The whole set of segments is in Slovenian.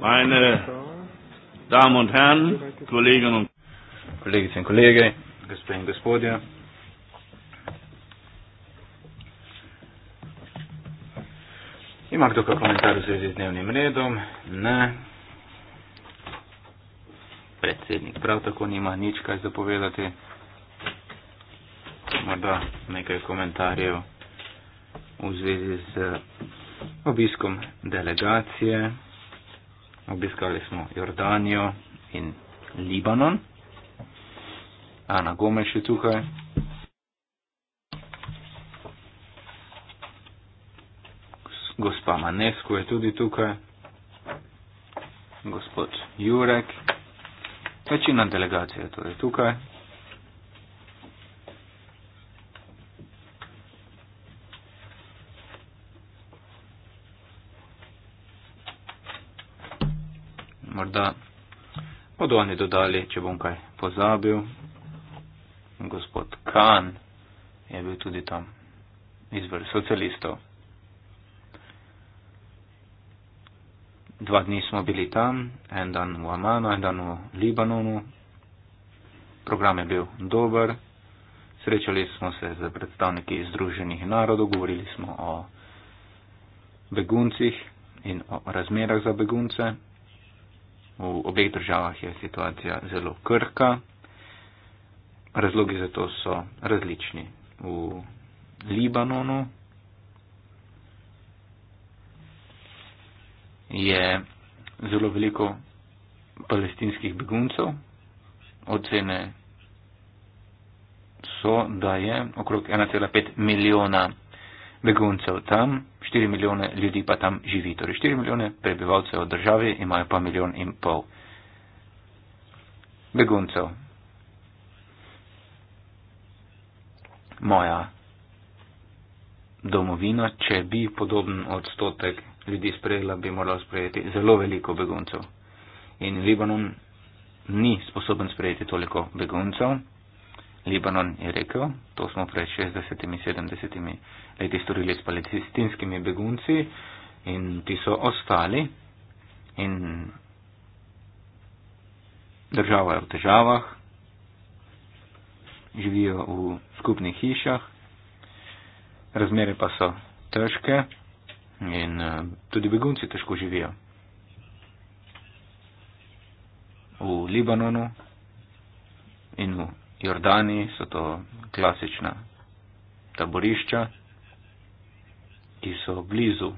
Meine Damen und Herren, Kolleginnen und Kollegen, Kollegen, Gospodje, ima kdo kakšen komentar v zvezi z dnevnim redom? Ne. Predsednik prav tako nima nič kaj zapovedati. Morda nekaj komentarjev v zvezi z obiskom delegacije. Obiskali smo Jordanijo in Libanon. Ana Gomeš je tukaj. Gospa Manesko je tudi tukaj. Gospod Jurek. Večina delegacije je torej tukaj. tukaj. morda bodo oni dodali, če bom kaj pozabil. Gospod Kan je bil tudi tam izvrh socialistov. Dva dni smo bili tam, en dan v Amanu, en dan v Libanonu. Program je bil dober. Srečali smo se z predstavniki Združenih narodov, govorili smo o beguncih in o razmerah za begunce. V obeh državah je situacija zelo krka. Razlogi za to so različni. V Libanonu je zelo veliko palestinskih beguncev. Ocene so, da je okrog 1,5 milijona beguncev tam, 4 milijone ljudi pa tam živi. Torej 4 milijone prebivalcev v državi imajo pa milijon in pol beguncev. Moja domovina, če bi podoben odstotek ljudi sprejela, bi morala sprejeti zelo veliko beguncev. In Libanon ni sposoben sprejeti toliko beguncev. Libanon je rekel, to smo pred 60-70 leti storili s palestinskimi begunci in ti so ostali in država je v težavah, živijo v skupnih hišah, razmere pa so težke in eh, tudi begunci težko živijo. V Libanonu in v Jordani so to klasična taborišča, ki so blizu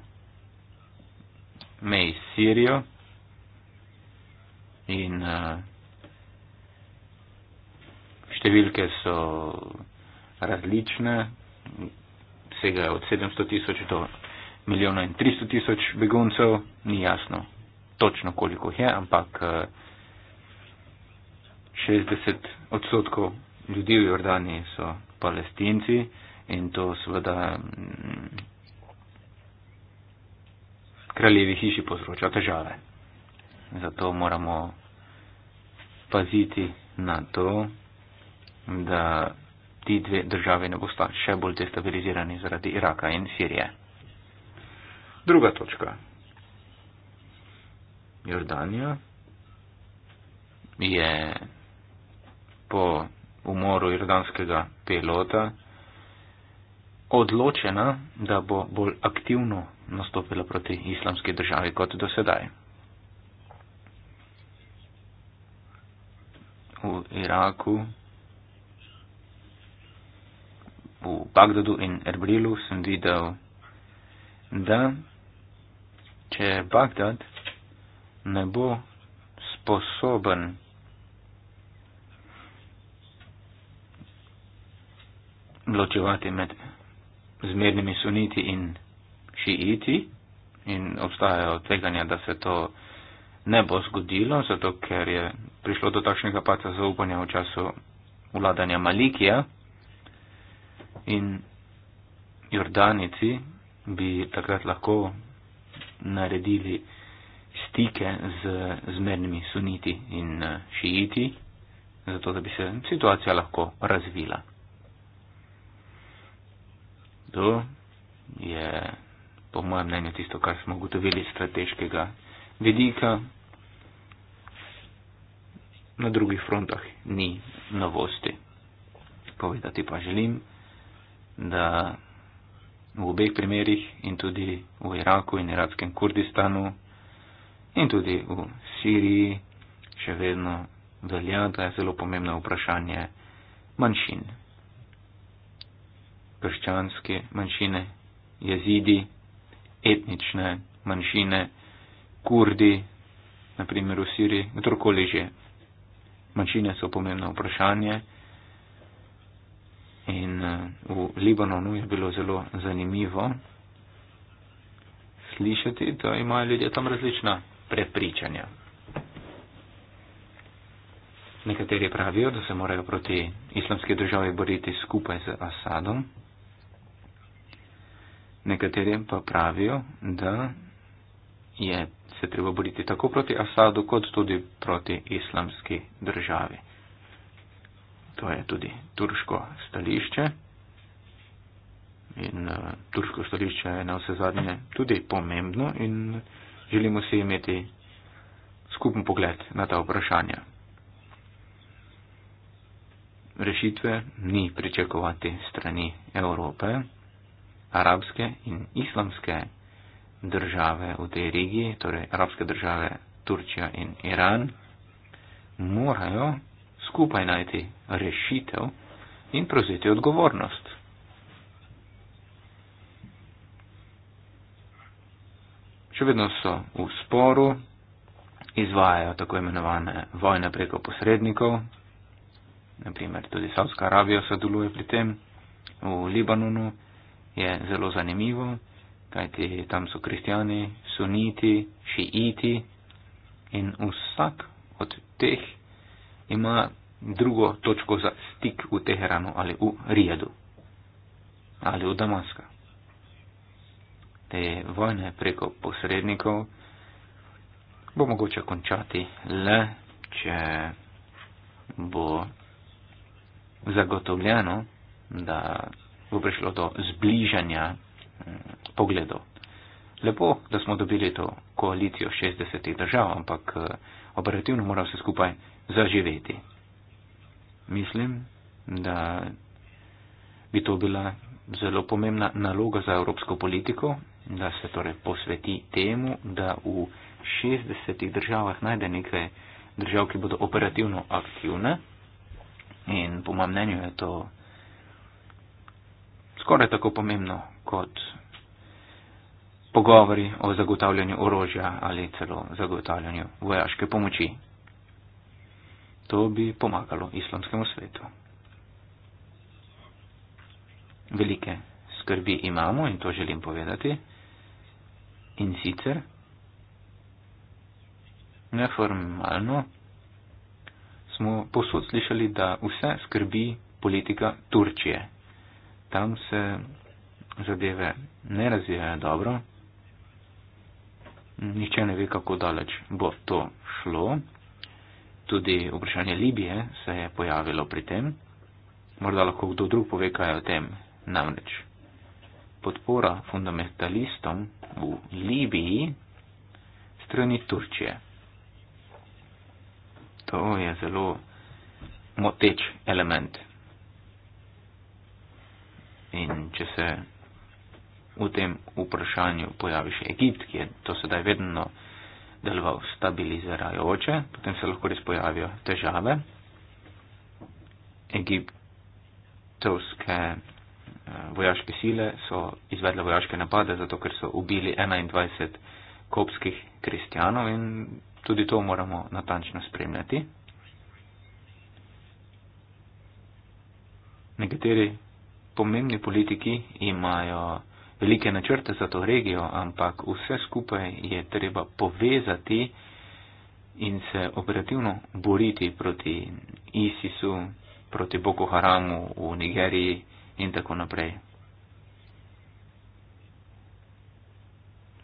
mej s Sirijo in uh, številke so različne, vsega od 700 tisoč do milijona in 300 tisoč beguncev, ni jasno točno koliko jih je, ampak uh, 60 tisoč odstotkov ljudi v Jordani so palestinci in to seveda mm, kraljevi hiši povzroča težave. Zato moramo paziti na to, da ti dve državi ne bosta še bolj destabilizirani zaradi Iraka in Sirije. Druga točka. Jordanija je po umoru irganskega pilota, odločena, da bo bolj aktivno nastopila proti islamski državi kot do sedaj. V Iraku, v Bagdadu in Erbrilu sem videl, da če Bagdad ne bo sposoben ločevati med zmernimi suniti in šiiti in obstajajo tveganja, da se to ne bo zgodilo, zato ker je prišlo do takšnega paca zaupanja v času vladanja Malikija in Jordanici bi takrat lahko naredili stike z zmernimi suniti in eh, šiiti, zato da bi se situacija lahko razvila kdo je po mojem mnenju tisto, kar smo ugotovili strateškega vidika. Na drugih frontah ni novosti. Povedati pa želim, da v obeh primerih in tudi v Iraku in iratskem Kurdistanu in tudi v Siriji še vedno velja, da je zelo pomembno vprašanje manjšin krščanske manjšine, jezidi, etnične manjšine, kurdi, naprimer v Siriji, kdorkoli že. Manjšine so pomembno vprašanje in eh, v Libanonu je bilo zelo zanimivo slišati, da imajo ljudje tam različna prepričanja. Nekateri pravijo, da se morajo proti islamski državi boriti skupaj z Asadom, Nekaterim pa pravijo, da je se treba boriti tako proti Asadu, kot tudi proti islamski državi. To je tudi turško stališče. In uh, turško stališče je na vse zadnje tudi pomembno in želimo si imeti skupen pogled na ta vprašanja. Rešitve ni pričakovati strani Evrope arabske in islamske države v tej regiji, torej arabske države Turčija in Iran, morajo skupaj najti rešitev in prevzeti odgovornost. Še vedno so v sporu, izvajajo tako imenovane vojne preko posrednikov, naprimer tudi Savska Arabija sodeluje pri tem v Libanonu je zelo zanimivo, kajti tam so kristijani, suniti, šiiti in vsak od teh ima drugo točko za stik v Teheranu ali v Rijedu ali v Damaska. Te vojne preko posrednikov bo mogoče končati le, če bo zagotovljeno, da bo prišlo do zbližanja eh, pogledov. Lepo, da smo dobili to koalicijo 60 držav, ampak eh, operativno mora vse skupaj zaživeti. Mislim, da bi to bila zelo pomembna naloga za evropsko politiko, da se torej posveti temu, da v 60 državah najde nekaj držav, ki bodo operativno aktivne. In po mojem mnenju je to skoraj tako pomembno kot pogovori o zagotavljanju orožja ali celo zagotavljanju vojaške pomoči. To bi pomagalo islamskemu svetu. Velike skrbi imamo in to želim povedati. In sicer neformalno smo posod slišali, da vse skrbi politika Turčije tam se zadeve ne razvijajo dobro. Nihče ne ve, kako daleč bo to šlo. Tudi vprašanje Libije se je pojavilo pri tem. Morda lahko kdo drug pove, kaj je o tem. Namreč podpora fundamentalistom v Libiji strani Turčije. To je zelo moteč element in če se v tem vprašanju pojavi še Egipt, ki je to sedaj vedno deloval stabilizirajoče, potem se lahko res pojavijo težave. Egiptovske eh, vojaške sile so izvedle vojaške napade, zato ker so ubili 21 kopskih kristjanov in tudi to moramo natančno spremljati. Nekateri pomembni politiki imajo velike načrte za to regijo, ampak vse skupaj je treba povezati in se operativno boriti proti ISIS-u, proti Boko Haramu v Nigeriji in tako naprej.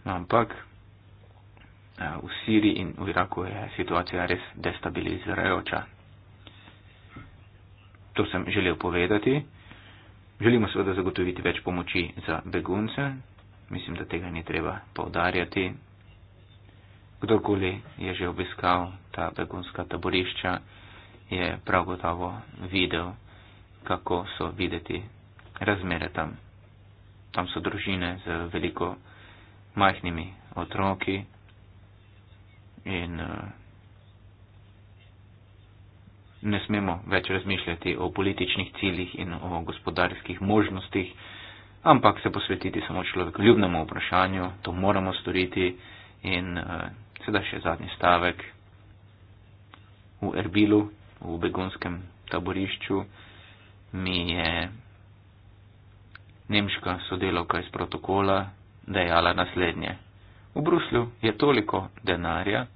Ampak v Siriji in v Iraku je situacija res destabilizirajoča. To sem želel povedati. Želimo seveda zagotoviti več pomoči za begunce. Mislim, da tega ni treba povdarjati. Kdorkoli je že obiskal ta begunska taborišča, je prav gotovo videl, kako so videti razmere tam. Tam so družine z veliko majhnimi otroki in uh, ne smemo več razmišljati o političnih ciljih in o gospodarskih možnostih, ampak se posvetiti samo človeku, ljubnemu vprašanju, to moramo storiti in uh, sedaj še zadnji stavek. V Erbilu, v begunskem taborišču, mi je nemška sodelovka iz protokola dejala naslednje. V Bruslju je toliko denarja,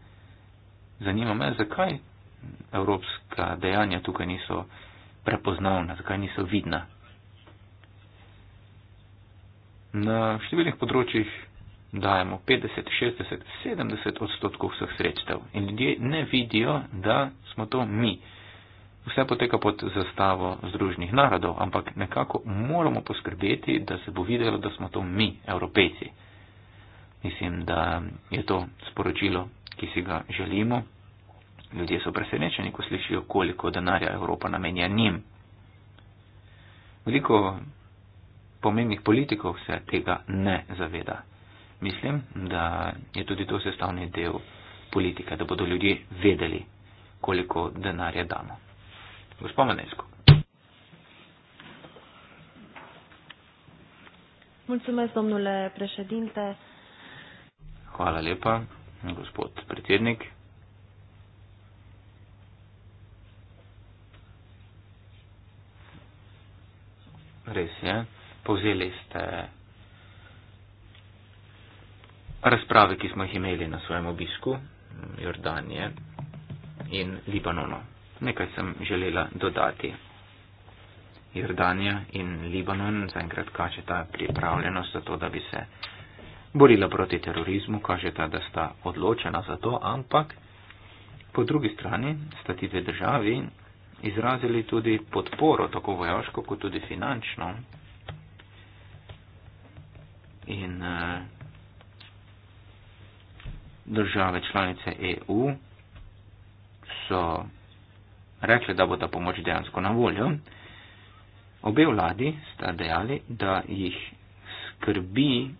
zanima me, zakaj evropska dejanja tukaj niso prepoznavna, zakaj niso vidna. Na številnih področjih dajemo 50, 60, 70 odstotkov vseh sredstev in ljudje ne vidijo, da smo to mi. Vse poteka pod zastavo Združenih narodov, ampak nekako moramo poskrbeti, da se bo videlo, da smo to mi, evropejci. Mislim, da je to sporočilo, ki si ga želimo Ljudje so presenečeni, ko slišijo, koliko denarja Evropa namenja njim. Veliko pomembnih politikov se tega ne zaveda. Mislim, da je tudi to sestavni del politike, da bodo ljudje vedeli, koliko denarja damo. Gospod Manesko. Mulțumesc, domnule președinte. Hvala lepa, gospod predsednik. Res je. Povzeli ste razprave, ki smo jih imeli na svojem obisku Jordanije in Libanono. Nekaj sem želela dodati. Jordanija in Libanon zaenkrat kaže ta pripravljenost za to, da bi se borila proti terorizmu, kaže ta, da sta odločena za to, ampak po drugi strani sta ti dve državi izrazili tudi podporo, tako vojaško kot tudi finančno. In eh, države članice EU so rekli, da bo ta pomoč dejansko na voljo. Obe vladi sta dejali, da jih skrbi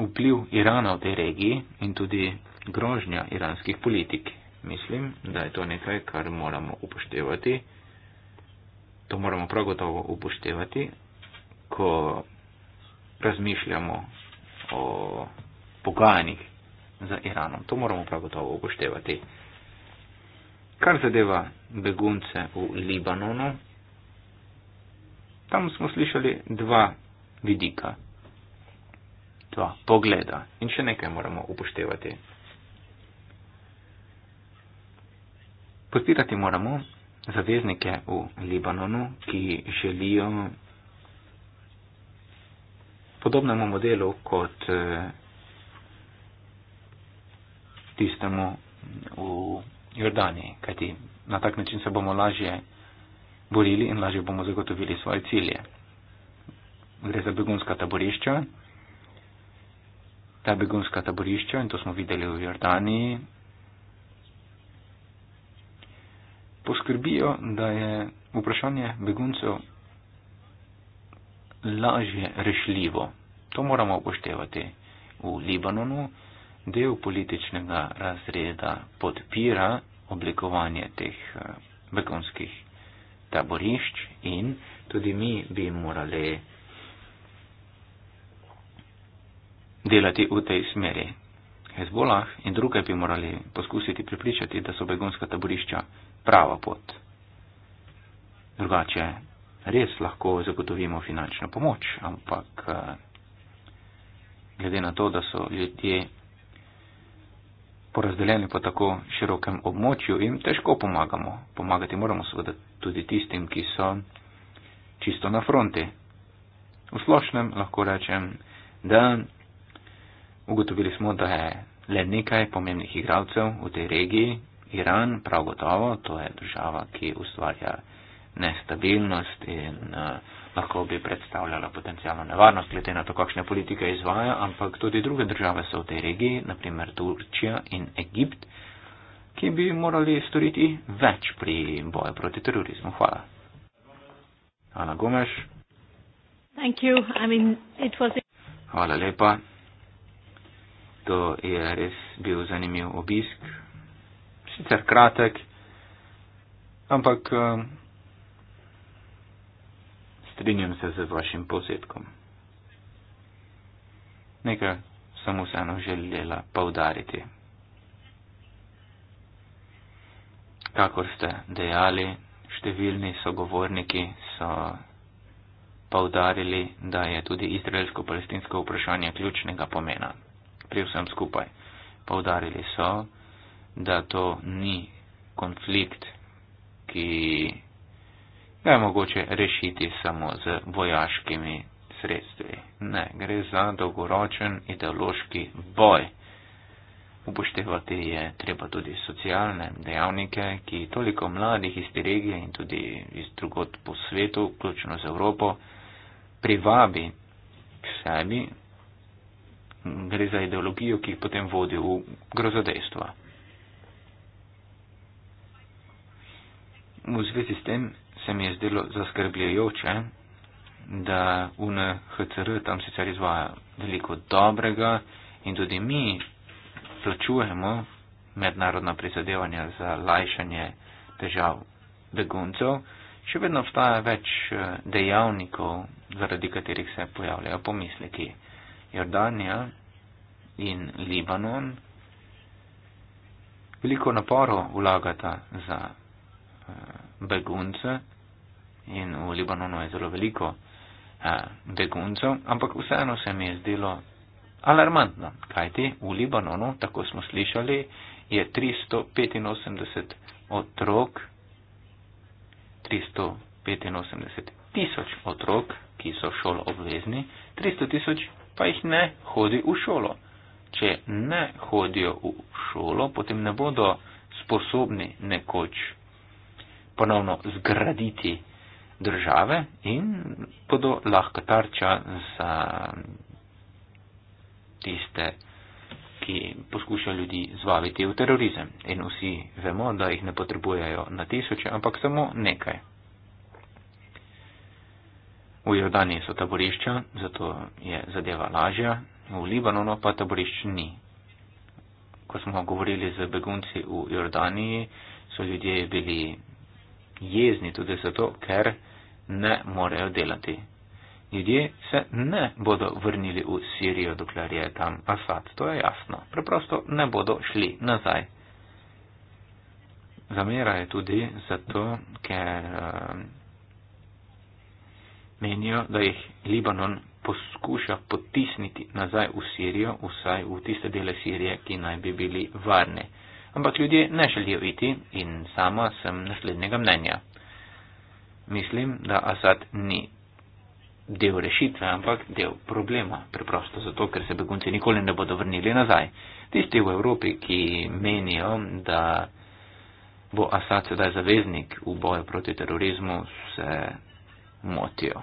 vpliv Irana v tej regiji in tudi grožnja iranskih politik mislim, da je to nekaj, kar moramo upoštevati. To moramo prav gotovo upoštevati, ko razmišljamo o pogajanjih za Iranom. To moramo prav gotovo upoštevati. Kar zadeva begunce v Libanonu, tam smo slišali dva vidika, dva pogleda in še nekaj moramo upoštevati. Podpirati moramo zaveznike v Libanonu, ki želijo podobnemu modelu kot eh, tistemu v Jordaniji, kajti na tak način se bomo lažje borili in lažje bomo zagotovili svoje cilje. Gre za begunska taborišča. Ta begunska taborišča, in to smo videli v Jordaniji, poskrbijo, da je vprašanje beguncev lažje rešljivo. To moramo upoštevati. V Libanonu del političnega razreda podpira oblikovanje teh eh, begunskih taborišč in tudi mi bi morali delati v tej smeri. Hezbolah in druge bi morali poskusiti pripričati, da so begunska taborišča prava pot. Drugače, res lahko zagotovimo finančno pomoč, ampak eh, glede na to, da so ljudje porazdeljeni po tako širokem območju, jim težko pomagamo. Pomagati moramo seveda tudi tistim, ki so čisto na fronti. V splošnem lahko rečem, da ugotovili smo, da je le nekaj pomembnih igralcev v tej regiji, Iran prav gotovo, to je država, ki ustvarja nestabilnost in uh, lahko bi predstavljala potencijalno nevarnost, glede na to, kakšne politike izvaja, ampak tudi druge države so v tej regiji, naprimer Turčija in Egipt, ki bi morali storiti več pri boju proti terorizmu. Hvala. Ana Gomeš. Hvala lepa. To je res bil zanimiv obisk sicer kratek, ampak eh, strinjam se z vašim povzetkom. Nekaj sem vseeno želela povdariti. Kakor ste dejali, številni sogovorniki so povdarili, da je tudi izraelsko-palestinsko vprašanje ključnega pomena pri vsem skupaj. Povdarili so, da to ni konflikt, ki ga je mogoče rešiti samo z vojaškimi sredstvi. Ne, gre za dolgoročen ideološki boj. Upoštevati je treba tudi socialne dejavnike, ki toliko mladih iz te regije in tudi iz drugot po svetu, vključno z Evropo, privabi k sebi. Gre za ideologijo, ki jih potem vodi v grozodejstva. v zvezi s tem se mi je zdelo zaskrbljajoče, da UNHCR tam sicer izvaja veliko dobrega in tudi mi plačujemo mednarodna prizadevanja za lajšanje težav beguncev, še vedno obstaja več eh, dejavnikov, zaradi katerih se pojavljajo pomisleki. Jordanija in Libanon veliko naporo vlagata za begunce in v Libanonu je zelo veliko eh, beguncev, ampak vseeno se mi je zdelo alarmantno, kajti v Libanonu, tako smo slišali, je 385 otrok, 385 tisoč otrok, ki so šolo obvezni, 300 tisoč pa jih ne hodi v šolo. Če ne hodijo v šolo, potem ne bodo sposobni nekoč ponovno zgraditi države in bodo lahko tarča za tiste, ki poskušajo ljudi zvabiti v terorizem. In vsi vemo, da jih ne potrebujejo na tisoče, ampak samo nekaj. V Jordani so taborišča, zato je zadeva lažja, v Libanonu pa taborišč ni. Ko smo govorili z begunci v Jordani, so ljudje bili jezni tudi zato, ker ne morejo delati. Ljudje se ne bodo vrnili v Sirijo, dokler je tam Asad, to je jasno. Preprosto ne bodo šli nazaj. Zamera je tudi zato, ker uh, menijo, da jih Libanon poskuša potisniti nazaj v Sirijo, vsaj v tiste dele Sirije, ki naj bi bili varne. Uh, ampak ljudje ne želijo iti in sama sem naslednjega mnenja. Mislim, da Asad ni del rešitve, ampak del problema, preprosto zato, ker se begunci nikoli ne bodo vrnili nazaj. Tisti v Evropi, ki menijo, da bo Asad sedaj zaveznik v boju proti terorizmu, se motijo.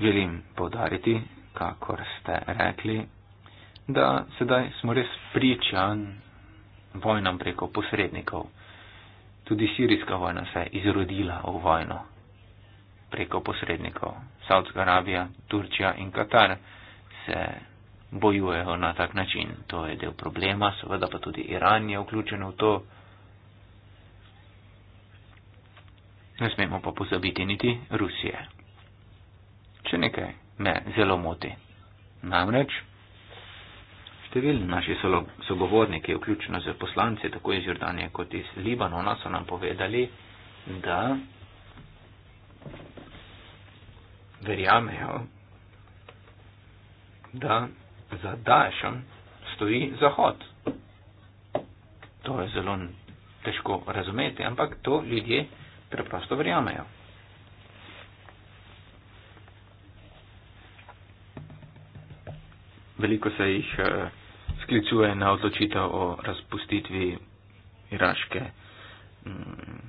Želim povdariti, kakor ste rekli, da sedaj smo res priča vojnam preko posrednikov. Tudi sirijska vojna se je izrodila v vojno preko posrednikov. Saudska Arabija, Turčija in Katar se bojujejo na tak način. To je del problema, seveda pa tudi Iran je vključen v to. Ne smemo pa pozabiti niti Rusije. Če nekaj me zelo moti. Namreč številni naši sogovorniki, vključno z poslanci, tako iz Jordanije kot iz Libanona, so nam povedali, da verjamejo, da za Daešom stoji Zahod. To je zelo težko razumeti, ampak to ljudje preprosto verjamejo. Veliko se jih. Uh, sklicuje na odločitev o razpustitvi iraške mm,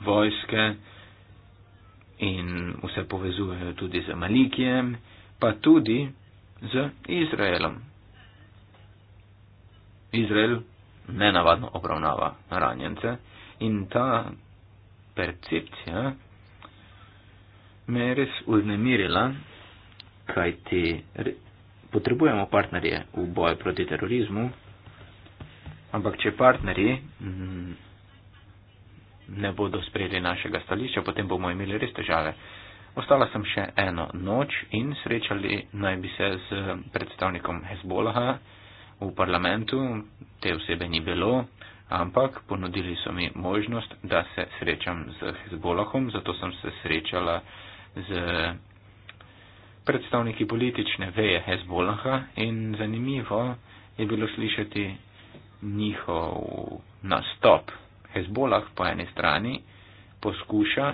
vojske in vse povezujejo tudi z Malikijem, pa tudi z Izraelom. Izrael nenavadno obravnava ranjence in ta percepcija me je res uznemirila, kajti potrebujemo partnerje v boju proti terorizmu, ampak če partnerji mm, ne bodo sprejeli našega stališča, potem bomo imeli res težave. Ostala sem še eno noč in srečali naj bi se z predstavnikom Hezbolaha v parlamentu, te osebe ni bilo, ampak ponudili so mi možnost, da se srečam z Hezbolahom, zato sem se srečala z predstavniki politične veje Hezbolaha in zanimivo je bilo slišati njihov nastop. Hezbolah po eni strani poskuša,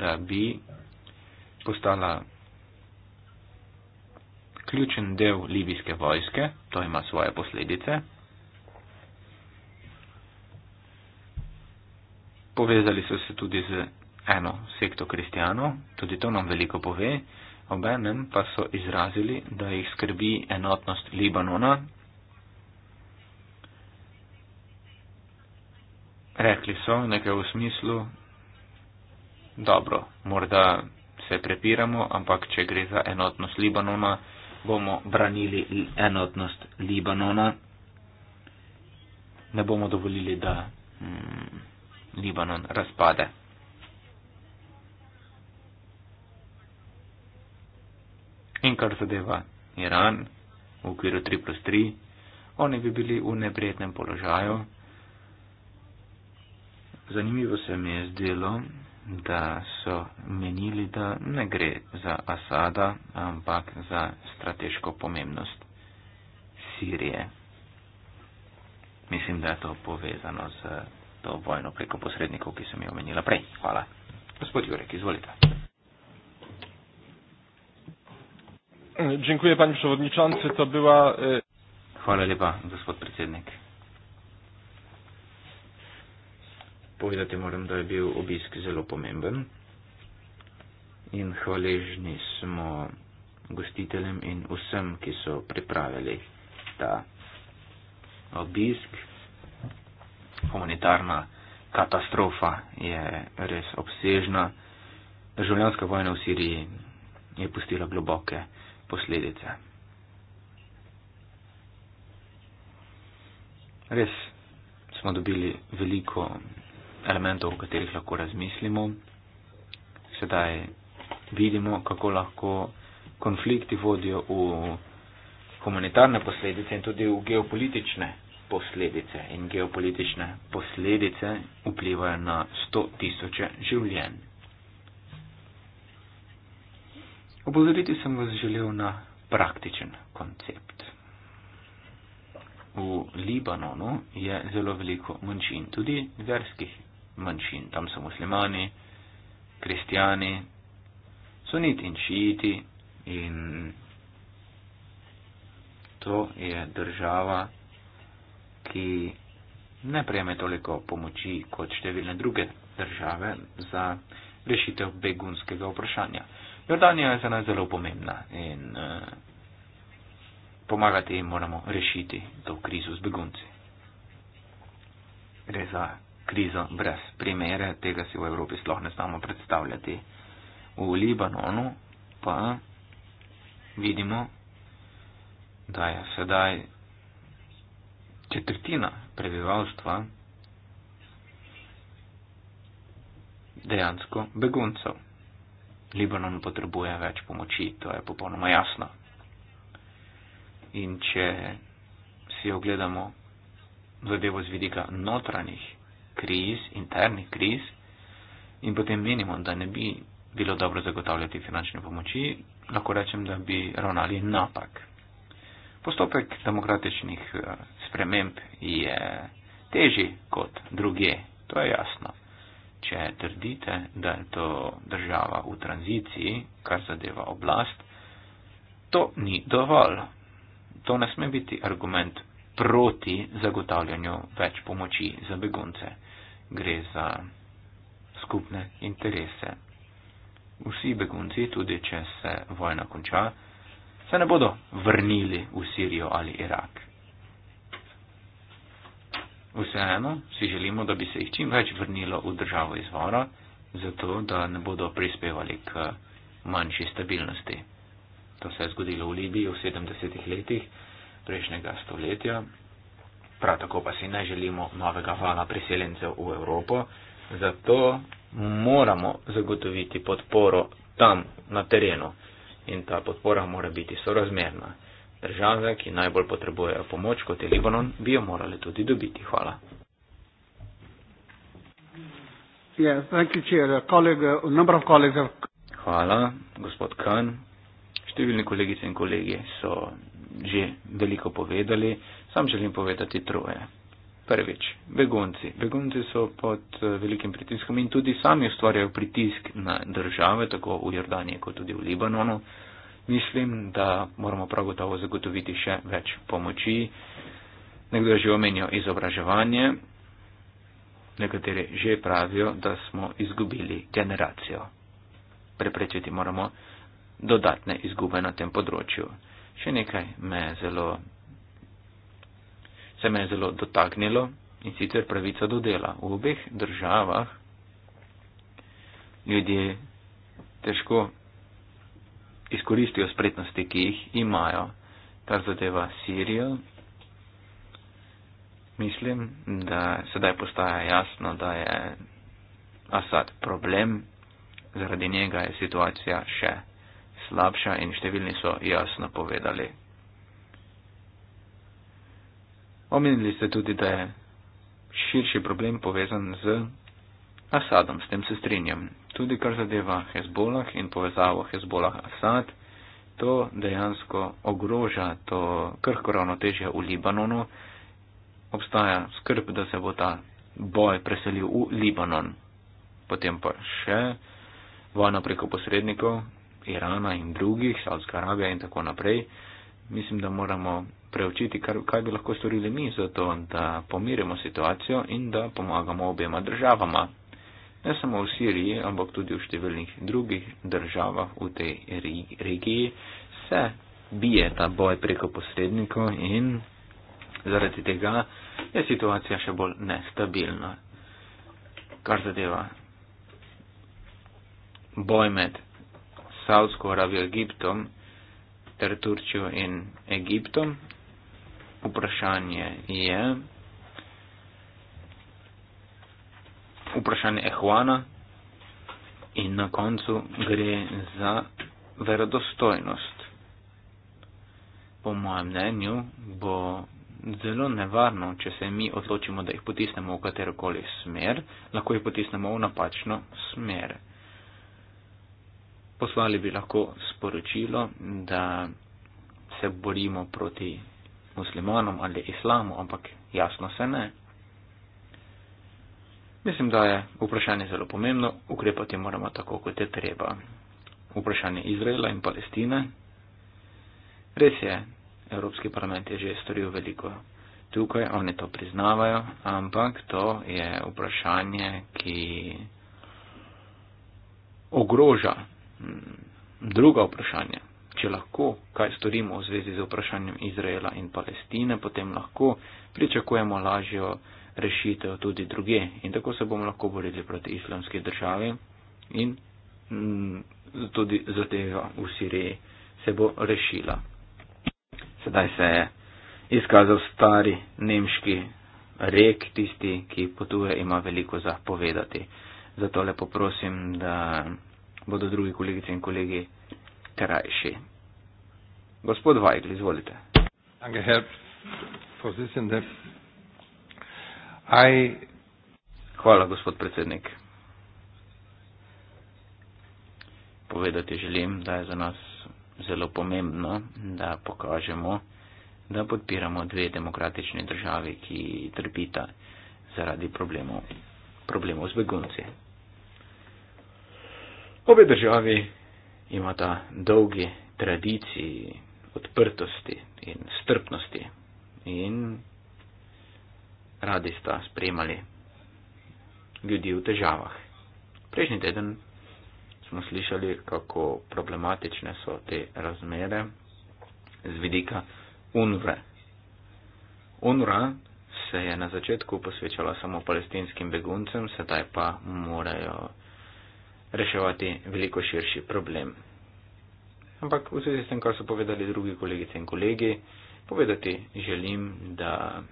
da bi postala ključen del libijske vojske, to ima svoje posledice. Povezali so se tudi z eno sekto kristijanov, tudi to nam veliko pove. Obenem pa so izrazili, da jih skrbi enotnost Libanona. Rekli so nekaj v smislu, dobro, morda se prepiramo, ampak če gre za enotnost Libanona, bomo branili enotnost Libanona. Ne bomo dovolili, da hmm, Libanon razpade. In kar zadeva Iran v okviru 3 plus 3, oni bi bili v neprijetnem položaju. Zanimivo se mi je zdelo, da so menili, da ne gre za Asada, ampak za strateško pomembnost Sirije. Mislim, da je to povezano z to vojno preko posrednikov, ki sem jo omenila prej. Hvala. Gospod Jurek, izvolite. Dziękuję panie przewodniczący. To była. Chwała e, lepa, gospod predsjednik. Povedati moram, da je bil obisk zelo pomemben in hvaležni smo gostiteljem in vsem, ki so pripravili ta obisk. Humanitarna katastrofa je res obsežna. Državljanska vojna v Siriji je pustila globoke posledice. Res smo dobili veliko elementov, o katerih lahko razmislimo. Sedaj vidimo, kako lahko konflikti vodijo v humanitarne posledice in tudi v geopolitične posledice. In geopolitične posledice vplivajo na sto tisoče življenj. Opozoriti sem vas želel na praktičen koncept. V Libanonu je zelo veliko manjšin, tudi verskih manjšin. Tam so muslimani, kristijani, suniti in šiiti in to je država, ki ne prejme toliko pomoči kot številne druge države za rešitev begunskega vprašanja. Jordanija je za nas zelo pomembna in uh, pomagati jim moramo rešiti to krizo z begunci. Gre za krizo brez primere, tega si v Evropi sploh ne znamo predstavljati. V Libanonu pa vidimo, da je sedaj četrtina prebivalstva dejansko beguncev. Libanon potrebuje več pomoči, to je popolnoma jasno. In če si ogledamo zadevo z vidika notranjih kriz, internih kriz, in potem menimo, da ne bi bilo dobro zagotavljati finančne pomoči, lahko rečem, da bi ravnali napak. Postopek demokratičnih eh, sprememb je teži kot druge, to je jasno. Če trdite, da je to država v tranziciji, kar zadeva oblast, to ni dovolj. To ne sme biti argument proti zagotavljanju več pomoči za begunce. Gre za skupne interese. Vsi begunci, tudi če se vojna konča, se ne bodo vrnili v Sirijo ali Irak. Vseeno si želimo, da bi se jih čim več vrnilo v državo izvora, zato da ne bodo prispevali k manjši stabilnosti. To se je zgodilo v Libiji v 70-ih letih prejšnjega stoletja. Prav tako pa si ne želimo novega vala priseljencev v Evropo, zato moramo zagotoviti podporo tam na terenu in ta podpora mora biti sorazmerna države, ki najbolj potrebujejo pomoč, kot je Libanon, bi jo morali tudi dobiti. Hvala. Hvala, gospod Kahn. Številni kolegice in kolegi so že veliko povedali. Sam želim povedati troje. Prvič, begunci. Begunci so pod eh, velikim pritiskom in tudi sami ustvarjajo pritisk na države, tako v Jordaniji kot tudi v Libanonu mislim, da moramo prav gotovo zagotoviti še več pomoči. Nekdo je že omenjal izobraževanje, nekateri že pravijo, da smo izgubili generacijo. Preprečiti moramo dodatne izgube na tem področju. Še nekaj me je zelo, se me je zelo dotaknilo in sicer pravica do dela. V obeh državah ljudje težko izkoristijo spretnosti, ki jih imajo. Kar zadeva Sirijo, mislim, da sedaj postaja jasno, da je Asad problem, zaradi njega je situacija še slabša in številni so jasno povedali. Omenili ste tudi, da je širši problem povezan z Asadom, s tem se strinjam tudi kar zadeva Hezbolah in povezavo Hezbolah-Assad, to dejansko ogroža to krhko ravnotežje v Libanonu. Obstaja skrb, da se bo ta boj preselil v Libanon. Potem pa še vojna preko posrednikov, Irana in drugih, Saudska Arabija in tako naprej. Mislim, da moramo preučiti, kar, kaj bi lahko storili mi za to, da pomirimo situacijo in da pomagamo objema državama ne samo v Siriji, ampak tudi v številnih drugih državah v tej regiji, se bije ta boj preko posrednikov in zaradi tega je situacija še bolj nestabilna. Kar zadeva boj med Saudsko Arabijo, Egiptom ter Turčijo in Egiptom, vprašanje je, vprašanje Ehwana in na koncu gre za verodostojnost. Po mojem mnenju bo zelo nevarno, če se mi odločimo, da jih potisnemo v katerokoli smer, lahko jih potisnemo v napačno smer. Poslali bi lahko sporočilo, da se borimo proti muslimanom ali islamu, ampak jasno se ne. Mislim, da je vprašanje zelo pomembno, ukrepati moramo tako, kot je treba. Vprašanje Izraela in Palestine. Res je, Evropski parlament je že storil veliko tukaj, oni to priznavajo, ampak to je vprašanje, ki ogroža mm, druga vprašanja. Če lahko kaj storimo v zvezi z vprašanjem Izraela in Palestine, potem lahko pričakujemo lažjo rešitev tudi druge in tako se bomo lahko borili proti islamski državi in mm, tudi zadeva v Siriji se bo rešila. Sedaj se je izkazal stari nemški rek, tisti, ki potuje, ima veliko za povedati. Zato lepo prosim, da bodo drugi kolegice in kolegi krajši. Gospod Vajgl, izvolite. Danke, Herr Präsident. I... Hvala, gospod predsednik. Povedati želim, da je za nas zelo pomembno, da pokažemo, da podpiramo dve demokratični državi, ki trpita zaradi problemov, problemov z begunci. Obe državi imata dolgi tradiciji odprtosti in strpnosti in radi sta spremljali ljudi v težavah. Prejšnji teden smo slišali, kako problematične so te razmere z vidika UNVRE. UNVRA se je na začetku posvečala samo palestinskim beguncem, sedaj pa morajo reševati veliko širši problem. Ampak v zvezi s tem, kar so povedali drugi kolegice in kolegi, povedati želim, da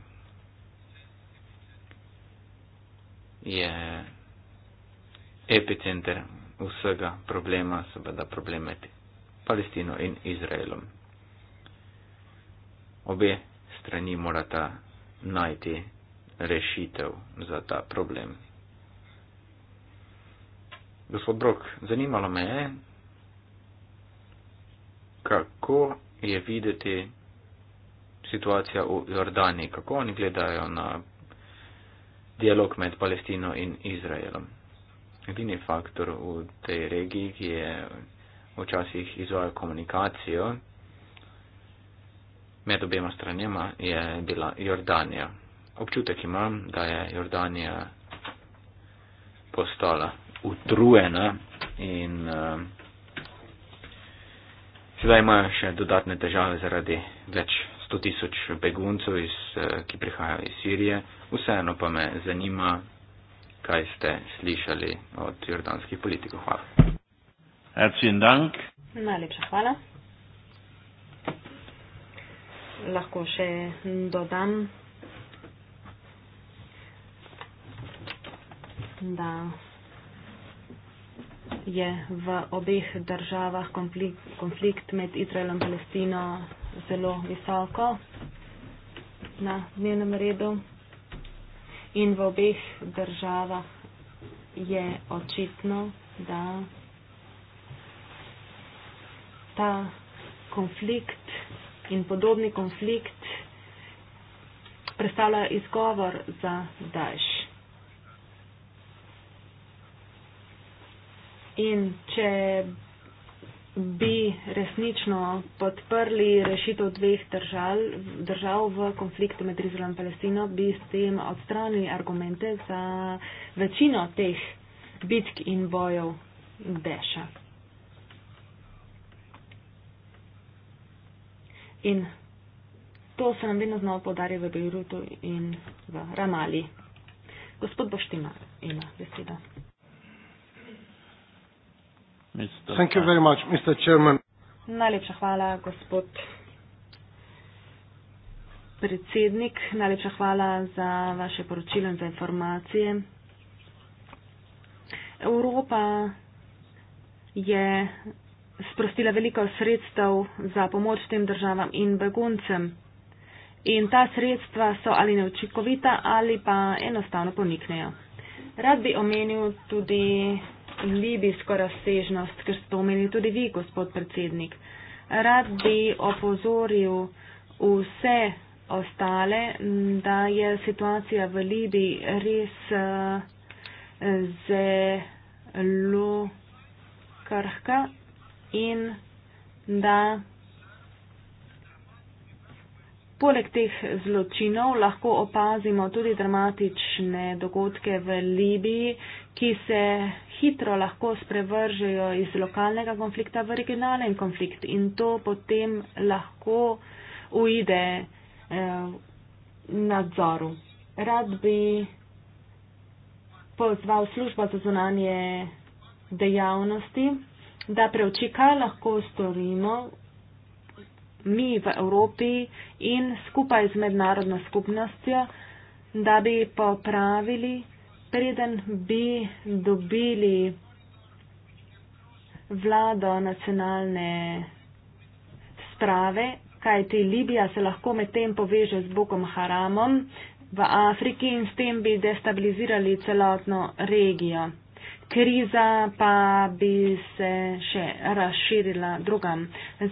je epicenter vsega problema, seveda problem med Palestino in Izraelom. Obe strani morata najti rešitev za ta problem. Gospod Brok, zanimalo me je, kako je videti situacija v Jordani, kako oni gledajo na dialog med Palestino in Izraelom. Edini faktor v tej regiji, ki je včasih izvajal komunikacijo med obema stranjema, je bila Jordanija. Občutek imam, da je Jordanija postala utrujena in uh, sedaj imajo še dodatne težave zaradi več 100 tisoč beguncev, iz, eh, ki prihajajo iz Sirije. Vseeno pa me zanima, kaj ste slišali od jordanskih politikov. Hvala. Herzlichen Dank. Najlepša hvala. Lahko še dodam, da je v obeh državah konflikt, konflikt med Izraelom in Palestino zelo visoko na dnevnem redu in v obeh državah je očitno, da ta konflikt in podobni konflikt predstavlja izgovor za daž. In če bi resnično podprli rešitev dveh držav, držav v konfliktu med Izraelom in Palestino, bi s tem odstranili argumente za večino teh bitk in bojev Deša. In to se nam vedno znova podarja v Beirutu in v Ramali. Gospod Boštima ima besedo. Thank you very much, Mr. Chairman. Najlepša hvala, gospod predsednik. Najlepša hvala za vaše poročilo in za informacije. Evropa je sprostila veliko sredstev za pomoč tem državam in beguncem. In ta sredstva so ali neučinkovita ali pa enostavno poniknejo. Rad bi omenil tudi libijsko razsežnost, ker ste omenili tudi vi, gospod predsednik. Rad bi opozoril vse ostale, da je situacija v Libiji res eh, zelo krhka in da Poleg teh zločinov lahko opazimo tudi dramatične dogodke v Libiji, ki se hitro lahko sprevržejo iz lokalnega konflikta v regionalen konflikt in to potem lahko ujde eh, nadzoru. Rad bi pozval službo za zunanje dejavnosti, da preuči, kaj lahko storimo mi v Evropi in skupaj z mednarodno skupnostjo, da bi popravili, preden bi dobili vlado nacionalne sprave, kajti Libija se lahko medtem poveže z Bokom Haramom v Afriki in s tem bi destabilizirali celotno regijo kriza pa bi se še razširila drugam.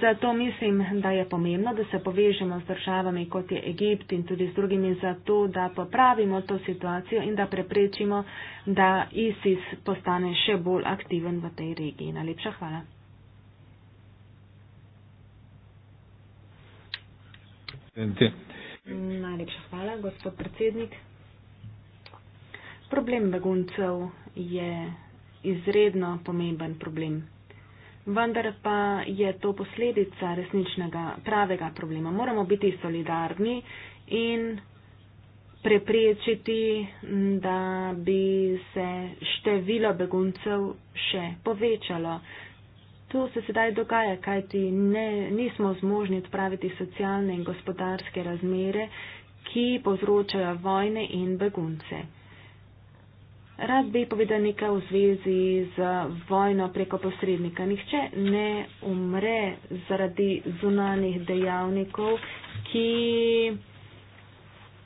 Zato mislim, da je pomembno, da se povežemo z državami, kot je Egipt in tudi z drugimi, zato da popravimo to situacijo in da preprečimo, da ISIS postane še bolj aktiven v tej regiji. Najlepša hvala. Najlepša hvala, gospod predsednik. Problem beguncev je izredno pomemben problem. Vendar pa je to posledica resničnega pravega problema. Moramo biti solidarni in preprečiti, da bi se število beguncev še povečalo. To se sedaj dogaja, kajti ne, nismo zmožni odpraviti socialne in gospodarske razmere, ki povzročajo vojne in begunce. Rad bi povedal nekaj v zvezi z vojno preko posrednika. Nihče ne umre zaradi zunanih dejavnikov, ki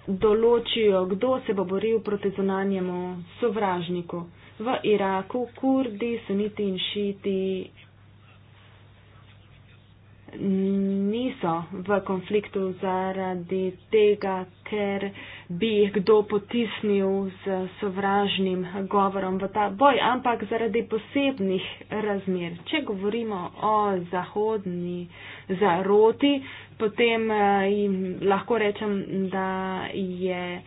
določijo, kdo se bo boril proti zunanjemu sovražniku. V Iraku kurdi, suniti in šiti niso v konfliktu zaradi tega, ker. Uh, bi jih kdo potisnil z sovražnim govorom v ta boj, ampak zaradi posebnih razmer. Če govorimo o zahodni zaroti, potem eh, jim lahko rečem, da je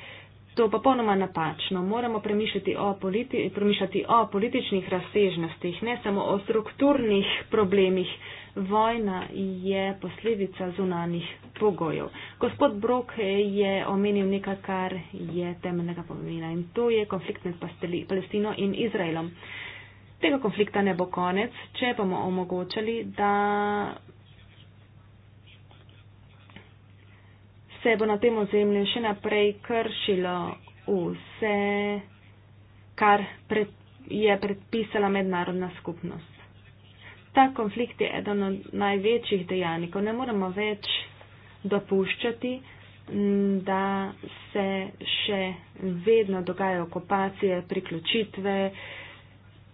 to popolnoma napačno. Moramo premišljati o, politi, premišljati o političnih razsežnostih, ne samo o strukturnih problemih, Vojna je posledica zunanih pogojev. Gospod Brok je omenil nekaj, kar je temeljnega pomena in to je konflikt med Palestino in Izraelom. Tega konflikta ne bo konec, če bomo omogočali, da se bo na tem ozemlju še naprej kršilo vse, kar je predpisala mednarodna skupnost ta konflikt je eden od največjih dejavnikov. Ne moremo več dopuščati, da se še vedno dogajajo okupacije, priključitve,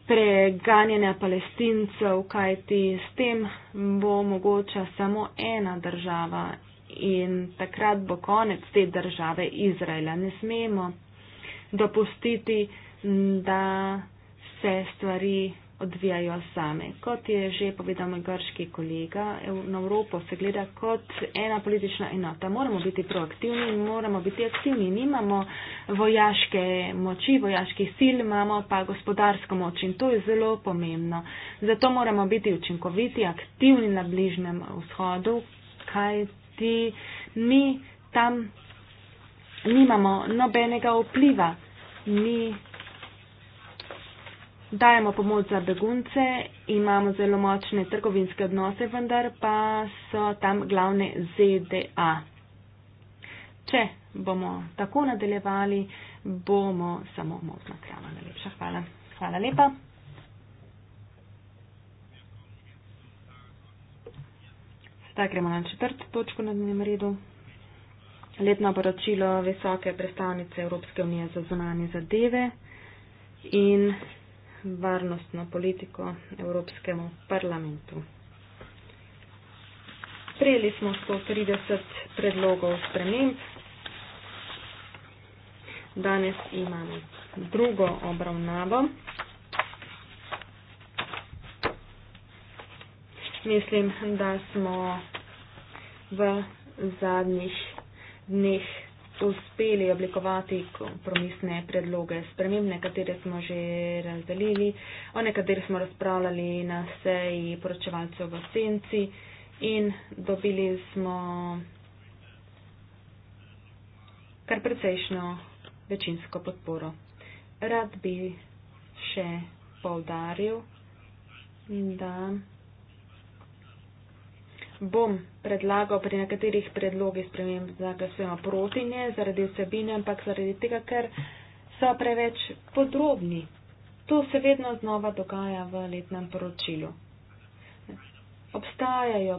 preganjanja palestincev, kajti s tem bo mogoča samo ena država in takrat bo konec te države Izraela. Ne smemo dopustiti, da se stvari odvijajo same. Kot je že povedal moj grški kolega, na Evropo se gleda kot ena politična enota. Moramo biti proaktivni, moramo biti aktivni. Nimamo vojaške moči, vojaških sil, imamo pa gospodarsko moč in to je zelo pomembno. Zato moramo biti učinkoviti, aktivni na bližnjem vzhodu, kajti mi tam nimamo nobenega vpliva. Mi dajemo pomoč za begunce, imamo zelo močne trgovinske odnose, vendar pa so tam glavne ZDA. Če bomo tako nadaljevali, bomo samo možna krava. Najlepša hvala. Hvala lepa. Zdaj gremo na četrto točko na dnevnem redu. Letno poročilo visoke predstavnice Evropske unije za zunanje zadeve in varnostno politiko Evropskemu parlamentu. Prejeli smo 130 predlogov sprememb. Danes imamo drugo obravnavo. Mislim, da smo v zadnjih dneh uspeli oblikovati kompromisne predloge, spremembe, nekatere smo že razdelili, o nekaterih smo razpravljali na seji poročevalcev v senci in dobili smo kar precejšno večinsko podporo. Rad bi še povdaril, da bom predlagal pri nekaterih predlogih sprememb, da ga svema proti ne, zaradi vsebine, ampak zaradi tega, ker so preveč podrobni. To se vedno znova dogaja v letnem poročilu. Obstajajo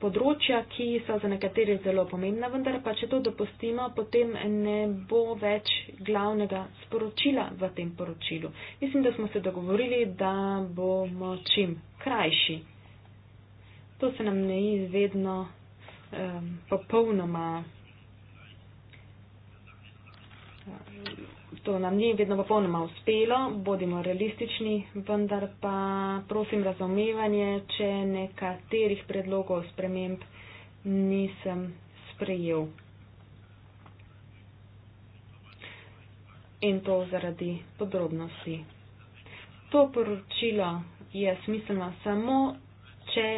področja, ki so za nekateri zelo pomembna, vendar pa če to dopustimo, potem ne bo več glavnega sporočila v tem poročilu. Mislim, da smo se dogovorili, da bomo čim krajši to se nam ne izvedno um, popolnoma. To nam ni vedno popolnoma uspelo, bodimo realistični, vendar pa prosim razumevanje, če nekaterih predlogov sprememb nisem sprejel. In to zaradi podrobnosti. To poročilo je smiselno samo če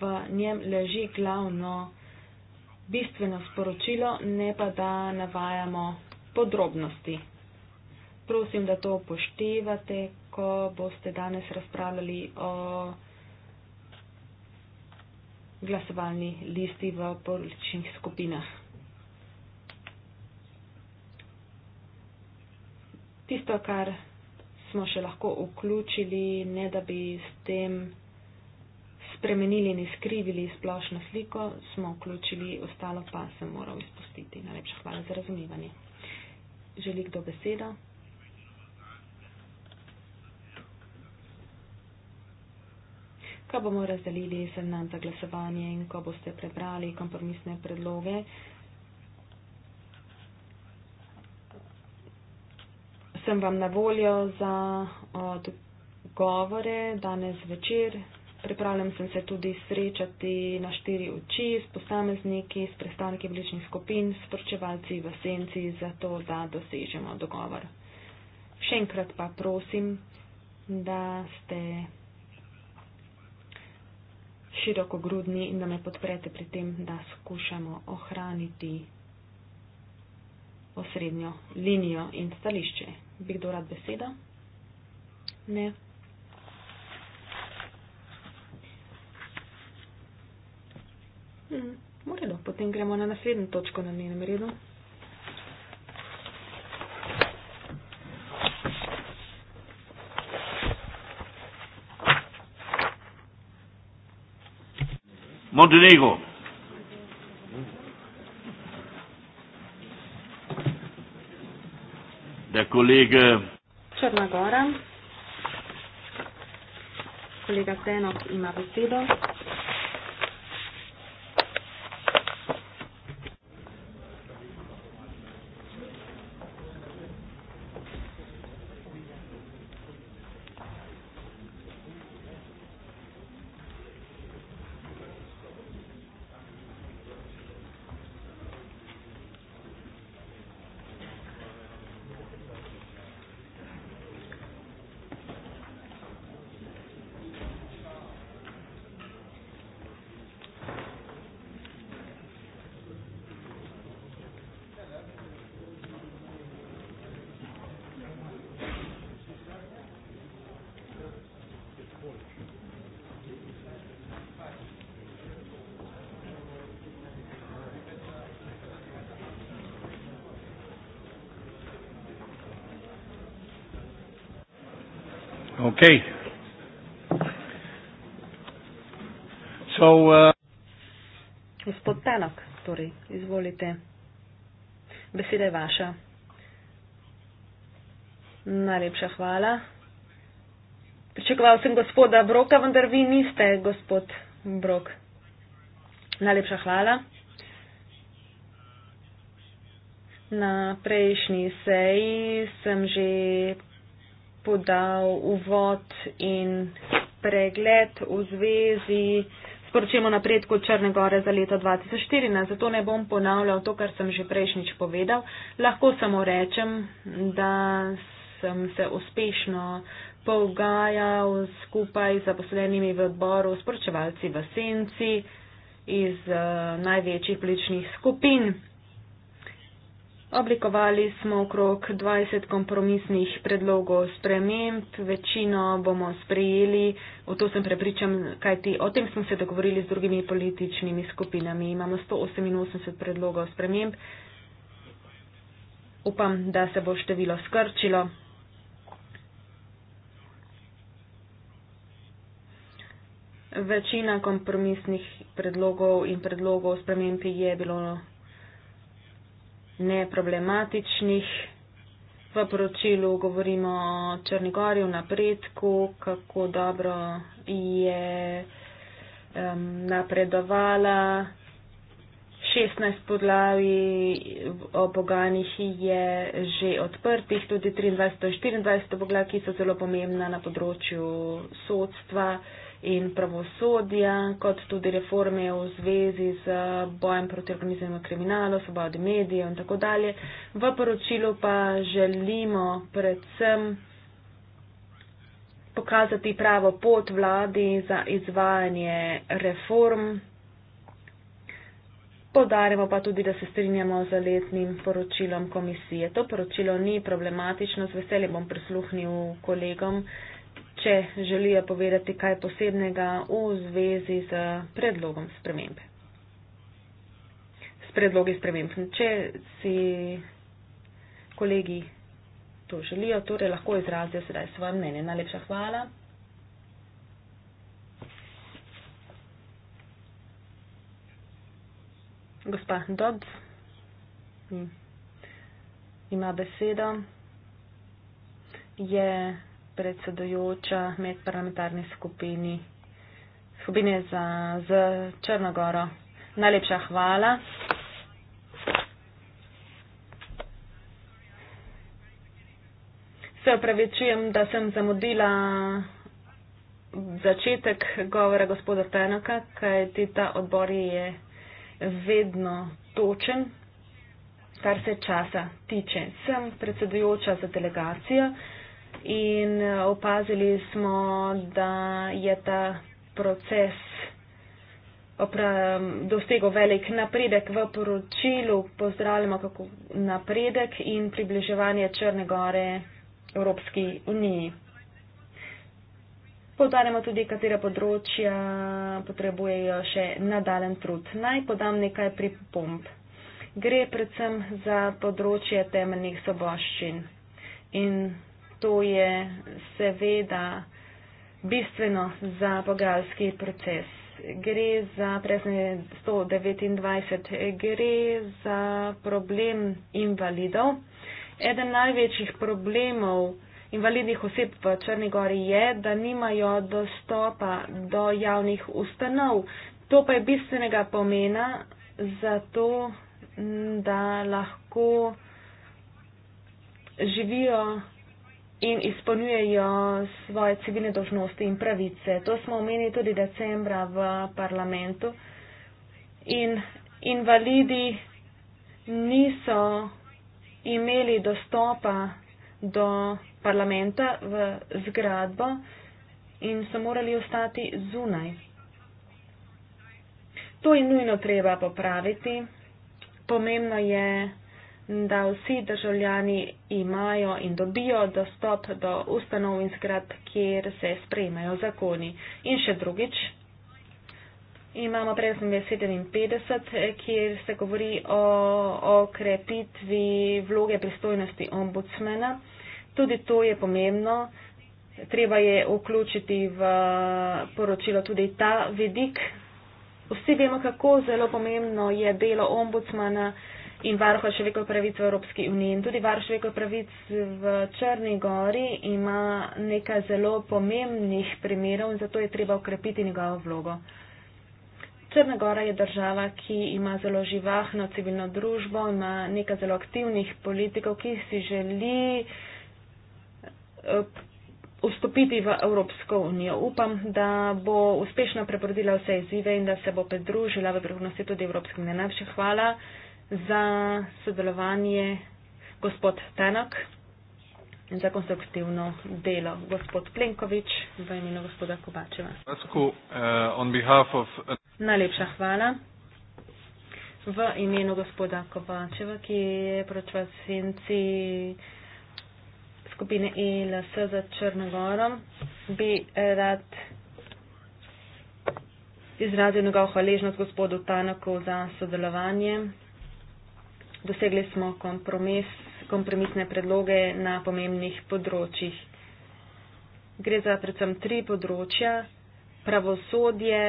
v njem leži glavno bistveno sporočilo, ne pa da navajamo podrobnosti. Prosim, da to upoštevate, ko boste danes razpravljali o glasovalni listi v političnih skupinah. Tisto, kar smo še lahko vključili, ne da bi s tem spremenili in izkrivili splošno sliko, smo vključili, ostalo pa se moral izpustiti. Najlepša hvala za razumivanje. Želi kdo besedo? Ko bomo razdelili seznam za glasovanje in ko boste prebrali kompromisne predloge, sem vam na voljo za eh, odgovore danes večer. Pripravljam sem se tudi srečati na štiri oči s posamezniki, s predstavniki bližnjih skupin, s vrčevalci v senci, zato da dosežemo dogovor. Še enkrat pa prosim, da ste široko grudni in da me podprete pri tem, da skušamo ohraniti osrednjo linijo in stališče. Bi kdo rad besedo? Ne. Mm, Moredo, potem gremo na naslednjo točko na njenem redu. Montenegro. Da kolega. Črna Gora. Kolega Senok ima besedo. pravzaprav. Uh, gospod Tanok, torej, izvolite. Beseda je vaša. Najlepša hvala. Pričakoval sem gospoda Broka, vendar vi niste, gospod Brok. Najlepša hvala. Na prejšnji seji sem že podal uvod in pregled v zvezi uh, sporočimo napredku Črne gore za leto 2014, zato ne bom ponavljal to, kar sem že prejšnjič povedal. Lahko samo rečem, da sem se uspešno pogajal skupaj z zaposlenimi v odboru, sporočevalci v senci iz uh, največjih pličnih skupin. Oblikovali smo okrog 20 kompromisnih predlogov sprememb, večino bomo sprejeli, o to sem prepričan, kaj ti, o tem smo se dogovorili z drugimi političnimi skupinami. Imamo 188 predlogov sprememb. Upam, da se bo število skrčilo. Večina kompromisnih predlogov in predlogov sprememb je bilo neproblematičnih. V poročilu govorimo o Črnigori v napredku, kako dobro je um, napredovala. 16 podlavi o poganjih je že odprtih, tudi 23 in 24 poglavi, ki so zelo pomembna na področju sodstva in pravosodja, kot tudi reforme v zvezi z bojem proti organiziranemu kriminalu, svobodi medijev in tako dalje. V poročilu pa želimo predvsem pokazati pravo pot vladi za izvajanje reform. Podarimo pa tudi, da se strinjamo z letnim poročilom komisije. To poročilo ni problematično, z veseljem bom prisluhnil kolegom, uh, če želijo povedati kaj posebnega v zvezi z predlogom spremembe. S predlogi sprememb. Če si kolegi to želijo, torej lahko izrazijo sedaj svoje mnenje. Najlepša hvala. Gospa Dobbs hmm, ima besedo. Je predsedujoča medparlamentarne skupini, skupine za, za Črnogoro. Najlepša hvala. Se opravičujem, da sem zamudila začetek govora gospoda Tenoka, kaj ti ta odbor je vedno točen, kar se časa tiče. Sem predsedujoča za delegacijo in eh, opazili smo, da je ta proces dostegel velik napredek v poročilu. Pozdravljamo kako napredek in približevanje Črne gore Evropski uniji. Podarjamo tudi, katera področja potrebujejo še nadaljen trud. Naj podam nekaj pripomb. Gre predvsem za področje temeljnih soboščin in to je seveda bistveno za pogajalski proces. Gre za presne 129, gre za problem invalidov. Eden največjih problemov invalidnih oseb v Črni gori je, da nimajo dostopa do javnih ustanov. To pa je bistvenega pomena zato, da lahko živijo in izpolnjujejo svoje civilne dožnosti in pravice. To smo omenili tudi decembra v parlamentu. In invalidi niso imeli dostopa do parlamenta v zgradbo in so morali ostati zunaj. To je nujno treba popraviti. Pomembno je da vsi državljani imajo in dobijo dostop do ustanov in zgrad, kjer se sprejmajo zakoni. In še drugič, imamo predstavnje 57, kjer se govori o okrepitvi vloge pristojnosti ombudsmena. Tudi to je pomembno. Treba je vključiti v poročilo tudi ta vidik. Vsi vemo, kako zelo pomembno je delo ombudsmana in varuha človekov pravic v Evropski uniji. In tudi varuha človekov pravic v Črni Gori ima nekaj zelo pomembnih primerov in zato je treba ukrepiti njegovo vlogo. Črna Gora je država, ki ima zelo živahno civilno družbo, ima nekaj zelo aktivnih politikov, ki si želi eh, vstopiti v Evropsko unijo. Upam, da bo uspešno prebrodila vse izzive in da se bo pridružila v prihodnosti tudi Evropskim denarjem. Hvala za sodelovanje gospod Tenok in za konstruktivno delo gospod Plenkovič v imenu gospoda Kobačeva. Eh, eh, Najlepša hvala. V imenu gospoda Kobačeva, ki je proč v senci skupine ELS za Črnogoro, bi rad izrazil njegov hvaležnost gospodu Tanaku za sodelovanje dosegli smo kompromis, kompromisne predloge na pomembnih področjih. Gre za predvsem tri področja: pravosodje,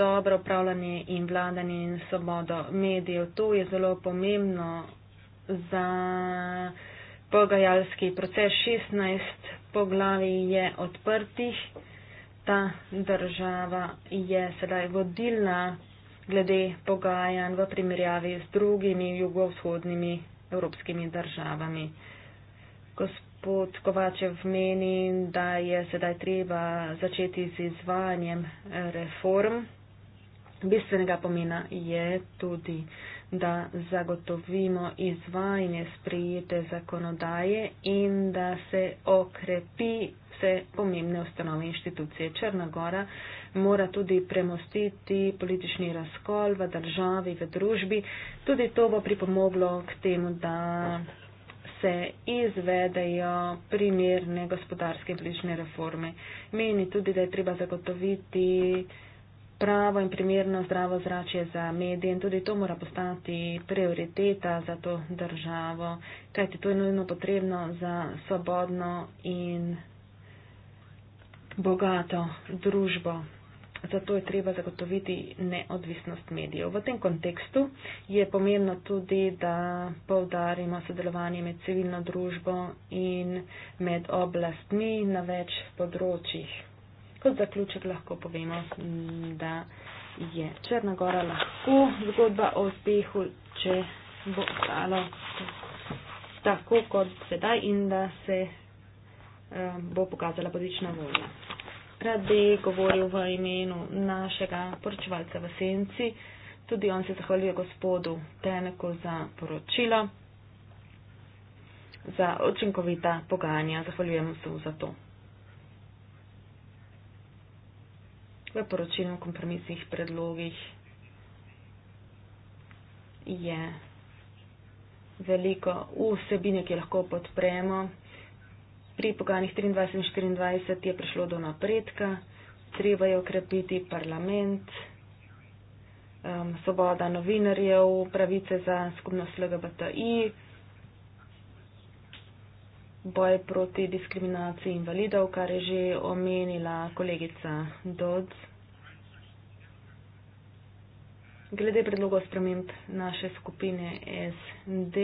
dobro upravljanje in vladanje in svobodo medijev. To je zelo pomembno za pogajalski proces. 16 poglavi je odprtih. Ta država je sedaj vodilna glede pogajanj v primerjavi z drugimi jugovzhodnimi evropskimi državami. Gospod Kovačev meni, da je sedaj treba začeti z izvajanjem reform. Bistvenega pomena je tudi, da zagotovimo izvajanje sprijete zakonodaje in da se okrepi vse pomembne ustanove inštitucije Črnagora, mora tudi premostiti politični razkol v državi, v družbi. Tudi to bo pripomoglo k temu, da se izvedejo primerne gospodarske in politične reforme. Meni tudi, da je treba zagotoviti pravo in primerno zdravo zračje za medije in tudi to mora postati prioriteta za to državo, kajti to je nujno potrebno za svobodno in bogato družbo zato je treba zagotoviti neodvisnost medijev. V tem kontekstu je pomembno tudi, da povdarimo sodelovanje med civilno družbo in med oblastmi na več področjih. Kot zaključek lahko povemo, da je Črnagora lahko zgodba o uspehu, če bo ostalo tako kot sedaj in da se eh, bo pokazala politična volja takrat D govoril v imenu našega poročevalca v Senci. Tudi on se zahvaljuje gospodu Teneku za poročilo, za očinkovita pogajanja. Zahvaljujem se mu za to. V poročilnih kompromisnih predlogih je veliko vsebine, ki jo lahko podpremo. Pri pogajanjih 23 in 24 je prišlo do napredka, treba je okrepiti parlament, um, svoboda novinarjev, pravice za skupnost LGBTI, boj proti diskriminaciji invalidov, kar je že omenila kolegica Dodd. Glede predlogov sprememb naše skupine SD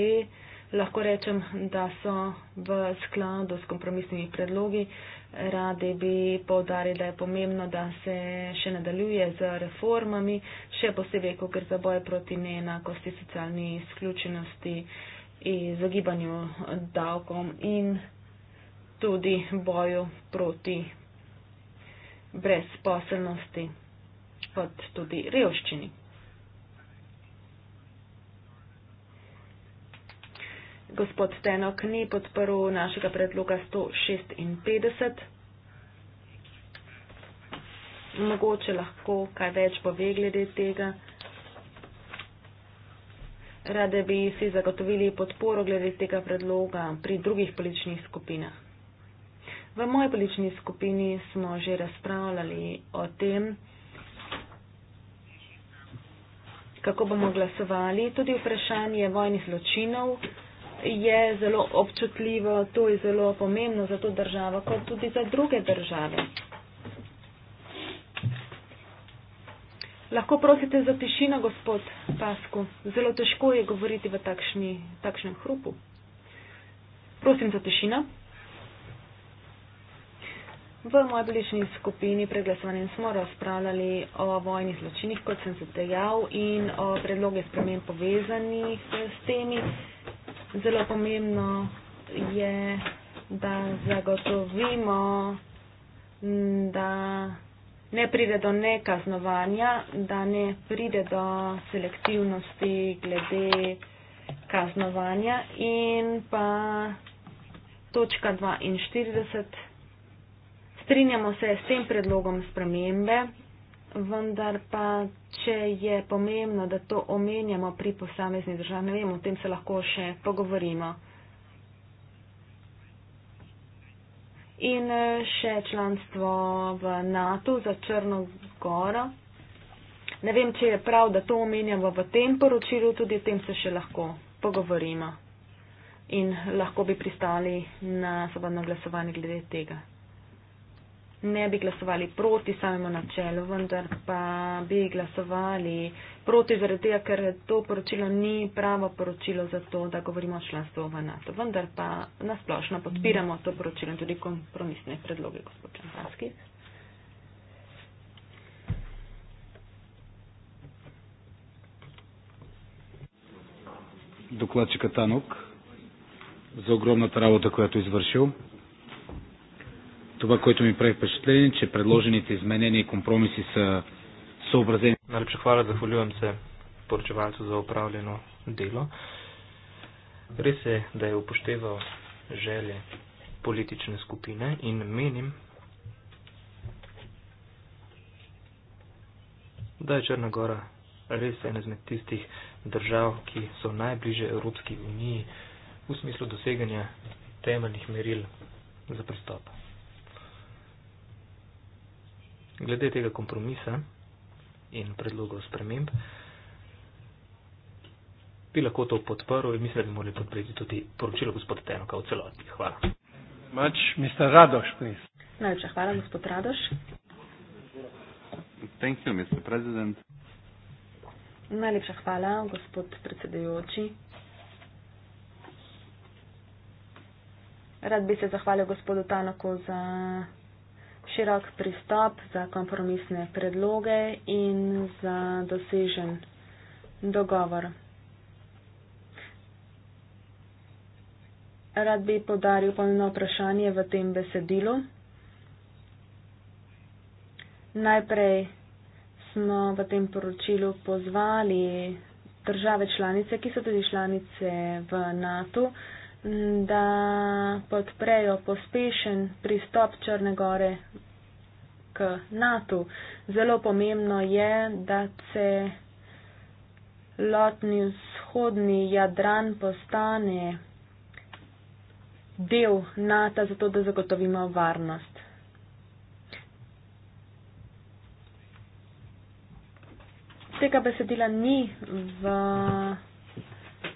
lahko rečem, da so v skladu s kompromisnimi predlogi. Radi bi povdarili, da je pomembno, da se še nadaljuje z reformami, še posebej, ko gre za boj proti neenakosti, socialni izključenosti in zagibanju davkom in tudi boju proti brezposelnosti kot tudi revščini. gospod Tenok ni podprl našega predloga 156. Mogoče lahko kaj več pove glede tega. Rade bi si zagotovili podporo glede tega predloga pri drugih političnih skupinah. V moji politični skupini smo že razpravljali o tem, kako bomo glasovali. Tudi vprašanje vojnih zločinov je zelo občutljivo, to je zelo pomembno za to državo, kot tudi za druge države. Lahko prosite za tišino, gospod Pasku. Zelo težko je govoriti v takšni, takšnem hrupu. Prosim za tišino. V moji bližnji skupini preglasovanjem smo razpravljali o vojnih zločinih, kot sem se dejal, in o predloge sprememb povezanih s temi zelo pomembno je, da zagotovimo, da ne pride do nekaznovanja, da ne pride do selektivnosti glede kaznovanja in pa točka 42. Strinjamo se s tem predlogom spremembe, vendar pa, če je pomembno, da to omenjamo pri posamezni državi, ne vem, o tem se lahko še pogovorimo. In eh, še članstvo v NATO za Črno goro. Ne vem, če je prav, da to omenjamo v tem poročilu, tudi o tem se še lahko pogovorimo. In lahko bi pristali na svobodno glasovanje glede tega ne bi glasovali proti samemu načelu, vendar pa bi glasovali proti zaradi tega, ker to poročilo ni pravo poročilo za to, da govorimo o članstvu v NATO. Vendar pa nasplošno podpiramo to poročilo in tudi kompromisne predloge, gospod Čanzanski. Докладчика Танок за огромната работа, която извършил това, което ми прави впечатление, че предложените изменения и компромиси са съобразени. Най-лепше хвала, захвалювам се поръчевалцу за управлено дело. Res je, da je upošteval želje politične skupine in menim, da je Črna Gora res ena izmed tistih držav, ki so najbliže Evropski uniji v smislu doseganja temeljnih meril za pristop glede tega kompromisa in predlogov sprememb bi lahko to podprl in mislim, da bi morali podpreti tudi poročilo gospoda Tenoka v celoti. Hvala. Mač, mister Radoš, please. Najlepša hvala, gospod Radoš. Thank you, mister president. Najlepša hvala, gospod predsedujoči. Rad bi se zahvalil gospodu Tanaku za širok pristop, za kompromisne predloge in za dosežen dogovor. Rad bi podaril pomembno vprašanje v tem besedilu. Najprej smo v tem poročilu pozvali države članice, ki so tudi članice v NATO, da podprejo pospešen pristop Črne Gore k NATO. Zelo pomembno je, da se lotni vzhodni Jadran postane del NATO, zato da zagotovimo varnost. Tega besedila ni v.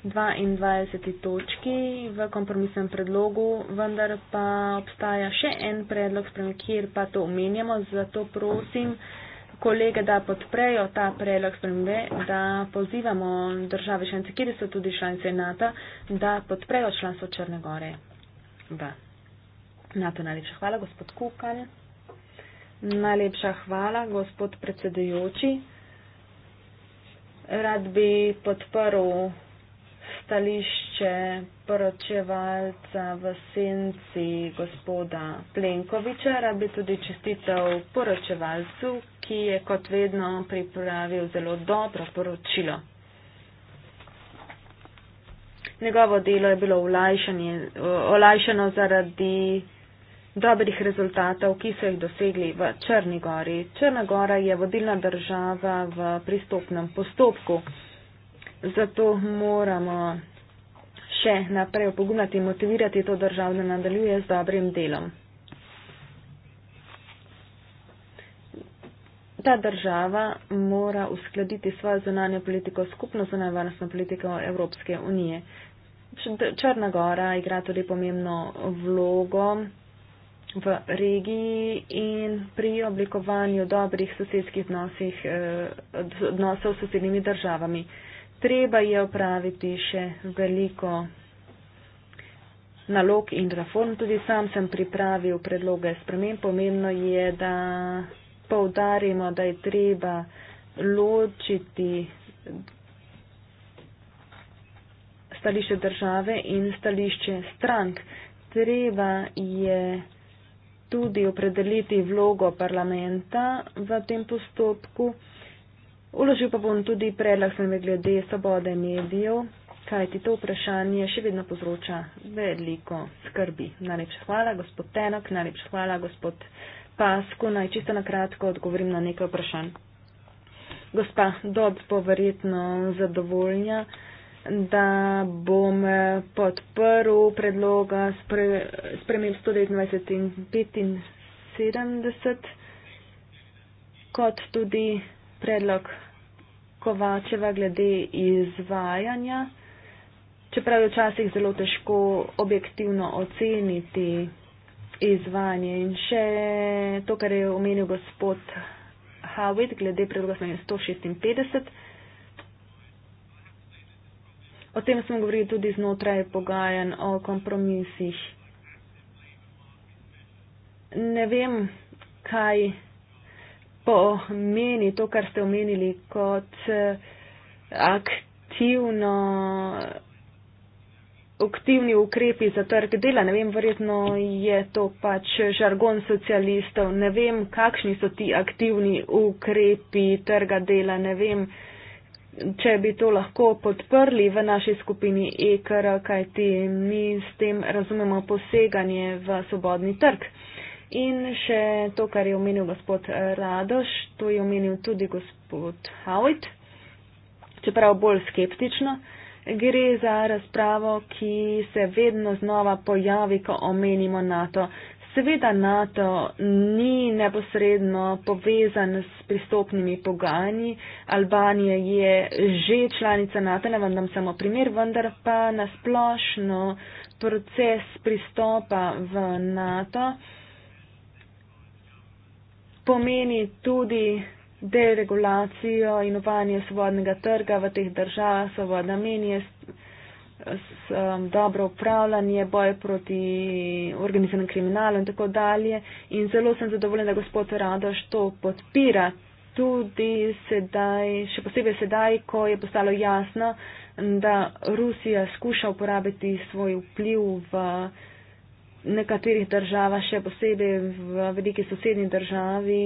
22. točki v kompromisnem predlogu, vendar pa obstaja še en predlog, spremljiv, kjer pa to omenjamo, zato prosim kolege, da podprejo ta predlog spremembe, da pozivamo države članice, kjer so tudi članice NATO, da podprejo članstvo Črne Gore v NATO. Najlepša hvala, gospod Kukan. Najlepša hvala, gospod predsedujoči. Rad bi podprl stališče poročevalca v senci gospoda Plenkoviča, rabi tudi čestitev poročevalcu, ki je kot vedno pripravil zelo dobro poročilo. Njegovo delo je bilo olajšano zaradi dobrih rezultatov, ki so jih dosegli v Črni gori. Črna gora je vodilna država v pristopnem postopku zato moramo še naprej opogumljati in motivirati to državo, da nadaljuje z dobrim delom. Ta država mora uskladiti svojo zunanjo politiko skupno zunanjo varnostno politiko Evropske unije. Črna Gora igra tudi pomembno vlogo v regiji in pri oblikovanju dobrih sosedskih eh, odnosov s sosednjimi državami treba je opraviti še veliko nalog in reform. Tudi sam sem pripravil predloge spremen. Pomembno je, da povdarimo, da je treba ločiti stališče države in stališče strank. Treba je tudi opredeliti vlogo parlamenta v tem postopku. Uložil pa bom tudi predlog sveme glede svobode medijev, kajti to vprašanje še vedno povzroča veliko skrbi. Najlepša hvala, gospod Tenok, najlepša hvala, gospod Pasko. Naj čisto na kratko odgovorim na nekaj vprašanj. Gospa Dob bo verjetno zadovoljna, da bom podprl predlog spre, spremenil 129 in 75, kot tudi predlog Kovačeva glede izvajanja, čeprav je včasih zelo težko objektivno oceniti izvajanje. In še to, kar je omenil gospod Hawit glede predloga 156. O tem smo govorili tudi znotraj pogajanj o kompromisih. Ne vem, kaj pomeni to, kar ste omenili, kot eh, aktivno, aktivni ukrepi za trg dela. Ne vem, verjetno je to pač žargon socialistov. Ne vem, kakšni so ti aktivni ukrepi trga dela. Ne vem, če bi to lahko podprli v naši skupini EKR, kaj ti mi s tem razumemo poseganje v svobodni trg. In še to, kar je omenil gospod eh, Radoš, to je omenil tudi gospod Howitt, čeprav bolj skeptično. Gre za razpravo, ki se vedno znova pojavi, ko omenimo NATO. Seveda NATO ni neposredno povezan s pristopnimi pogajanji. Albanija je že članica NATO, ne vam dam samo primer, vendar pa nasplošno proces pristopa v NATO. Uh, pomeni tudi deregulacijo in uvajanje svobodnega trga v teh državah, svoboda menije, um, dobro upravljanje, boj proti organiziranem kriminalu in tako dalje. In zelo sem zadovoljen, da gospod Radoš to podpira. Tudi sedaj, še posebej sedaj, ko je postalo jasno, da Rusija skuša uporabiti svoj vpliv v. Uh, nekaterih državah, še posebej v veliki sosednji državi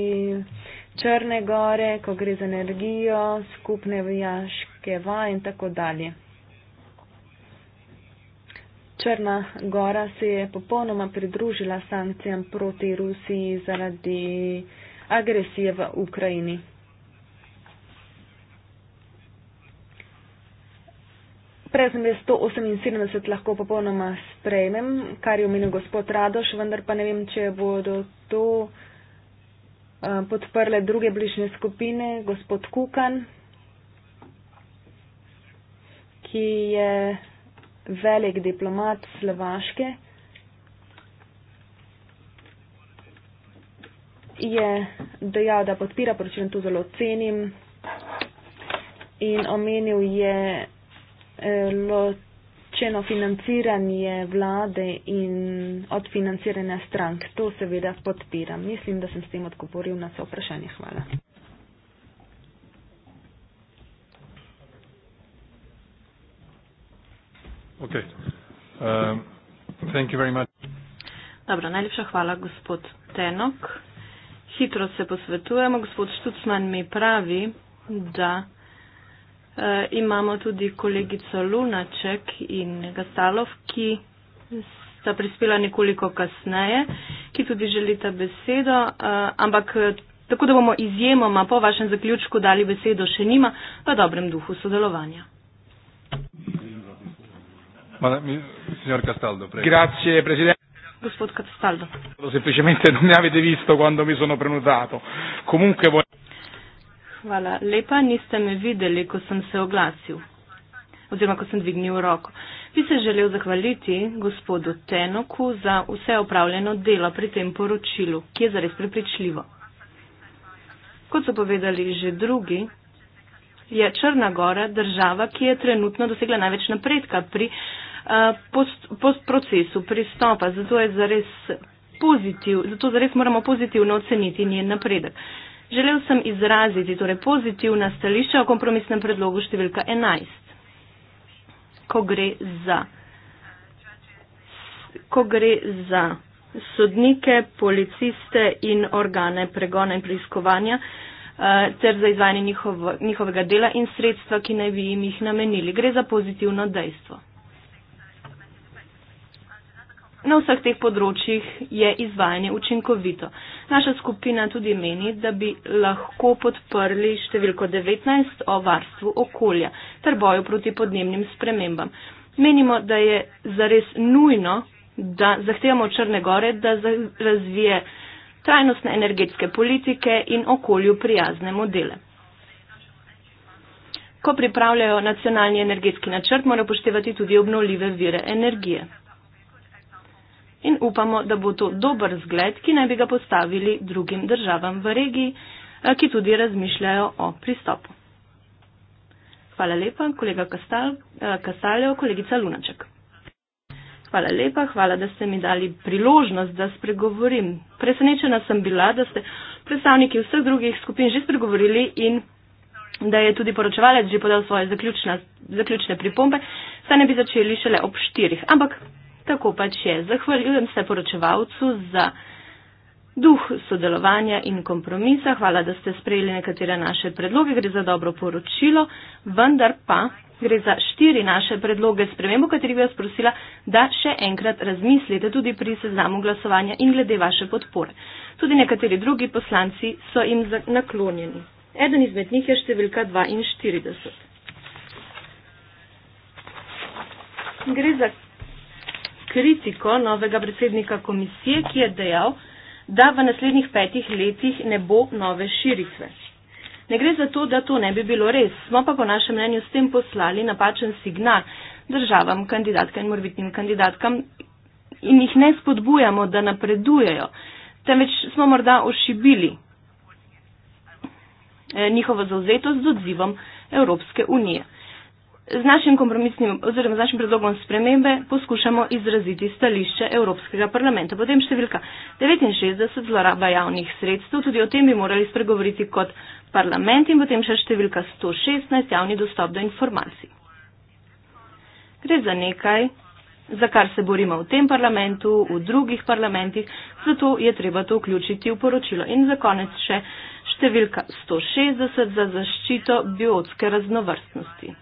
Črne gore, ko gre za energijo, skupne vojaške vaje in tako dalje. Črna gora se je popolnoma pridružila sankcijam proti Rusiji zaradi agresije v Ukrajini. Prej sem jaz 178 lahko popolnoma sprejmem, kar je omenil gospod Radoš, vendar pa ne vem, če bodo to eh, podprle druge bližnje skupine, gospod Kukan, ki je velik diplomat Slovaške, je dejal, da podpira, pročem to zelo cenim, in omenil je ločeno financiranje vlade in od financiranja strank. To seveda podpiram. Mislim, da sem s tem odgovoril na vse vprašanje. Hvala. Okay. Um, thank you very much. Dobro, najlepša hvala, gospod Tenok. Hitro se posvetujemo. Gospod Štucman mi pravi, da Eh, imamo tudi kolegico Lunaček in Gasalov, ki sta prispela nekoliko kasneje, ki tudi želita besedo, eh, ampak eh, tako da bomo izjemoma po vašem zaključku dali besedo še njima v dobrem duhu sodelovanja. Gospod Castaldo. Semplicemente non mi avete visto quando mi sono prenotato. Comunque voglio... Hvala lepa. Niste me videli, ko sem se oglasil oziroma ko sem dvignil roko. Bi se želel zahvaliti gospodu Tenoku za vse opravljeno delo pri tem poročilu, ki je zares prepričljivo. Kot so povedali že drugi, je Črna Gora država, ki je trenutno dosegla največ napredka pri uh, post, postprocesu pristopa, zato, je zares pozitiv, zato zares moramo pozitivno oceniti njen napredek. Uh, želel sem izraziti torej pozitivna stališča o kompromisnem predlogu številka 11. Ko gre za, ko gre za sodnike, policiste in organe pregona in preiskovanja eh, ter za izvajanje njihovega dela in sredstva, ki naj bi jim jih namenili. Gre za pozitivno dejstvo. Na vseh teh področjih je izvajanje učinkovito. Naša skupina tudi meni, da bi lahko podprli številko 19 o varstvu okolja ter boju proti podnebnim spremembam. Menimo, da je zares nujno, da zahtevamo Črne gore, da razvije trajnostne energetske politike in okolju prijazne modele. Ko pripravljajo nacionalni energetski načrt, morajo poštevati tudi obnovljive vire energije in upamo, da bo to dober zgled, ki naj bi ga postavili drugim državam v regiji, eh, ki tudi razmišljajo o pristopu. Hvala lepa, kolega Kastal, eh, Kastaljo, kolegica Lunaček. Hvala lepa, hvala, da ste mi dali priložnost, da spregovorim. Presenečena sem bila, da ste predstavniki vseh drugih skupin že spregovorili in da je tudi poročevalec že podal svoje zaključne pripombe, saj ne bi začeli šele ob štirih. Ampak tako pač je. Zahvaljujem se poročevalcu za duh sodelovanja in kompromisa. Hvala, da ste sprejeli nekatere naše predloge. Gre za dobro poročilo, vendar pa gre za štiri naše predloge spremembo, kateri bi vas prosila, da še enkrat razmislite tudi pri seznamu glasovanja in glede vaše podpore. Tudi nekateri drugi poslanci so jim naklonjeni. Eden izmed njih je številka 42. Gre za kritiko novega predsednika komisije, ki je dejal, da v naslednjih petih letih ne bo nove širitve. Ne gre za to, da to ne bi bilo res, smo pa po našem mnenju s tem poslali napačen signal državam, kandidatkam in morbitnim kandidatkam in jih ne spodbujamo, da napredujejo, temveč smo morda ošibili eh, njihovo zauzetost z odzivom Evropske unije z našim kompromisnim oziroma z našim predlogom spremembe poskušamo izraziti stališče Evropskega parlamenta. Potem številka 69 zloraba javnih sredstev, tudi o tem bi morali spregovoriti kot parlament in potem še številka 116 javni dostop do informacij. Gre za nekaj, za kar se borimo v tem parlamentu, v drugih parlamentih, zato je treba to vključiti v poročilo. In za konec še številka 160 za zaščito biotske raznovrstnosti.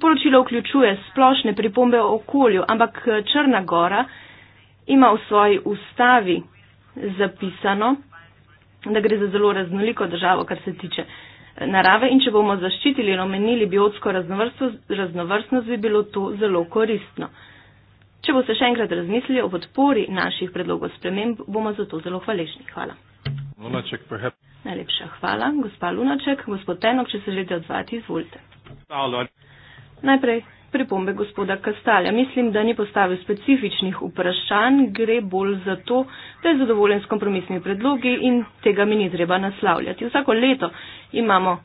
Poročilo vključuje splošne pripombe o okolju, ampak eh, Črna Gora ima v svoji ustavi zapisano, da gre za zelo raznoliko državo, kar se tiče eh, narave in če bomo zaščitili in omenili biotsko raznovrstnost, bi bilo to zelo koristno. Če boste še enkrat razmislili o podpori naših predlogov sprememb, bomo zato zelo hvaležni. Hvala. Lunaček, Najlepša hvala, gospa Lunaček. Gospod Tenok, če se želite odzvati, izvolite. Hvala. Najprej pripombe gospoda Kastalja. Mislim, da ni postavil specifičnih vprašanj, gre bolj za to, da je zadovoljen s kompromisnimi predlogi in tega mi ni treba naslavljati. Vsako leto imamo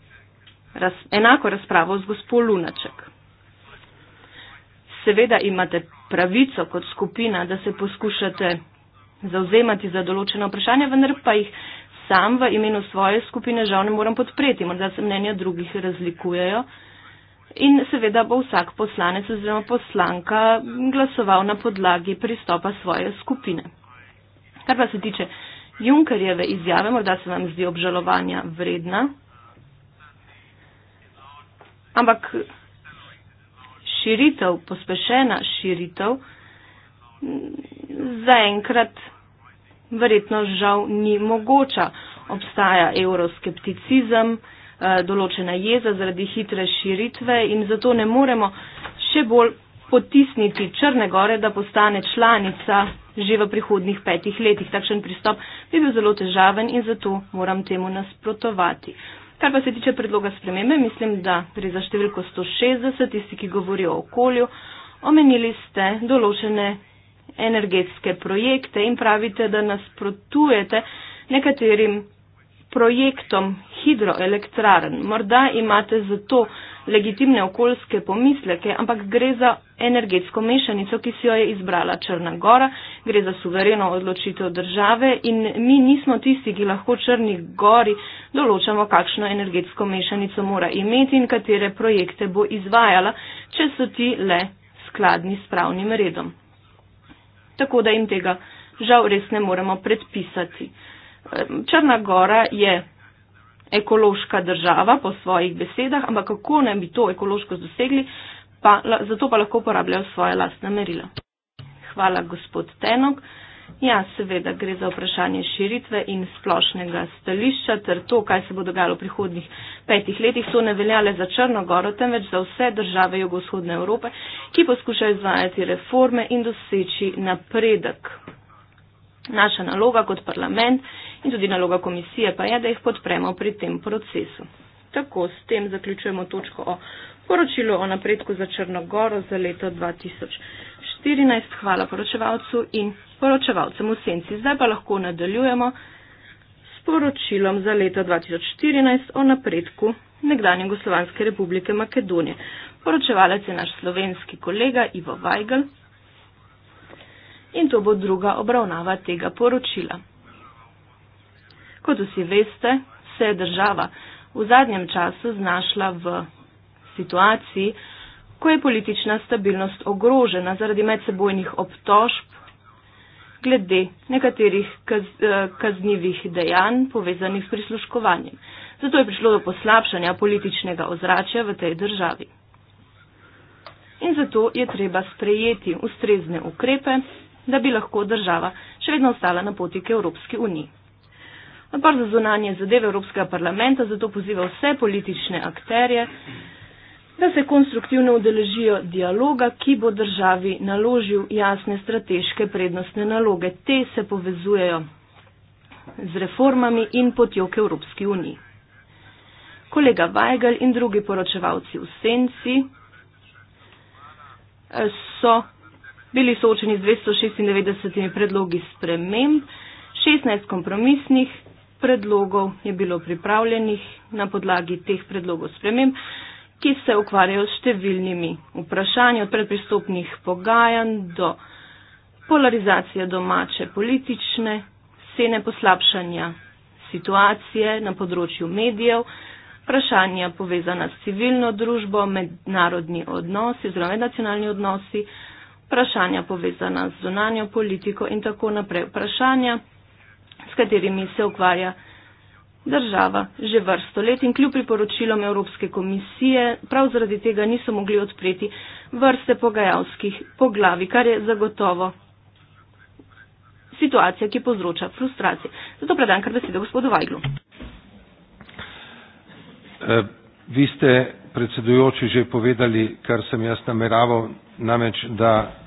raz, enako razpravo z gospod Lunaček. Seveda imate pravico kot skupina, da se poskušate zauzemati za določene vprašanja, vendar pa jih sam v imenu svoje skupine žal ne morem podpreti. Morda se mnenja drugih razlikujejo. In seveda bo vsak poslanec oziroma poslanka glasoval na podlagi pristopa svoje skupine. Kar pa se tiče Junkerjeve izjave, morda se vam zdi obžalovanja vredna, ampak širitev, pospešena širitev, zaenkrat verjetno žal ni mogoča. Obstaja euroskepticizem. Eh, določena jeza zaradi hitre širitve in zato ne moremo še bolj potisniti Črne Gore, da postane članica že v prihodnih petih letih. Takšen pristop bi bil zelo težaven in zato moram temu nasprotovati. Kar pa se tiče predloga spremembe, mislim, da pri zaštevilko 160, tisti, ki govorijo o okolju, omenili ste določene energetske projekte in pravite, da nasprotujete nekaterim projektom hidroelektrarn. Morda imate zato legitimne okoljske pomisleke, ampak gre za energetsko mešanico, ki si jo je izbrala Črna Gora, gre za suvereno odločitev države in mi nismo tisti, ki lahko Črni Gori določamo, kakšno energetsko mešanico mora imeti in katere projekte bo izvajala, če so ti le skladni s pravnim redom. Tako da jim tega žal res ne moremo predpisati. Ehm, Črna Gora je ekološka država po svojih besedah, ampak kako naj bi to ekološko dosegli, pa, zato pa lahko uporabljajo svoje lastne merila. Hvala, gospod Tenok. Ja, seveda gre za vprašanje širitve in splošnega stališča, ter to, kaj se bo dogajalo v prihodnih petih letih, to ne velja le za Črnogoro, temveč za vse države jugovzhodne Evrope, ki poskušajo izvajati reforme in doseči napredek. Naša naloga kot parlament in tudi naloga komisije pa je, da jih podpremo pri tem procesu. Tako s tem zaključujemo točko o poročilu o napredku za Črnogoro za leto 2014. Hvala poročevalcu in poročevalcem v senci. Zdaj pa lahko nadaljujemo s poročilom za leto 2014 o napredku nekdanje Jugoslovanske republike Makedonije. Poročevalec je naš slovenski kolega Ivo Weigl in to bo druga obravnava tega poročila. Kot vsi veste, se je država v zadnjem času znašla v situaciji, ko je politična stabilnost ogrožena zaradi medsebojnih obtožb glede nekaterih kaz, eh, kaznjivih dejanj povezanih s prisluškovanjem. Zato je prišlo do poslabšanja političnega ozračja v tej državi. In zato je treba sprejeti ustrezne ukrepe, da bi lahko država še vedno ostala na poti k Evropski uniji. Odbor za zunanje zadeve Evropskega parlamenta zato poziva vse politične akterje, da se konstruktivno udeležijo dialoga, ki bo državi naložil jasne strateške prednostne naloge. Te se povezujejo z reformami in potjo k Evropski uniji. Kolega Weigel in drugi poročevalci v Senci eh, so bili soočeni z 296 predlogi sprememb, 16 kompromisnih predlogov je bilo pripravljenih na podlagi teh predlogov sprememb, ki se ukvarjajo s številnimi vprašanji od predpristopnih pogajanj do polarizacije domače politične, cene poslabšanja situacije na področju medijev, vprašanja povezana s civilno družbo, mednarodni odnosi oziroma mednacionalni odnosi, vprašanja povezana z zunanjo politiko in tako naprej, vprašanja, s katerimi se ukvarja država že vrsto let in kljub priporočilom Evropske komisije prav zaradi tega niso mogli odpreti vrste pogajalskih poglavi, kar je zagotovo situacija, ki povzroča frustracije. Zato predam kar besedo gospodu Vajglu. Eh, vi ste predsedujoči že povedali, kar sem jaz nameraval, namreč, da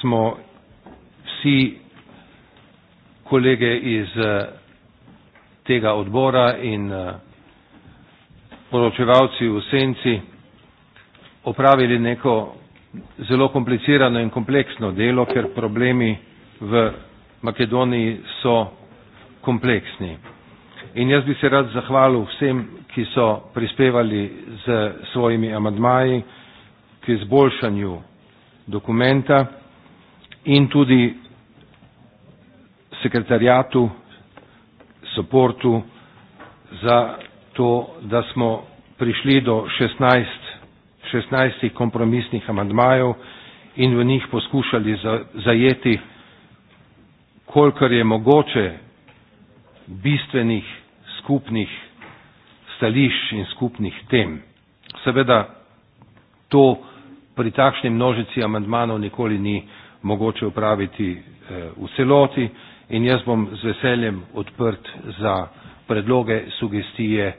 smo vsi kolege iz eh, tega odbora in eh, poročevalci v senci opravili neko zelo komplicirano in kompleksno delo, ker problemi v Makedoniji so kompleksni. In jaz bi se rad zahvalil vsem, ki so prispevali z svojimi amadmaji k izboljšanju dokumenta in tudi sekretarijatu, soportu za to, da smo prišli do 16, 16 kompromisnih amandmajev in v njih poskušali zajeti, kolikor je mogoče bistvenih skupnih stališč in skupnih tem. Seveda to pri takšni množici amandmanov nikoli ni mogoče upraviti eh, v celoti in jaz bom z veseljem odprt za predloge, sugestije,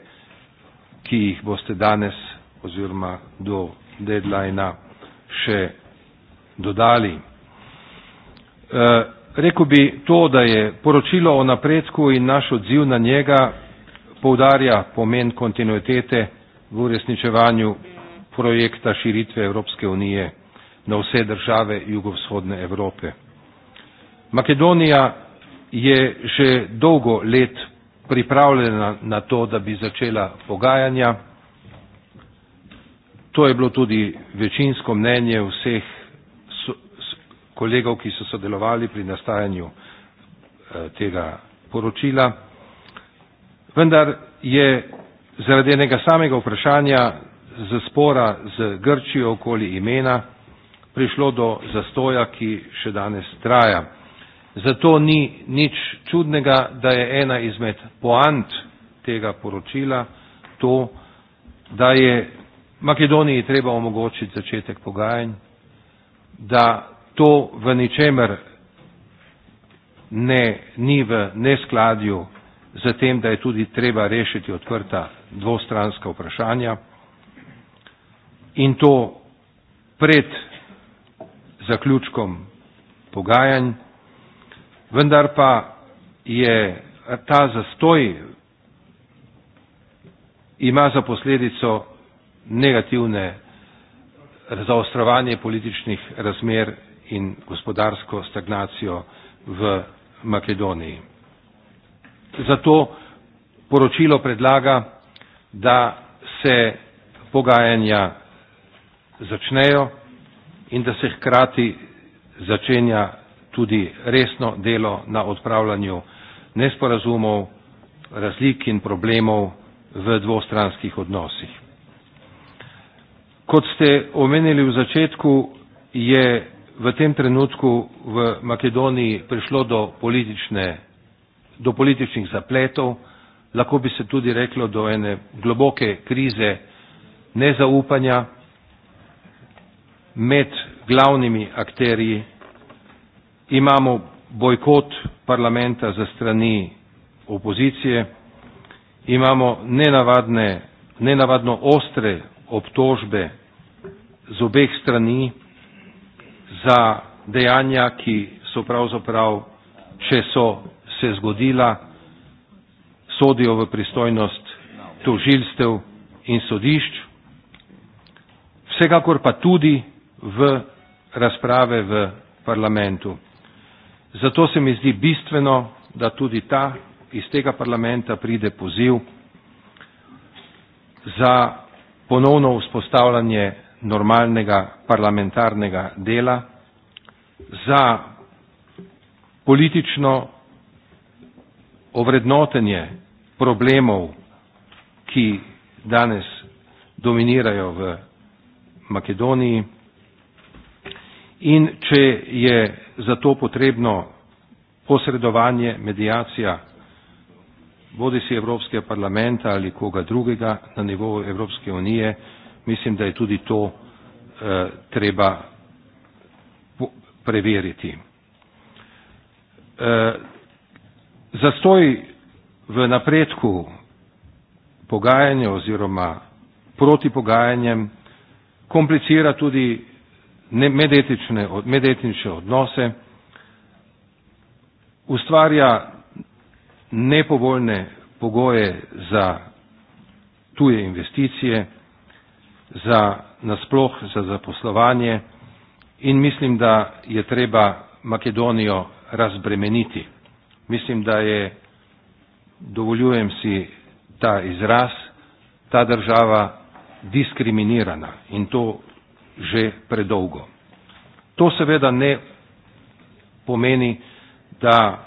ki jih boste danes oziroma do deadlinea še dodali. E, rekel bi to, da je poročilo o napredku in naš odziv na njega poudarja pomen kontinuitete v uresničevanju projekta širitve Evropske unije na vse države jugovzhodne Evrope. Makedonija je že dolgo let pripravljena na to, da bi začela pogajanja. To je bilo tudi večinsko mnenje vseh kolegov, ki so sodelovali pri nastajanju eh, tega poročila. Vendar je zaradi enega samega vprašanja z spora z Grčijo okoli imena prišlo do zastoja, ki še danes traja. Zato ni nič čudnega, da je ena izmed poant tega poročila to, da je Makedoniji treba omogočiti začetek pogajanj, da to v ničemer ne, ni v neskladju z tem, da je tudi treba rešiti odprta dvostranska vprašanja in to pred zaključkom pogajanj, vendar pa je ta zastoj ima za posledico negativne zaostrovanje političnih razmer in gospodarsko stagnacijo v Makedoniji. Zato poročilo predlaga, da se pogajanja začnejo in da se hkrati začenja tudi resno delo na odpravljanju nesporazumov, razlik in problemov v dvostranskih odnosih. Kot ste omenili v začetku, je v tem trenutku v Makedoniji prišlo do, do političnih zapletov, lahko bi se tudi reklo do ene globoke krize nezaupanja, med glavnimi akterji imamo bojkot parlamenta za strani opozicije, imamo nenavadno ostre obtožbe z obeh strani za dejanja, ki so pravzaprav, če so se zgodila, sodijo v pristojnost tožilstev in sodišč. Vsekakor pa tudi, v razprave v parlamentu. Zato se mi zdi bistveno, da tudi ta iz tega parlamenta pride poziv za ponovno vzpostavljanje normalnega parlamentarnega dela, za politično ovrednotenje problemov, ki danes dominirajo v Makedoniji, In če je za to potrebno posredovanje, medijacija, bodi si Evropskega parlamenta ali koga drugega na nivoju Evropske unije, mislim, da je tudi to eh, treba preveriti. Eh, zastoj v napredku pogajanja oziroma proti pogajanjem komplicira tudi medetične, medetnične odnose, ustvarja nepovoljne pogoje za tuje investicije, za nasploh, za zaposlovanje in mislim, da je treba Makedonijo razbremeniti. Mislim, da je, dovoljujem si ta izraz, ta država diskriminirana in to že predolgo. To seveda ne pomeni, da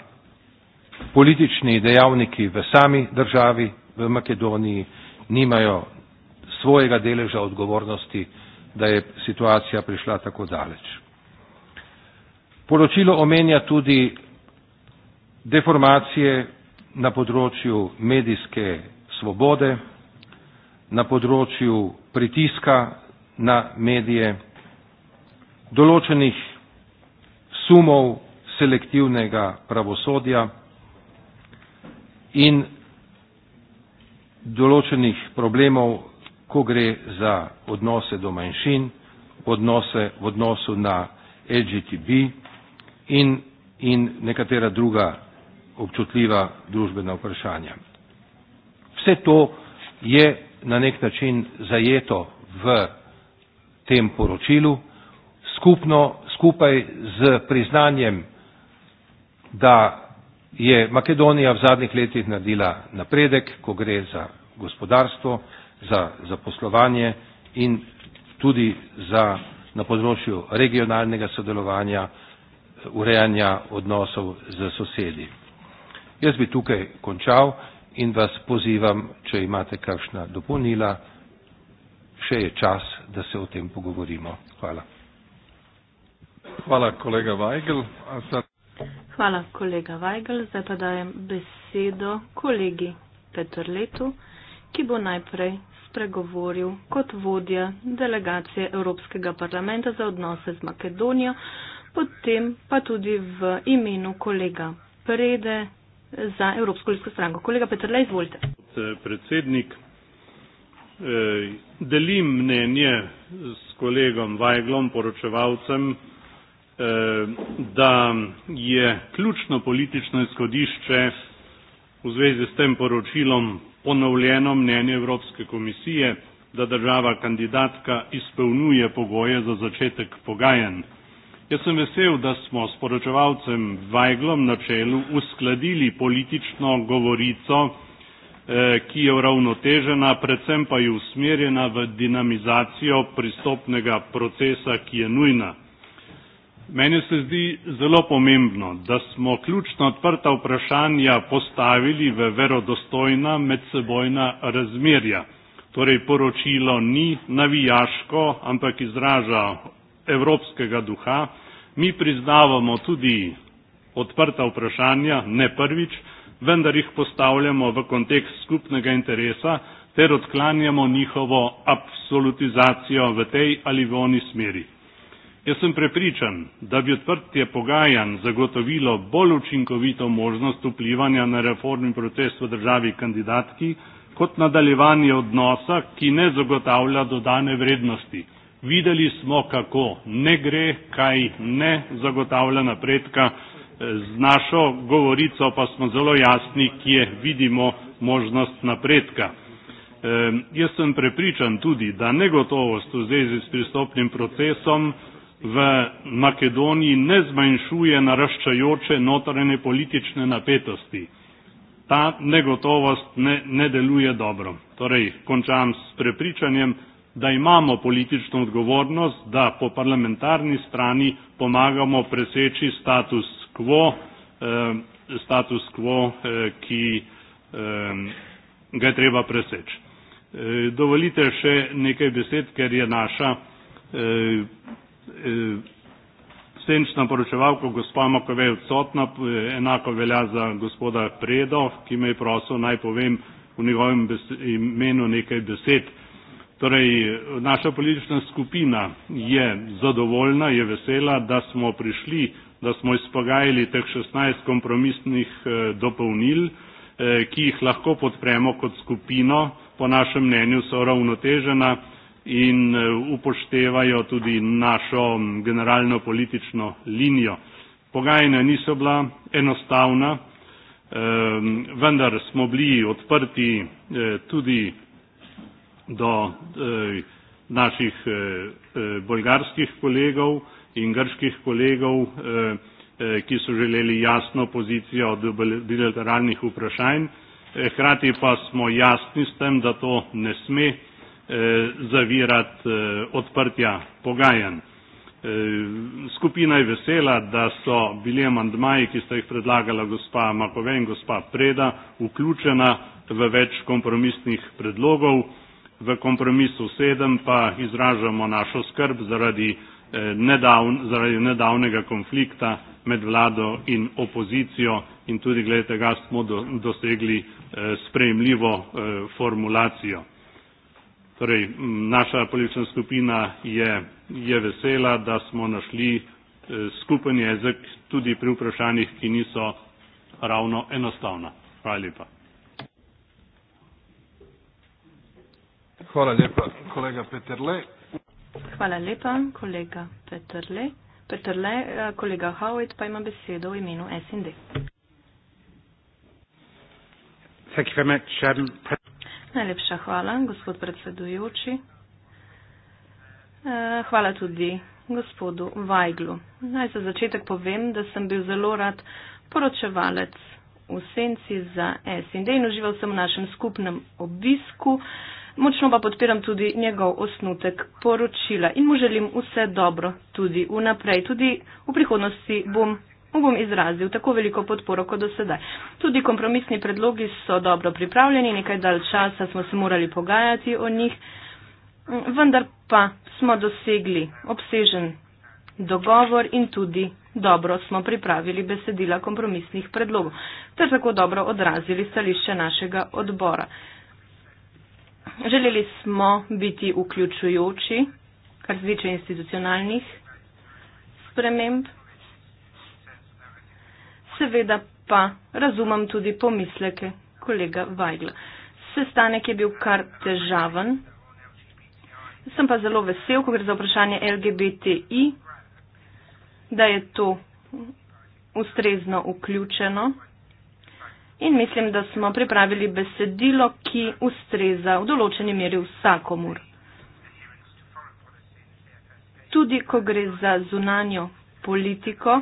politični dejavniki v sami državi, v Makedoniji, nimajo svojega deleža odgovornosti, da je situacija prišla tako daleč. Poročilo omenja tudi deformacije na področju medijske svobode, na področju pritiska na medije, določenih sumov selektivnega pravosodja in določenih problemov, ko gre za odnose do manjšin, odnose v odnosu na LGTB in, in nekatera druga občutljiva družbena vprašanja. Vse to je na nek način zajeto v tem poročilu, skupno, skupaj z priznanjem, da je Makedonija v zadnjih letih naredila napredek, ko gre za gospodarstvo, za zaposlovanje in tudi za na področju regionalnega sodelovanja, urejanja odnosov z sosedi. Jaz bi tukaj končal in vas pozivam, če imate kakšna dopolnila, še je čas, da se o tem pogovorimo. Hvala. Hvala, kolega Weigl. Sad... Hvala, kolega Weigl. Zdaj pa dajem besedo kolegi Petrletu, ki bo najprej spregovoril kot vodja delegacije Evropskega parlamenta za odnose z Makedonijo, potem pa tudi v imenu kolega Prede za Evropsko ljudsko stranko. Kolega Petrle, izvolite. Predsednik. Eh, delim mnenje s kolegom Vajglom, poročevalcem, eh, da je ključno politično izhodišče v zvezi s tem poročilom ponovljeno mnenje Evropske komisije, da država kandidatka izpolnjuje pogoje za začetek pogajanj. Jaz sem vesel, da smo s poročevalcem Vajglom na čelu uskladili politično govorico, Eh, ki je uravnotežena, predvsem pa je usmerjena v dinamizacijo pristopnega procesa, ki je nujna. Mene se zdi zelo pomembno, da smo ključno odprta vprašanja postavili v verodostojna medsebojna razmerja. Torej poročilo ni navijaško, ampak izraža evropskega duha. Mi priznavamo tudi odprta vprašanja, ne prvič, vendar jih postavljamo v kontekst skupnega interesa ter odklanjamo njihovo absolutizacijo v tej ali v oni smeri. Jaz sem prepričan, da bi odprtje pogajanj zagotovilo bolj učinkovito možnost vplivanja na reformni proces v državi kandidatki kot nadaljevanje odnosa, ki ne zagotavlja dodane vrednosti. Videli smo, kako ne gre, kaj ne zagotavlja napredka, z našo govorico pa smo zelo jasni, kje vidimo možnost napredka. E, jaz sem prepričan tudi, da negotovost v zvezi s pristopnim procesom v Makedoniji ne zmanjšuje naraščajoče notranje politične napetosti. Ta negotovost ne, ne deluje dobro. Torej, končam s prepričanjem, da imamo politično odgovornost, da po parlamentarni strani pomagamo preseči status quo, eh, status quo, eh, ki eh, ga je treba preseči. Eh, dovolite še nekaj besed, ker je naša eh, eh, senčna poročevalka gospa Makovej odsotna, eh, enako velja za gospoda Predo, ki me je prosil naj povem v njegovem imenu nekaj besed. Torej, naša politična skupina je zadovoljna, je vesela, da smo prišli da smo izpogajali teh 16 kompromisnih eh, dopolnil, eh, ki jih lahko podpremo kot skupino, po našem mnenju so ravnotežena in eh, upoštevajo tudi našo generalno politično linijo. Pogajanja niso bila enostavna, ehm, vendar smo bili odprti tudi do naših bolgarskih kolegov, in grških kolegov, eh, eh, ki so želeli jasno pozicijo od bilateralnih vprašanj. Hrati eh, pa smo jasni s tem, da to ne sme zavirati odprtja pogajanj. Skupina je vesela, da so bili amandmaji, ki ste jih predlagala gospa Makove in gospa Preda, vključena v več kompromisnih predlogov. V kompromisu sedem pa izražamo našo skrb zaradi nedavn, zaradi nedavnega konflikta med vlado in opozicijo in tudi glede tega smo do, dosegli eh, sprejemljivo eh, formulacijo. Torej, naša politična skupina je, je vesela, da smo našli eh, skupen jezik tudi pri vprašanjih, ki niso ravno enostavna. Hvala lepa. Hvala lepa, kolega Peterle. Hvala lepa, kolega Petrle. Petrle, eh, kolega Howard pa ima besedo v imenu SND. Um, Najlepša hvala, gospod predsedujoči. Eh, hvala tudi gospodu Vajglu. Naj za začetek povem, da sem bil zelo rad poročevalec v senci za SND in užival sem v našem skupnem obisku močno pa podpiram tudi njegov osnutek poročila in mu želim vse dobro tudi vnaprej. Tudi v prihodnosti bom, bom izrazil tako veliko podporo kot do sedaj. Tudi kompromisni predlogi so dobro pripravljeni, nekaj dalj časa smo se morali pogajati o njih, vendar pa smo dosegli obsežen dogovor in tudi dobro smo pripravili besedila kompromisnih predlogov ter tako dobro odrazili stališče našega odbora. Želeli smo biti vključujoči, kar se tiče institucionalnih sprememb. Seveda pa razumem tudi pomisleke kolega Vajgla. Sestanek je bil kar težaven. Sem pa zelo vesel, ko gre za vprašanje LGBTI, da je to ustrezno vključeno in mislim, da smo pripravili besedilo, ki ustreza v določeni meri vsakomur. Tudi ko gre za zunanjo politiko,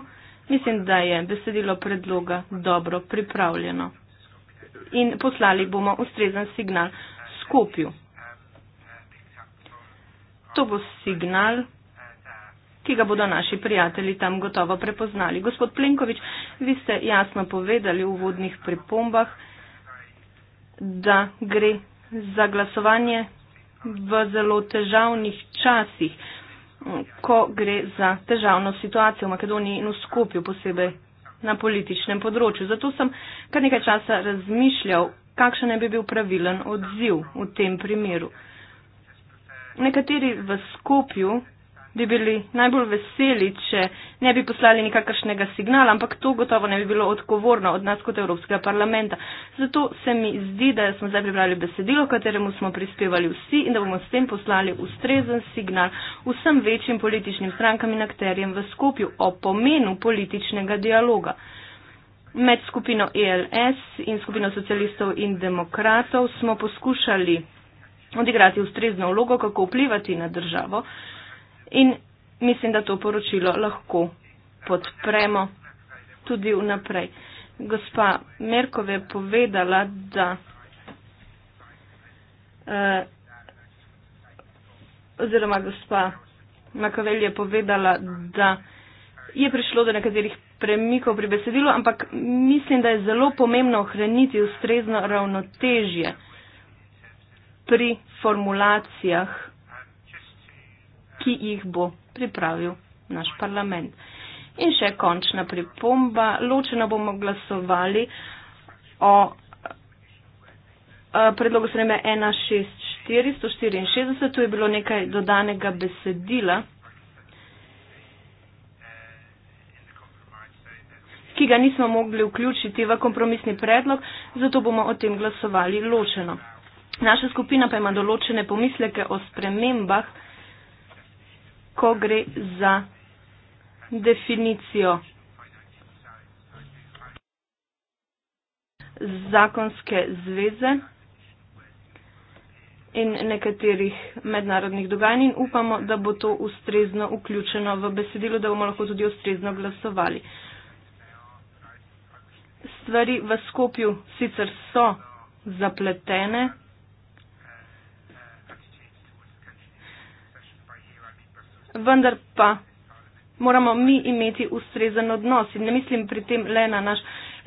mislim, da je besedilo predloga dobro pripravljeno. In poslali bomo ustrezen signal Skopju. To bo signal ki ga bodo naši prijatelji tam gotovo prepoznali. Gospod Plenkovič, vi ste jasno povedali v vodnih pripombah, da gre za glasovanje v zelo težavnih časih, ko gre za težavno situacijo v Makedoniji in v Skopju, posebej na političnem področju. Zato sem kar nekaj časa razmišljal, kakšen ne bi bil pravilen odziv v tem primeru. Nekateri v Skopju bi bili najbolj veseli, če ne bi poslali nikakršnega signala, ampak to gotovo ne bi bilo odgovorno od nas kot Evropskega parlamenta. Zato se mi zdi, da smo zdaj pripravili besedilo, kateremu smo prispevali vsi in da bomo s tem poslali ustrezen signal vsem večjim političnim strankam in akterjem v skupju o pomenu političnega dialoga. Med skupino ELS in skupino socialistov in demokratov smo poskušali odigrati ustrezno vlogo, kako vplivati na državo. In mislim, da to poročilo lahko podpremo tudi vnaprej. Gospa Merkove je povedala, da. Eh, oziroma gospa Makavel je povedala, da je prišlo do nekaterih premikov pri besedilu, ampak mislim, da je zelo pomembno ohraniti ustrezno ravnotežje pri formulacijah ki jih bo pripravil naš parlament. In še končna pripomba, ločeno bomo glasovali o eh, predlogu sreme 164, 164, tu je bilo nekaj dodanega besedila, ki ga nismo mogli vključiti v kompromisni predlog, zato bomo o tem glasovali ločeno. Naša skupina pa ima določene pomisleke o spremembah, ko gre za definicijo zakonske zveze in nekaterih mednarodnih dogajanj in upamo, da bo to ustrezno vključeno v besedilo, da bomo lahko tudi ustrezno glasovali. Stvari v skopju sicer so zapletene. vendar pa moramo mi imeti ustrezen odnos. In ne mislim pri tem le na naš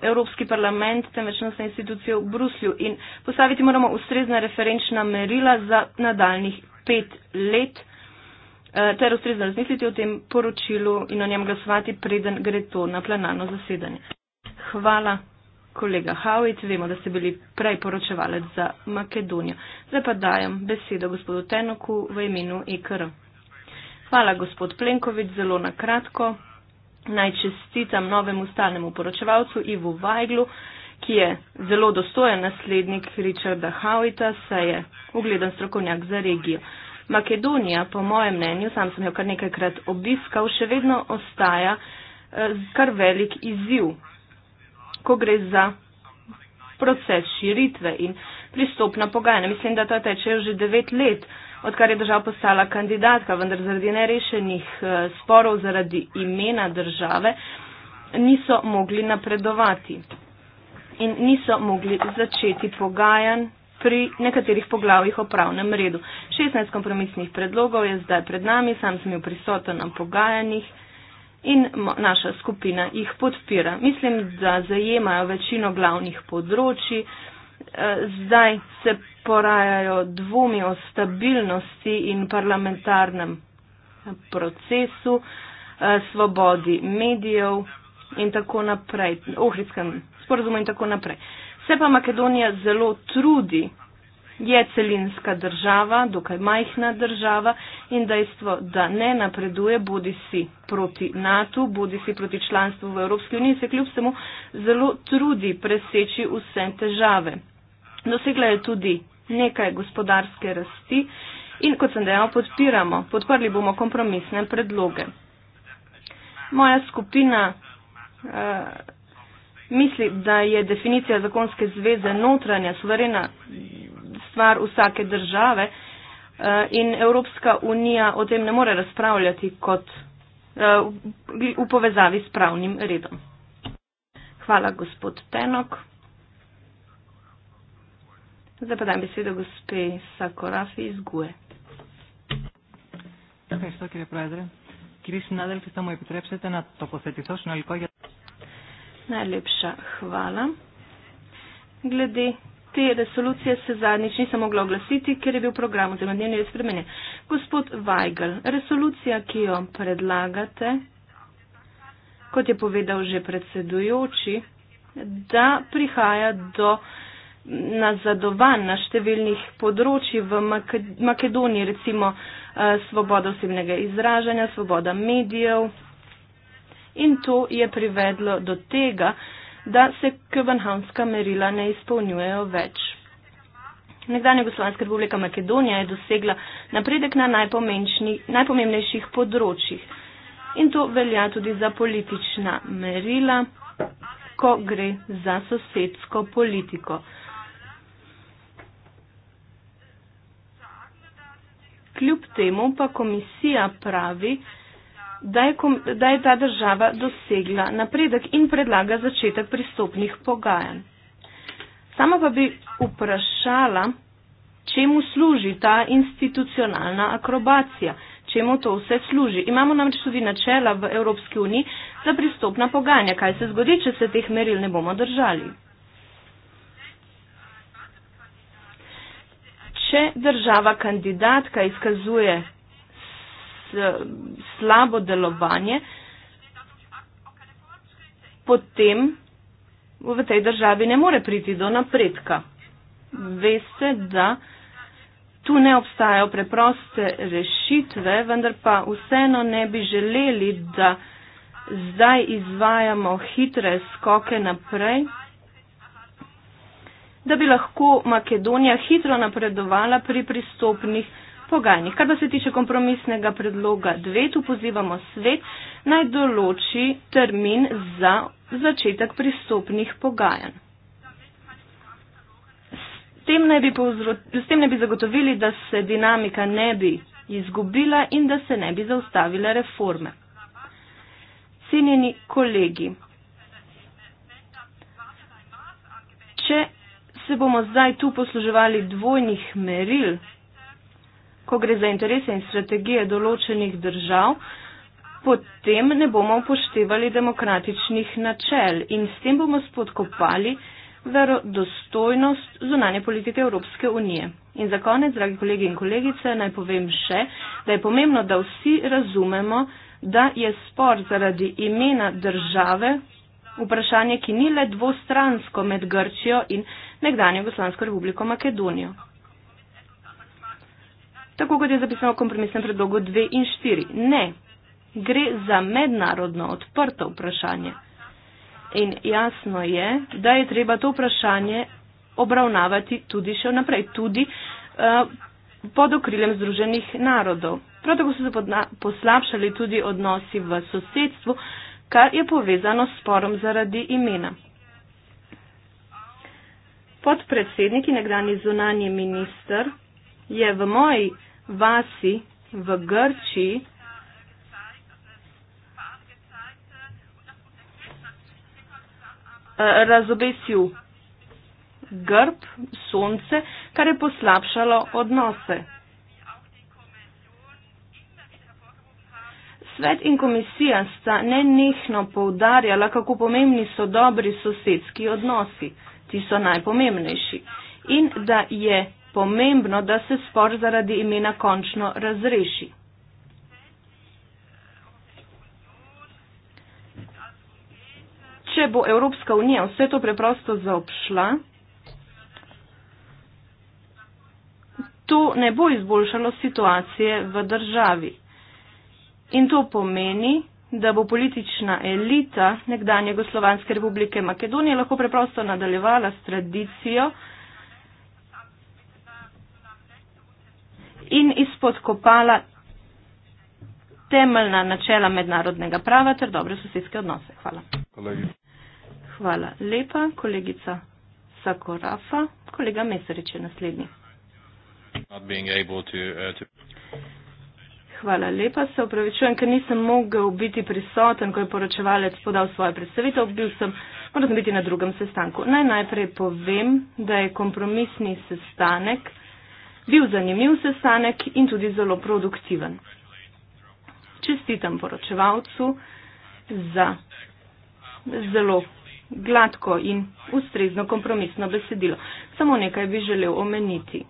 Evropski parlament, temveč na vse institucije v Bruslju. In postaviti moramo ustrezna referenčna merila za nadaljnih pet let, eh, ter ustrezno razmisliti o tem poročilu in o njem glasovati, preden gre to na plenarno zasedanje. Hvala. Kolega Hawit, vemo, da ste bili prej poročevalec za Makedonijo. Zdaj pa dajem besedo gospodu Tenoku v imenu IKR. E Hvala, gospod Plenković, zelo na kratko. Naj čestitam novemu stalnemu poročevalcu Ivu Vajglu, ki je zelo dostojen naslednik Richarda Howita, saj je ugleden strokovnjak za regijo. Makedonija, po mojem mnenju, sam sem jo kar nekajkrat obiskal, še vedno ostaja eh, kar velik izziv, ko gre za proces širitve in pristopna pogajanja. Mislim, da ta teče že devet let odkar je država postala kandidatka, vendar zaradi nerešenih eh, sporov zaradi imena države niso mogli napredovati in niso mogli začeti pogajanj pri nekaterih poglavjih o pravnem redu. 16 kompromisnih predlogov je zdaj pred nami, sam sem bil prisoten na pogajanjih in naša skupina jih podpira. Mislim, da zajemajo večino glavnih področji. Eh, zdaj se porajajo dvomi o stabilnosti in parlamentarnem procesu, eh, svobodi medijev in tako naprej, ohridskem sporozumu in tako naprej. Se pa Makedonija zelo trudi, je celinska država, dokaj majhna država in dejstvo, da ne napreduje, bodi si proti NATO, bodi si proti članstvu v Evropski uniji, se kljub temu zelo trudi preseči vse težave. Dosegla je tudi nekaj gospodarske rasti in kot sem dejal, podpiramo, podprli bomo kompromisne predloge. Moja skupina uh, misli, da je definicija zakonske zveze notranja, suverena stvar vsake države uh, in Evropska unija o tem ne more razpravljati kot uh, v povezavi s pravnim redom. Hvala, gospod Penok. Zdaj pa dam besedo gospe Sakorafi iz Gue. Najlepša hvala. Glede te resolucije se zadnjič nisem mogla oglasiti, ker je bil program oziroma dnevni red spremenjen. Gospod Weigel, resolucija, ki jo predlagate, kot je povedal že predsedujoči, da prihaja do nazadovan na številnih področji v Makedoniji, recimo eh, svoboda osebnega izražanja, svoboda medijev. In to je privedlo do tega, da se kvenhamska merila ne izpolnjujejo več. Nekdanja Jugoslovanska republika Makedonija je dosegla napredek na najpomembnejših področjih. In to velja tudi za politična merila, ko gre za sosedsko politiko. Kljub temu pa komisija pravi, da je, kom, da je ta država dosegla napredek in predlaga začetek pristopnih pogajanj. Sama pa bi vprašala, čemu služi ta institucionalna akrobacija, čemu to vse služi. Imamo namreč tudi načela v Evropski uniji za pristopna pogajanja. Kaj se zgodi, če se teh meril ne bomo držali? če država kandidatka izkazuje slabo delovanje, potem v tej državi ne more priti do napredka. Veste, da tu ne obstajajo preproste rešitve, vendar pa vseeno ne bi želeli, da zdaj izvajamo hitre skoke naprej da bi lahko Makedonija hitro napredovala pri pristopnih pogajanjih. Kar pa se tiče kompromisnega predloga 2, tu pozivamo svet naj določi termin za začetek pristopnih pogajanj. S tem, bi povzro, s tem ne bi zagotovili, da se dinamika ne bi izgubila in da se ne bi zaustavile reforme. Cenjeni kolegi, če se bomo zdaj tu posluževali dvojnih meril, ko gre za interese in strategije določenih držav, potem ne bomo upoštevali demokratičnih načel in s tem bomo spodkopali verodostojnost zunanje politike Evropske unije. In za konec, dragi kolegi in kolegice, naj povem še, da je pomembno, da vsi razumemo, da je spor zaradi imena države vprašanje, ki ni le dvostransko med Grčijo in nekdanjo Jugoslansko republiko Makedonijo. Tako kot je zapisano v kompromisnem predlogu 2 in 4. Ne, gre za mednarodno odprto vprašanje. In jasno je, da je treba to vprašanje obravnavati tudi še naprej, tudi uh, pod okriljem Združenih narodov. Prav tako so se poslabšali tudi odnosi v sosedstvu, uh, kar je povezano s sporom zaradi imena. Podpredsednik in nekdani zunanji minister je v moji vasi v Grčiji razobesil grb, sonce, kar je poslabšalo odnose. Svet in komisija sta nenehno poudarjala, kako pomembni so dobri sosedski odnosi, ti so najpomembnejši, in da je pomembno, da se spor zaradi imena končno razreši. Če bo Evropska unija vse to preprosto zaobšla, to ne bo izboljšalo situacije v državi. In to pomeni, da bo politična elita nekdanje Jugoslovanske republike Makedonije lahko preprosto nadaljevala s tradicijo in izpodkopala temeljna načela mednarodnega prava ter dobre sosedske odnose. Hvala. Hvala lepa, kolegica Sakorafa. Kolega Mesarič je naslednji. Hvala lepa, se upravičujem, ker nisem mogel biti prisoten, ko je poročevalec podal svojo predstavitev, bil sem, moram biti na drugem sestanku. Naj najprej povem, da je kompromisni sestanek bil zanimiv sestanek in tudi zelo produktiven. Čestitam poročevalcu za zelo gladko in ustrezno kompromisno besedilo. Samo nekaj bi želel omeniti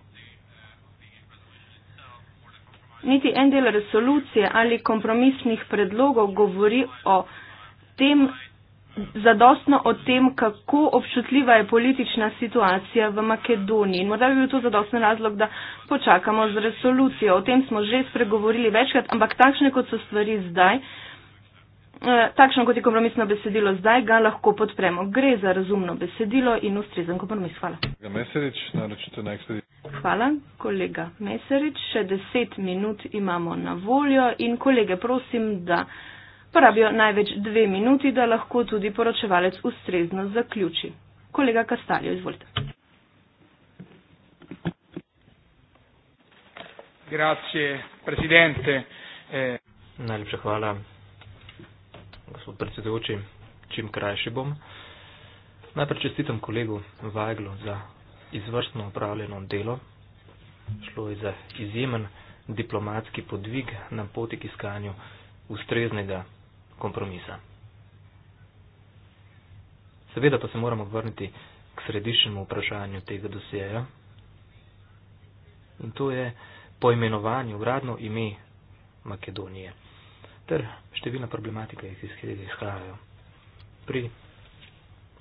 niti en del resolucije ali kompromisnih predlogov govori o tem, zadostno o tem, kako občutljiva je politična situacija v Makedoniji. Morda bi bil to zadostno razlog, da počakamo z resolucijo. O tem smo že spregovorili večkrat, ampak takšne, kot so stvari zdaj, Eh, takšno, kot je kompromisno besedilo zdaj, ga lahko podpremo. Gre za razumno besedilo in ustrezen kompromis. Hvala. Hvala, kolega Meserič. Še deset minut imamo na voljo in kolege prosim, da porabijo največ dve minuti, da lahko tudi poročevalec ustrezno zaključi. Kolega Kastaljo, izvolite. Grazie, presidente. Eh. Najlepša hvala, gospod predsedujoči, čim krajši bom. Najprej čestitam kolegu Vajglu za izvrstno upravljeno delo. Šlo je za izjemen diplomatski podvig na poti k iskanju ustreznega kompromisa. Seveda pa se moramo vrniti k središnjemu vprašanju tega dosjeja in to je poimenovanje, uradno ime Makedonije ter številna problematika, iz katerih izhajajo. Pri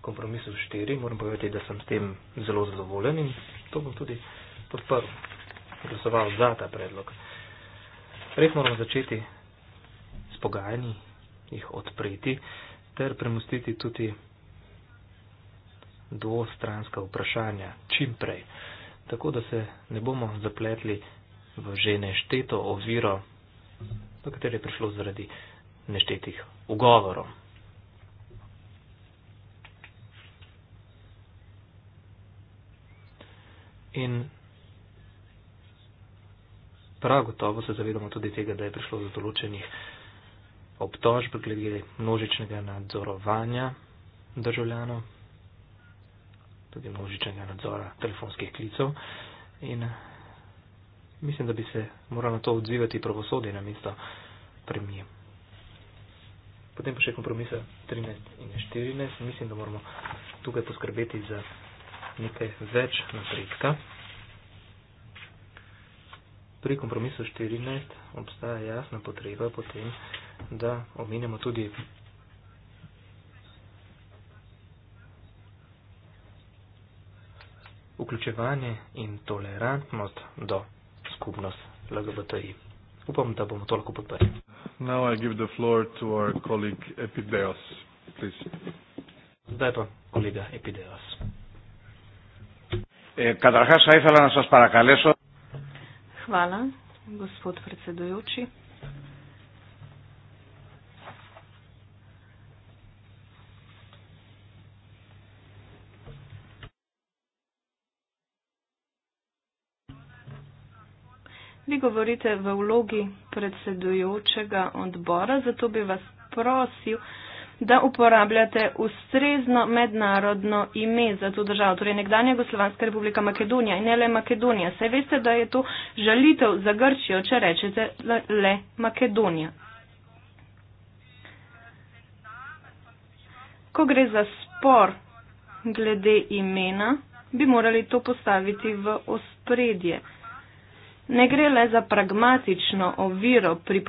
kompromisu štiri moram povedati, da sem s tem zelo zadovoljen in to bom tudi podprl, glasoval za ta predlog. Res moramo začeti s pogajanji, jih odpreti ter premustiti tudi dvostranska vprašanja čim prej, tako da se ne bomo zapletli v že nešteto oviro do katere je prišlo zaradi neštetih ugovorov. In prav gotovo se zavedamo tudi tega, da je prišlo do določenih obtožb glede množičnega nadzorovanja državljanov, tudi množičnega nadzora telefonskih klicev in Mislim, da bi se moral na to odzivati pravosodje na mesto premije. Potem pa še kompromisa 13 in 14. Mislim, da moramo tukaj poskrbeti za nekaj več napredka. Pri kompromisu 14 obstaja jasna potreba potem, da omenjamo tudi vključevanje in tolerantnost do skupnost LGBTI. Upam, da bomo toliko podprli. Zdaj pa kolega Epideos. Eh, Hvala, gospod predsedujoči. Vi govorite v vlogi predsedujočega odbora, zato bi vas prosil, da uporabljate ustrezno mednarodno ime za to državo, torej nekdanja Jugoslovanska republika Makedonija in ne le Makedonija. Saj veste, da je to žalitev za Grčijo, če rečete le Makedonija. Ko gre za spor glede imena, bi morali to postaviti v ospredje. Ne gre le za pragmatično oviro pri,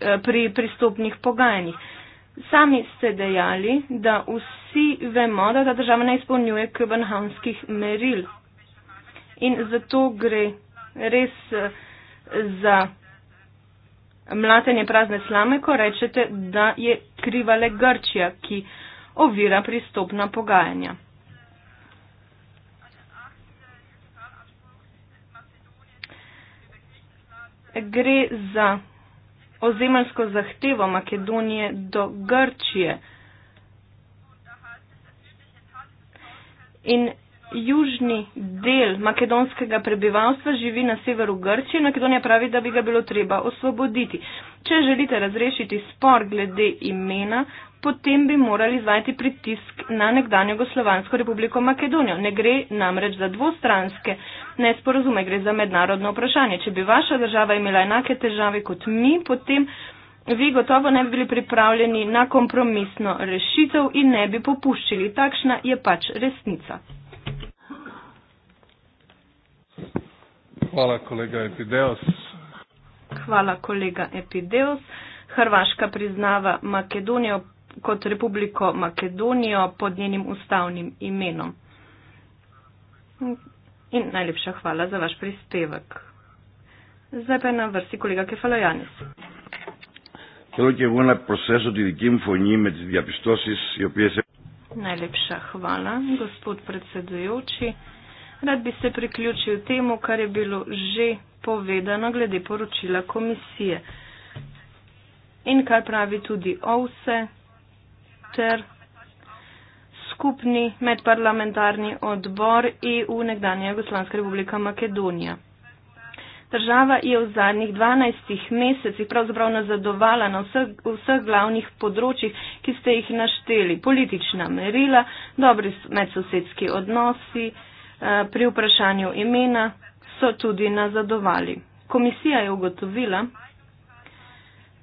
eh, pri pristopnih pogajanjih. Sami ste dejali, da vsi vemo, da ta država ne izpolnjuje kobenhavnskih meril. In zato gre res eh, za mlatenje prazne slame, ko rečete, da je krivale Grčija, ki ovira pristopna pogajanja. gre za ozemeljsko zahtevo Makedonije do Grčije. In južni del makedonskega prebivalstva živi na severu Grčije. Makedonija pravi, da bi ga bilo treba osvoboditi. Če želite razrešiti spor glede imena, potem bi morali izvajati pritisk na nekdanjo Jugoslovansko republiko Makedonijo. Ne gre namreč za dvostranske nesporazume, gre za mednarodno vprašanje. Če bi vaša država imela enake težave kot mi, potem vi gotovo ne bi bili pripravljeni na kompromisno rešitev in ne bi popuščili. Takšna je pač resnica. Hvala, kolega Epideos. Hvala, kolega Epideos. Hrvaška priznava Makedonijo kot Republiko Makedonijo pod njenim ustavnim imenom. In najlepša hvala za vaš prispevek. Zdaj pa je na vrsti kolega Kefalojanis. Najlepša hvala, gospod predsedujoči. Rad bi se priključil temu, kar je bilo že povedano glede poročila komisije. In kaj pravi tudi OVSE, ter skupni medparlamentarni odbor EU nekdanja Jugoslanska republika Makedonija. Država je v zadnjih 12 mesecih pravzaprav nazadovala na vseh, vseh glavnih področjih, ki ste jih našteli. Politična merila, dobri medsosedski odnosi, eh, pri vprašanju imena so tudi nazadovali. Komisija je ugotovila,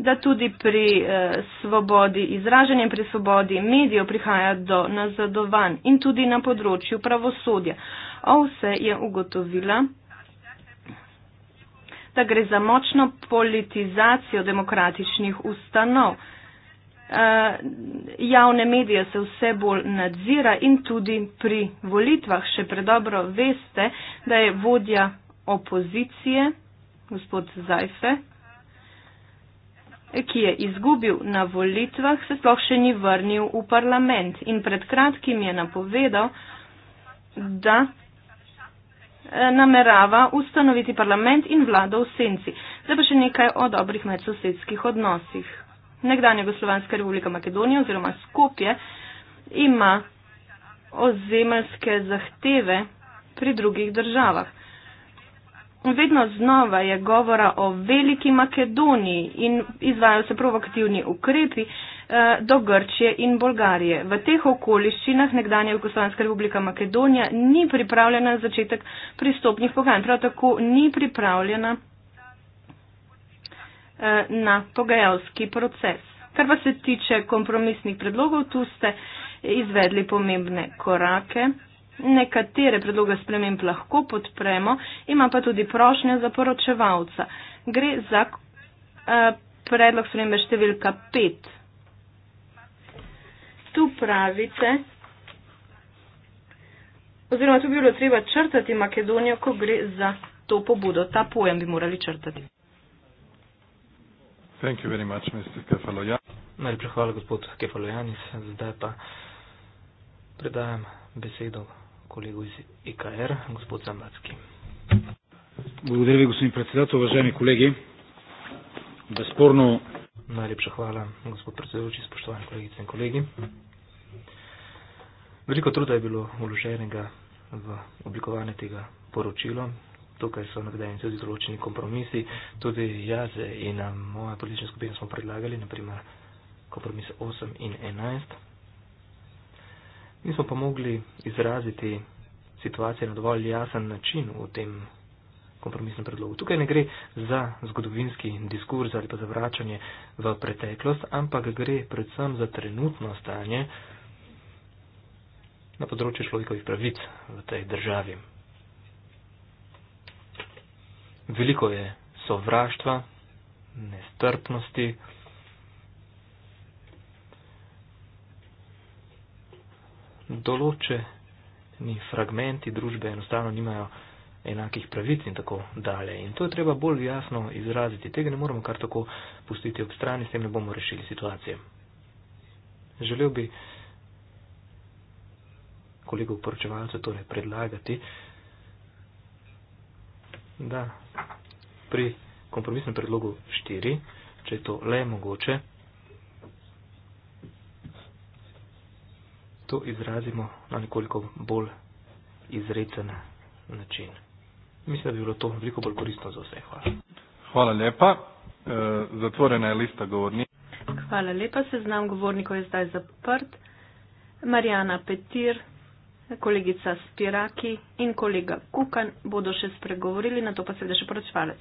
da tudi pri eh, svobodi izražanja, pri svobodi medijev prihaja do nazadovanj in tudi na področju pravosodja. Ovse je ugotovila, da gre za močno politizacijo demokratičnih ustanov. Eh, javne medije se vse bolj nadzira in tudi pri volitvah še predobro veste, da je vodja opozicije, gospod Zajfe, ki je izgubil na volitvah, se sploh še ni vrnil v parlament in pred kratkim je napovedal, da eh, namerava ustanoviti parlament in vlado v senci. Zdaj pa še nekaj o dobrih medsosedskih odnosih. Nekdanja Jugoslovanska republika Makedonija oziroma Skopje ima ozemeljske zahteve pri drugih državah. Vedno znova je govora o veliki Makedoniji in izvajo se provokativni ukrepi eh, do Grčije in Bolgarije. V teh okoliščinah nekdanja Jugoslavijska republika Makedonija ni pripravljena na začetek pristopnih pogajanj, prav tako ni pripravljena eh, na pogajalski proces. Kar pa se tiče kompromisnih predlogov, tu ste izvedli pomembne korake. Nekatere predloge sprememb lahko podpremo, ima pa tudi prošnja za poročevalca. Gre za eh, predlog spremembe številka 5. Tu pravite, oziroma tu bi bilo treba črtati Makedonijo, ko gre za to pobudo. Ta pojem bi morali črtati. Much, Najlepša hvala, gospod Kefalojanis. Zdaj pa predajam besedo kolegu iz EKR, gospod Zambacki. Благодаря ви, господин председател. Уважаеми колеги, безспорно... Най-лепша хвала, господ председател, спочтовани колегите и колеги. Велико труда е било уложенега в обликуване тега поручило. Тук са наведени тези злочени компромиси. Туди аз и на моя политическа бина сме предлагали, например, компромис 8 и 11. In smo pa mogli izraziti situacijo na dovolj jasen način v tem kompromisnem predlogu. Tukaj ne gre za zgodovinski diskurz ali pa za vračanje v preteklost, ampak gre predvsem za trenutno stanje na področju človekovih pravic v tej državi. Veliko je sovraštva, nestrpnosti, določeni fragmenti družbe enostavno nimajo enakih pravic in tako dalje. In to je treba bolj jasno izraziti. Tega ne moramo kar tako pustiti ob strani, s tem ne bomo rešili situacije. Želel bi kolegov poročevalcev torej predlagati, da pri kompromisnem predlogu 4, če je to le mogoče, to izrazimo na nekoliko bolj izrecen način. Mislim, da bi bilo to veliko bolj koristno za vse. Hvala. Hvala lepa. E, zatvorena je lista govornikov. Hvala lepa. Seznam govornikov je zdaj zaprt. Marijana Petir, kolegica Spiraki in kolega Kukan bodo še spregovorili, na to pa seveda še poročvalec.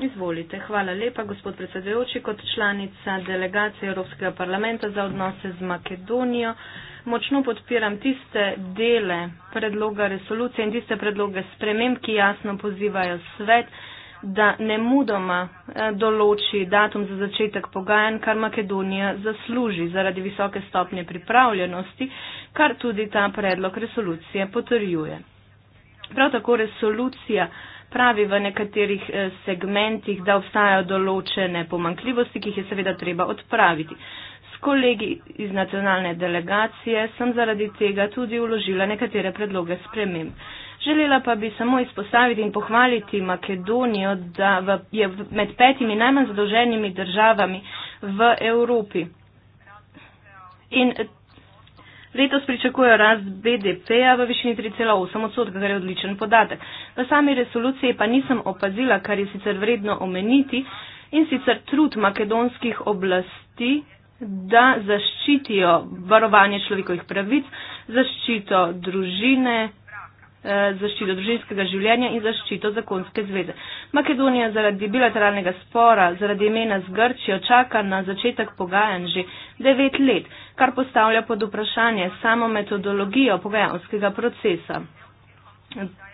Izvolite. Hvala lepa, gospod predsedujoči. Kot članica delegacije Evropskega parlamenta za odnose z Makedonijo močno podpiram tiste dele predloga resolucije in tiste predloge sprememb, ki jasno pozivajo svet, da ne mudoma eh, določi datum za začetek pogajanj, kar Makedonija zasluži zaradi visoke stopnje pripravljenosti, kar tudi ta predlog resolucije potrjuje. Prav tako resolucija pravi v nekaterih eh, segmentih, da obstajajo določene pomankljivosti, ki jih je seveda treba odpraviti. S kolegi iz nacionalne delegacije sem zaradi tega tudi uložila nekatere predloge sprememb. Želela pa bi samo izpostaviti in pohvaliti Makedonijo, da je med petimi najmanj zadolženimi državami v Evropi. In Letos pričakujejo rast BDP-ja v višini 3,8 odstotka, kar je odličen podatek. V sami resoluciji pa nisem opazila, kar je sicer vredno omeniti, in sicer trud makedonskih oblasti, da zaščitijo varovanje človekovih pravic, zaščito družine, Eh, zaščito družinskega življenja in zaščito zakonske zveze. Makedonija zaradi bilateralnega spora, zaradi imena z Grčijo, čaka na začetek pogajanj že devet let, kar postavlja pod vprašanje samo metodologijo pogajanskega procesa.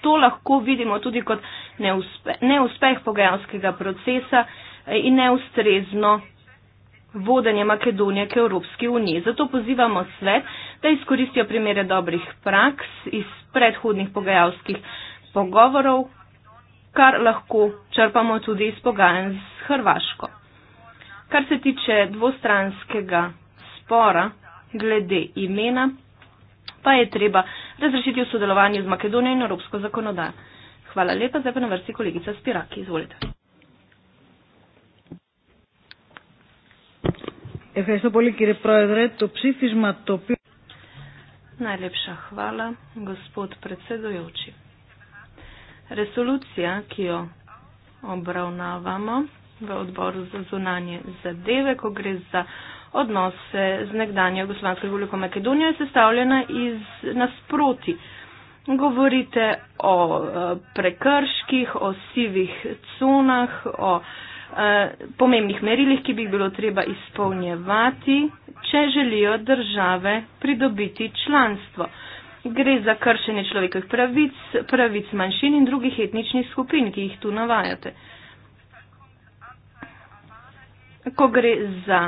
To lahko vidimo tudi kot neuspeh, neuspeh pogajanskega procesa eh, in neustrezno vodenje Makedonije k Evropski uniji. Zato pozivamo svet, da izkoristijo primere dobrih praks iz predhodnih pogajalskih pogovorov, kar lahko črpamo tudi iz pogajanj z Hrvaško. Kar se tiče dvostranskega spora glede imena, pa je treba razrešiti v sodelovanju z Makedonijo in Evropsko zakonodajo. Hvala lepa, zdaj pa na vrsti kolegica Spiraki. Izvolite. Ευχαριστώ πολύ κύριε Πρόεδρε. Το ψήφισμα το οποίο... Najlepša hvala, gospod predsedujoči. Resolucija, ki jo obravnavamo v odboru za zunanje zadeve, ko gre za odnose z nekdanjo Jugoslavsko republiko Makedonijo, je sestavljena iz nasproti. Govorite o eh, prekrških, o sivih conah, o uh, Eh, pomembnih merilih, ki bi jih bilo treba izpolnjevati, če želijo države pridobiti članstvo. Gre za kršenje človekovih pravic, pravic manjšin in drugih etničnih skupin, ki jih tu navajate. Ko gre za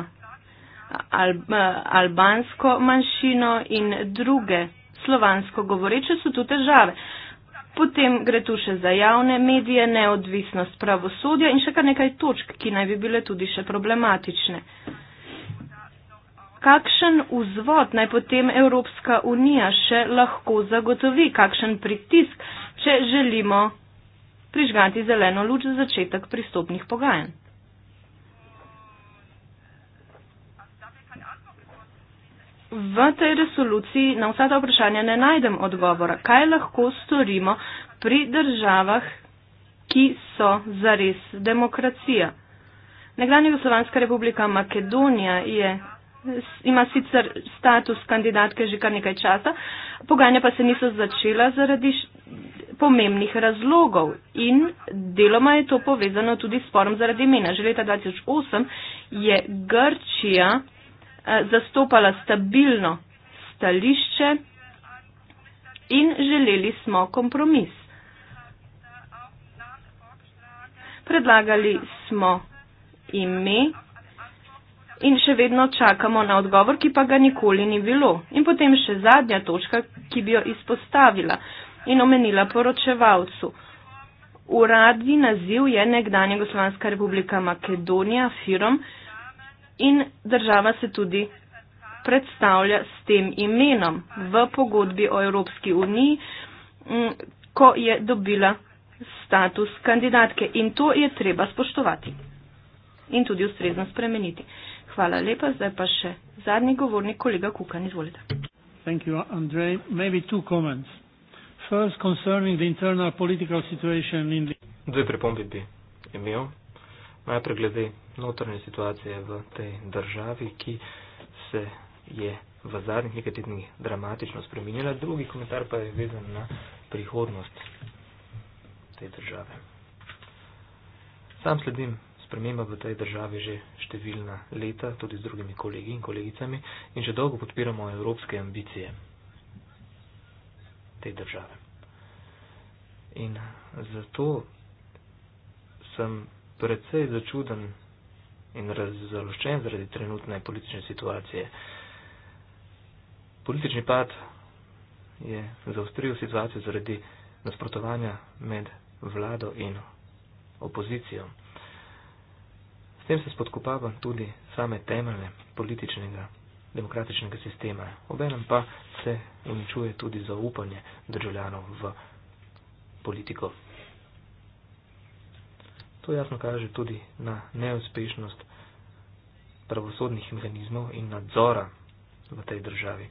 al albansko manjšino in druge slovansko govoreče, so tu težave. Uh, Potem gre tu še za javne medije, neodvisnost pravosodja in še kar nekaj točk, ki naj bi bile tudi še problematične. Kakšen vzvod naj potem Evropska unija še lahko zagotovi, kakšen pritisk, če želimo prižgati zeleno luč za začetek pristopnih pogajanj? v tej resoluciji na vsa ta vprašanja ne najdem odgovora, kaj lahko storimo pri državah, ki so zares demokracija. Nekdanja Jugoslovanska republika Makedonija je, ima sicer status kandidatke že kar nekaj časa, pogajanja pa se niso začela zaradi pomembnih razlogov in deloma je to povezano tudi s sporom zaradi imena. Že leta 2008 je Grčija Eh, zastopala stabilno stališče in želeli smo kompromis. Predlagali smo ime in še vedno čakamo na odgovor, ki pa ga nikoli ni bilo. In potem še zadnja točka, ki bi jo izpostavila in omenila poročevalcu. Uradni naziv je nekdanja Jugoslavijska republika Makedonija, firom, in država se tudi predstavlja s tem imenom v pogodbi o Evropski uniji, mm, ko je dobila status kandidatke. In to je treba spoštovati in tudi ustrezno spremeniti. Hvala lepa. Zdaj pa še zadnji govornik, kolega Kukan, izvolite. Thank you, Andrej. Maybe two comments. First, concerning the internal political situation in the... Dve pripombi bi imel najprej glede notranje situacije v tej državi, ki se je v zadnjih nekaj tednih dramatično spremenila, drugi komentar pa je vezan na prihodnost te države. Sam sledim sprememba v tej državi že številna leta, tudi z drugimi kolegi in kolegicami in že dolgo podpiramo evropske ambicije te države. In zato sem precej začuden in razloščen zaradi trenutne politične situacije. Politični pad je zaostril situacijo zaradi nasprotovanja med vlado in opozicijo. S tem se spodkopava tudi same temelje političnega demokratičnega sistema. Obenem pa se uničuje tudi zaupanje državljanov v politiko to jasno kaže tudi na neuspešnost pravosodnih mehanizmov in nadzora v tej državi.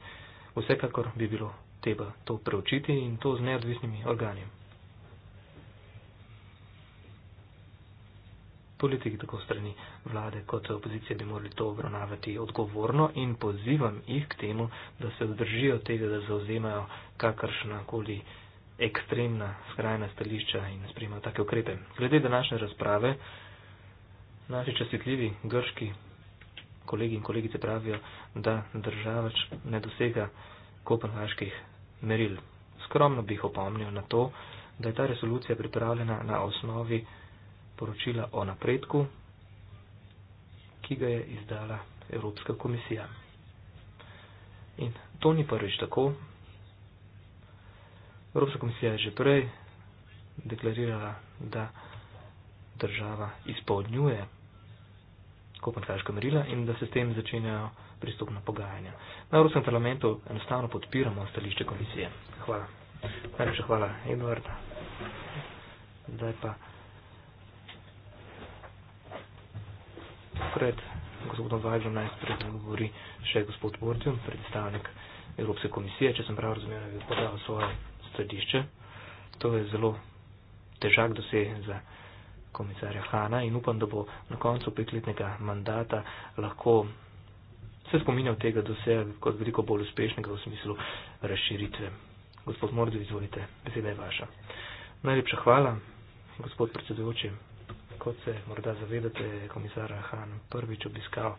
Vsekakor bi bilo treba to preučiti in to z neodvisnimi organi. Politiki tako strani vlade kot opozicije bi morali to obravnavati odgovorno in pozivam jih k temu, da se vzdržijo tega, da zauzemajo kakršnakoli koli ekstremna, skrajna stališča in sprejema take ukrepe. Glede današnje razprave, naši častitljivi grški kolegi in kolegice pravijo, da državač ne dosega kopenhaških meril. Skromno bi jih opomnil na to, da je ta resolucija pripravljena na osnovi poročila o napredku, ki ga je izdala Evropska komisija. In to ni prvič tako, Evropska komisija je že prej deklarirala, da država izpolnjuje kopenhaška merila in da se s tem začenjajo pristopna pogajanja. Na Evropskem parlamentu enostavno podpiramo stališče komisije. Hvala. Najlepša hvala, Edward. Zdaj pa pred gospodom Vajdom najprej govori še gospod Bordjum, predstavnik Evropske komisije, če sem prav razumel, je podal svoje središče. To je zelo težak doseg za komisarja Hana in upam, da bo na koncu petletnega mandata lahko se spominjal tega dosega kot veliko bolj uspešnega v smislu razširitve. Gospod Mordo, izvolite, beseda je vaša. Najlepša hvala, gospod predsedujoči. Kot se morda zavedate, je komisar Hahn prvič obiskal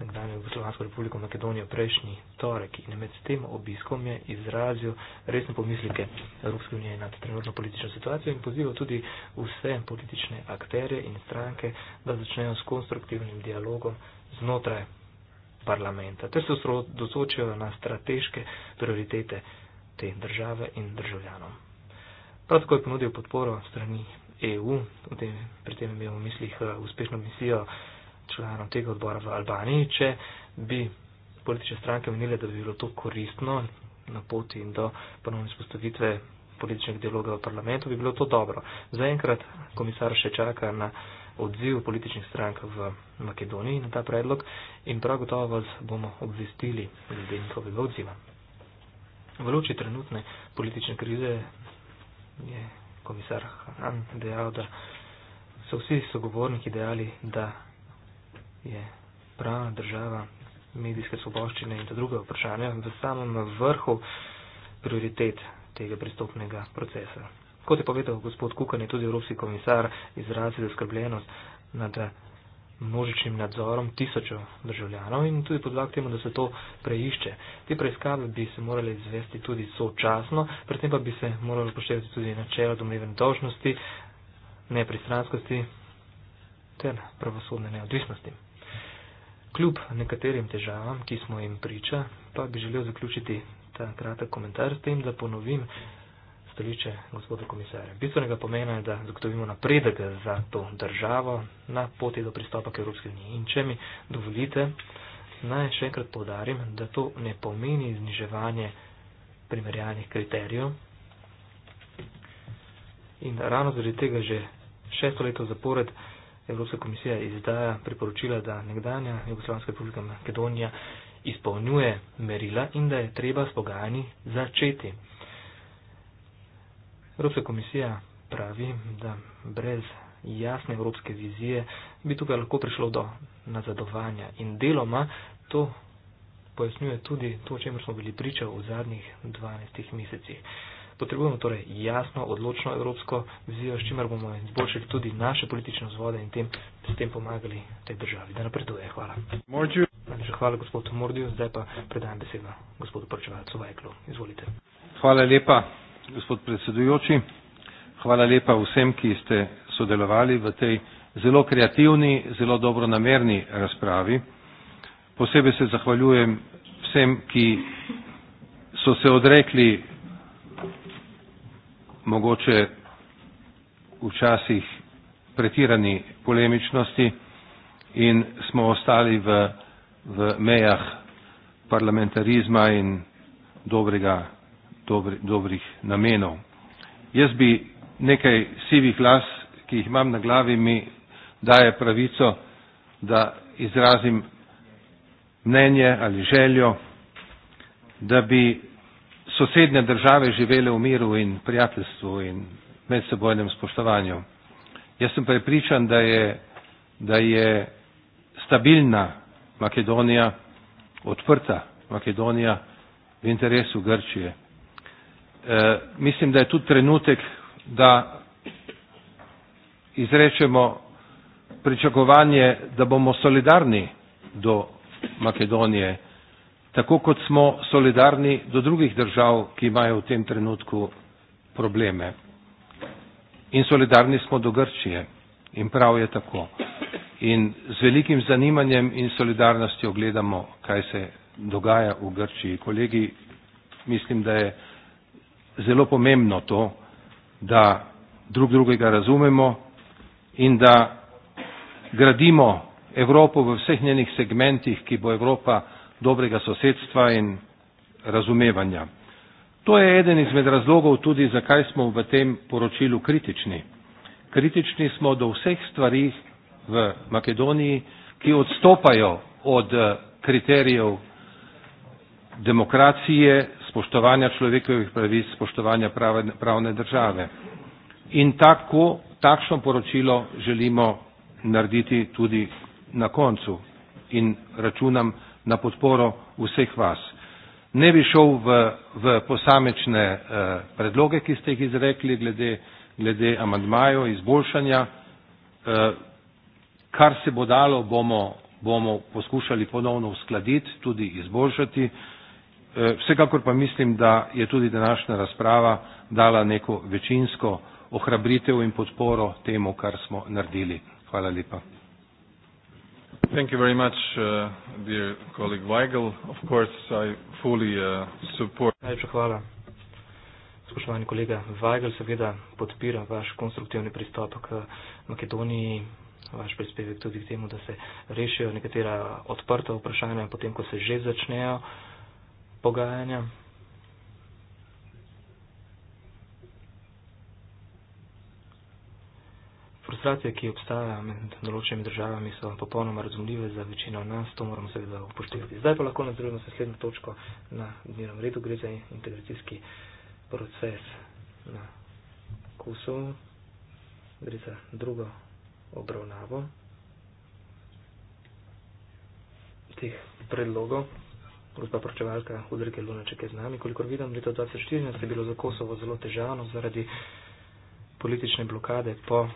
nekdanjo Jugoslovansko republiko Makedonijo prejšnji torek in med tem obiskom je izrazil resne pomislike Evropske unije nad trenutno politično situacijo in pozival tudi vse politične akterje in stranke, da začnejo s konstruktivnim dialogom znotraj parlamenta, ter se osredotočijo na strateške prioritete te države in državljanom. Prav tako je ponudil podporo strani EU, pri tem imel v mislih eh, uspešno misijo članom tega odbora v Albaniji, če bi politične stranke menile, da bi bilo to koristno na poti in do ponovne spostavitve političnega dialoga v parlamentu, bi bilo to dobro. Zaenkrat komisar še čaka na odziv političnih strank v Makedoniji na ta predlog in prav gotovo vas bomo obvestili glede njihovega odziva. V luči trenutne politične krize je komisar Han dejal, da so vsi sogovorniki dejali, da je pravna država, medijske svoboščine in ta druga vprašanja v samem vrhu prioritet tega pristopnega procesa. Kot je povedal gospod Kukan, je tudi evropski komisar izrazil zaskrbljenost nad množičnim nadzorom tisočev državljanov in tudi podlag temu, da se to preišče. Te preiskave bi se morali izvesti tudi sočasno, predtem pa bi se morali upoštevati tudi načelo domneven dožnosti, nepristranskosti ter pravosodne neodvisnosti. Kljub nekaterim težavam, ki smo jim priča, pa bi želel zaključiti ta kratek komentar s tem, da ponovim stoliče gospoda komisarja. Bistvenega pomena je, da zagotovimo napredek za to državo na poti do pristopa k Evropske unije. In če mi dovolite, naj še enkrat povdarim, da to ne pomeni zniževanje primerjalnih kriterijev. In ravno zaradi tega že šesto leto zapored. Evropska komisija izdaja priporočila, da nekdanja Jugoslavijska republika Makedonija izpolnjuje merila in da je treba s pogajanji začeti. Evropska komisija pravi, da brez jasne evropske vizije bi tukaj lahko prišlo do nazadovanja in deloma to pojasnjuje tudi to, o čemer smo bili priča v zadnjih 12 mesecih. Potrebujemo torej jasno, odločno evropsko vizijo, s čimer bomo izboljšali tudi naše politične vzvode in tem, s tem pomagali tej državi, da napreduje. Hvala. Najlepša hvala gospodu Mordiju, zdaj pa predajam besedo gospodu Prčevalcu Vajklu. Izvolite. Hvala lepa, gospod predsedujoči. Hvala lepa vsem, ki ste sodelovali v tej zelo kreativni, zelo dobronamerni razpravi. Posebej se zahvaljujem vsem, ki so se odrekli mogoče včasih pretirani polemičnosti in smo ostali v, v mejah parlamentarizma in dobrega, dobri, dobrih namenov. Jaz bi nekaj sivih las, ki jih imam na glavi, mi daje pravico, da izrazim mnenje ali željo, da bi sosednje države živele v miru in prijateljstvu in medsebojnem spoštovanju. Jaz sem prepričan, da je, da je stabilna Makedonija, odprta Makedonija v interesu Grčije. E, mislim, da je tudi trenutek, da izrečemo pričakovanje, da bomo solidarni do Makedonije tako kot smo solidarni do drugih držav, ki imajo v tem trenutku probleme. In solidarni smo do Grčije in prav je tako. In z velikim zanimanjem in solidarnostjo gledamo, kaj se dogaja v Grčiji. Kolegi, mislim, da je zelo pomembno to, da drug drugega razumemo in da gradimo Evropo v vseh njenih segmentih, ki bo Evropa dobrega sosedstva in razumevanja. To je eden izmed razlogov tudi, zakaj smo v tem poročilu kritični. Kritični smo do vseh stvari v Makedoniji, ki odstopajo od eh, kriterijev demokracije, spoštovanja človekovih pravic, spoštovanja prave, pravne države. In tako, takšno poročilo želimo narediti tudi na koncu in računam, na podporo vseh vas. Ne bi šel v, v posamečne eh, predloge, ki ste jih izrekli glede, glede amandmajo, izboljšanja. Eh, kar se bo dalo, bomo, bomo poskušali ponovno uskladiti, tudi izboljšati. Eh, vsekakor pa mislim, da je tudi današnja razprava dala neko večinsko ohrabritev in podporo temu, kar smo naredili. Hvala lepa. Thank you very much, uh, dear colleague Weigel. Of course, I fully uh, support. Najlepša hvala. Spoštovani kolega Weigel, seveda podpira vaš konstruktivni pristop k Makedoniji, vaš prispevek tudi k temu, da se rešijo nekatera odprta vprašanja, potem ko se že začnejo pogajanja. Frustracije, ki obstaja med določenimi državami, so popolnoma razumljive za večino nas, to moramo seveda upoštevati. Zdaj pa lahko nadaljujemo s naslednjo točko na dnevnem redu, gre za integracijski proces na Kosovu, gre za drugo obravnavo teh predlogov. Gospa pročevalka Udrike Lunaček je z nami. Kolikor vidim, leto 2014 je bilo za Kosovo zelo težavno zaradi politične blokade po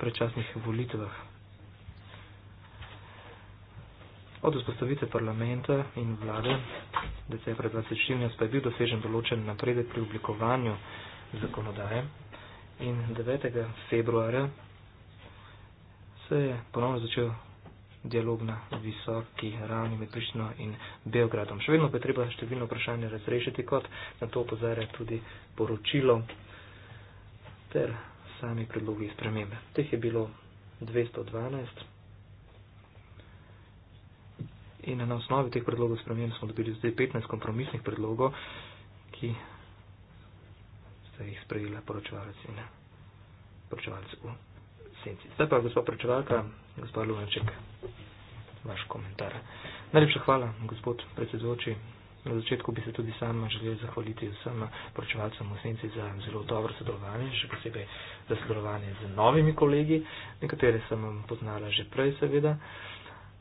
prečasnih volitvah. Od vzpostavitve parlamenta in vlade decembra 2014 pa je bil dosežen določen napredek pri oblikovanju zakonodaje in 9. februarja se je ponovno začel dialog na visoki ravni med Prištino in Beogradom. Še vedno pa je treba številno vprašanje razrešiti, kot na to opozarja tudi poročilo ter sami predlogi spremembe. Teh je bilo 212 in na osnovi teh predlogov sprememb smo dobili zdaj 15 kompromisnih predlogov, ki ste jih sprejela poročevalec in poročevalec v senci. Zdaj pa gospod poročevalka, gospod Lunaček, vaš komentar. Najlepša hvala, gospod predsedujoči. Na začetku bi se tudi sama želel zahvaliti vsem poročevalcem v Senci za zelo dobro sodelovanje, še posebej za sodelovanje z novimi kolegi, nekatere sem poznala že prej seveda,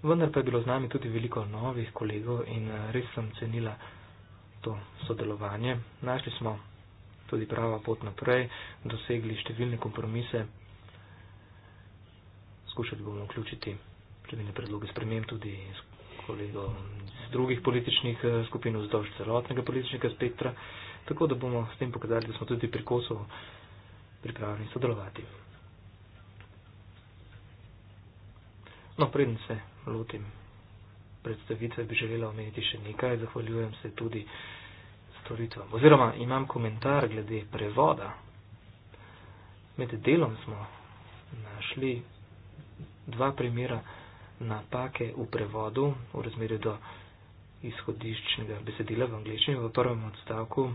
vendar pa je bilo z nami tudi veliko novih kolegov in eh, res sem cenila to sodelovanje. Našli smo tudi prava pot naprej, dosegli številne kompromise, skušali bomo vključiti številne predloge sprememb tudi skupaj kakorkoli do drugih političnih eh, skupin vzdolž celotnega političnega spektra, tako da bomo s tem pokazali, da smo tudi pri Kosovo pripravljeni sodelovati. No, preden se lotim predstavitve, bi želela omeniti še nekaj. Zahvaljujem se tudi storitvam. Oziroma imam komentar glede prevoda. Med delom smo našli dva primera napake v prevodu v razmerju do izhodiščnega besedila v angliščini. V prvem odstavku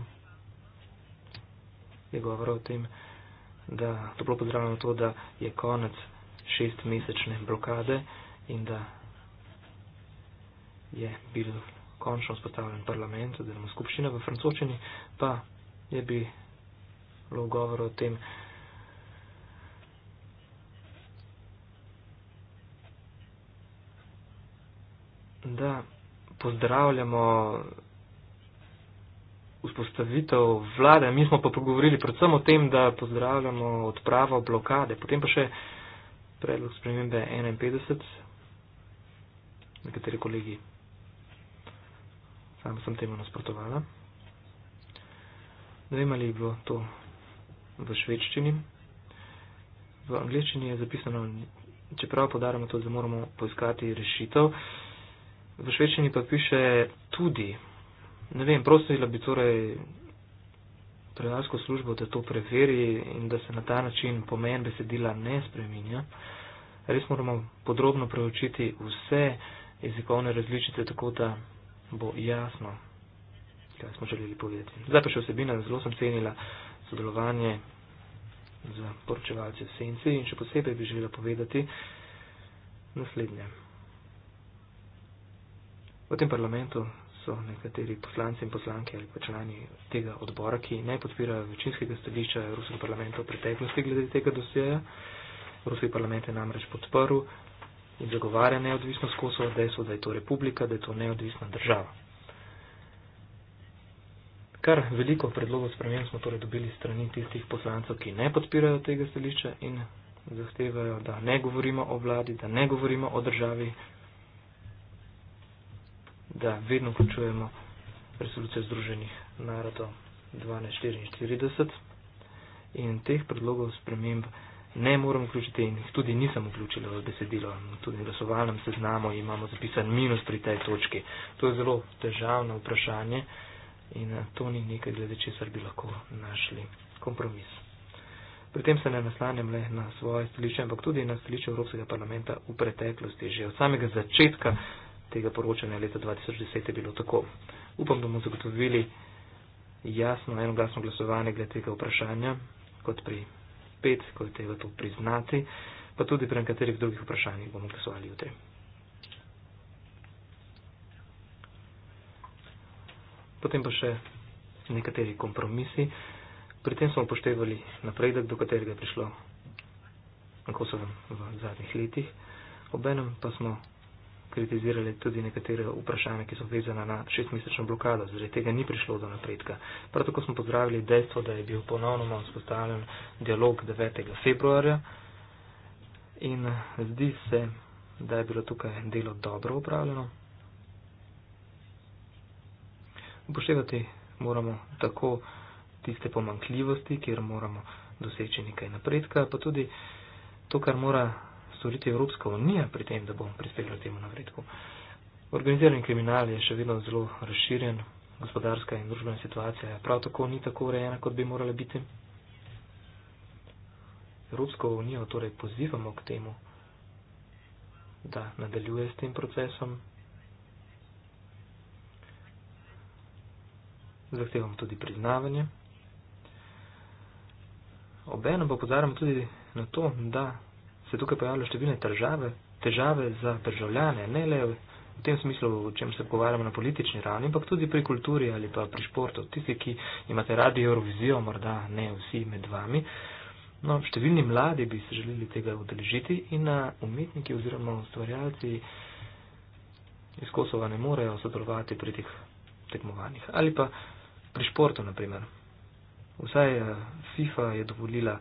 je govor o tem, da toplo pozdravljamo to, da je konec šestmesečne blokade in da je bil končno spostavljen parlament oziroma skupščina v francoščini, pa je bilo govor o tem, da pozdravljamo vzpostavitev vlade. Mi smo pa pogovorili predvsem o tem, da pozdravljamo odpravo blokade. Potem pa še predlog spremembe 51. Nekateri kolegi. Sam sem temu nasprotovala. Ne vem, ali je bilo to v švedščini. V angleščini je zapisano, čeprav podarjamo to, da moramo poiskati rešitev. Uh, v švečini pa piše tudi. Ne vem, prosila bi torej trenarsko službo, da to preveri in da se na ta način pomen besedila ne spreminja. Res moramo podrobno preučiti vse jezikovne različice, tako da bo jasno, kaj smo želeli povedati. Zdaj pa še vsebina, zelo sem cenila sodelovanje z poročevalci v senci in še posebej bi želela povedati naslednje. V tem parlamentu so nekateri poslanci in poslanke ali pa člani tega odbora, ki ne podpirajo večinskega stališča Evropskega parlamenta v preteklosti glede tega dosjeja. Evropski parlament je namreč podprl in zagovarja neodvisnost Kosova, dejstvo, da je to republika, da je to neodvisna država. Kar veliko predlogov sprememb smo torej dobili strani tistih poslancev, ki ne podpirajo tega stališča in zahtevajo, da ne govorimo o vladi, da ne govorimo o državi, da vedno končujemo resolucijo Združenih narodov 1244 in teh predlogov sprememb ne moram vključiti in jih tudi nisem vključila v besedilo. Tudi v glasovalnem seznamu imamo zapisan minus pri tej točki. To je zelo težavno vprašanje in eh, to ni nekaj, glede česar bi lahko našli kompromis. Pri tem se ne naslanjam le na svoje stališče, ampak tudi na stališče Evropskega parlamenta v preteklosti, že od samega začetka tega poročanja leta 2010 je bilo tako. Upam, da bomo zagotovili jasno enoglasno glasovanje glede tega vprašanja, kot pri pet, ko je treba to priznati, pa tudi pri nekaterih drugih vprašanjih bomo glasovali jutri. Potem pa še nekateri kompromisi. Pri tem smo upoštevali napredek, do katerega je prišlo na Kosovem v zadnjih letih. Obenem pa smo kritizirali tudi nekatere vprašanja, ki so vezana na šestmesečno blokado, zaradi tega ni prišlo do napredka. Prav tako smo pozdravili dejstvo, da je bil ponovno vzpostavljen dialog 9. februarja in zdi se, da je bilo tukaj delo dobro upravljeno. Upoštevati moramo tako tiste pomankljivosti, kjer moramo doseči nekaj napredka, pa tudi to, kar mora storiti Evropska unija pri tem, da bomo prispevali temu napredku. Organizirani kriminal je še vedno zelo razširjen, gospodarska in družbena situacija prav tako ni tako urejena, kot bi morala biti. Evropsko unijo torej pozivamo k temu, da nadaljuje s tem procesom. Zahtevamo tudi priznavanje. Obenem pa pozarjamo tudi na to, da se tukaj pojavljajo številne težave, težave za državljane, ne le v tem smislu, o čem se pogovarjamo na politični ravni, ampak tudi pri kulturi ali pa pri športu. Tisti, ki imate radi Eurovizijo, morda ne vsi med vami. No, številni mladi bi se želeli tega udeležiti in umetniki oziroma ustvarjalci iz Kosova ne morejo sodelovati pri teh tekmovanjih. Ali pa pri športu, naprimer. Vsaj FIFA je dovolila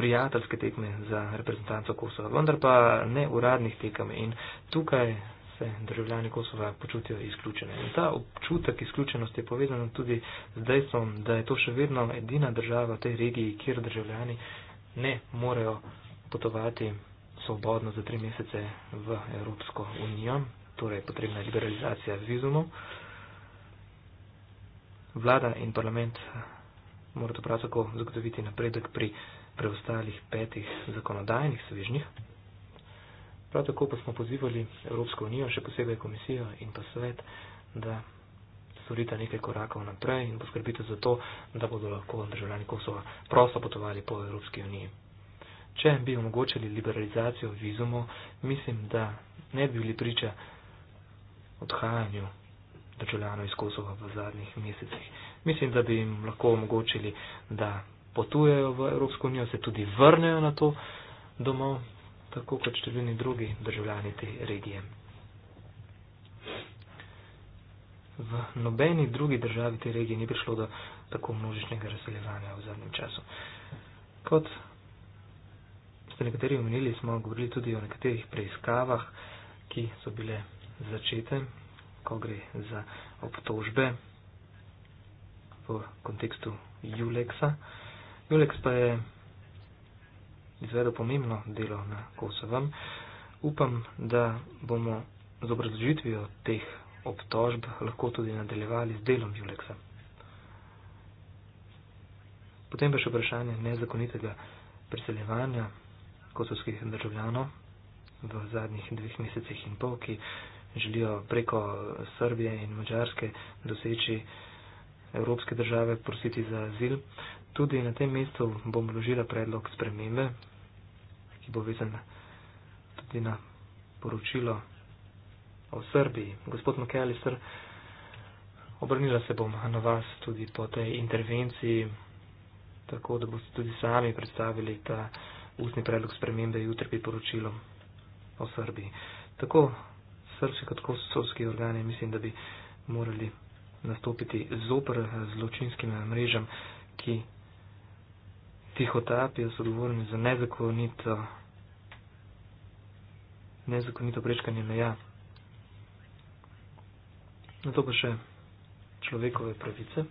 prijateljske tekme za reprezentanco Kosova, vendar pa ne uradnih tekem in tukaj se državljani Kosova počutijo izključene. In ta občutek izključenosti je povezan tudi z dejstvom, da je to še vedno edina država v tej regiji, kjer državljani ne morejo potovati svobodno za tri mesece v Evropsko unijo, torej potrebna je liberalizacija vizumov. Vlada in parlament morajo prav tako zagotoviti napredek pri preostalih petih zakonodajnih svežnjih. Prav tako pa smo pozivali Evropsko unijo, še posebej komisijo in pa svet, da storita nekaj korakov naprej in poskrbite za to, da bodo lahko državljani Kosova prosto potovali po Evropski uniji. Če bi omogočili liberalizacijo vizumov, mislim, da ne bi bili priča odhajanju državljanov iz Kosova v zadnjih mesecih. Mislim, da bi jim lahko omogočili, da potujejo v Evropsko unijo, se tudi vrnejo na to domov, tako kot številni drugi državljani te regije. V nobeni drugi državi te regije ni prišlo do tako množičnega razseljevanja v zadnjem času. Kot ste nekateri omenili, smo govorili tudi o nekaterih preiskavah, ki so bile začete, ko gre za obtožbe v kontekstu Juleksa. Juleks pa je izvedel pomembno delo na Kosovem. Upam, da bomo z obrazložitvijo teh obtožb lahko tudi nadaljevali z delom Juleksa. Potem pa še vprašanje nezakonitega priseljevanja kosovskih državljanov v zadnjih dveh mesecih in pol, ki želijo preko Srbije in Mačarske doseči evropske države prositi za azil. Tudi na tem mestu bom vložila predlog spremembe, ki bo vezan tudi na poročilo o Srbiji. Gospod McAllister, obrnila se bom na vas tudi po tej intervenciji, tako da boste tudi sami predstavili ta ustni predlog spremembe jutri pri poročilu o Srbiji. Tako srbski kot kosovski organi mislim, da bi morali nastopiti zopr zločinskim mrežam, ki psihoterapijo so odgovorni za nezakonito, nezakonito prečkanje meja. Na to pa še človekove pravice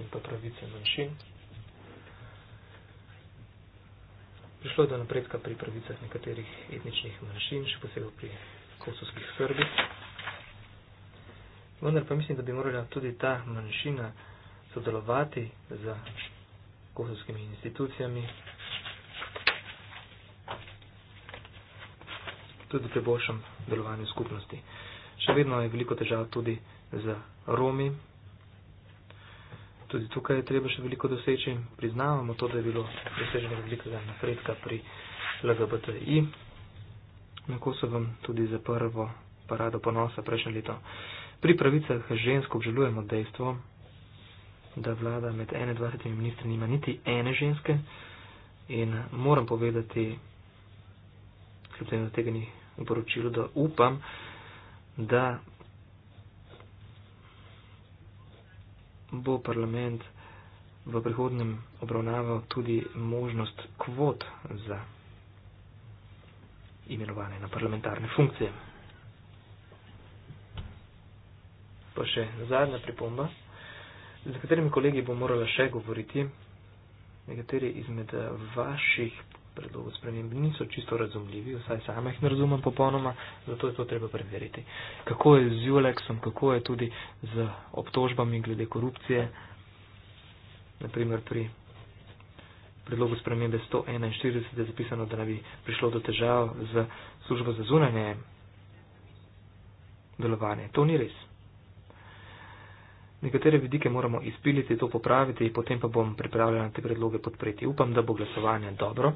in pa pravice manjšin. Prišlo je do napredka pri pravicah nekaterih etničnih manjšin, še posebej pri kosovskih srbih. Vendar pa mislim, da bi morala tudi ta manjšina sodelovati za kosovskimi institucijami. Tudi pri boljšem delovanju skupnosti. Še vedno je veliko težav tudi z Romi. Tudi tukaj je treba še veliko doseči. Priznavamo to, da je bilo doseženega velikega napredka pri LGBTI na Kosovem, tudi za prvo parado ponosa prejšnje leto. Pri pravicah žensk obžalujemo dejstvo, da vlada med 21 ministri nima niti ene ženske in moram povedati, kljub temu, da tega ni v poročilu, da upam, da bo parlament v prihodnem obravnaval tudi možnost kvot za imenovane na parlamentarne funkcije. Pa še zadnja pripomba z katerimi kolegi bom morala še govoriti. Nekateri izmed vaših predlogov sprememb niso čisto razumljivi, vsaj sama jih ne razumem popolnoma, zato je to treba preveriti. Kako je z Julexom, kako je tudi z obtožbami glede korupcije, naprimer pri predlogu spremembe 141 je zapisano, da bi prišlo do težav z službo za zunanje delovanje. To ni res. Nekatere vidike moramo izpiliti, to popraviti, potem pa bom pripravljena te predloge podpreti. Upam, da bo glasovanje dobro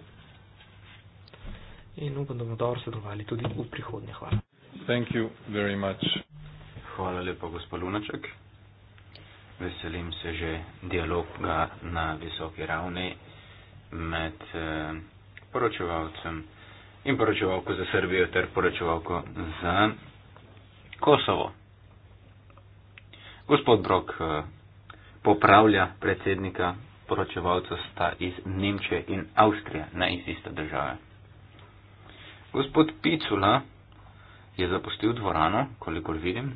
in upam, da bomo dobro sodelovali tudi v prihodnje. Hvala. Thank you very much. Hvala lepa, gospod Lunaček. Veselim se že dialoga na visoki ravni med eh, poročevalcem in poročevalko za Srbijo ter poročevalko za Kosovo. Gospod Brok eh, popravlja predsednika, poročevalca sta iz Nemčije in Avstrije, ne iz iste države. Gospod Picula je zapustil dvorano, kolikor vidim.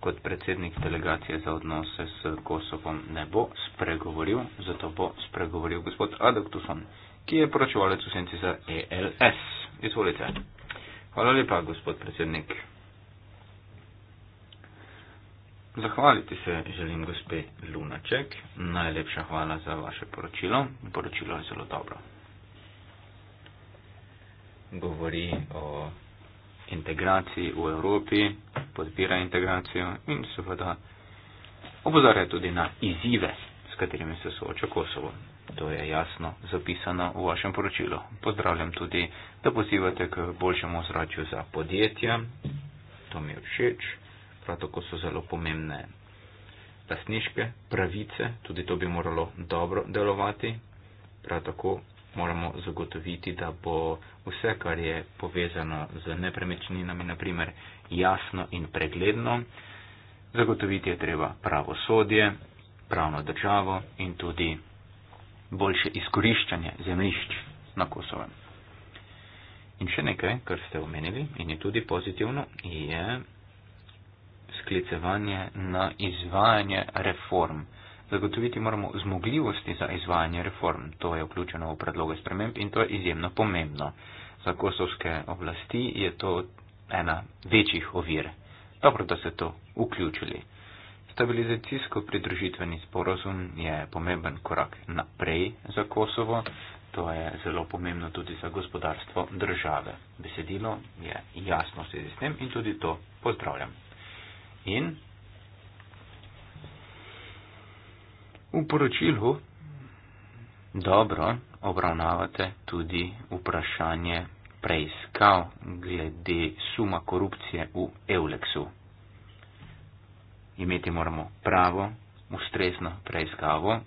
Kot predsednik delegacije za odnose s Kosovom ne bo spregovoril, zato bo spregovoril gospod Adoktuson, ki je poročevalec v senci za ELS. Izvolite. Hvala lepa, gospod predsednik. Zahvaliti se želim gospe Lunaček. Najlepša hvala za vaše poročilo. Poročilo je zelo dobro. Govori o integraciji v Evropi, podpira integracijo in seveda opozarja tudi na izzive, s katerimi se sooča Kosovo. To je jasno zapisano v vašem poročilu. Pozdravljam tudi, da pozivate k boljšemu ozračju za podjetja. To mi je všeč. Prav tako so zelo pomembne lasniške pravice. Tudi to bi moralo dobro delovati. Prav tako moramo zagotoviti, da bo vse, kar je povezano z nepremičninami, naprimer jasno in pregledno. Zagotoviti je treba pravosodje, pravno državo in tudi boljše izkoriščanje zemljišč na Kosovem. In še nekaj, kar ste omenili in je tudi pozitivno, je sklicevanje na izvajanje reform. Zagotoviti moramo zmogljivosti za izvajanje reform. To je vključeno v predloge sprememb in to je izjemno pomembno. Za kosovske oblasti je to ena večjih ovir. Dobro, da ste to vključili. Stabilizacijsko-pridružitveni sporozum je pomemben korak naprej za Kosovo, to je zelo pomembno tudi za gospodarstvo države. Besedilo je jasno v zvezi s tem in tudi to pozdravljam. In v poročilu dobro obravnavate tudi vprašanje preiskav glede suma korupcije v Euleksu imeti moramo pravo, ustrezno preiskavo.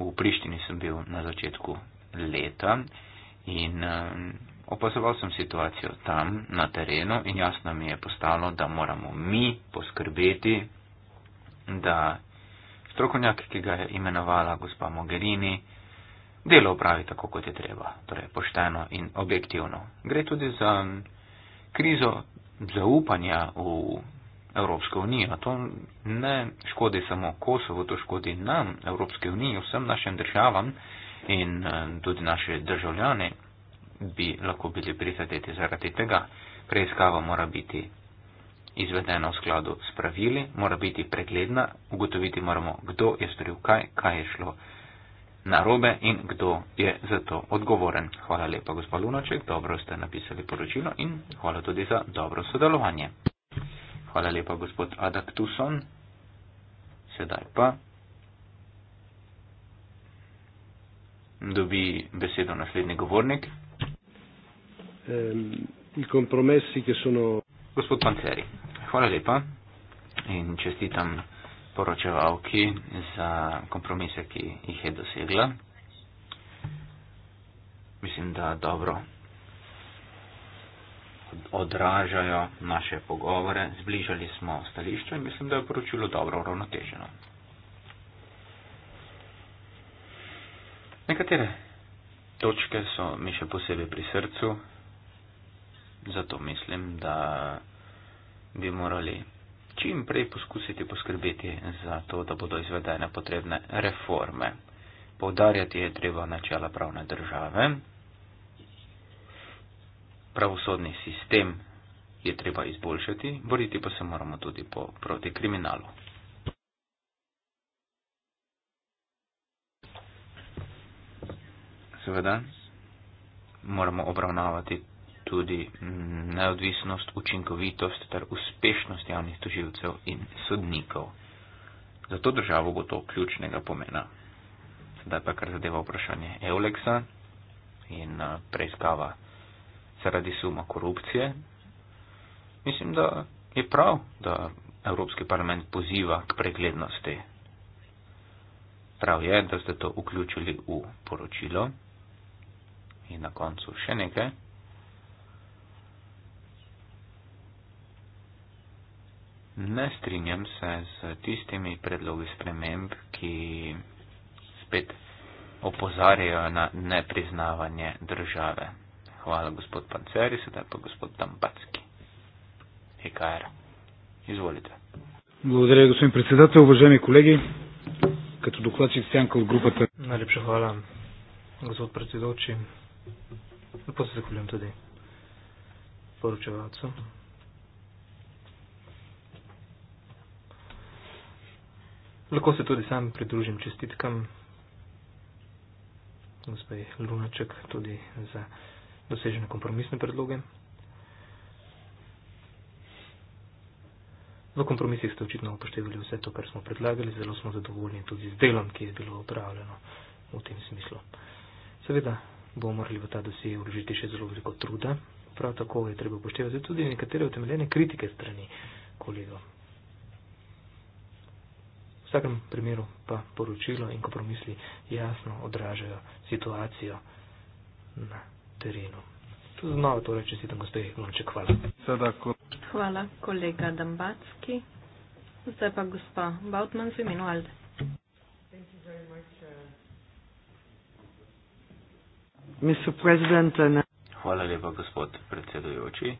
V Prištini sem bil na začetku leta in eh, opazoval sem situacijo tam na terenu in jasno mi je postalo, da moramo mi poskrbeti, da strokovnjak, ki ga je imenovala gospa Mogherini, delo opravi tako, kot je treba, torej pošteno in objektivno. Gre tudi za mm, krizo zaupanja v Evropsko unijo. To ne škodi samo Kosovo, to škodi nam, Evropske unije, vsem našim državam in eh, tudi naše državljane bi lahko bili prizadeti zaradi tega. Preiskava mora biti izvedena v skladu s pravili, mora biti pregledna, ugotoviti moramo, kdo je storil kaj, kaj je šlo narobe in kdo je za to odgovoren. Hvala lepa, gospod Lunoček, dobro ste napisali poročilo in hvala tudi za dobro sodelovanje. Hvala lepa, gospod Adaktuson. Sedaj pa dobi besedo naslednji govornik. Ehm, I kompromisi, ki so. Gospod Panceri, hvala lepa in čestitam poročevalki za kompromise, ki jih je dosegla. Mislim, da dobro odražajo naše pogovore, zbližali smo stališča in mislim, da je poročilo dobro uravnoteženo. Nekatere točke so mi še posebej pri srcu, zato mislim, da bi morali čim prej poskusiti poskrbeti za to, da bodo izvedene potrebne reforme. Povdarjati je treba načela pravne države, pravosodni sistem je treba izboljšati, boriti pa se moramo tudi po, proti kriminalu. Seveda moramo obravnavati tudi neodvisnost, učinkovitost ter uspešnost javnih tuživcev in sodnikov. Za to državo bo to ključnega pomena. Sedaj pa kar zadeva vprašanje Euleksa in eh, preiskava zaradi suma korupcije. Mislim, da je prav, da Evropski parlament poziva k preglednosti. Prav je, da ste to vključili v poročilo. In na koncu še nekaj. Ne strinjam se z tistimi predlogi sprememb, ki spet opozarjajo na nepriznavanje države. Hvala, gospod Panceri, sedaj pa gospod Tampacki. Hikajera. E Izvolite. Благодаря, господин председател. Уважаеми колеги, като докладчик сянка от групата. Най-лепше хвала, господ председовчи. Да после се хвалям тъде. Поручаваца. Лако се тъде сам придружим честит към господин Луначък, тъде за dosežene kompromisne predloge. V kompromisih ste očitno upoštevali vse to, kar smo predlagali, zelo smo zadovoljni tudi z delom, ki je bilo upravljeno v tem smislu. Seveda bomo morali v ta dosje vložiti še zelo veliko truda, prav tako je treba upoštevati tudi nekatere utemeljene kritike strani kolega. V vsakem primeru pa poročilo in kompromisli jasno odražajo situacijo na terenu. Znova torej čestitam gospe Hrnoček, hvala. Seveda, ko... Hvala, kolega Dambacki. Zdaj pa gospa Bautman z imenu Alde. Uh, hvala lepa, gospod predsedujoči.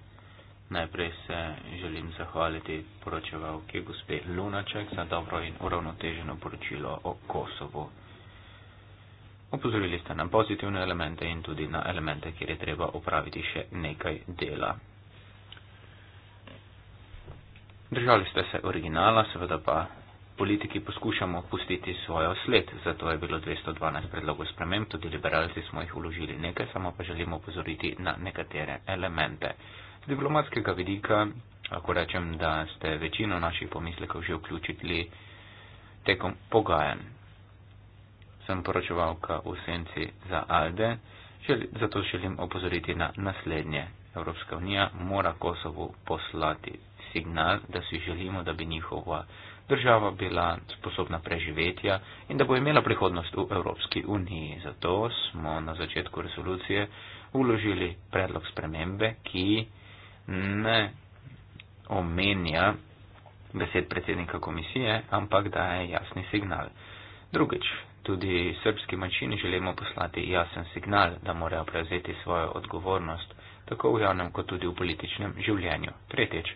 Najprej se želim zahvaliti poročevalki gospe Lunaček za dobro in uravnoteženo poročilo o Kosovu. Opozorili ste na pozitivne elemente in tudi na elemente, kjer je treba upraviti še nekaj dela. Držali ste se originala, seveda pa politiki poskušamo pustiti svojo sled, zato je bilo 212 predlogov sprememb, tudi liberalci smo jih uložili nekaj, samo pa želimo upozoriti na nekatere elemente. Z diplomatskega vidika lahko rečem, da ste večino naših pomislekov že vključili tekom pogajanj sem poročevalka v senci za Alde, žel, zato želim opozoriti na naslednje. Evropska unija mora Kosovu poslati signal, da si želimo, da bi njihova država bila sposobna preživetja in da bo imela prihodnost v Evropski uniji. Zato smo na začetku resolucije uložili predlog spremembe, ki ne omenja besed predsednika komisije, ampak daje jasni signal. Drugič, Tudi srpski manjšini želimo poslati jasen signal, da morajo prevzeti svojo odgovornost, tako v javnem kot tudi v političnem življenju. Tretjič,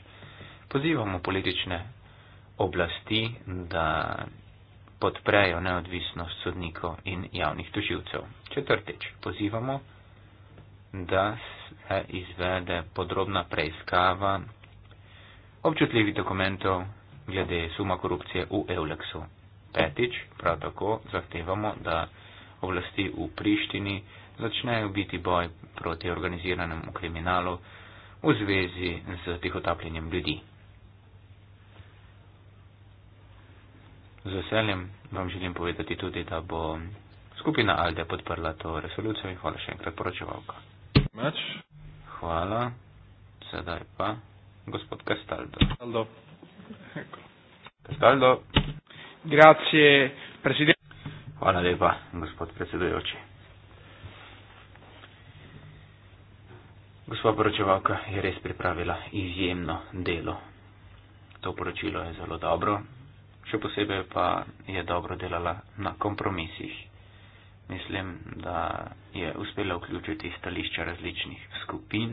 pozivamo politične oblasti, da podprejo neodvisnost sodnikov in javnih tužilcev. Četrtič, pozivamo, da se izvede podrobna preiskava občutljivih dokumentov glede suma korupcije v Euleksu Petič, prav tako zahtevamo, da oblasti v Prištini začnejo biti boj proti organiziranemu kriminalu v zvezi z tihotapljenjem ljudi. Z veseljem vam želim povedati tudi, da bo skupina Alde podprla to resolucijo in hvala še enkrat poročevalka. Meč. Hvala. Sedaj pa gospod Kastaldo. Kastaldo. Kastaldo. Grazie Presidente. Hvala lepa, gospod predsedujoči. Gospa poročevalka je res pripravila izjemno delo. To poročilo je zelo dobro, še posebej pa je dobro delala na kompromisih. Mislim, da je uspela vključiti stališča različnih skupin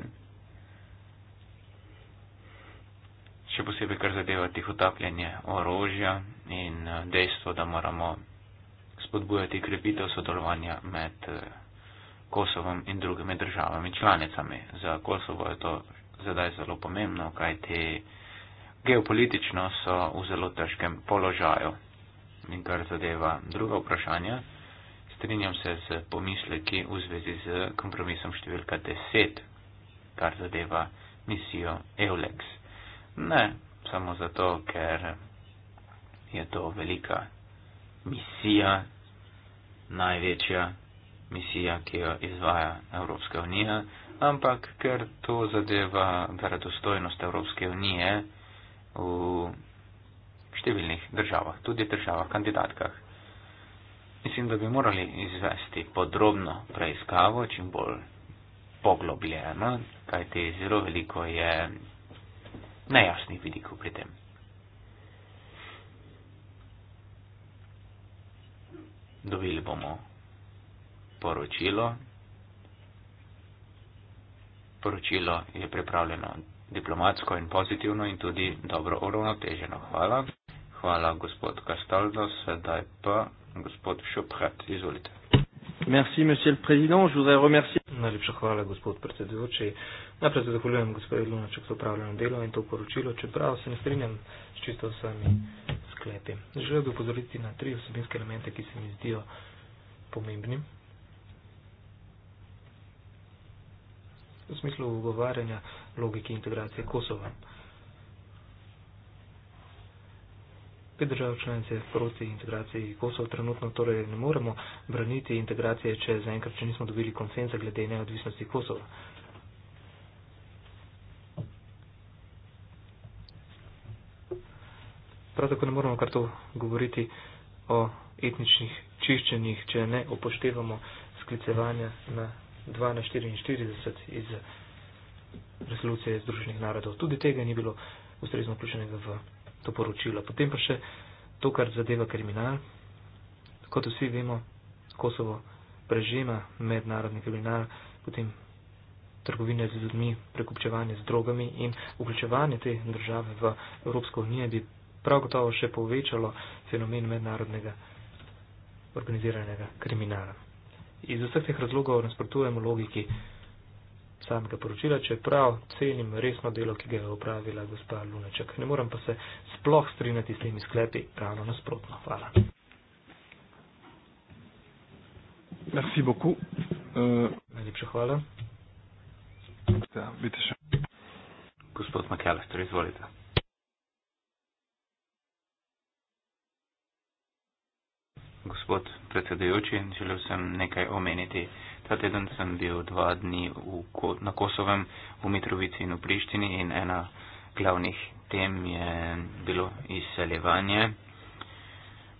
še posebej kar zadeva tih utapljanje orožja in eh, dejstvo, da moramo spodbujati krepitev sodelovanja med eh, Kosovom in drugimi državami članicami. Za Kosovo je to zdaj zelo pomembno, kaj te geopolitično so v zelo težkem položaju. In kar zadeva druga vprašanja, strinjam se z pomisleki v zvezi z kompromisom številka 10, kar zadeva misijo EULEX. Ne, samo zato, ker je to velika misija, največja misija, ki jo izvaja Evropska unija, ampak ker to zadeva verodostojnost Evropske unije v številnih državah, tudi državah kandidatkah. Mislim, da bi morali izvesti podrobno preiskavo, čim bolj poglobljeno, kajti zelo veliko je nejasnih vidikov pri tem. Dobili bomo poročilo. Poročilo je pripravljeno diplomatsko in pozitivno in tudi dobro uravnoteženo. Hvala. Hvala, gospod Kastaldo. Sedaj pa gospod Šuphat. Izvolite. Merci, monsieur le président. Je voudrais remercier. Najlepša hvala, gospod predsedujoči. Najprej se zahvaljujem gospodu Lunaček za upravljeno delo in to poročilo, čeprav se ne strinjam s čisto vsemi sklepi. Želel bi upozoriti na tri osebinske elemente, ki se mi zdijo pomembni. V smislu ugovarjanja logike integracije Kosova. ki države članice proti integraciji Kosova trenutno torej ne moremo braniti integracije, če zaenkrat, če nismo dobili konsenza glede neodvisnosti Kosova. Prav tako ne moramo kar to govoriti o etničnih čiščenjih, če ne upoštevamo sklicevanja na 2 na 44 iz resolucije Združenih narodov. Tudi tega ni bilo ustrezno vključenega v to poročilo. Potem pa še to, kar zadeva kriminal. Kot vsi vemo, Kosovo prežima mednarodni kriminal, potem trgovine z ljudmi, prekupčevanje z drogami in vključevanje te države v Evropsko unijo bi prav gotovo še povečalo fenomen mednarodnega organiziranega kriminala. Iz vseh teh razlogov nasprotujemo logiki samega poročila, čeprav cenim resno delo, ki ga je upravila gospa Lunaček. Ne moram pa se sploh strinjati s temi sklepi, ravno nasprotno. Hvala. Merci beaucoup. Uh, Najlepša hvala. Da, vidite še. Gospod McAllister, izvolite. Gospod predsedujoči, želel sem nekaj omeniti. Ta teden sem bil dva dni v, na Kosovem, v Mitrovici in v Prištini in ena glavnih tem je bilo izseljevanje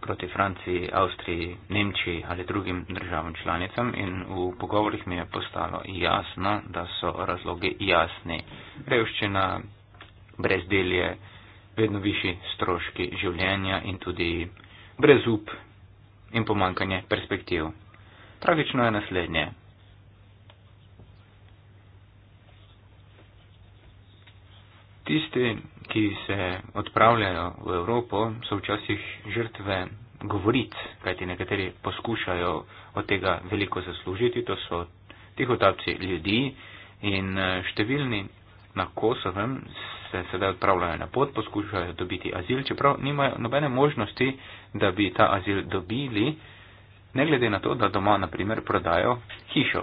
proti Franciji, Avstriji, Nemčiji ali drugim državam članicam in v pogovorih mi je postalo jasno, da so razlogi jasni. Revščina, brezdelje, vedno višji stroški življenja in tudi brezup in pomankanje perspektiv. Tragično je naslednje. Tisti, ki se odpravljajo v Evropo, so včasih žrtve govoric, kajti nekateri poskušajo od tega veliko zaslužiti, to so tihotapci ljudi in eh, številni na Kosovem se sedaj odpravljajo na pot, poskušajo dobiti azil, čeprav nimajo nobene možnosti, da bi ta azil dobili, ne glede na to, da doma, na primer, prodajo hišo.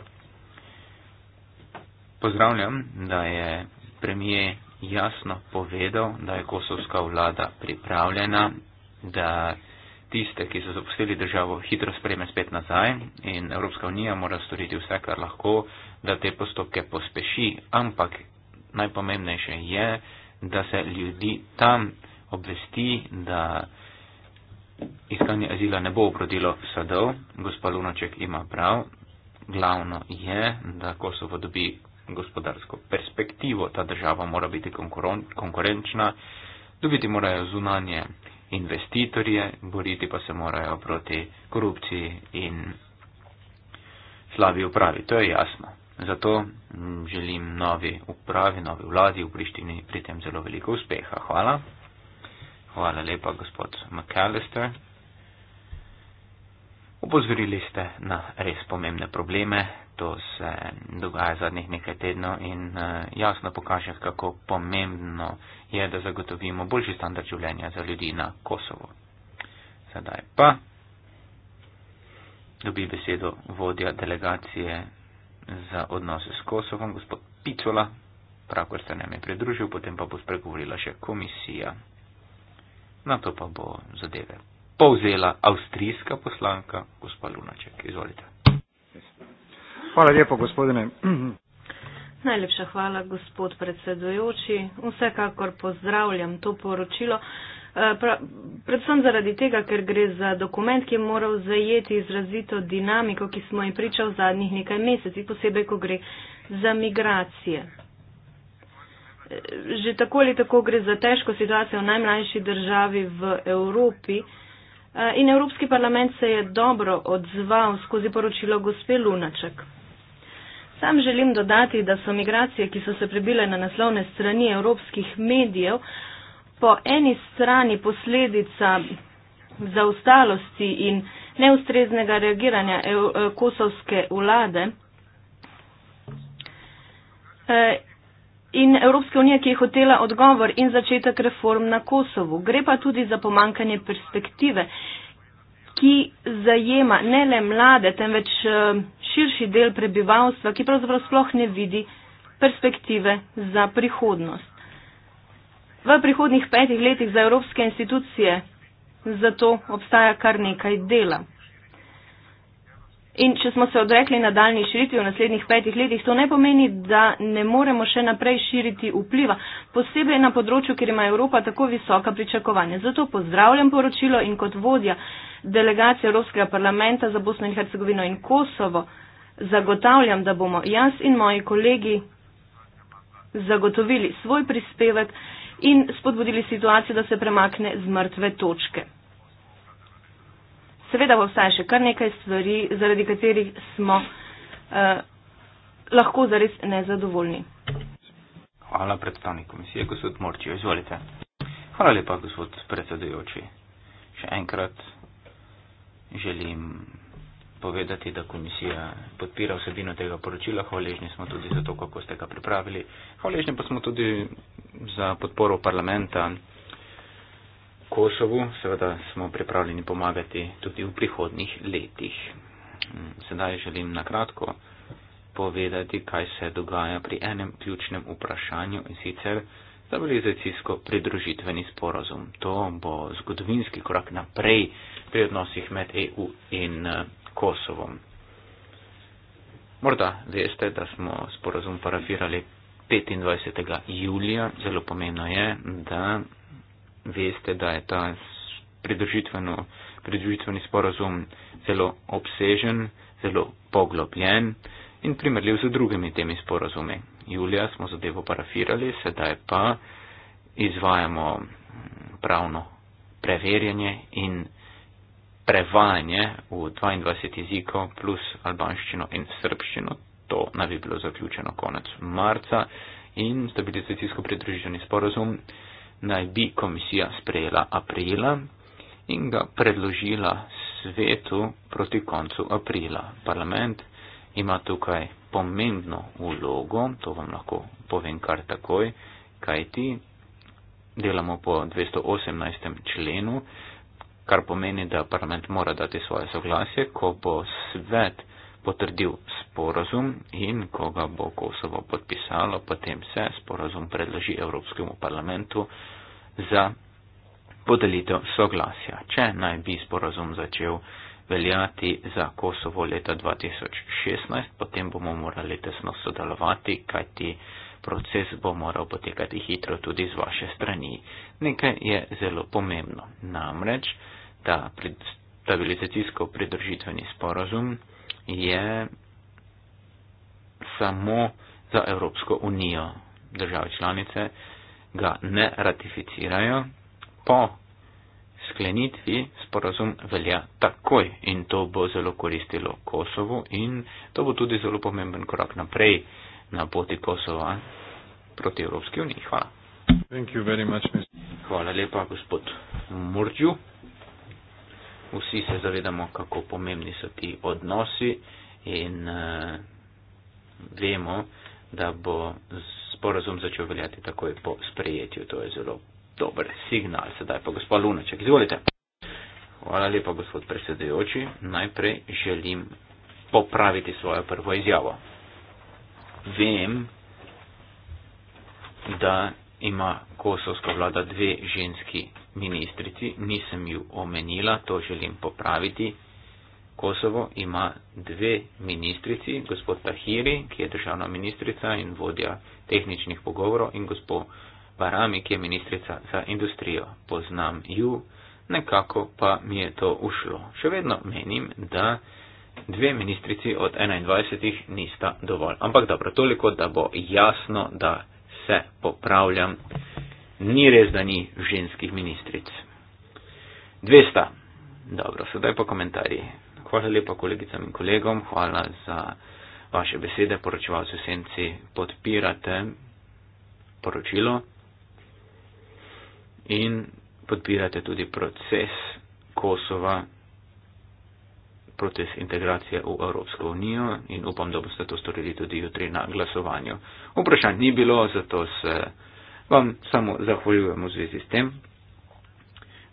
Pozdravljam, da je premije jasno povedal, da je kosovska vlada pripravljena, da tiste, ki so zapustili državo, hitro sprejme spet nazaj in Evropska unija mora storiti vse, kar lahko, da te postopke pospeši, ampak najpomembnejše je, da se ljudi tam obvesti, da iskanje azila ne bo obrodilo sadov, gospod Lunoček ima prav, glavno je, da Kosovo dobi gospodarsko perspektivo. Ta država mora biti konkurenčna, dobiti morajo zunanje investitorje, boriti pa se morajo proti korupciji in slabi upravi. To je jasno. Zato mm, želim novi upravi, novi vladi v Prištini pri tem zelo veliko uspeha. Hvala. Hvala lepa, gospod McAllister. Upozorili ste na res pomembne probleme, to se dogaja zadnjih nekaj tednov in eh, jasno pokaže, kako pomembno je, da zagotovimo boljši standard življenja za ljudi na Kosovo. Sedaj pa dobi besedo vodja delegacije za odnose s Kosovom, gospod Picola, pravkar se nam je pridružil, potem pa bo spregovorila še komisija. Na to pa bo zadeve povzela avstrijska poslanka, gospod Lunaček. Izvolite. Hvala lepo, gospodine. Najlepša hvala, gospod predsedujoči. Vsekakor pozdravljam to poročilo. Eh, predvsem zaradi tega, ker gre za dokument, ki je moral zajeti izrazito dinamiko, ki smo jim pričali v zadnjih nekaj mesecih, posebej, ko gre za migracije. Eh, že tako ali tako gre za težko situacijo v najmlajši državi v Evropi eh, in Evropski parlament se je dobro odzval skozi poročilo gospe Lunaček. Sam želim dodati, da so migracije, ki so se prebile na naslovne strani evropskih medijev, po eni strani posledica zaustalosti in neustreznega reagiranja e, kosovske vlade e, in Evropske unije, ki je hotela odgovor in začetek reform na Kosovu. Gre pa tudi za pomankanje perspektive, ki zajema ne le mlade, temveč e, širši del prebivalstva, ki pravzaprav sploh ne vidi perspektive za prihodnost. V prihodnih petih letih za evropske institucije zato obstaja kar nekaj dela. In če smo se odrekli na daljni širitvi v naslednjih petih letih, to ne pomeni, da ne moremo še naprej širiti vpliva, posebej na področju, kjer ima Evropa tako visoka pričakovanja. Zato pozdravljam poročilo in kot vodja delegacije Evropskega parlamenta za Bosno in Hercegovino in Kosovo Zagotavljam, da bomo jaz in moji kolegi zagotovili svoj prispevek in spodbudili situacijo, da se premakne z mrtve točke. Seveda bo vsaj še kar nekaj stvari, zaradi katerih smo eh, lahko zares nezadovoljni. Hvala predstavnik komisije, gospod Morčijo, izvolite. Hvala lepa, gospod predsedujoči. Še enkrat želim povedati, da komisija podpira vsebino tega poročila. Hvaležni smo tudi za to, kako ste ga pripravili. Hvaležni pa smo tudi za podporo parlamenta Kosovu. Seveda smo pripravljeni pomagati tudi v prihodnih letih. Mm, sedaj želim na kratko povedati, kaj se dogaja pri enem ključnem vprašanju in sicer stabilizacijsko pridružitveni sporozum. To bo zgodovinski korak naprej pri odnosih med EU in eh, Kosovom. Morda veste, da smo sporozum parafirali 25. julija. Zelo pomembno je, da veste, da je ta pridružitveni sporozum zelo obsežen, zelo poglobljen in primerljiv z drugimi temi sporozumi. Julija smo zadevo parafirali, sedaj pa izvajamo mm, pravno preverjanje in prevajanje v 22 jezikov plus albanščino in srbščino. To naj bi bilo zaključeno konec marca in stabilizacijsko pridruženi sporozum naj bi komisija sprejela aprila in ga predložila svetu proti koncu aprila. Parlament ima tukaj pomembno vlogo, to vam lahko povem kar takoj, kajti delamo po 218. členu kar pomeni, da parlament mora dati svoje soglasje, ko bo svet potrdil sporazum in ko ga bo Kosovo podpisalo, potem se sporazum predloži Evropskemu parlamentu za podelitev soglasja. Če naj bi sporazum začel veljati za Kosovo leta 2016, potem bomo morali tesno sodelovati, kajti proces bo moral potekati hitro tudi z vaše strani. Nekaj je zelo pomembno. Namreč, ta stabilizacijsko pridržitveni sporozum je samo za Evropsko unijo. Države članice ga ne ratificirajo. Po sklenitvi sporozum velja takoj in to bo zelo koristilo Kosovo in to bo tudi zelo pomemben korak naprej na poti Kosova proti Evropski uniji. Hvala. Thank you very much, Hvala lepa, gospod Murđu vsi se zavedamo, kako pomembni so ti odnosi in uh, vemo, da bo sporazum začel veljati takoj po sprejetju. To je zelo dober signal. Sedaj pa gospod Lunaček, izvolite. Hvala lepa, gospod predsedujoči. Najprej želim popraviti svojo prvo izjavo. Vem, da ima kosovska vlada dve ženski ministrici, nisem ju omenila, to želim popraviti. Kosovo ima dve ministrici, gospod Tahiri, ki je državna ministrica in vodja tehničnih pogovorov, in gospod Barami, ki je ministrica za industrijo. Poznam ju, nekako pa mi je to ušlo. Še vedno menim, da dve ministrici od 21 nista dovolj. Ampak dobro, toliko, da bo jasno, da se popravljam ni res, da ni ženskih ministric. Dvesta. Dobro, sedaj pa komentarji. Hvala lepa kolegicam in kolegom, hvala za vaše besede, poročevalci v senci, podpirate poročilo in podpirate tudi proces Kosova, proces integracije v Evropsko unijo in upam, da boste to storili tudi jutri na glasovanju. Vprašanj ni bilo, zato se vam samo zahvaljujem v zvezi s tem.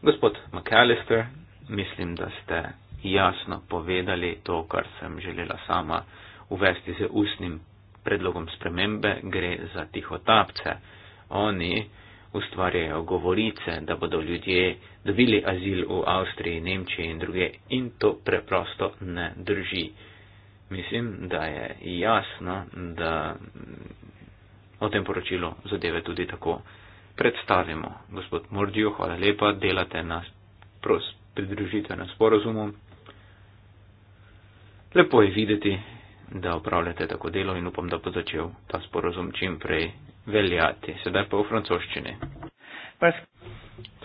Gospod McAllister, mislim, da ste jasno povedali to, kar sem želela sama uvesti z ustnim predlogom spremembe, gre za tihotapce. Oni ustvarjajo govorice, da bodo ljudje dobili azil v Avstriji, Nemčiji in druge in to preprosto ne drži. Mislim, da je jasno, da v tem poročilu zadeve tudi tako predstavimo. Gospod Mordiju, hvala lepa, delate na pridružitvenem sporozumu. Lepo je videti, da upravljate tako delo in upam, da bo začel ta sporozum čim prej veljati. Sedaj pa v francoščini.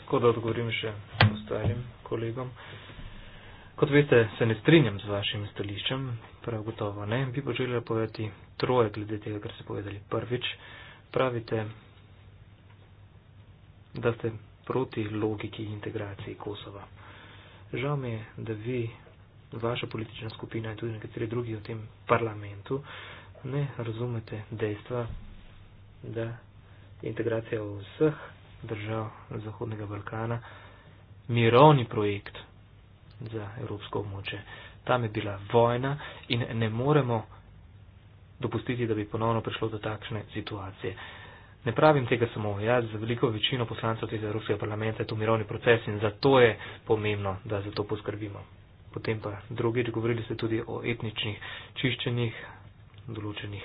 Tako da odgovorim še ostalim kolegom. Uh, Kot veste, se ne strinjam z vašim stališčem, prav gotovo ne. Bi pa želela povedati troje glede tega, kar ste povedali prvič. Pravite, da ste proti logiki integracije Kosova. Žal mi je, da vi, vaša politična skupina in tudi nekateri drugi v tem parlamentu ne razumete dejstva, da integracija vseh držav Zahodnega Balkana mirovni projekt za evropsko območje. Tam je bila vojna in ne moremo dopustiti, da bi ponovno prišlo do takšne situacije. Ne pravim tega samo jaz, za veliko večino poslancev tega Evropskega parlamenta je to mirovni proces in zato je pomembno, da za to poskrbimo. Potem pa drugič govorili ste tudi o etničnih čiščenjih, določenih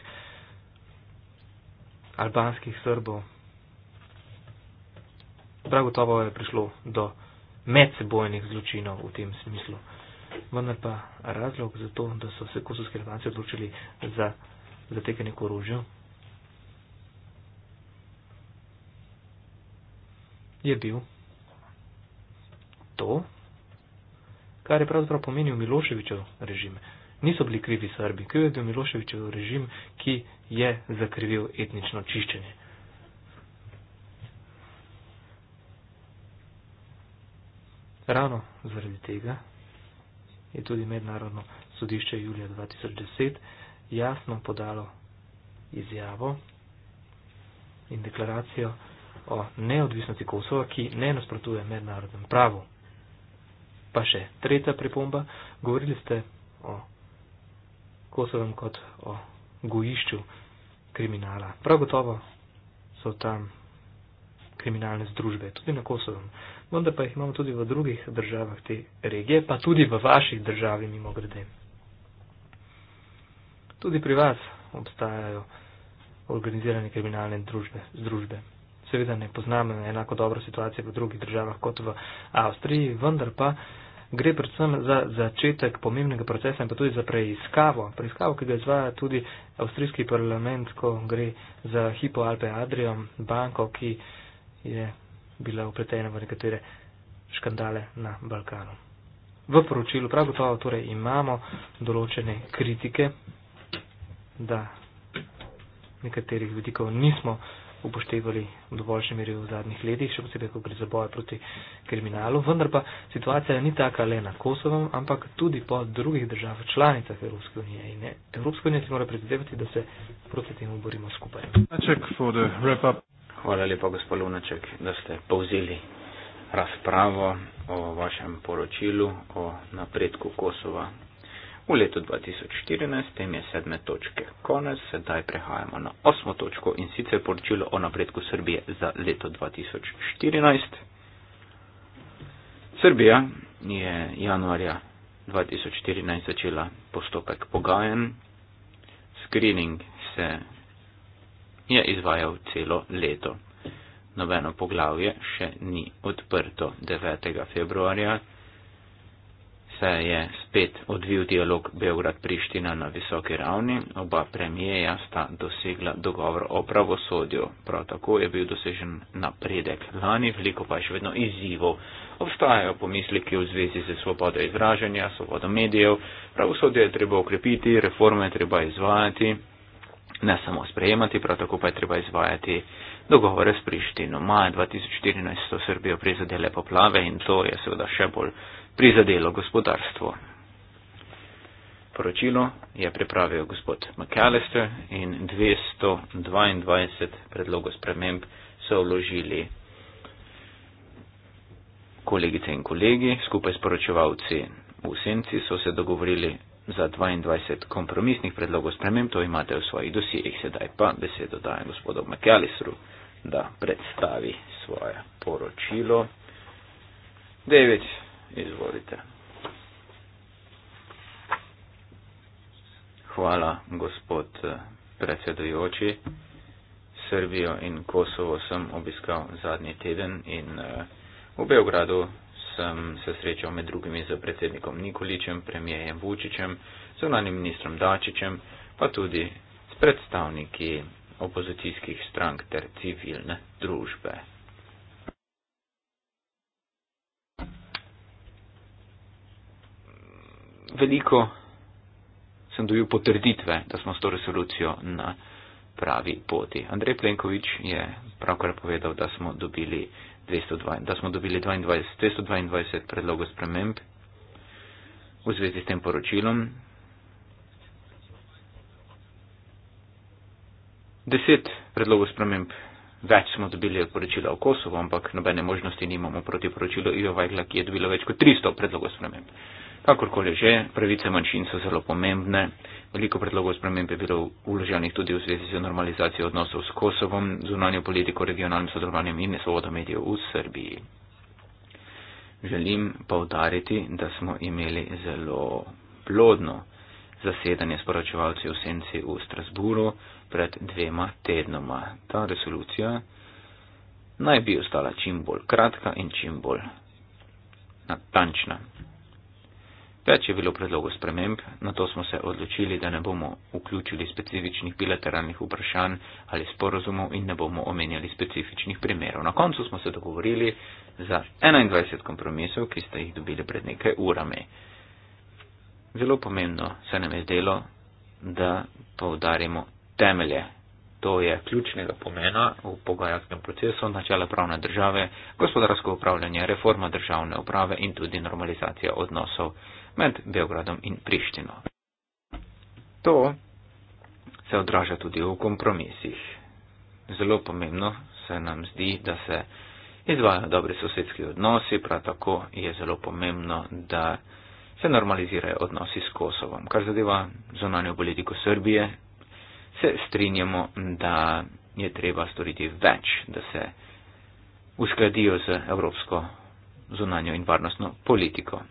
albanskih srbov. Prav gotovo je prišlo do medsebojnih zločinov v tem smislu. Vendar pa razlog za to, da so se kosovski Albanci odločili za zatekanje korožja, je bil to, kar je pravzaprav pomenil Miloševičev režim. Niso bili krivi Srbi, kriv je bil Miloševičev režim, ki je zakrivil etnično čiščenje. Ravno zaradi tega je tudi Mednarodno sodišče julija 2010 jasno podalo izjavo in deklaracijo o neodvisnosti Kosova, ki ne nasprotuje mednarodnem pravu. Pa še tretja pripomba, govorili ste o Kosovem kot o gojišču kriminala. Prav gotovo so tam kriminalne združbe, tudi na Kosovem vendar pa jih imamo tudi v drugih državah te regije, pa tudi v vaših državi mimo grede. Tudi pri vas obstajajo organizirane kriminalne družbe, združbe. Seveda ne poznam enako dobro situacije v drugih državah kot v Avstriji, vendar pa gre predvsem za začetek pomembnega procesa in pa tudi za preiskavo. Preiskavo, ki ga izvaja tudi avstrijski parlament, ko gre za Hipo Alpe Adrio banko, ki je bila upletena v nekatere škandale na Balkanu. V poročilu prav gotovo torej imamo določene kritike, da nekaterih vidikov nismo upoštevali v dovoljšnji meri v zadnjih letih, še posebej, ko gre za boje proti kriminalu. Vendar pa situacija ni taka le na Kosovem, ampak tudi po drugih državah članicah Evropske unije. In Evropska unija si mora predvidevati, da se proti temu borimo skupaj. I check for the wrap up. Hvala lepa, gospod Lunaček, da ste povzeli razpravo o vašem poročilu o napredku Kosova v letu 2014. Tem je sedme točke konec, sedaj prehajamo na osmo točko in sicer poročilo o napredku Srbije za leto 2014. Srbija je januarja 2014 začela postopek pogajen. Screening se je izvajal celo leto. Nobeno poglavje še ni odprto. 9. februarja se je spet odvil dialog Beograd-Priština na visoki ravni. Oba premijeja sta dosegla dogovor o pravosodju. Prav tako je bil dosežen napredek lani, veliko pa še vedno izzivov. Obstajajo pomisliki v zvezi z svobodo izražanja, svobodo medijev. Pravosodje je treba ukrepiti, reforme je treba izvajati ne samo sprejemati, prav tako pa je treba izvajati dogovore s Prištino. Maja 2014 so Srbijo prizadele poplave in to je seveda še bolj prizadelo gospodarstvo. Poročilo je pripravil gospod McAllister in 222 predlogov sprememb so vložili kolegice in kolegi skupaj s poročevalci v senci, so se dogovorili za 22 kompromisnih predlogov sprememb, to imate v svojih dosijih. Sedaj pa besedo dajem gospodu Makjalisru, da predstavi svoje poročilo. David, izvolite. Hvala, gospod predsedujoči. Srbijo in Kosovo sem obiskal zadnji teden in v Beogradu sem se srečal med drugimi z predsednikom Nikoličem, premijejem Vučičem, zunanim ministrom Dačičem, pa tudi s predstavniki opozicijskih strank ter civilne družbe. Veliko sem dobil potrditve, da smo s to resolucijo na pravi poti. Andrej Plenković je pravkar povedal, da smo dobili 202, da smo dobili 22, 222 predlogov sprememb v zvezi s tem poročilom. Deset predlogov sprememb več smo dobili od poročila o Kosovo, ampak nobene možnosti nimamo proti poročilu Ivo Vajgla, ki je dobilo več kot 300 predlogov sprememb. Kakorkoli že, pravice manjšin so zelo pomembne. Veliko predlogov sprememb je bilo uloženih tudi v zvezi z normalizacijo odnosov s Kosovom, zunanjo politiko, regionalnim sodelovanjem in svobodo medijev v Srbiji. Želim povdariti, da smo imeli zelo plodno zasedanje sporočevalcev v Senci v Strasburu pred dvema tednoma. Ta resolucija naj bi ostala čim bolj kratka in čim bolj natančna. Več je bilo predlogov sprememb, na to smo se odločili, da ne bomo vključili specifičnih bilateralnih vprašanj ali sporozumov in ne bomo omenjali specifičnih primerov. Na koncu smo se dogovorili za 21 kompromisov, ki ste jih dobili pred nekaj urami. Zelo pomembno se nam je zdelo, da povdarimo temelje. To je ključnega pomena v pogajalskem procesu načela pravne države, gospodarsko upravljanje, reforma državne uprave in tudi normalizacija odnosov med Beogradom in Prištino. To se odraža tudi v kompromisih. Zelo pomembno se nam zdi, da se izvajajo dobri sosedski odnosi, prav tako je zelo pomembno, da se normalizirajo odnosi s Kosovom. Kar zadeva zunanjo politiko Srbije, se strinjamo, da je treba storiti več, da se uskladijo z evropsko zunanjo in varnostno politiko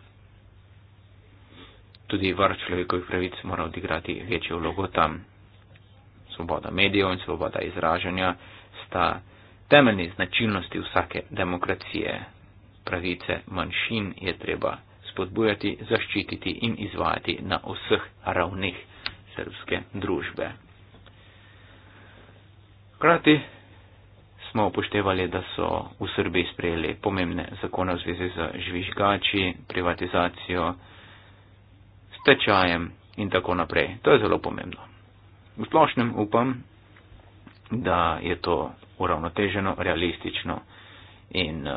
tudi varuh človekovih pravic mora odigrati večjo vlogo tam. Svoboda medijev in svoboda izražanja sta temeljni značilnosti vsake demokracije. Pravice manjšin je treba spodbujati, zaščititi in izvajati na vseh ravneh srpske družbe. Hkrati smo upoštevali, da so v Srbiji sprejeli pomembne zakone v zvezi z žvižgači, privatizacijo, tečajem in tako naprej. To je zelo pomembno. V splošnem upam, da je to uravnoteženo, realistično in eh,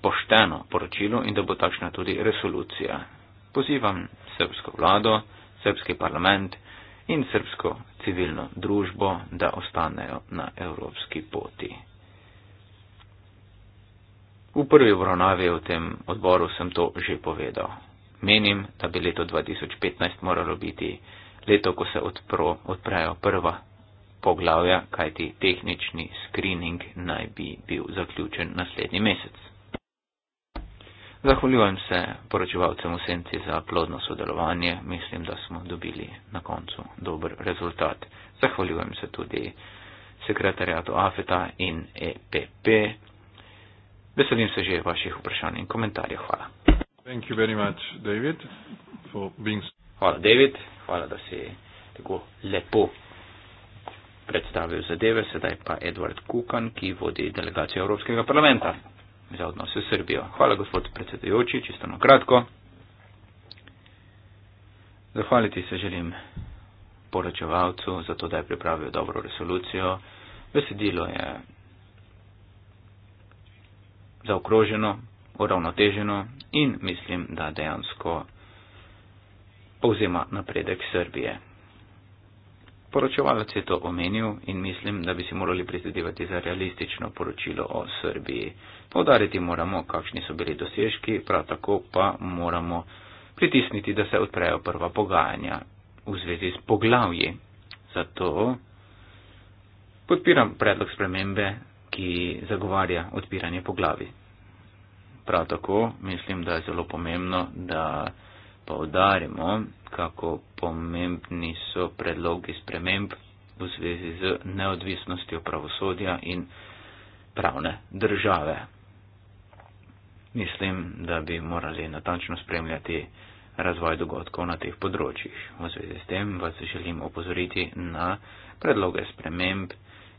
pošteno poročilo in da bo takšna tudi resolucija. Pozivam srbsko vlado, srbski parlament in srbsko civilno družbo, da ostanejo na evropski poti. V prvi obravnavi v tem odboru sem to že povedal menim, da bi leto 2015 moralo biti leto, ko se odpro, odprejo prva poglavja, kajti tehnični screening naj bi bil zaključen naslednji mesec. Zahvaljujem se poročevalcem v senci za plodno sodelovanje. Mislim, da smo dobili na koncu dober rezultat. Zahvaljujem se tudi sekretarjatu AFETA in EPP. Veselim se že vaših vprašanj in komentarjev. Hvala. Thank you very much, David, for being... Hvala, David, hvala, da si tako lepo predstavil zadeve. Sedaj pa Edward Kukan, ki vodi delegacijo Evropskega parlamenta za odnose s Srbijo. Hvala, gospod predsedujoči, čisto na kratko. Zahvaliti se želim poročevalcu za to, da je pripravil dobro resolucijo. Besedilo je zaokroženo, uravnoteženo in mislim, da dejansko povzema napredek Srbije. Poročevalec je to omenil in mislim, da bi si morali prizadevati za realistično poročilo o Srbiji. Povdariti moramo, kakšni so bili dosežki, prav tako pa moramo pritisniti, da se odprejo prva pogajanja v zvezi s poglavji. Zato podpiram predlog spremembe, ki zagovarja odpiranje poglavi. Prav tako mislim, da je zelo pomembno, da povdarimo, kako pomembni so predlogi sprememb v zvezi z neodvisnostjo pravosodja in pravne države. Mislim, da bi morali natančno spremljati razvoj dogodkov na teh področjih. V zvezi s tem vas želim opozoriti na predloge sprememb,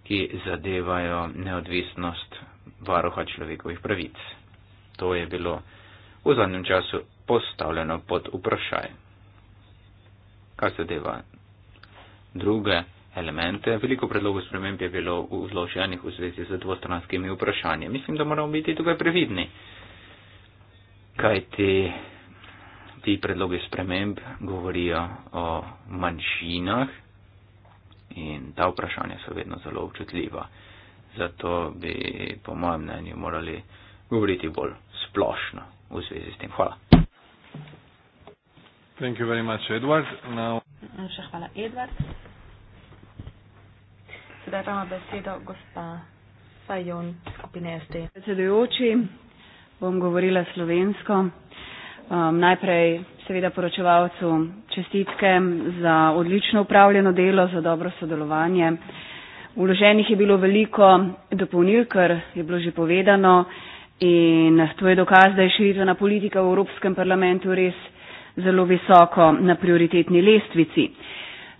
ki zadevajo neodvisnost varuha človekovih pravic to je bilo v zadnjem času postavljeno pod vprašaj. Kar se deva druge elemente, veliko predlogov sprememb je bilo vloženih v zvezi z dvostranskimi vprašanji. Mislim, da moramo biti tukaj previdni, kaj ti, ti predlogi sprememb govorijo o manjšinah in ta vprašanja so vedno zelo občutljiva. Zato bi, po mojem mnenju, morali govoriti bolj splošno v zvezi s tem. Hvala. Much, Now... Še hvala, Edward. Sedaj pa ima besedo gospa Fajon, skupine SD. Predsedujoči, bom govorila slovensko. Um, najprej seveda poročevalcu čestitke za odlično upravljeno delo, za dobro sodelovanje. Uloženih je bilo veliko dopolnil, kar je bilo že povedano. In to je dokaz, da je širitvena politika v Evropskem parlamentu res zelo visoko na prioritetni lestvici.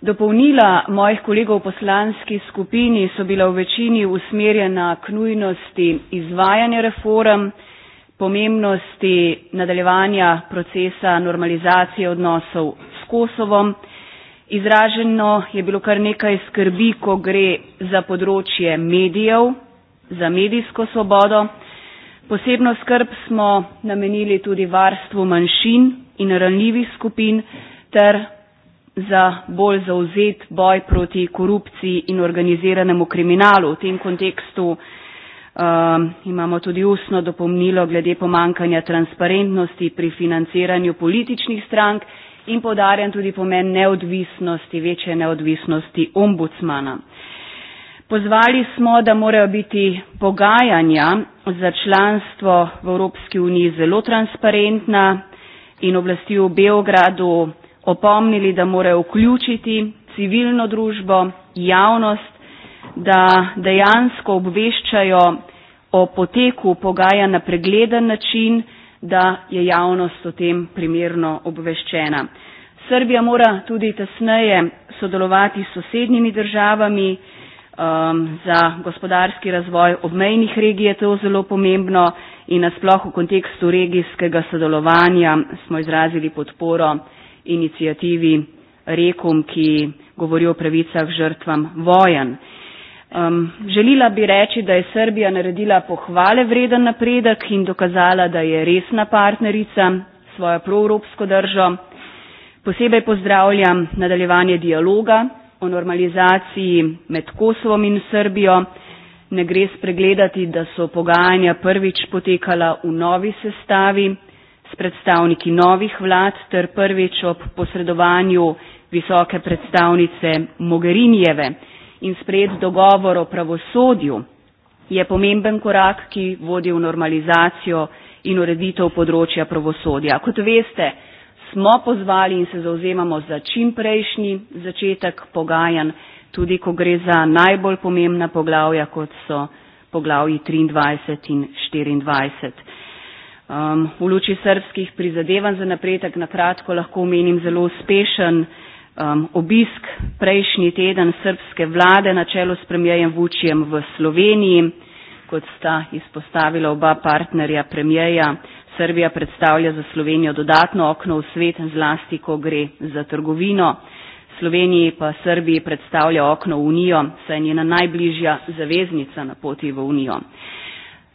Dopolnila mojih kolegov v poslanski skupini so bila v večini usmerjena k nujnosti izvajanja reform, pomembnosti nadaljevanja procesa normalizacije odnosov s Kosovom. Izraženo je bilo kar nekaj skrbi, ko gre za področje medijev, za medijsko svobodo. Posebno skrb smo namenili tudi varstvu manjšin in ranljivih skupin ter za bolj zauzet boj proti korupciji in organiziranemu kriminalu. V tem kontekstu um, imamo tudi ustno dopolnilo glede pomankanja transparentnosti pri financiranju političnih strank in podarjam tudi pomen neodvisnosti, večje neodvisnosti ombudsmana. Pozvali smo, da morajo biti pogajanja za članstvo v Evropski uniji zelo transparentna in oblasti v Beogradu opomnili, da morajo vključiti civilno družbo, javnost, da dejansko obveščajo o poteku pogaja na pregleden način, da je javnost o tem primerno obveščena. Srbija mora tudi tesneje sodelovati s sosednjimi državami, um, za gospodarski razvoj obmejnih regij je to zelo pomembno in nasploh v kontekstu regijskega sodelovanja smo izrazili podporo inicijativi Rekom, ki govori o pravicah žrtvam vojen. Um, želila bi reči, da je Srbija naredila pohvale vreden napredek in dokazala, da je resna partnerica svojo proevropsko držo. Posebej pozdravljam nadaljevanje dialoga o normalizaciji med Kosovom in Srbijo. Ne gre spregledati, da so pogajanja prvič potekala v novi sestavi s predstavniki novih vlad ter prvič ob posredovanju visoke predstavnice Mogherinjeve in sprejet dogovor o pravosodju je pomemben korak, ki vodi v normalizacijo in ureditev področja pravosodja. Kot veste, smo pozvali in se zauzemamo za čimprejšnji začetek pogajanj, tudi ko gre za najbolj pomembna poglavja, kot so poglavji 23 in 24. Um, v luči srpskih prizadevanj za napredek na kratko lahko omenim zelo uspešen um, obisk prejšnji teden srpske vlade na čelu s premijejem Vučijem v Sloveniji, kot sta izpostavila oba partnerja premijeja. Srbija predstavlja za Slovenijo dodatno okno v svet, zlasti ko gre za trgovino. Sloveniji pa Srbiji predstavlja okno v Unijo, saj je njena najbližja zaveznica na poti v Unijo.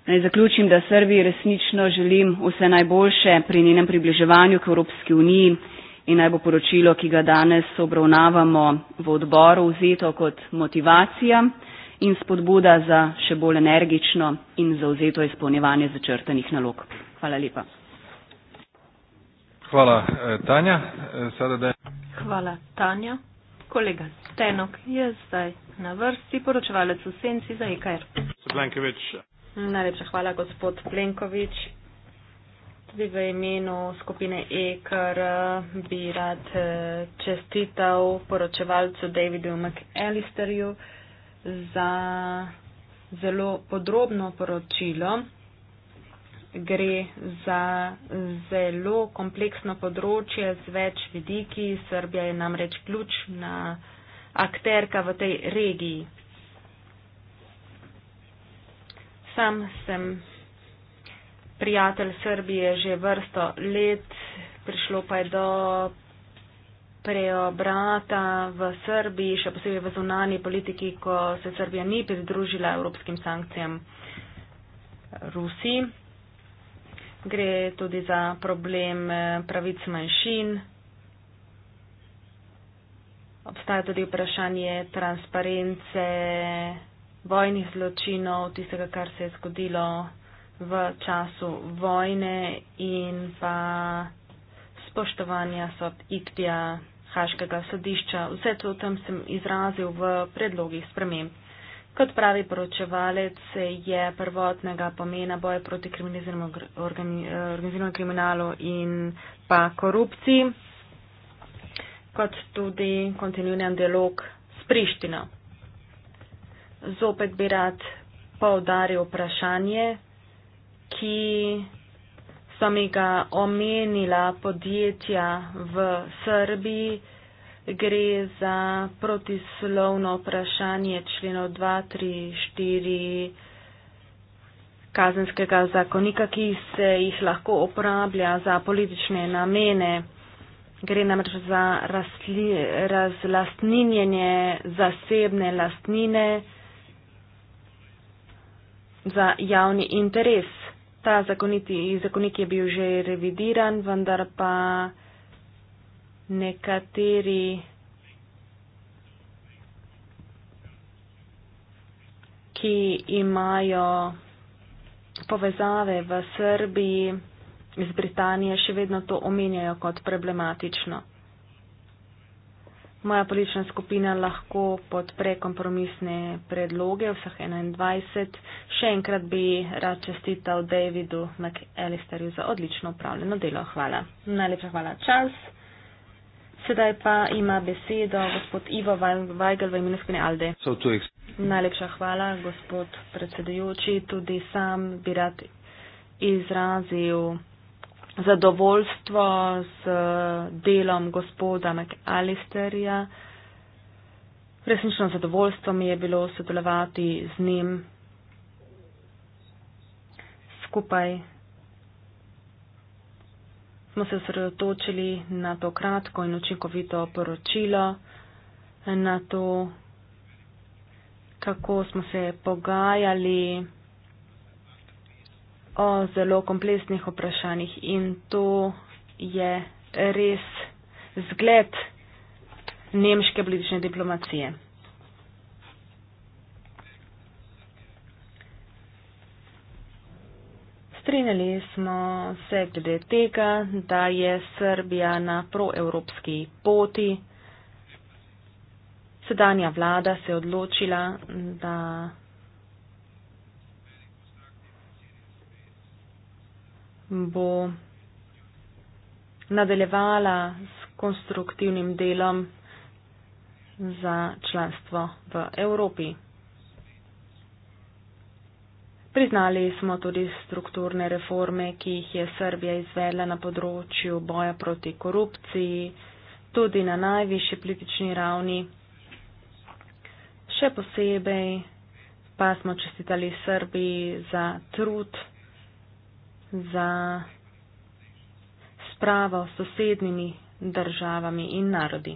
Naj zaključim, da Srbiji resnično želim vse najboljše pri njenem približevanju k Evropski uniji in naj bo poročilo, ki ga danes obravnavamo v odboru, vzeto kot motivacija in spodbuda za še bolj energično in zauzeto izpolnjevanje začrtanih nalog. Hvala lepa. Hvala, eh, Tanja. Eh, hvala, Tanja. Kolega Stenok je zdaj na vrsti, poročevalec v senci za IKR. E Najlepša hvala, gospod Plenkovič. Tudi v imenu skupine EKR bi rad eh, čestital poročevalcu Davidu McAllisterju za zelo podrobno poročilo gre za zelo kompleksno področje z več vidiki. Srbija je namreč ključna akterka v tej regiji. Sam sem prijatelj Srbije že vrsto let, prišlo pa je do preobrata v Srbiji, še posebej v zunani politiki, ko se Srbija ni pridružila evropskim sankcijam Rusiji gre tudi za problem eh, pravic manjšin. Obstaja tudi vprašanje transparence vojnih zločinov, tistega, kar se je zgodilo v času vojne in pa spoštovanja sod Iktija, Haškega sodišča. Vse to tam sem izrazil v predlogih sprememb. Kot pravi poročevalec, je prvotnega pomena boja proti organiziranemu kriminalu in pa korupciji, kot tudi kontinuiran dialog s Prištino. Zopet bi rad povdaril vprašanje, ki so mi ga omenila podjetja v Srbiji gre za protislovno vprašanje členov 2, 3, 4 kazenskega zakonika, ki se jih lahko uporablja za politične namene. Gre namreč za rasli, razlastninjenje zasebne lastnine za javni interes. Ta zakonik je bil že revidiran, vendar pa nekateri ki imajo povezave v Srbiji iz Britanije, še vedno to omenjajo kot problematično. Moja politična skupina lahko podpre kompromisne predloge vseh 21. Še enkrat bi rad čestital Davidu McAllisterju za odlično upravljeno delo. Hvala. Najlepša hvala. Čas. Sedaj pa ima besedo gospod Ivo Vajgel v imenu skupine Alde. Najlepša hvala, gospod predsedujoči. Tudi sam bi rad izrazil zadovoljstvo z eh, delom gospoda McAllisterja. Resnično zadovoljstvo mi je bilo sodelovati z njim skupaj smo se osredotočili na to kratko in učinkovito poročilo, na to, kako smo se pogajali o zelo kompleksnih vprašanjih in to je res zgled nemške politične diplomacije. strinjali smo se glede tega, da je Srbija na proevropski poti. Sedanja vlada se je odločila, da bo nadaljevala s konstruktivnim delom za članstvo v Evropi. Priznali smo tudi strukturne reforme, ki jih je Srbija izvedla na področju boja proti korupciji, tudi na najvišji politični ravni. Še posebej pa smo čestitali Srbiji za trud, za spravo s sosednjimi državami in narodi.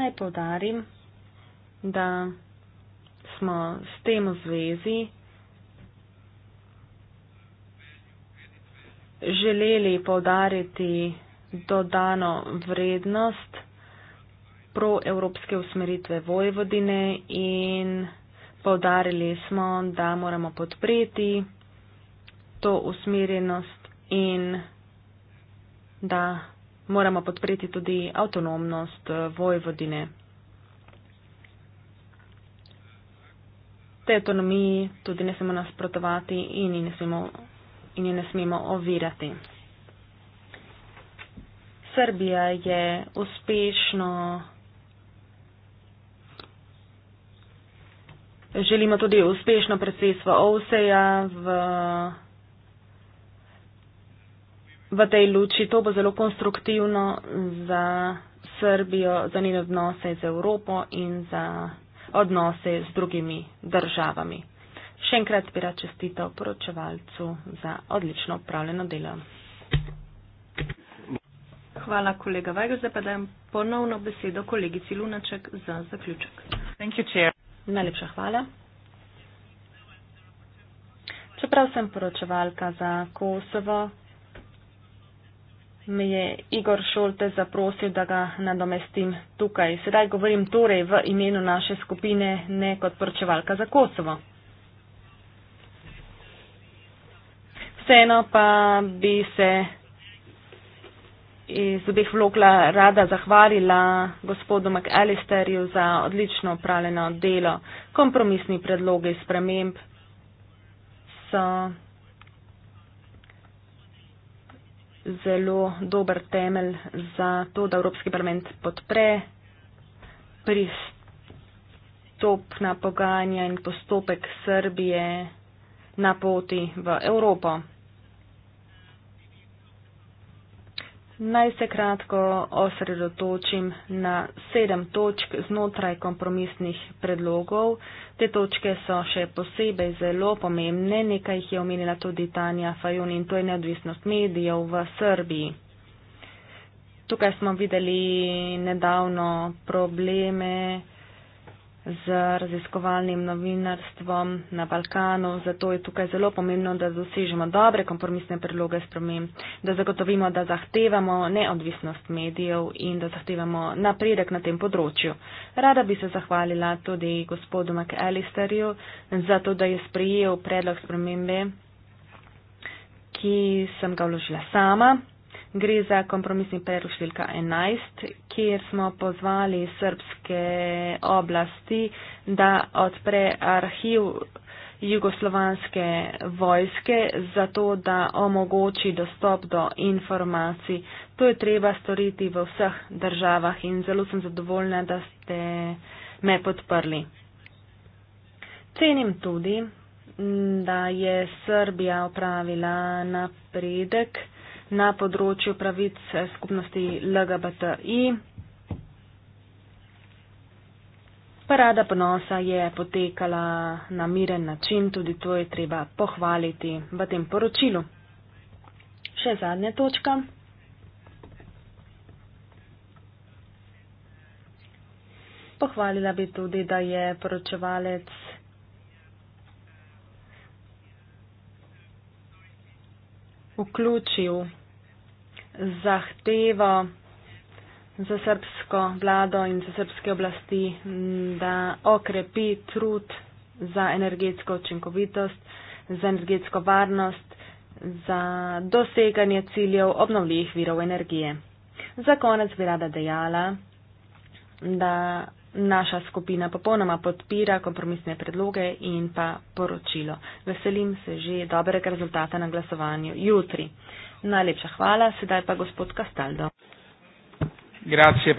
Naj povdarim, da smo s tem v zvezi želeli povdariti dodano vrednost proevropske usmeritve Vojvodine in povdarili smo, da moramo podpreti to usmerjenost in da moramo podpreti tudi avtonomnost Vojvodine. tej avtonomiji tudi ne smemo nasprotovati in ji ne smemo, in ji ne smemo ovirati. Srbija je uspešno. Želimo tudi uspešno predsedstvo OVSE-ja v, v tej luči. To bo zelo konstruktivno za Srbijo, za njene odnose z Evropo in za odnose z drugimi državami. Še enkrat bi rad čestitev poročevalcu za odlično upravljeno delo. Hvala, kolega Vajgo. Zdaj pa dajem ponovno besedo kolegici Lunaček za zaključek. Najlepša hvala. Čeprav sem poročevalka za Kosovo, me je Igor Šolte zaprosil, da ga nadomestim tukaj. Sedaj govorim torej v imenu naše skupine, ne kot prčevalka za Kosovo. Vseeno pa bi se iz obih vlogla rada zahvalila gospodu McAllisterju za odlično upravljeno delo. Kompromisni predlogi sprememb so zelo dober temelj za to, da Evropski parlament podpre pristop na pogajanja in postopek Srbije na poti v Evropo. Naj se kratko osredotočim na sedem točk znotraj kompromisnih predlogov. Te točke so še posebej zelo pomembne, nekaj jih je omenila tudi Tanja Fajun in to je neodvisnost medijev v Srbiji. Tukaj smo videli nedavno probleme, z raziskovalnim novinarstvom na Balkanu. Zato je tukaj zelo pomembno, da dosežemo dobre kompromisne predloge sprememb, da zagotovimo, da zahtevamo neodvisnost medijev in da zahtevamo napredek na tem področju. Rada bi se zahvalila tudi gospodu McAllisterju za to, da je sprejel predlog spremembe, ki sem ga vložila sama. Gre za kompromisni predlog številka 11, kjer smo pozvali srbske oblasti, da odpre arhiv jugoslovanske vojske, zato da omogoči dostop do informacij. To je treba storiti v vseh državah in zelo sem zadovoljna, da ste me podprli. Cenim tudi, da je Srbija opravila napredek, na področju pravic skupnosti LGBTI. Parada ponosa je potekala na miren način, tudi to je treba pohvaliti v tem poročilu. Še zadnja točka. Pohvalila bi tudi, da je poročevalec vključil zahtevo za srbsko vlado in za srbske oblasti, da okrepi trud za energetsko učinkovitost, za energetsko varnost, za doseganje ciljev obnovljivih virov energije. Za konec bi rada dejala, da naša skupina popolnoma podpira kompromisne predloge in pa poročilo. Veselim se že dobrega rezultata na glasovanju jutri. Najlepša hvala, sedaj pa gospod Kastaldo. Grazie,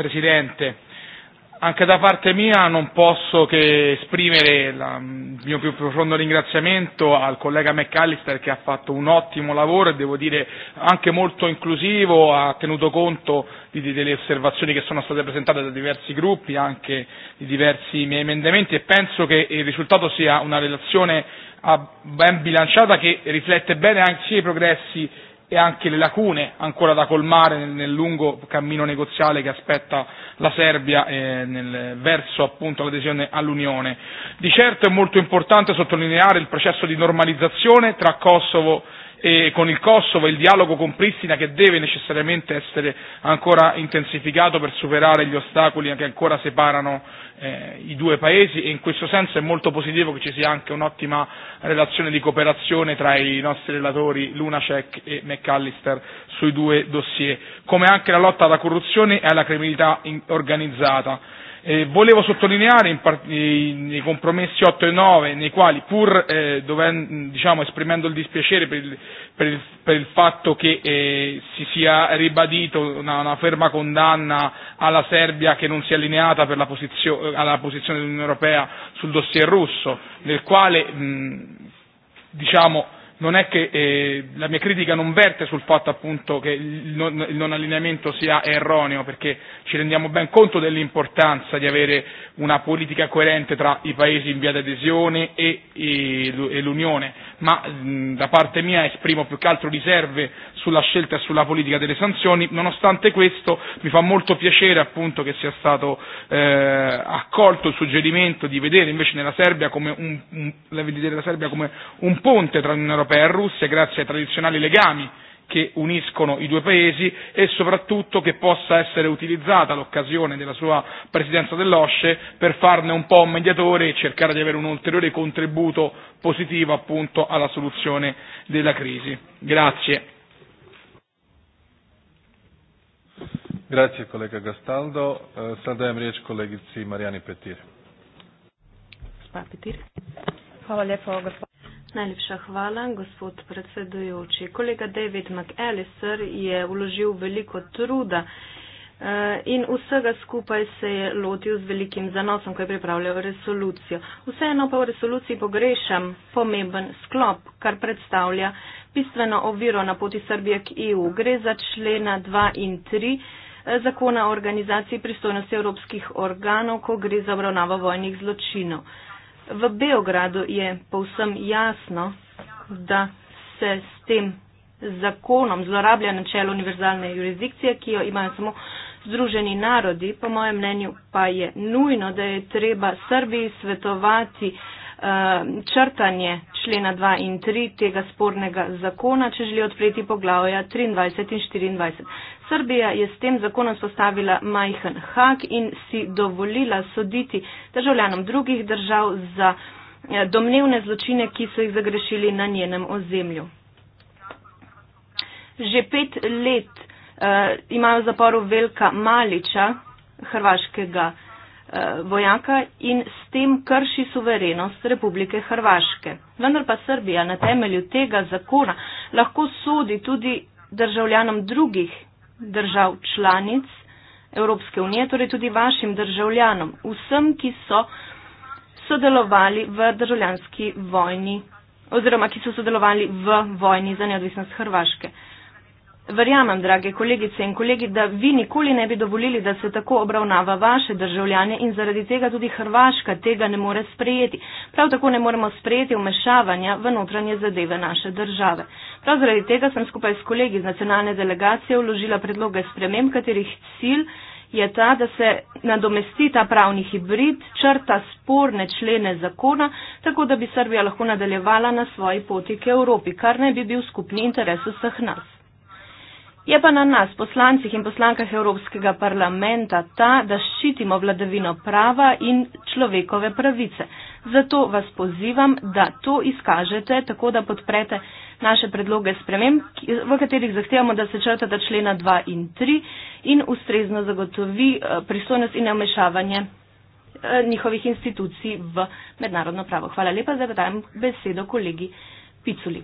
anche da parte mia non posso che esprimere la, mm, il mio più profondo ringraziamento al collega McAllister che ha fatto un ottimo lavoro e devo dire anche molto inclusivo, ha tenuto conto di, di, delle osservazioni che sono state presentate da diversi gruppi, anche di diversi miei emendamenti e penso che il risultato sia una relazione ah, ben bilanciata che riflette bene anche sia i progressi e anche le lacune ancora da colmare nel lungo cammino negoziale che aspetta la Serbia eh, nel, verso appunto l'adesione all'Unione. Di certo è molto importante sottolineare il processo di normalizzazione tra Kosovo eh, con il Kosovo e il dialogo con Pristina che deve necessariamente essere ancora intensificato per superare gli ostacoli che ancora separano eh, i due paesi e in questo senso è molto positivo che ci sia anche un'ottima relazione di cooperazione tra i nostri relatori Lunacek e McAllister sui due dossier, come anche la lotta alla corruzione e alla criminalità in- organizzata. Eh, volevo sottolineare in part- nei compromessi 8 e 9, nei quali pur eh, doven- diciamo, esprimendo il dispiacere per il, per il, per il fatto che eh, si sia ribadito una, una ferma condanna alla Serbia che non si è allineata per la posizio- alla posizione dell'Unione Europea sul dossier russo, nel quale mh, diciamo, non è che eh, la mia critica non verte sul fatto appunto che il non, il non allineamento sia erroneo, perché ci rendiamo ben conto dell'importanza di avere una politica coerente tra i paesi in via d'adesione e, e, e l'Unione, ma mh, da parte mia esprimo più che altro riserve sulla scelta e sulla politica delle sanzioni. Nonostante questo mi fa molto piacere appunto che sia stato eh, accolto il suggerimento di vedere invece nella Serbia come un, un, la, la Serbia come un ponte tra l'Unione Europea europea e Russia grazie ai tradizionali legami che uniscono i due paesi e soprattutto che possa essere utilizzata l'occasione della sua presidenza dell'OSCE per farne un po' un mediatore e cercare di avere un ulteriore contributo positivo appunto alla soluzione della crisi. Grazie. Grazie collega Gastaldo. Eh, Saldem riječ kolegici Marijani e Petir. Hvala lijepo gospodine. Najlepša hvala, gospod predsedujoči. Kolega David McAllister je vložil veliko truda eh, in vsega skupaj se je lotil z velikim zanosom, ko je pripravljal resolucijo. Vseeno pa v resoluciji pogrešam pomemben sklop, kar predstavlja bistveno oviro na poti Srbije k EU. Gre za člena 2 in 3 eh, zakona o organizaciji pristojnosti evropskih organov, ko gre za obravnavo vojnih zločinov. V Beogradu je povsem jasno, da se s tem zakonom zlorablja načelo univerzalne jurisdikcije, ki jo imajo samo združeni narodi. Po mojem mnenju pa je nujno, da je treba Srbiji svetovati Eh, črtanje člena 2 in 3 tega spornega zakona, če želijo odpreti poglavja 23 in 24. Srbija je s tem zakonom spostavila majhen hak in si dovolila soditi državljanom drugih držav za eh, domnevne zločine, ki so jih zagrešili na njenem ozemlju. Že pet let uh, eh, imajo v zaporu Velika Maliča, hrvaškega uh, Eh, vojaka in s tem krši suverenost Republike Hrvaške. Vendar pa Srbija na temelju tega zakona lahko sodi tudi državljanom drugih držav članic Evropske unije, torej tudi vašim državljanom, vsem, ki so sodelovali v državljanski vojni oziroma ki so sodelovali v vojni za neodvisnost Hrvaške. Verjamem, drage kolegice in kolegi, da vi nikoli ne bi dovolili, da se tako obravnava vaše državljane in zaradi tega tudi Hrvaška tega ne more sprejeti. Prav tako ne moremo sprejeti vmešavanja v notranje zadeve naše države. Prav zaradi tega sem skupaj s kolegi iz nacionalne delegacije vložila predloge sprememb, katerih cilj je ta, da se nadomesti ta pravni hibrid, črta sporne člene zakona, tako da bi Srbija lahko nadaljevala na svoji poti k Evropi, kar ne bi bil skupni interes vseh nas. Je pa na nas, poslancih in poslankah Evropskega parlamenta, ta, da ščitimo vladavino prava in človekove pravice. Zato vas pozivam, da to izkažete, tako da podprete naše predloge sprememb, v katerih zahtevamo, da se črtata člena 2 in 3 in ustrezno zagotovi eh, pristojnost in neomešavanje eh, njihovih institucij v mednarodno pravo. Hvala lepa, zdaj pa dajem besedo kolegi Piculi.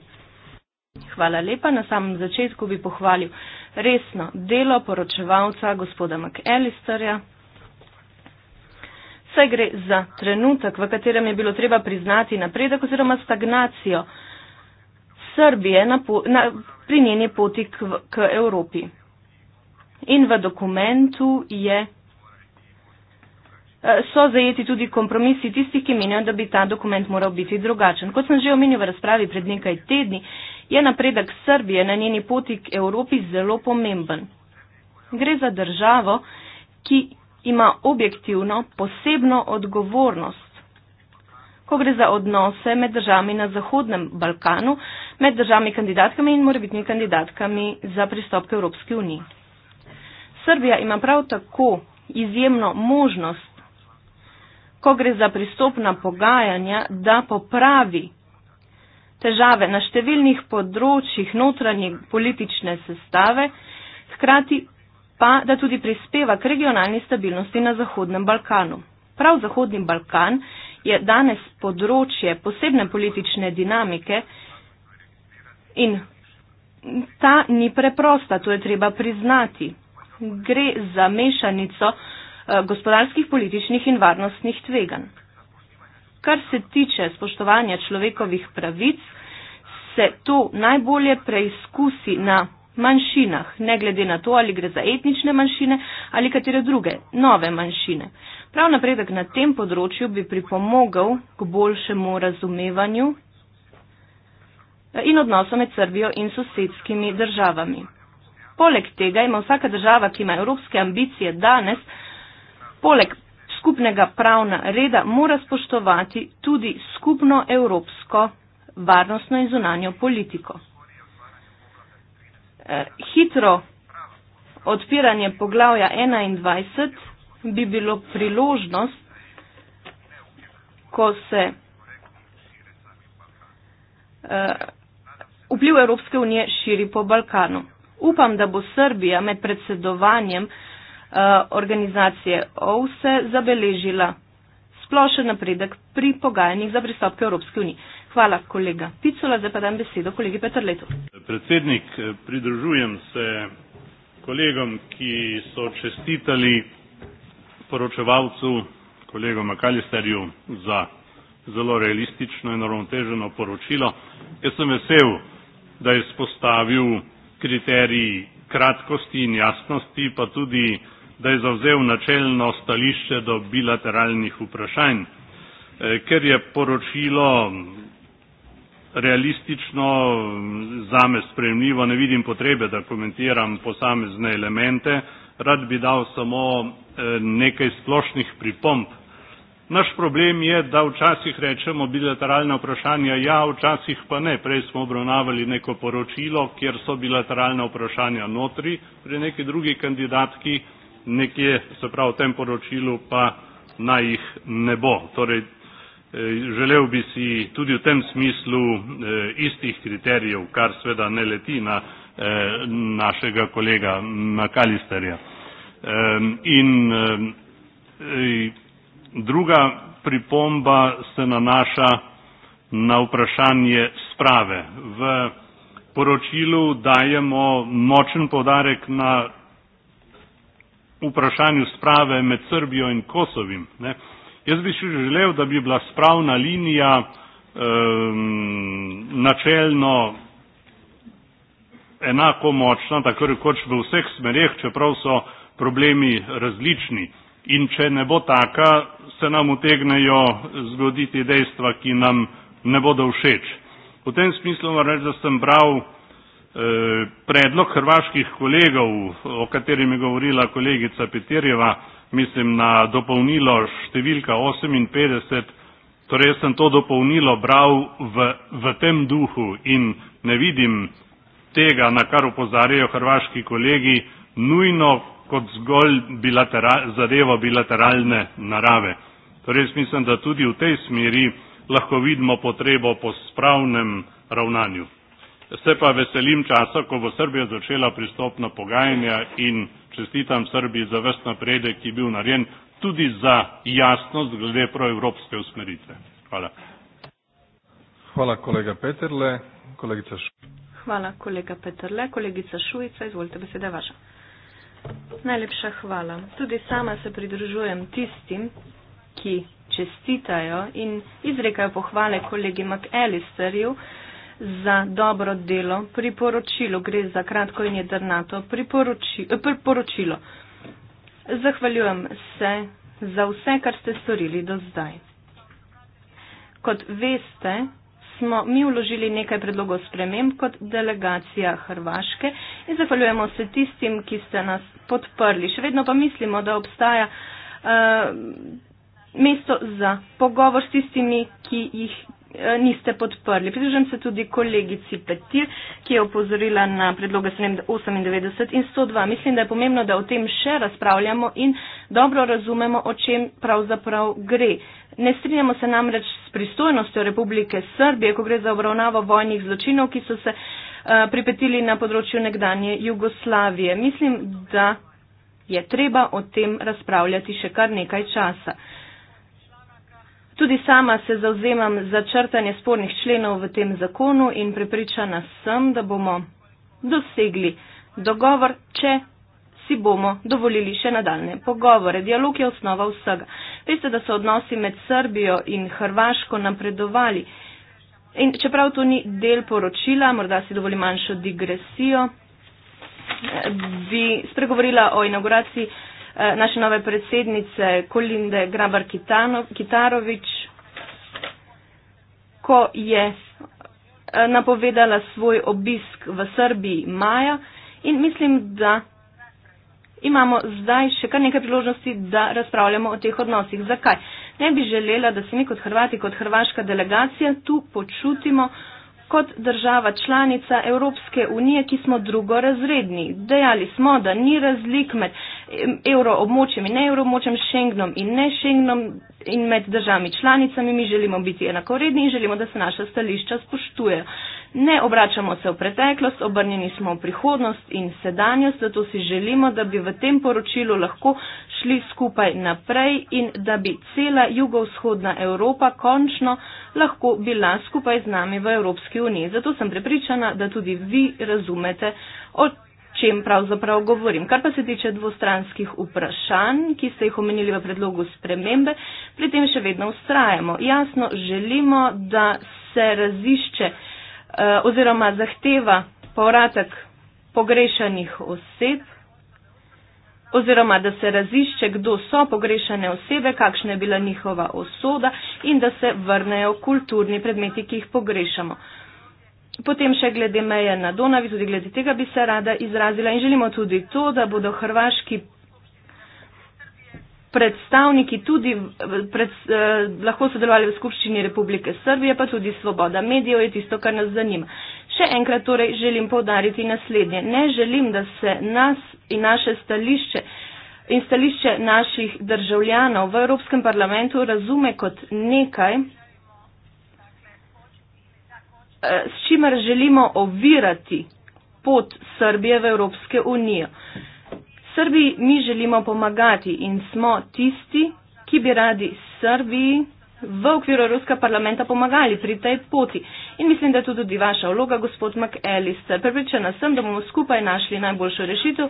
Hvala lepa. Na samem začetku bi pohvalil resno delo poročevalca gospoda McAllisterja. Vse gre za trenutek, v katerem je bilo treba priznati napredek oziroma stagnacijo Srbije na, na, pri njeni poti k, k Evropi. In v dokumentu je, eh, so zajeti tudi kompromisi tistih, ki menijo, da bi ta dokument moral biti drugačen. Kot sem že omenil v razpravi pred nekaj tedni, je napredek Srbije na njeni poti k Evropi zelo pomemben. Gre za državo, ki ima objektivno posebno odgovornost. Ko gre za odnose med državami na Zahodnem Balkanu, med državami kandidatkami in morebitnimi kandidatkami za pristop k Evropski uniji. Srbija ima prav tako izjemno možnost, ko gre za pristopna pogajanja, da popravi težave na številnih področjih notranje politične sestave, hkrati pa, da tudi prispeva k regionalni stabilnosti na Zahodnem Balkanu. Prav Zahodni Balkan je danes področje posebne politične dinamike in ta ni preprosta, to je treba priznati. Gre za mešanico eh, gospodarskih, političnih in varnostnih tveganj kar se tiče spoštovanja človekovih pravic, se to najbolje preizkusi na manjšinah, ne glede na to, ali gre za etnične manjšine ali katere druge nove manjšine. Prav napredek na tem področju bi pripomogel k boljšemu razumevanju in odnosu med Srbijo in sosedskimi državami. Poleg tega ima vsaka država, ki ima evropske ambicije danes, poleg skupnega pravna reda mora spoštovati tudi skupno evropsko varnostno in zunanjo politiko. Eh, hitro odpiranje poglavja 21 bi bilo priložnost, ko se eh, vpliv Evropske unije širi po Balkanu. Upam, da bo Srbija med predsedovanjem Eh, organizacije OVSE zabeležila splošen napredek pri pogajanjih za pristop k Evropski uniji. Hvala, kolega Picola, zdaj pa dam besedo kolegi Petrletu. Predsednik, eh, pridružujem se kolegom, ki so čestitali poročevalcu, kolego Makalisterju, za zelo realistično in uravnoteženo poročilo. Jaz sem vesel, da je spostavil kriterij kratkosti in jasnosti, pa tudi da je zavzel načelno stališče do bilateralnih vprašanj. Eh, ker je poročilo realistično, zame spremljivo, ne vidim potrebe, da komentiram posamezne elemente, rad bi dal samo eh, nekaj splošnih pripomp. Naš problem je, da včasih rečemo bilateralna vprašanja ja, včasih pa ne. Prej smo obravnavali neko poročilo, kjer so bilateralna vprašanja notri pri neki drugi kandidatki, nekje, se pravi v tem poročilu, pa naj jih ne bo. Torej, eh, želel bi si tudi v tem smislu eh, istih kriterijev, kar sveda ne leti na eh, našega kolega Makalisterja. In druga pripomba se nanaša na vprašanje sprave. V poročilu dajemo močen podarek na vprašanju sprave med Srbijo in Kosovim. Ne. Jaz bi še želel, da bi bila spravna linija um, načelno enako močna, tako rekoč v vseh smereh, čeprav so problemi različni. In če ne bo taka, se nam utegnejo zgoditi dejstva, ki nam ne bodo všeč. V tem smislu moram reči, da sem bral predlog hrvaških kolegov, o katerem je govorila kolegica Peterjeva, mislim na dopolnilo številka 58, torej sem to dopolnilo bral v, v tem duhu in ne vidim tega, na kar upozarjajo hrvaški kolegi, nujno kot zgolj bilatera, zadevo bilateralne narave. Torej mislim, da tudi v tej smeri lahko vidimo potrebo po spravnem ravnanju. Se pa veselim časa, ko bo Srbija začela pristopna pogajanja in čestitam Srbiji za vrst napredek, ki je bil narejen, tudi za jasnost glede proevropske usmeritve. Hvala. Hvala, kolega Peterle. Kolegica Šujica. Hvala, kolega Peterle. Kolegica Šujica, izvolite, beseda vaša. Najlepša hvala. Tudi sama se pridružujem tistim, ki čestitajo in izrekajo pohvale kolegi McAllisterju, za dobro delo priporočilo, gre za kratko in jedrnato priporočilo. Eh, priporočilo. Zahvaljujem se za vse, kar ste storili do zdaj. Kot veste, smo mi uložili nekaj predlogov sprememb kot delegacija Hrvaške in zahvaljujemo se tistim, ki ste nas podprli. Še vedno pa mislimo, da obstaja uh, mesto za pogovor s tistimi, ki jih Eh, niste podprli. Pridružujem se tudi kolegici Petir, ki je opozorila na predloge 98 in 102. Mislim, da je pomembno, da o tem še razpravljamo in dobro razumemo, o čem pravzaprav gre. Ne strinjamo se namreč s pristojnostjo Republike Srbije, ko gre za obravnavo vojnih zločinov, ki so se uh, pripetili na področju nekdanje Jugoslavije. Mislim, da je treba o tem razpravljati še kar nekaj časa. Uh, Tudi sama se zauzemam za črtanje spornih členov v tem zakonu in prepričana sem, da bomo dosegli dogovor, če si bomo dovolili še nadaljne pogovore. Dialog je osnova vsega. Veste, da so odnosi med Srbijo in Hrvaško napredovali. In čeprav to ni del poročila, morda si dovoli manjšo digresijo, eh, bi spregovorila o inauguraciji Eh, naše nove predsednice Kolinde Grabar Kitarovič, ko je eh, napovedala svoj obisk v Srbiji maja in mislim, da imamo zdaj še kar nekaj priložnosti, da razpravljamo o teh odnosih. Zakaj? Ne bi želela, da se mi kot Hrvati, kot hrvaška delegacija tu počutimo kot država članica Evropske unije, ki smo drugorazredni. Dejali smo, da ni razlik med evroobmočjem in ne evroobmočjem, Schengnom in ne Schengnom in med državami članicami. Mi želimo biti enakovredni in želimo, da se naša stališča spoštuje. Ne obračamo se v preteklost, obrnjeni smo v prihodnost in sedanjost, zato si želimo, da bi v tem poročilu lahko šli skupaj naprej in da bi cela jugovzhodna Evropa končno lahko bila skupaj z nami v Evropski uniji. Zato sem prepričana, da tudi vi razumete, o čem pravzaprav govorim. Kar pa se tiče dvostranskih vprašanj, ki ste jih omenili v predlogu spremembe, pri tem še vedno ustrajamo. Jasno, želimo, da se razišče eh, oziroma zahteva povratek pogrešanih oseb oziroma da se razišče, kdo so pogrešane osebe, kakšna je bila njihova osoda in da se vrnejo kulturni predmeti, ki jih pogrešamo. Potem še glede meje na Donavi, tudi glede tega bi se rada izrazila in želimo tudi to, da bodo hrvaški predstavniki tudi pred, eh, lahko sodelovali v Skupščini Republike Srbije, pa tudi svoboda medijev je tisto, kar nas zanima. Še enkrat torej želim povdariti naslednje. Ne želim, da se nas in naše stališče in stališče naših državljanov v Evropskem parlamentu razume kot nekaj, Eh, s čimer želimo ovirati pot Srbije v Evropske unijo. Srbiji mi želimo pomagati in smo tisti, ki bi radi Srbiji v okviru Evropskega parlamenta pomagali pri tej poti. In mislim, da je to tudi vaša vloga, gospod McAllister. Pripričana sem, da bomo skupaj našli najboljšo rešitev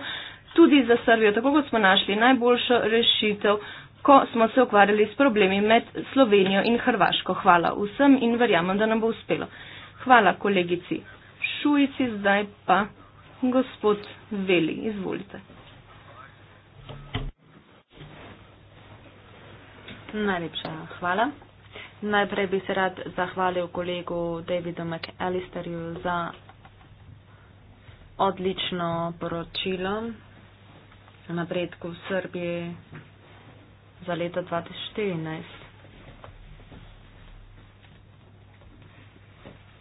tudi za Srbijo, tako kot smo našli najboljšo rešitev, ko smo se ukvarjali s problemi med Slovenijo in Hrvaško. Hvala vsem in verjamem, da nam bo uspelo. Hvala kolegici Šujici, zdaj pa gospod Veli, izvolite. Najlepša hvala. Najprej bi se rad zahvalil kolegu Davidu McAllisterju za odlično poročilo napredku v Srbiji za leto 2014.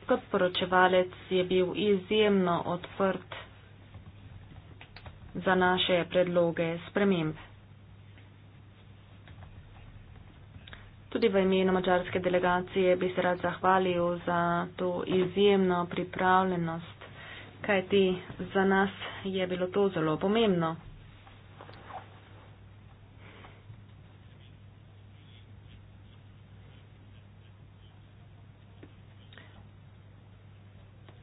kot poročevalec je bil izjemno odprt za naše predloge sprememb. Tudi v imenu mačarske delegacije bi se rad zahvalil za to izjemno pripravljenost, kajti za nas je bilo to zelo pomembno.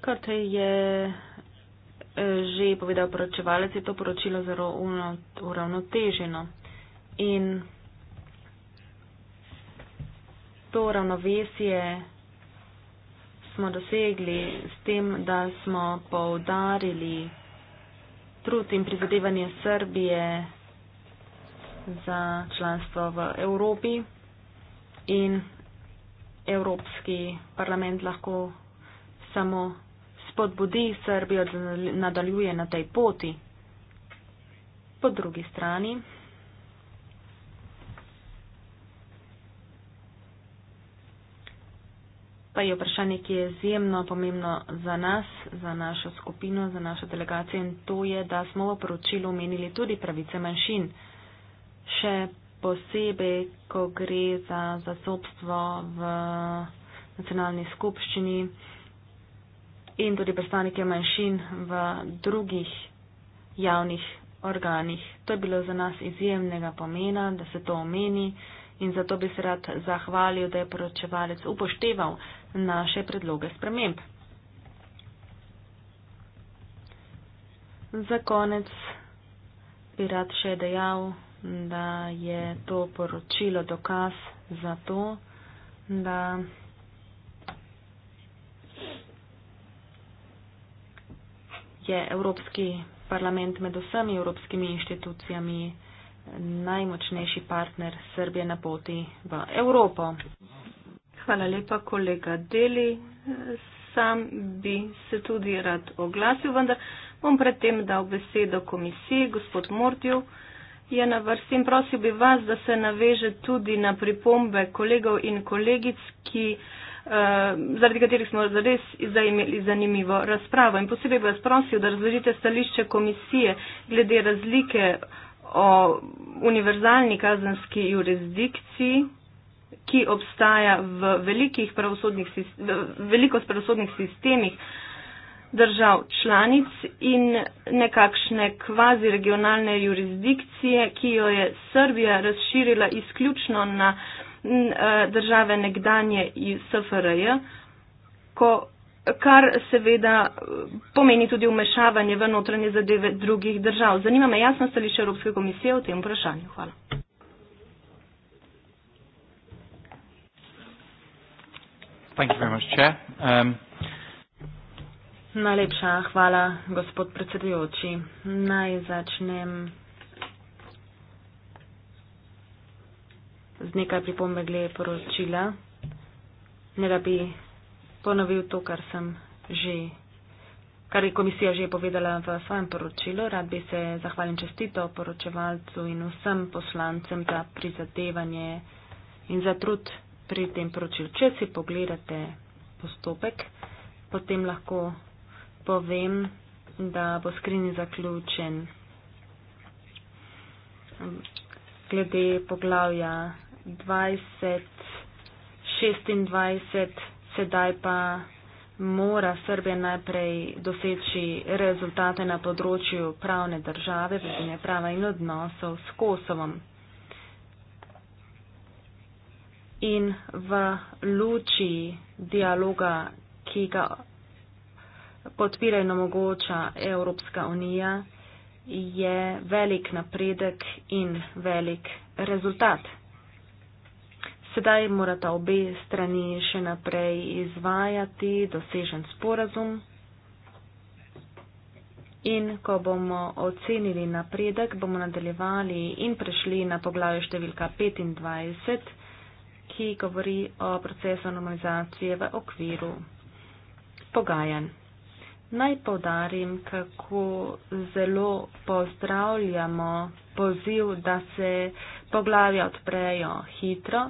kar te je eh, že povedal poročevalec, je to poročilo zelo uravnoteženo. In to ravnovesje smo dosegli s tem, da smo poudarili trud in prizadevanje Srbije za članstvo v Evropi in Evropski parlament lahko samo spodbudi Srbijo, da nadaljuje na tej poti. Po drugi strani pa je vprašanje, ki je izjemno pomembno za nas, za našo skupino, za našo delegacijo in to je, da smo v poročilu omenili tudi pravice manjšin. Še posebej, ko gre za zasobstvo v nacionalni skupščini in tudi predstavnike manjšin v drugih javnih organih. To je bilo za nas izjemnega pomena, da se to omeni in zato bi se rad zahvalil, da je poročevalec upošteval naše predloge sprememb. Za konec bi rad še dejal, da je to poročilo dokaz za to, da je Evropski parlament med vsemi evropskimi inštitucijami najmočnejši partner Srbije na poti v Evropo. Hvala lepa, kolega Deli. Sam bi se tudi rad oglasil, vendar bom predtem dal besedo komisiji. Gospod Mordjo je na vrsti in prosil bi vas, da se naveže tudi na pripombe kolegov in kolegic, ki. Uh, Eh, zaradi katerih smo res zdaj imeli zanimivo razpravo. In posebej bi vas prosil, da razložite stališče komisije glede razlike o univerzalni kazanski jurisdikciji, ki obstaja v, pravosodnih, v veliko pravosodnih sistemih držav članic in nekakšne kvazi regionalne jurisdikcije, ki jo je Srbija razširila izključno na Eh, države nekdanje iz SFRJ, ko, kar seveda eh, pomeni tudi umešavanje v notranje zadeve drugih držav. Zanima me jasno stališče Evropske komisije o tem vprašanju. Hvala. Thank you very much, Chair. Um... Najlepša hvala, gospod predsedujoči. Naj začnem z nekaj pripombe glede poročila, ne da bi ponovil to, kar sem že, kar je komisija že povedala v svojem poročilu. Rad bi se zahvalil čestito poročevalcu in vsem poslancem za prizadevanje in za trud pri tem poročilu. Če si pogledate postopek, potem lahko povem, da bo skrin zaključen glede poglavja 20, 26, sedaj pa mora Srbija najprej doseči rezultate na področju pravne države, vedenja prava in odnosov s Kosovom. In v luči dialoga, ki ga podpira in omogoča Evropska unija, je velik napredek in velik rezultat. Sedaj morata obe strani še naprej izvajati dosežen sporazum. In ko bomo ocenili napredek, bomo nadaljevali in prešli na poglavje številka 25, ki govori o procesu normalizacije v okviru pogajanj. Naj povdarim, kako zelo pozdravljamo poziv, da se poglavja odprejo hitro,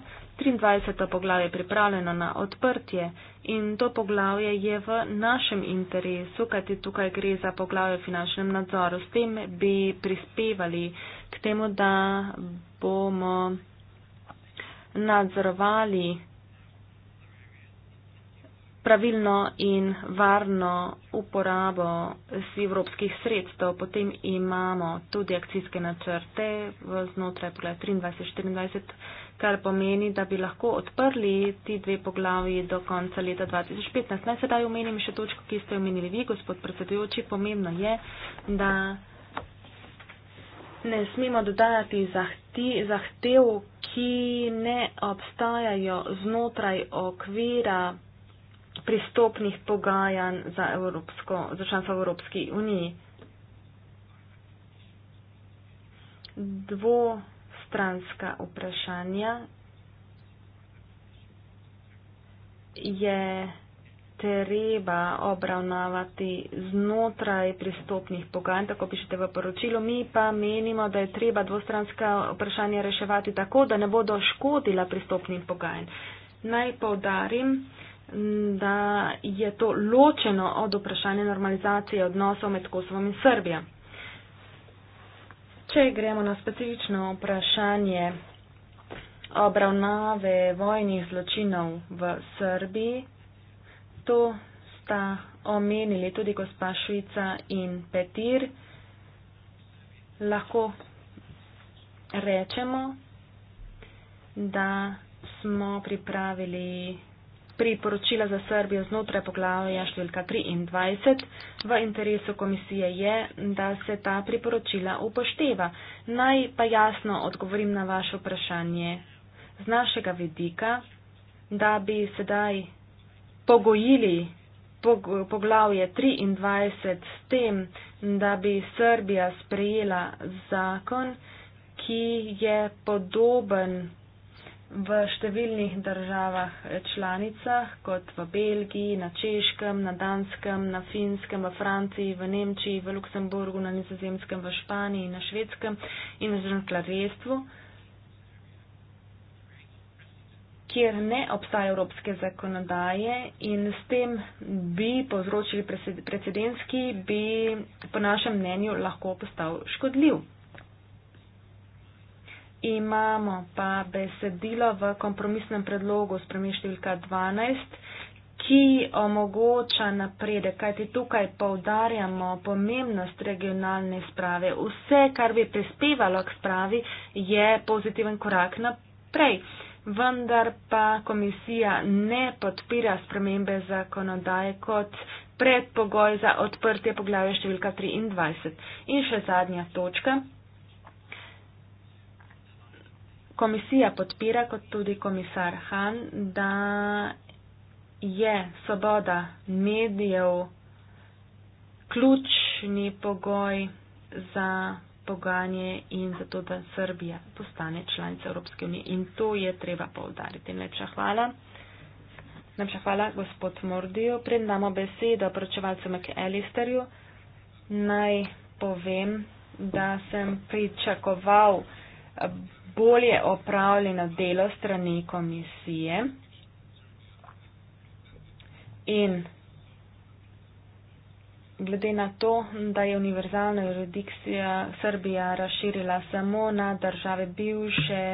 23. poglavje pripravljeno na odprtje in to poglavje je v našem interesu, kajti tukaj gre za poglavje o finančnem nadzoru. S tem bi prispevali k temu, da bomo nadzorovali pravilno in varno uporabo evropskih sredstev. Potem imamo tudi akcijske načrte v znotraj poglavja 23. 24 kar pomeni, da bi lahko odprli ti dve poglavi do konca leta 2015. Naj sedaj omenim še točko, ki ste omenili vi, gospod predsedujoči. Pomembno je, da ne smemo dodajati zahtev, ki ne obstajajo znotraj okvira pristopnih pogajanj za, Evropsko, za članstvo v Evropski uniji. Dvo stranska vprašanja, je treba obravnavati znotraj pristopnih pogajanj, tako pišete v poročilu. Mi pa menimo, da je treba dvostranska vprašanja reševati tako, da ne bodo škodila pristopnim pogajanj. Naj povdarim, da je to ločeno od vprašanja normalizacije odnosov med Kosovom in Srbijo. Če gremo na specifično vprašanje obravnave vojnih zločinov v Srbiji, to sta omenili tudi gospa Švica in Petir. Lahko rečemo, da smo pripravili priporočila za Srbijo znotraj poglavja številka 23 v interesu komisije je, da se ta priporočila upošteva. Naj pa jasno odgovorim na vaše vprašanje z našega vidika, da bi sedaj pogojili poglavje 23 s tem, da bi Srbija sprejela zakon, ki je podoben v številnih državah eh, članicah, kot v Belgiji, na Češkem, na Danskem, na Finskem, v Franciji, v Nemčiji, v Luksemburgu, na Nizozemskem, v Španiji, na Švedskem in na zelenem klavestvu, kjer ne obstaja evropske zakonodaje in s tem bi povzročili precedenski, bi po našem mnenju lahko postal škodljiv. Imamo pa besedilo v kompromisnem predlogu spremešljivka 12, ki omogoča napredek, kajti tukaj povdarjamo pomembnost regionalne sprave. Vse, kar bi prispevalo k spravi, je pozitiven korak naprej. Vendar pa komisija ne podpira spremembe zakonodaje kot predpogoj za odprtje poglavja številka 23. In še zadnja točka komisija podpira, kot tudi komisar Han, da je svoboda medijev ključni pogoj za pogajanje in za to, da Srbija postane članica Evropske unije. In to je treba povdariti. Najlepša hvala. Najlepša hvala, gospod Mordijo. Pred nami besedo opročevalcu McAllisterju. Naj povem, da sem pričakoval bolje opravljeno delo strani komisije in glede na to, da je univerzalna jurisdikcija Srbija razširila samo na države bivše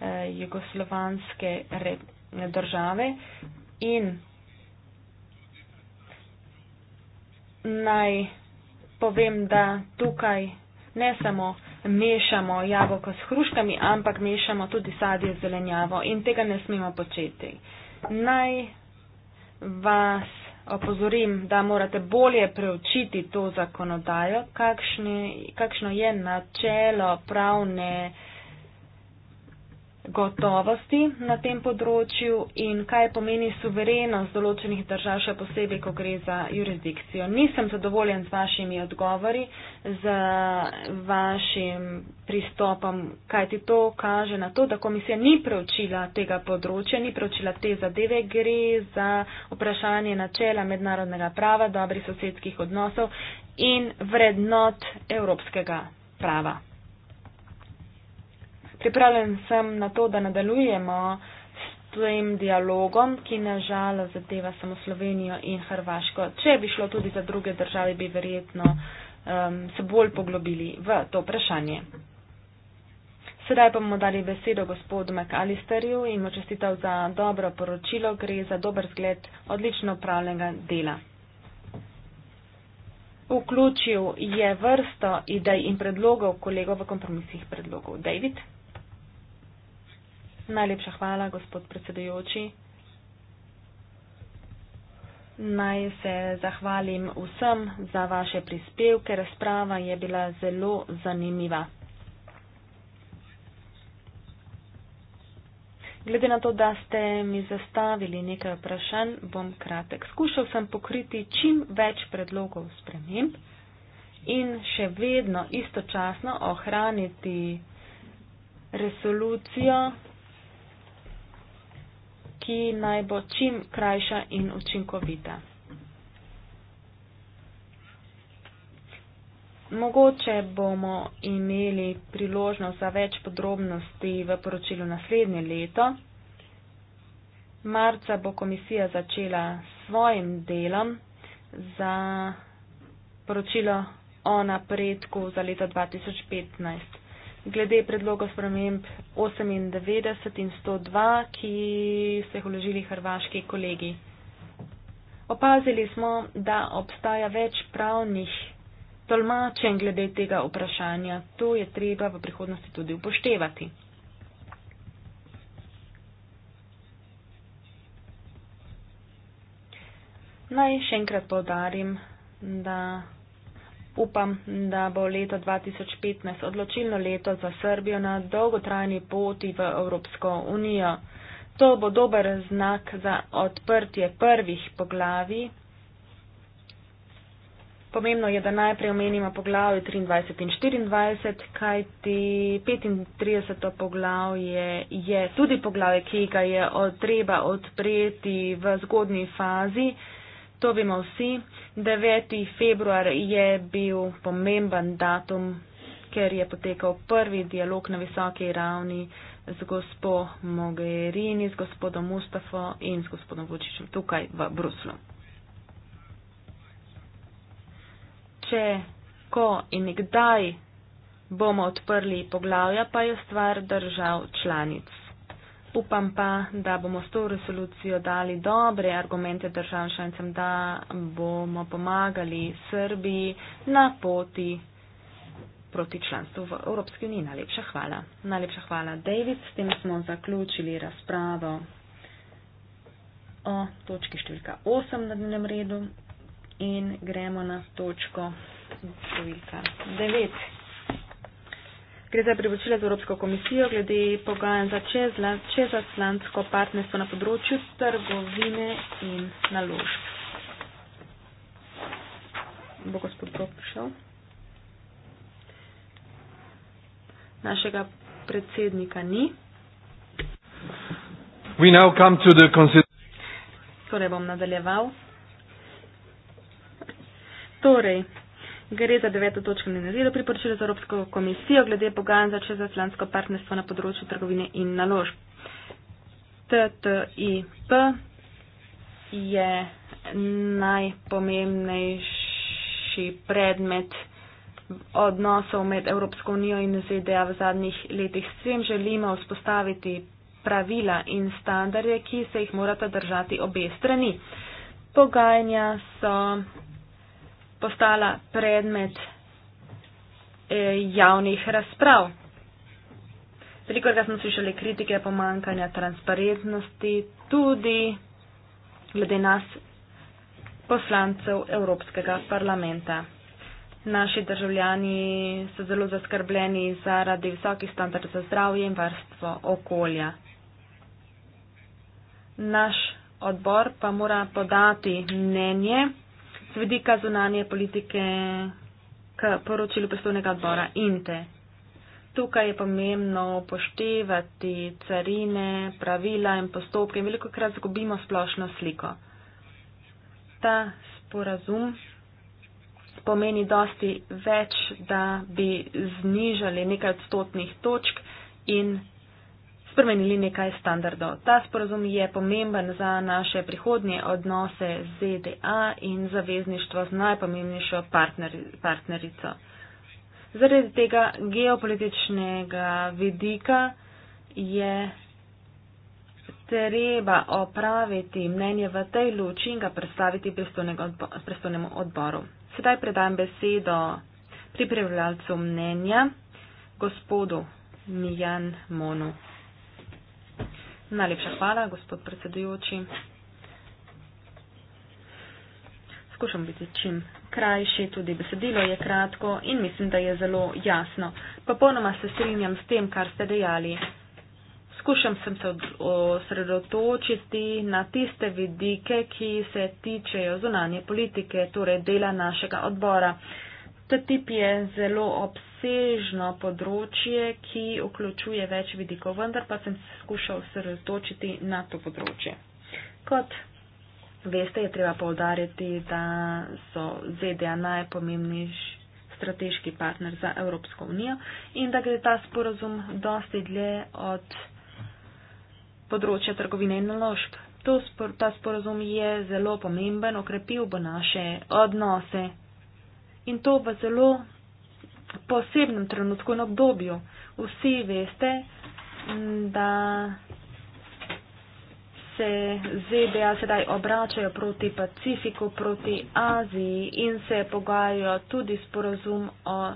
eh, jugoslovanske države in naj povem, da tukaj ne samo mešamo jabolko s hruškami, ampak mešamo tudi sadje z zelenjavo in tega ne smemo početi. Naj vas opozorim, da morate bolje preučiti to zakonodajo, kakšne, kakšno je načelo pravne gotovosti na tem področju in kaj pomeni suverenost določenih držav, še posebej, ko gre za jurisdikcijo. Nisem zadovoljen z vašimi odgovori, z vašim pristopom, kaj ti to kaže na to, da komisija ni preučila tega področja, ni preučila te zadeve, gre za vprašanje načela mednarodnega prava, dobrih sosedskih odnosov in vrednot evropskega prava. Pripravljen sem na to, da nadaljujemo s tem dialogom, ki nažal zadeva samo Slovenijo in Hrvaško. Če bi šlo tudi za druge države, bi verjetno um, se bolj poglobili v to vprašanje. Sedaj pa bomo dali besedo gospodu McAllisterju in mu čestital za dobro poročilo. Gre za dober zgled odlično upravljenega dela. Vključil je vrsto idej in predlogov kolegov v kompromisnih predlogov. David. Najlepša hvala, gospod predsedujoči. Naj se zahvalim vsem za vaše prispevke. Razprava je bila zelo zanimiva. Glede na to, da ste mi zastavili nekaj vprašanj, bom kratek. Skušal sem pokriti čim več predlogov sprememb in še vedno istočasno ohraniti resolucijo ki naj bo čim krajša in učinkovita. Mogoče bomo imeli priložnost za več podrobnosti v poročilu naslednje leto. Marca bo komisija začela svojim delom za poročilo o napredku za leto 2015 glede predlogov sprememb 98 in 102, ki so jih vložili hrvaški kolegi. Opazili smo, da obstaja več pravnih tolmačenj glede tega vprašanja. To je treba v prihodnosti tudi upoštevati. Naj še enkrat podarim, da Upam, da bo leto 2015 odločilno leto za Srbijo na dolgotrajni poti v Evropsko unijo. To bo dober znak za odprtje prvih poglavij. Pomembno je, da najprej omenimo poglavje 23 in 24, kajti 35. poglavje je tudi poglavje, ki ga je treba odpreti v zgodnji fazi. To vemo vsi. 9. februar je bil pomemben datum, ker je potekal prvi dialog na visoki ravni z gospo Mogherini, z gospodom Mustafo in z gospodom Vučičem tukaj v Bruslu. Če, ko in kdaj bomo odprli poglavja, pa je stvar držav članic upam pa, da bomo s to resolucijo dali dobre argumente državam članicam, da bomo pomagali Srbiji na poti proti članstvu v Evropski uniji. Najlepša hvala. Najlepša hvala, David. S tem smo zaključili razpravo o točki številka 8 na dnevnem redu in gremo na točko številka 9. Gre za priporočila z Evropsko komisijo glede pogajanj za čezatlantsko partnerstvo na področju trgovine in naložb. Bo gospod Bob prišel? Našega predsednika ni. Torej bom nadaljeval. Torej, Gre za deveto točko na redu priporočila za Evropsko komisijo glede pogajanj za čezatlansko partnerstvo na področju trgovine in naložb. TTIP je najpomembnejši predmet odnosov med Evropsko unijo in ZDA v zadnjih letih. S tem želimo vzpostaviti pravila in standarde, ki se jih morata držati obe strani. Pogajanja so postala predmet eh, javnih razprav. Veliko krat smo slišali kritike pomankanja transparentnosti tudi glede nas, poslancev Evropskega parlamenta. Naši državljani so zelo zaskrbljeni zaradi visokih standardov za zdravje in varstvo okolja. Naš odbor pa mora podati mnenje, vidika zunanje politike k poročilu predstavnega odbora INTE. Tukaj je pomembno upoštevati carine, pravila in postopke. Veliko krat zgubimo splošno sliko. Ta sporazum pomeni dosti več, da bi znižali nekaj odstotnih točk in spremenili nekaj standardov. Ta sporozum je pomemben za naše prihodnje odnose z ZDA in zavezništvo z najpomembnejšo partner, partnerico. Zaradi tega geopolitičnega vidika je treba opraviti mnenje v tej luči in ga predstaviti pristojnemu odbo odboru. Sedaj predajam besedo pripravljalcu mnenja, gospodu Mijan Monu. Najlepša hvala, gospod predsedujoči. Skušam biti čim krajši, tudi besedilo je kratko in mislim, da je zelo jasno. Popolnoma se strinjam s tem, kar ste dejali. Skušam sem se osredotočiti na tiste vidike, ki se tičejo zunanje politike, torej dela našega odbora. Ta tip je zelo obsežen obsežno področje, ki vključuje več vidikov, vendar pa sem se skušal sredotočiti na to področje. Kot veste, je treba povdariti, da so ZDA najpomembnejši strateški partner za Evropsko unijo in da gre ta sporozum dosti dlje od področja trgovine in naložb. Ta sporozum je zelo pomemben, okrepil bo naše odnose in to v zelo posebnem trenutku in obdobju. Vsi veste, da se ZDA sedaj obračajo proti Pacifiku, proti Aziji in se pogajajo tudi sporozum o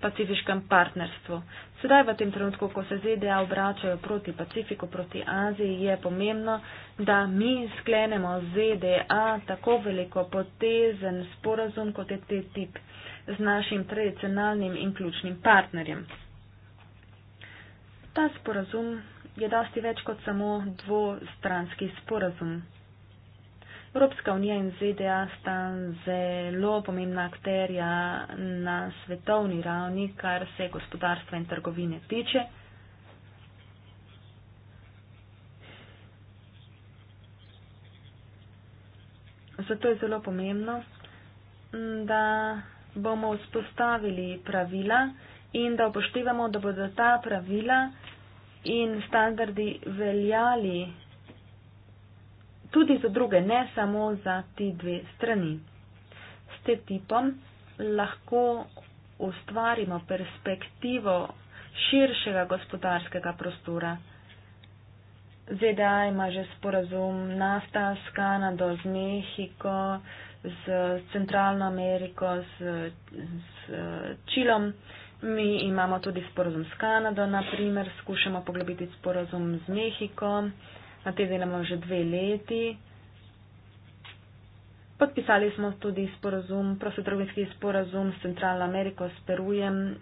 pacifiškem partnerstvu. Sedaj v tem trenutku, ko se ZDA obračajo proti Pacifiku, proti Aziji, je pomembno, da mi sklenemo ZDA tako veliko potezen sporozum kot je te tip z našim tradicionalnim in ključnim partnerjem. Ta sporazum je dosti več kot samo dvostranski sporazum. Evropska unija in ZDA sta zelo pomembna akterja na svetovni ravni, kar se gospodarstva in trgovine tiče. Zato je zelo pomembno, da bomo vzpostavili pravila in da upoštevamo, da bodo ta pravila in standardi veljali tudi za druge, ne samo za ti dve strani. S te tipom lahko ustvarimo perspektivo širšega gospodarskega prostora. ZDA e ima že sporazum NAFTA s Kanado, z Mehiko, z Centralno Ameriko, s, s Čilom. Mi imamo tudi sporozum s Kanado, naprimer, skušamo poglobiti sporozum z Mehiko. Na te delamo že dve leti. Podpisali smo tudi sporozum, prostotrovinski sporozum s Centralno Ameriko, s Perujem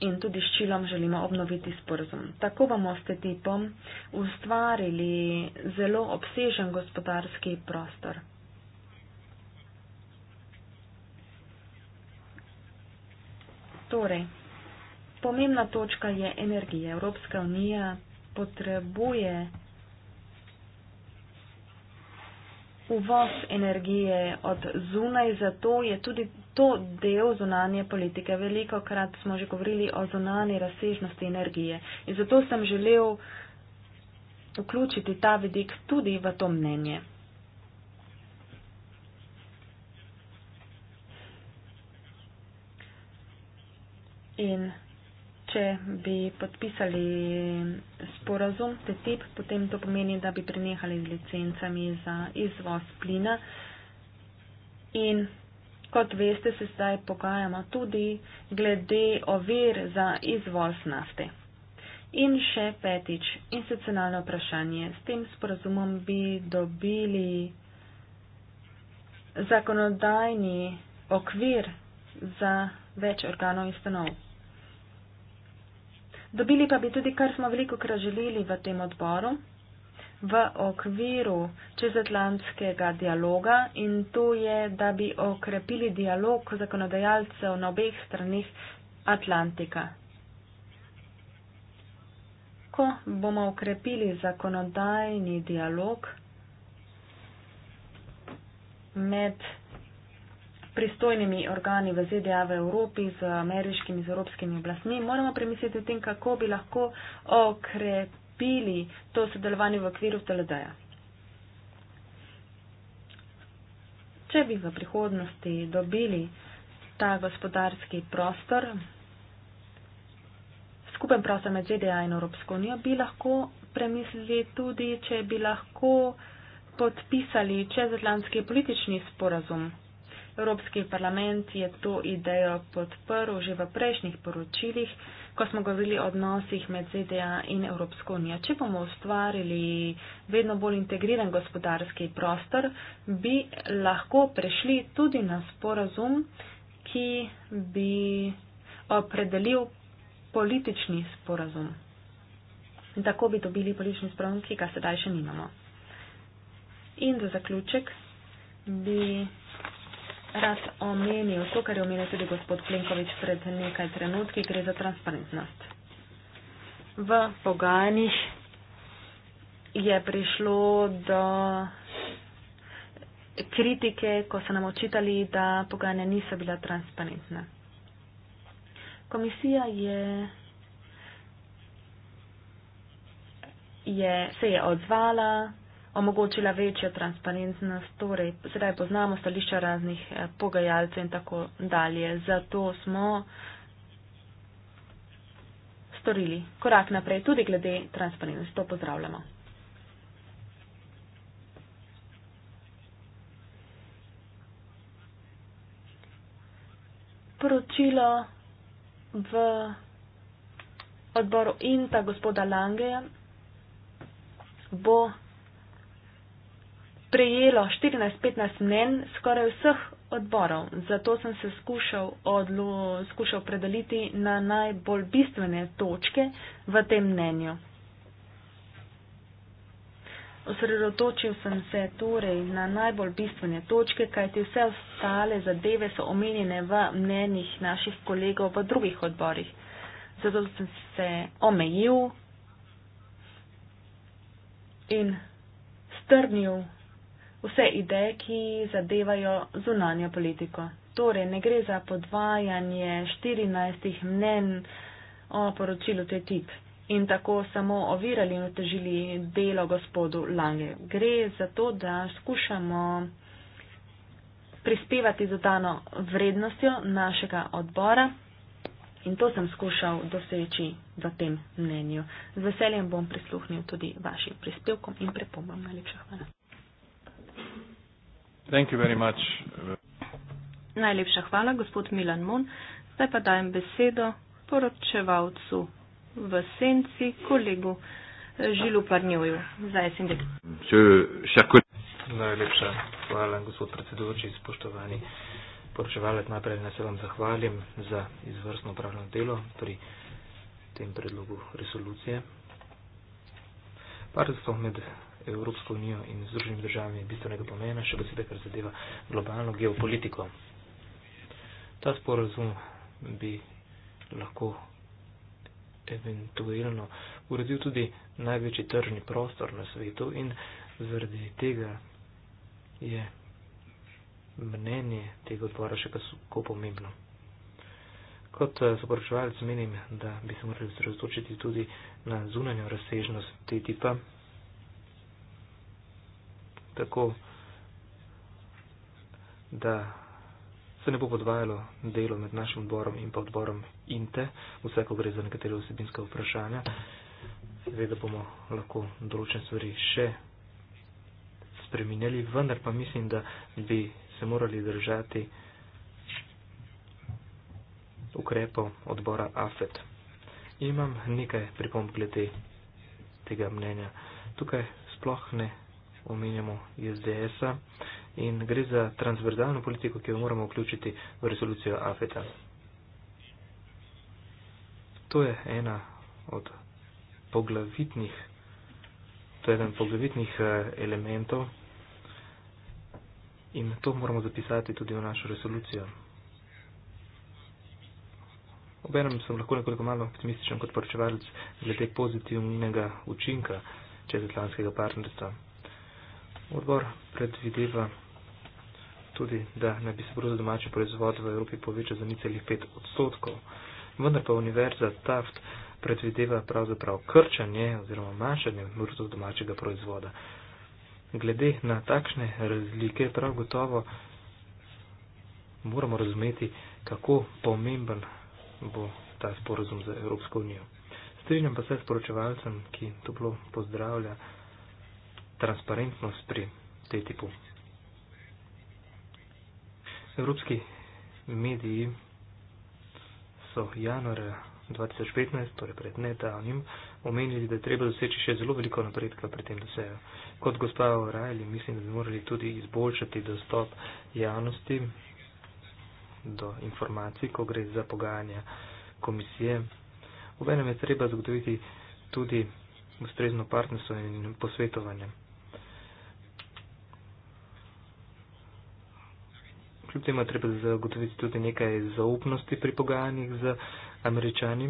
in tudi s Čilom želimo obnoviti sporozum. Tako bomo s Tetipom ustvarili zelo obsežen gospodarski prostor. Torej, pomembna točka je energija. Evropska unija potrebuje uvoz energije od zunaj, zato je tudi to del zunanje politike. Veliko krat smo že govorili o zunani razsežnosti energije in zato sem želel vključiti ta vidik tudi v to mnenje. in če bi podpisali sporazum TTIP, potem to pomeni, da bi prenehali z licencami za izvoz plina. In kot veste, se zdaj pogajamo tudi glede ovir za izvoz nafte. In še petič, institucionalno vprašanje. S tem sporazumom bi dobili zakonodajni okvir za več organov in stanov. Dobili pa bi tudi, kar smo veliko krat želeli v tem odboru, v okviru čezatlantskega dialoga in to je, da bi okrepili dialog zakonodajalcev na obeh stranih Atlantika. Ko bomo okrepili zakonodajni dialog med pristojnimi organi v ZDA v Evropi, z ameriškimi, z evropskimi oblastmi, moramo premisliti o tem, kako bi lahko okrepili to sodelovanje v okviru TLD-ja. Če bi v prihodnosti dobili ta gospodarski prostor, skupen prostor med ZDA in Evropsko unijo, bi lahko premislili tudi, če bi lahko podpisali čezatlantski politični sporazum Evropski parlament je to idejo podprl že v prejšnjih poročilih, ko smo govorili o odnosih med ZDA in Evropsko unijo. Če bomo ustvarili vedno bolj integriran gospodarski prostor, bi lahko prešli tudi na sporazum, ki bi opredelil politični sporazum. In tako bi dobili politični sporazum, ki ga sedaj še nimamo. In za zaključek bi rad omenil to, kar je omenil tudi gospod Plenkovič pred nekaj trenutki, gre za transparentnost. V pogajanjih je prišlo do kritike, ko so nam očitali, da pogajanja niso bila transparentna. Komisija je, je, se je odzvala omogočila večjo transparentnost, torej sedaj poznamo stališča raznih eh, pogajalcev in tako dalje. Zato smo storili korak naprej tudi glede transparentnosti. To pozdravljamo. Poročilo v odboru INTA gospoda Lange bo prejelo 14-15 mnen skoraj vseh odborov, zato sem se skušal, odlo, skušal predeliti na najbolj bistvene točke v tem mnenju. Osredotočil sem se torej na najbolj bistvene točke, kajti vse ostale zadeve so omenjene v mnenjih naših kolegov v drugih odborih. Zato sem se omejil in strnil vse ideje, ki zadevajo zunanjo politiko. Torej, ne gre za podvajanje 14 mnen o poročilu te tip in tako samo ovirali in otežili delo gospodu Lange. Gre za to, da skušamo prispevati z dano vrednostjo našega odbora in to sem skušal doseči v tem mnenju. Z veseljem bom prisluhnil tudi vašim prispevkom in prepombam. Najlepša hvala. Najlepša hvala, gospod Milan Mon. Zdaj pa dajem besedo poročevalcu v senci, kolegu Žilu Parnjoju za SNDP. Najlepša hvala, gospod predsedujoči, spoštovani poročevalec. Najprej naj se vam zahvalim za izvrstno upravljeno delo pri tem predlogu resolucije. Par stov med Evropsko unijo in združenimi državami bistvenega pomena, še posebej, kar zadeva globalno geopolitiko. Ta sporozum bi lahko eventualno uredil tudi največji tržni prostor na svetu in zaradi tega je mnenje tega odbora še kako pomembno. Kot eh, soporočevalec menim, da bi se morali sredotočiti tudi na zunanjo razsežnost te tipa tako, da se ne bo podvajalo delo med našim odborom in pa odborom INTE, vse, ko gre za nekatere vsebinske vprašanja. Seveda bomo lahko določene stvari še spremenjali, vendar pa mislim, da bi se morali držati ukrepov odbora AFET. Imam nekaj pripomb glede tega mnenja. Tukaj sploh ne omenjamo SDS-a in gre za transverzalno politiko, ki jo moramo vključiti v resolucijo AFETA. E to je ena od poglavitnih, to je eden poglavitnih eh, elementov in to moramo zapisati tudi v našo resolucijo. Obenem sem lahko nekoliko malo optimističen kot poročevalec glede pozitivnega učinka čezatlantskega partnerstva. Odbor predvideva tudi, da naj bi se bruto domači proizvod v Evropi povečal za niceljih 5 odstotkov. Vendar pa univerza Taft predvideva pravzaprav krčanje oziroma manjšanje bruto domačega proizvoda. Glede na takšne razlike prav gotovo moramo razumeti, kako pomemben bo ta sporozum za Evropsko unijo. Strinjam pa se s poročevalcem, ki to bilo pozdravlja transparentnost pri tej tipu. Evropski mediji so januar 2015, torej pred nedavnim, omenili, da je treba doseči še zelo veliko napredka pri tem, da se kot gospa Orajli mislim, da bi morali tudi izboljšati dostop javnosti do informacij, ko gre za pogajanja komisije. Obenem je treba zagotoviti tudi ustrezno partnerstvo in posvetovanje. kljub temu je treba zagotoviti tudi nekaj zaupnosti pri pogajanjih z američani,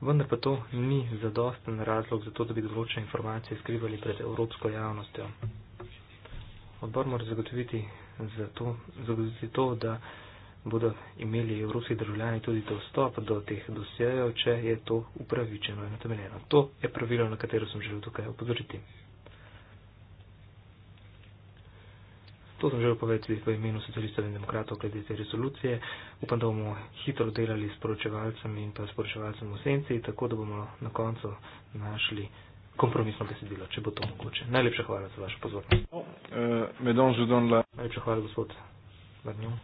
vendar pa to ni zadosten razlog za to, da bi določene informacije skrivali pred evropsko javnostjo. Odbor mora zagotoviti, to, zagotoviti to, da bodo imeli evropski državljani tudi dostop do teh dosjejev, če je to upravičeno in utemeljeno. To je pravilo, na katero sem želel tukaj upozoriti. To sem želel povedati v imenu socialistov in demokratov glede te resolucije. Upam, da bomo hitro delali s poročevalcem in pa s poročevalcem v senci, tako da bomo na koncu našli kompromisno besedilo, če bo to mogoče. Najlepša hvala za vašo pozornost. No, eh, Najlepša hvala, gospod Varnjum.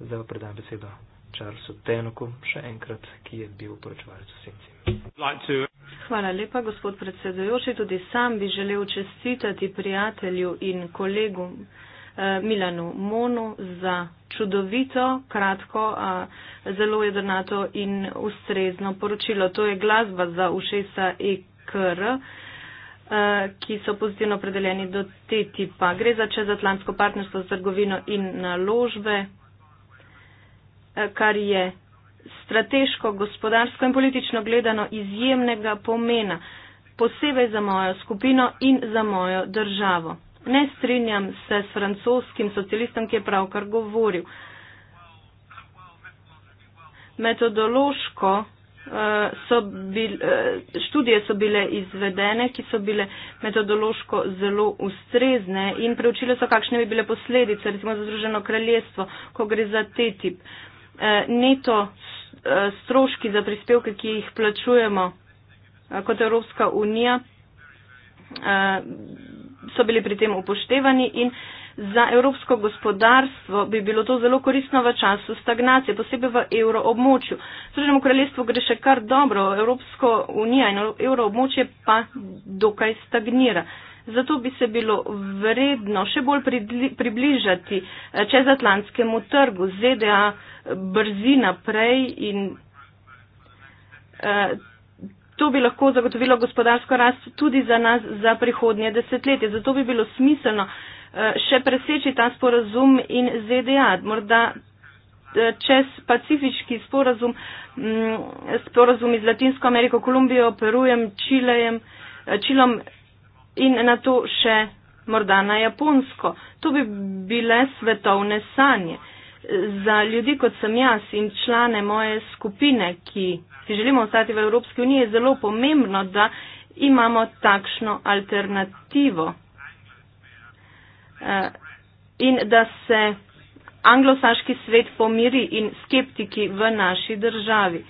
Zdaj pa predam besedo Charlesu Tenoku, še enkrat, ki je bil poročevalec v senci. Hvala lepa, gospod predsedujoči. Tudi sam bi želel čestitati prijatelju in kolegu. Eh, Milanu Monu za čudovito, kratko, a eh, zelo jedrnato in ustrezno poročilo. To je glasba za ušesa EKR, eh, ki so pozitivno predeljeni do te tipa. Gre za čezatlantsko partnerstvo z trgovino in naložbe, kar je strateško, gospodarsko in politično gledano izjemnega pomena, posebej za mojo skupino in za mojo državo. Ne strinjam se s francoskim socialistom, ki je pravkar govoril. Metodološko eh, so bil, eh, študije so bile izvedene, ki so bile metodološko zelo ustrezne in preučile so, kakšne bi bile posledice, recimo za Združeno kraljestvo, ko gre za TTIP. Eh, neto stroški za prispevke, ki jih plačujemo kot Evropska unija, so bili pri tem upoštevani in za evropsko gospodarstvo bi bilo to zelo koristno v času stagnacije, posebej v evroobmočju. Združenemu kraljestvu gre še kar dobro, Evropsko unija in evroobmočje pa dokaj stagnira. Zato bi se bilo vredno še bolj približati eh, čezatlantskemu trgu ZDA brzi naprej in eh, To bi lahko zagotovilo gospodarsko rast tudi za nas za prihodnje desetletje. Zato bi bilo smiselno eh, še preseči ta sporazum in ZDA. Morda eh, čez pacifiški sporazum, mm, sporazum iz Latinsko Ameriko, Kolumbijo, Perujem, Čilejem, eh, Čilom in na to še morda na Japonsko. To bi bile svetovne sanje. Za ljudi kot sem jaz in člane moje skupine, ki si želimo ostati v Evropski uniji, je zelo pomembno, da imamo takšno alternativo eh, in da se anglosaški svet pomiri in skeptiki v naši državi.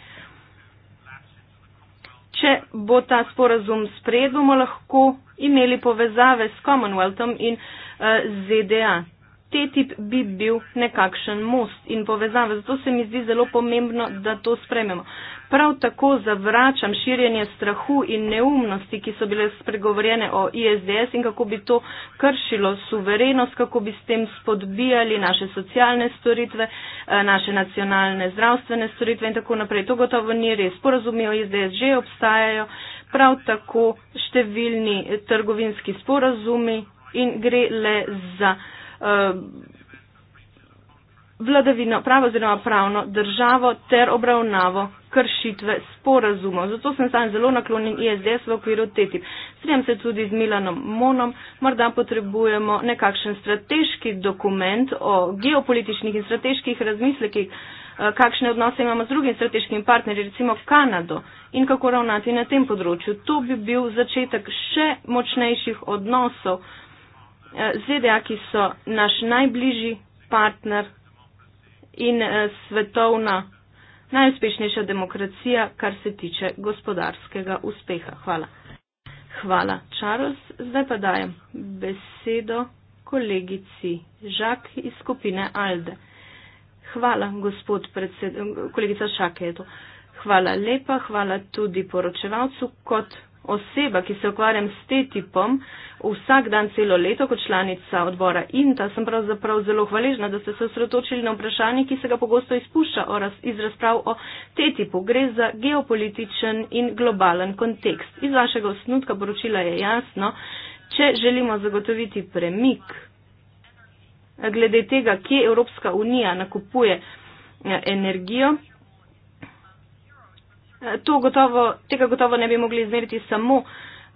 Če bo ta sporazum sprejet, bomo lahko imeli povezave s Commonwealthom in eh, ZDA. TTIP bi bil nekakšen most in povezava. Zato se mi zdi zelo pomembno, da to sprememo. Prav tako zavračam širjenje strahu in neumnosti, ki so bile spregovorjene o ISDS in kako bi to kršilo suverenost, kako bi s tem spodbijali naše socialne storitve, eh, naše nacionalne zdravstvene storitve in tako naprej. To gotovo ni res. Sporazumi o ISDS že obstajajo, prav tako številni trgovinski sporazumi in gre le za. Um, vladavino pravo oziroma pravno državo ter obravnavo kršitve sporazumov. Zato sem sam zelo naklonjen ISDS v okviru TTIP. Strijam se tudi z Milanom Monom, morda potrebujemo nekakšen strateški dokument o geopolitičnih in strateških razmislekih, eh, kakšne odnose imamo z drugim strateškim partnerjem, recimo Kanado in kako ravnati na tem področju. To bi bil začetek še močnejših odnosov Eh, ZDA, ki so naš najbližji partner in eh, svetovna najuspešnejša demokracija, kar se tiče gospodarskega uspeha. Hvala. Hvala, Charles. Zdaj pa dajem besedo kolegici Žak iz skupine Alde. Hvala, gospod predsednik, kolegica Šake je to. Hvala lepa, hvala tudi poročevalcu kot oseba, ki se ukvarjam s te tipom vsak dan celo leto kot članica odbora INTA, sem pravzaprav zelo hvaležna, da ste se osredotočili na vprašanje, ki se ga pogosto izpušča raz, iz razprav o te tipu. Gre za geopolitičen in globalen kontekst. Iz vašega osnutka poročila je jasno, če želimo zagotoviti premik eh, glede tega, kje Evropska unija nakupuje eh, energijo, Eh, to gotovo, tega gotovo ne bi mogli izmeriti samo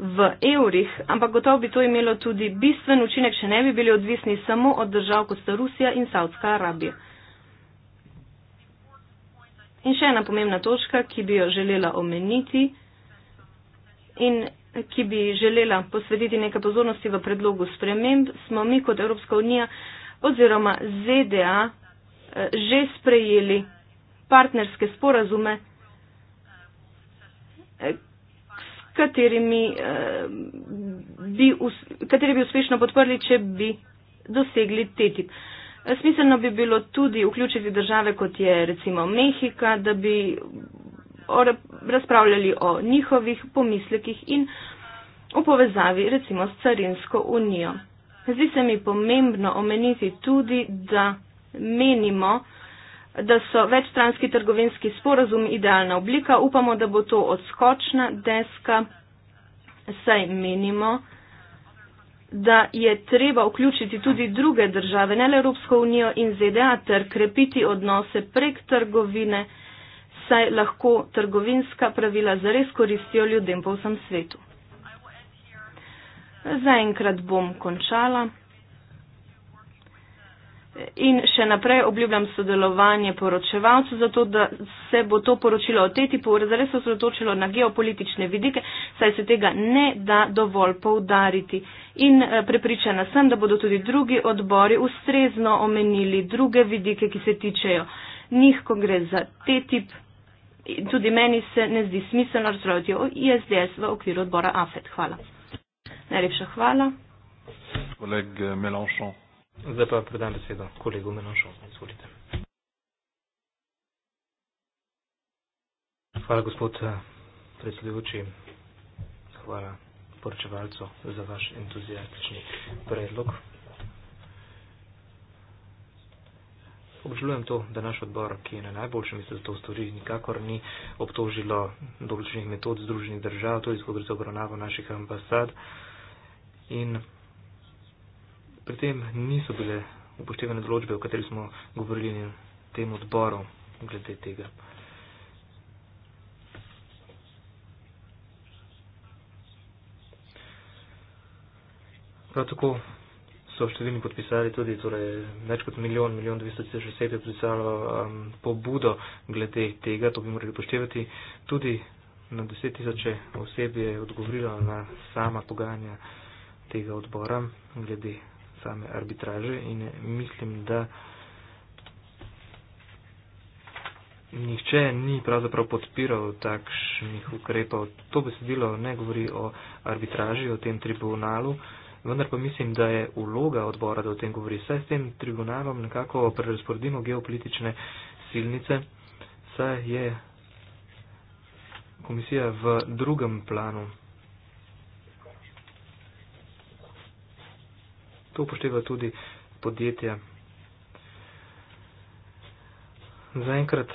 v evrih, ampak gotovo bi to imelo tudi bistven učinek, če ne bi bili odvisni samo od držav kot sta Rusija in Saudska Arabija. In še ena pomembna točka, ki bi jo želela omeniti in ki bi želela posvetiti nekaj pozornosti v predlogu sprememb, smo mi kot Evropska unija oziroma ZDA eh, že sprejeli partnerske sporazume katerimi, eh, bi us, kateri bi uspešno podprli, če bi dosegli TTIP. Smiselno bi bilo tudi vključiti države, kot je recimo Mehika, da bi o, razpravljali o njihovih pomislekih in v povezavi recimo s Carinsko unijo. Zdi se mi pomembno omeniti tudi, da menimo, da so večstranski trgovinski sporazum idealna oblika. Upamo, da bo to odskočna deska, saj menimo, da je treba vključiti tudi druge države, ne le Evropsko unijo in ZDA, ter krepiti odnose prek trgovine, saj lahko trgovinska pravila zares koristijo ljudem po vsem svetu. Zaenkrat bom končala. In še naprej obljubljam sodelovanje poročevalcev, zato da se bo to poročilo o teti povrzele sosredotočilo na geopolitične vidike, saj se tega ne da dovolj poudariti. In eh, prepričana sem, da bodo tudi drugi odbori ustrezno omenili druge vidike, ki se tičejo njih, ko gre za TTIP. Tudi meni se ne zdi smiselno razpravljati o ISDS v okviru odbora AFET. Hvala. Najlepša hvala. Oleg Melanchon. Zdaj pa predam besedo kolegu Menošu. Izvolite. Hvala, gospod eh, predsedujoči. Hvala poročevalcu za vaš entuzijastični predlog. Obžalujem to, da naš odbor, ki je na najboljšem mestu za to stvari, nikakor ni obtožilo določenih metod Združenih držav, to je izhod za obravnavo naših ambasad. In pri tem niso bile upoštevane določbe, o kateri smo govorili na tem odboru glede tega. Prav tako so številni podpisali tudi, torej več kot milijon, milijon 200 tisoč oseb je podpisalo um, pobudo glede tega, to bi morali upoštevati. Tudi na 10 tisoč oseb je odgovorila na sama pogajanja tega odbora glede same arbitraže in mislim, da nihče ni pravzaprav podpiral takšnih ukrepov. To besedilo ne govori o arbitraži, o tem tribunalu, vendar pa mislim, da je uloga odbora, da o tem govori. Saj s tem tribunalom nekako prerasporedimo geopolitične silnice, saj je komisija v drugem planu. To upošteva tudi podjetje. Zaenkrat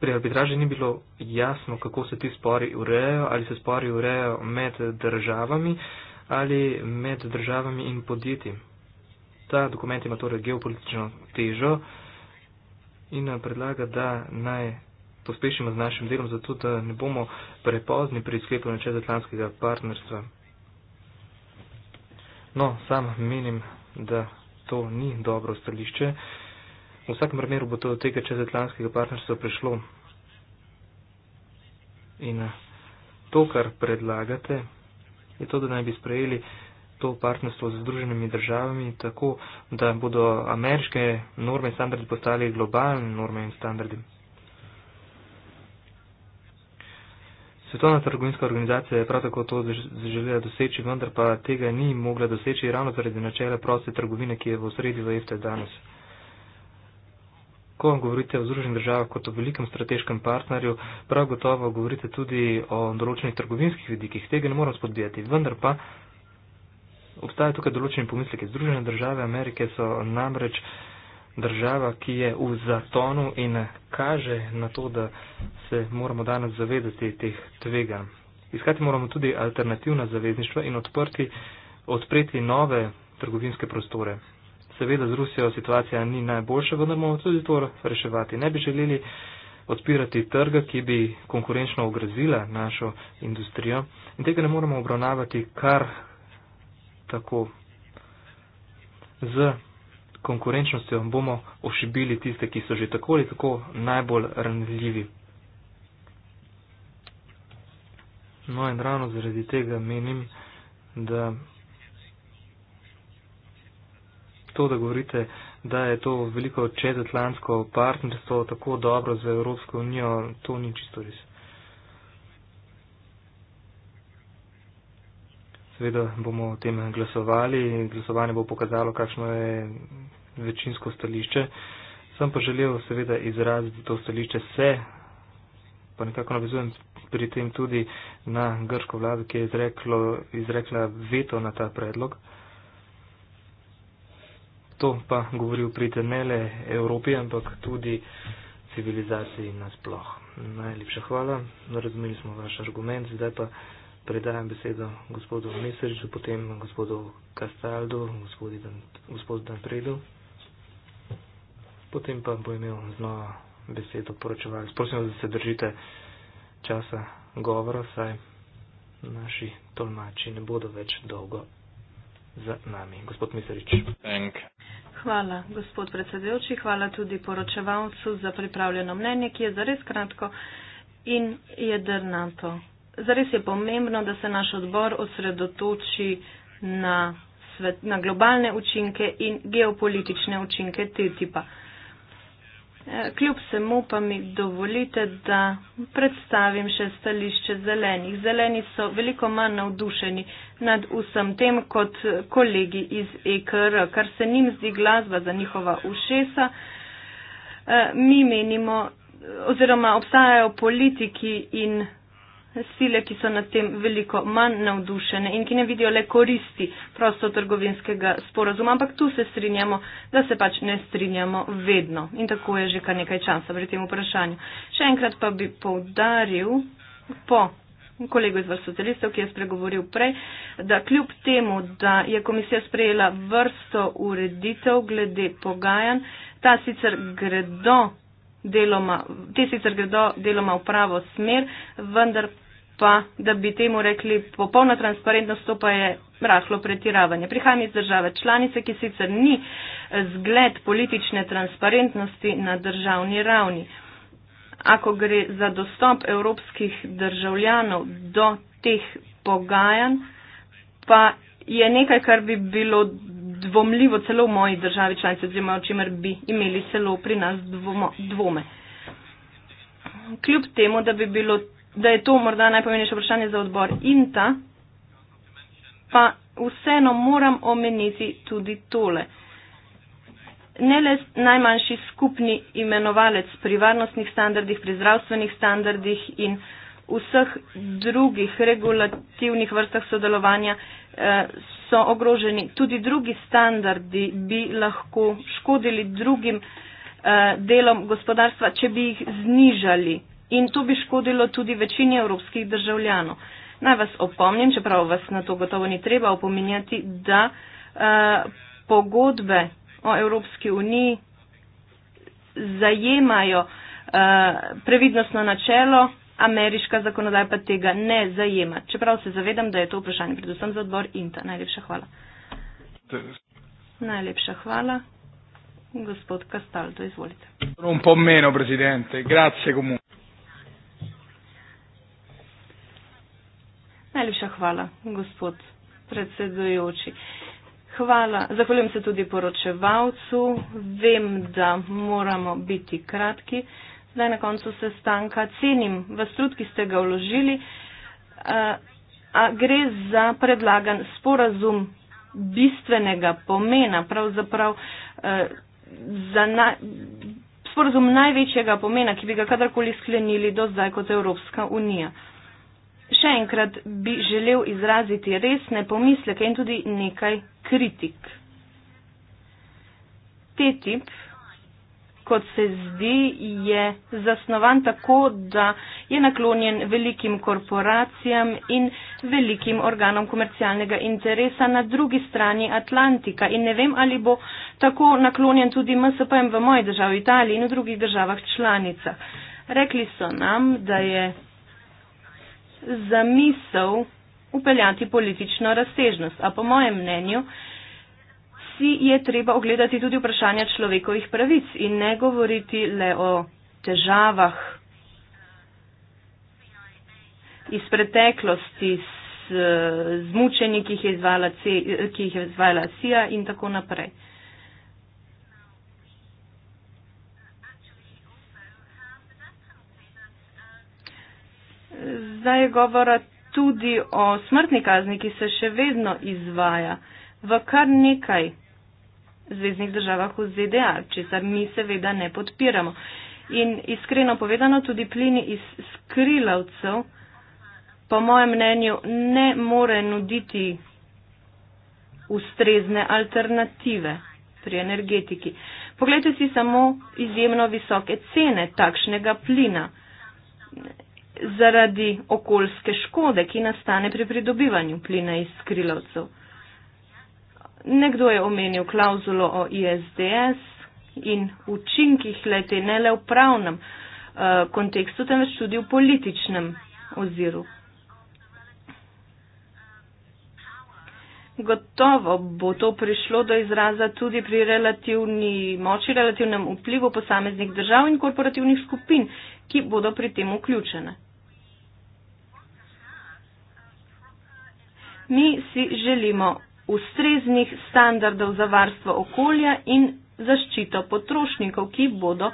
pri arbitraži ni bilo jasno, kako se ti spori urejajo, ali se spori urejajo med državami ali med državami in podjetji. Ta dokument ima torej geopolitično težo in predlaga, da naj pospešimo z našim delom, zato da ne bomo prepozni pri sklepanju čezatlantskega partnerstva. No, sam menim, da to ni dobro stališče. V vsakem primeru bo to do tega čezatlantskega partnerstva prišlo. In eh, to, kar predlagate, je to, da naj bi sprejeli to partnerstvo z združenimi državami tako, da bodo ameriške norme in standardi postali globalne norme in standardi. Svetovna trgovinska organizacija je prav tako to želela doseči, vendar pa tega ni mogla doseči ravno zaradi načela proste trgovine, ki je v sredi v EFTA danes. Ko vam govorite o Združenih državah kot o velikem strateškem partnerju, prav gotovo govorite tudi o določenih trgovinskih vidikih. Tega ne moram spodbijati, vendar pa obstajajo tukaj določeni pomisleki. Združene države Amerike so namreč. Uh, država, ki je v zatonu in kaže na to, da se moramo danes zavedati teh tveganj. Iskati moramo tudi alternativna zavezništva in odprti, odpreti nove trgovinske prostore. Seveda z Rusijo situacija ni najboljša, vendar moramo tudi to reševati. Ne bi želeli odpirati trga, ki bi konkurenčno ogrozila našo industrijo in tega ne moramo obravnavati kar tako. Z konkurenčnostjo bomo ošibili tiste, ki so že tako ali tako najbolj ranljivi. No in ravno zaradi tega menim, da to, da govorite, da je to veliko čezatlantsko partnerstvo tako dobro za Evropsko unijo, to ni čisto res. seveda bomo o tem glasovali. Glasovanje bo pokazalo, kakšno je večinsko stališče. Sem pa želel seveda izraziti to stališče se, pa nekako navezujem pri tem tudi na grško vlado, ki je izreklo, izrekla veto na ta predlog. To pa govori pri temele Evropi, ampak tudi civilizaciji nasploh. Najlepša hvala, razumeli smo vaš argument, zdaj pa predajam besedo gospodu Mesežu, potem gospodu Kastaldu, gospodu Danfredu, potem pa bo imel znova besedo poročevalec. Prosim, da se držite časa govora, saj naši tolmači ne bodo več dolgo za nami. Gospod Miserič. Hvala, gospod predsedujoči. Hvala tudi poročevalcu za pripravljeno mnenje, ki je zares kratko in jedrnato zares je pomembno, da se naš odbor osredotoči na, svet, na globalne učinke in geopolitične učinke te tipa. E, kljub semu pa mi dovolite, da predstavim še stališče zelenih. Zeleni so veliko manj navdušeni nad vsem tem kot kolegi iz EKR, kar se njim zdi glasba za njihova ušesa. E, mi menimo, oziroma obstajajo politiki in sile, ki so nad tem veliko manj navdušene in ki ne vidijo le koristi prostotrgovinskega sporozuma, ampak tu se strinjamo, da se pač ne strinjamo vedno. In tako je že kar nekaj časa pri tem vprašanju. Še enkrat pa bi povdaril po kolegu iz vrst socialistov, ki je spregovoril prej, da kljub temu, da je komisija sprejela vrsto ureditev glede pogajanj, ta sicer gredo deloma, te sicer gredo deloma v pravo smer, vendar pa, da bi temu rekli popolna transparentnost, to pa je rahlo pretiravanje. Prihajam iz države članice, ki sicer ni eh, zgled politične transparentnosti na državni ravni. Ako gre za dostop evropskih državljanov do teh pogajanj, pa je nekaj, kar bi bilo dvomljivo celo v moji državi članice, oziroma o čemer bi imeli celo pri nas dvomo, dvome. Kljub temu, da, bi bilo, da je to morda najpomenejše vprašanje za odbor INTA, pa vseeno moram omeniti tudi tole. Ne le najmanjši skupni imenovalec pri varnostnih standardih, pri zdravstvenih standardih in vseh drugih regulativnih vrstah sodelovanja so ogroženi. Tudi drugi standardi bi lahko škodili drugim eh, delom gospodarstva, če bi jih znižali. In to bi škodilo tudi večini evropskih državljanov. Naj vas opomnim, čeprav vas na to gotovo ni treba opominjati, da eh, pogodbe o Evropski uniji zajemajo eh, previdnostno načelo, ameriška zakonodaja pa tega ne zajema. Čeprav se zavedam, da je to vprašanje predvsem za odbor INTA. Najlepša hvala. Najlepša hvala. Gospod Castaldo, izvolite. Un pomeno, prezidente. Grazie comunque. Najlepša hvala, gospod predsedujoči. Hvala. Zahvaljujem se tudi poročevalcu. Vem, da moramo biti kratki zdaj na koncu sestanka cenim vas trud, ki ste ga vložili. Eh, a gre za predlagan sporazum bistvenega pomena, pravzaprav eh, za na, sporazum največjega pomena, ki bi ga kadarkoli sklenili do zdaj kot Evropska unija. Še enkrat bi želel izraziti resne pomisleke in tudi nekaj kritik. TTIP kot se zdi, je zasnovan tako, da je naklonjen velikim korporacijam in velikim organom komercialnega interesa na drugi strani Atlantika. In ne vem, ali bo tako naklonjen tudi MSPM v moji državi, Italiji in v drugih državah članicah. Rekli so nam, da je zamisel upeljati politično razsežnost, a po mojem mnenju si je treba ogledati tudi vprašanja človekovih pravic in ne govoriti le o težavah iz preteklosti z, z mučenji, ki jih je izvajala CIA in tako naprej. Zdaj je govora tudi o smrtni kazni, ki se še vedno izvaja v kar nekaj zvezdnih državah v ZDA, česar mi seveda ne podpiramo. In iskreno povedano, tudi plini iz skrilavcev, po mojem mnenju, ne more nuditi ustrezne alternative pri energetiki. Poglejte si samo izjemno visoke cene takšnega plina zaradi okoljske škode, ki nastane pri pridobivanju plina iz skrilavcev. Nekdo je omenil klauzulo o ISDS in učinkih leti ne le v pravnem eh, kontekstu, temveč tudi v političnem oziru. Gotovo bo to prišlo do izraza tudi pri relativni moči, relativnem vplivu posameznih držav in korporativnih skupin, ki bodo pri tem vključene. Mi si želimo ustreznih standardov za varstvo okolja in zaščito potrošnikov, ki bodo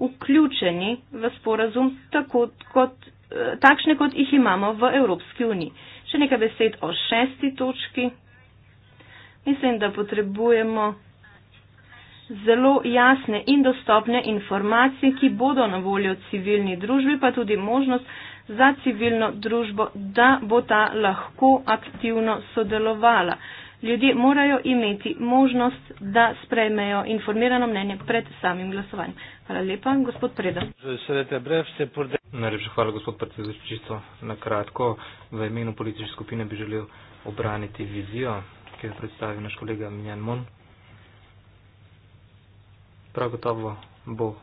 vključeni v sporazum tako, kot, eh, takšne, kot jih imamo v Evropski uniji. Še nekaj besed o šesti točki. Mislim, da potrebujemo zelo jasne in dostopne informacije, ki bodo na voljo civilni družbi, pa tudi možnost za civilno družbo, da bo ta lahko aktivno sodelovala ljudje morajo imeti možnost, da sprejmejo informirano mnenje pred samim glasovanjem. Hvala lepa, gospod Preda. Najlepša hvala, gospod predsednik, čisto na kratko. V imenu politične skupine bi želel obraniti vizijo, ki jo je predstavil naš kolega Mjan Mon. Prav gotovo bo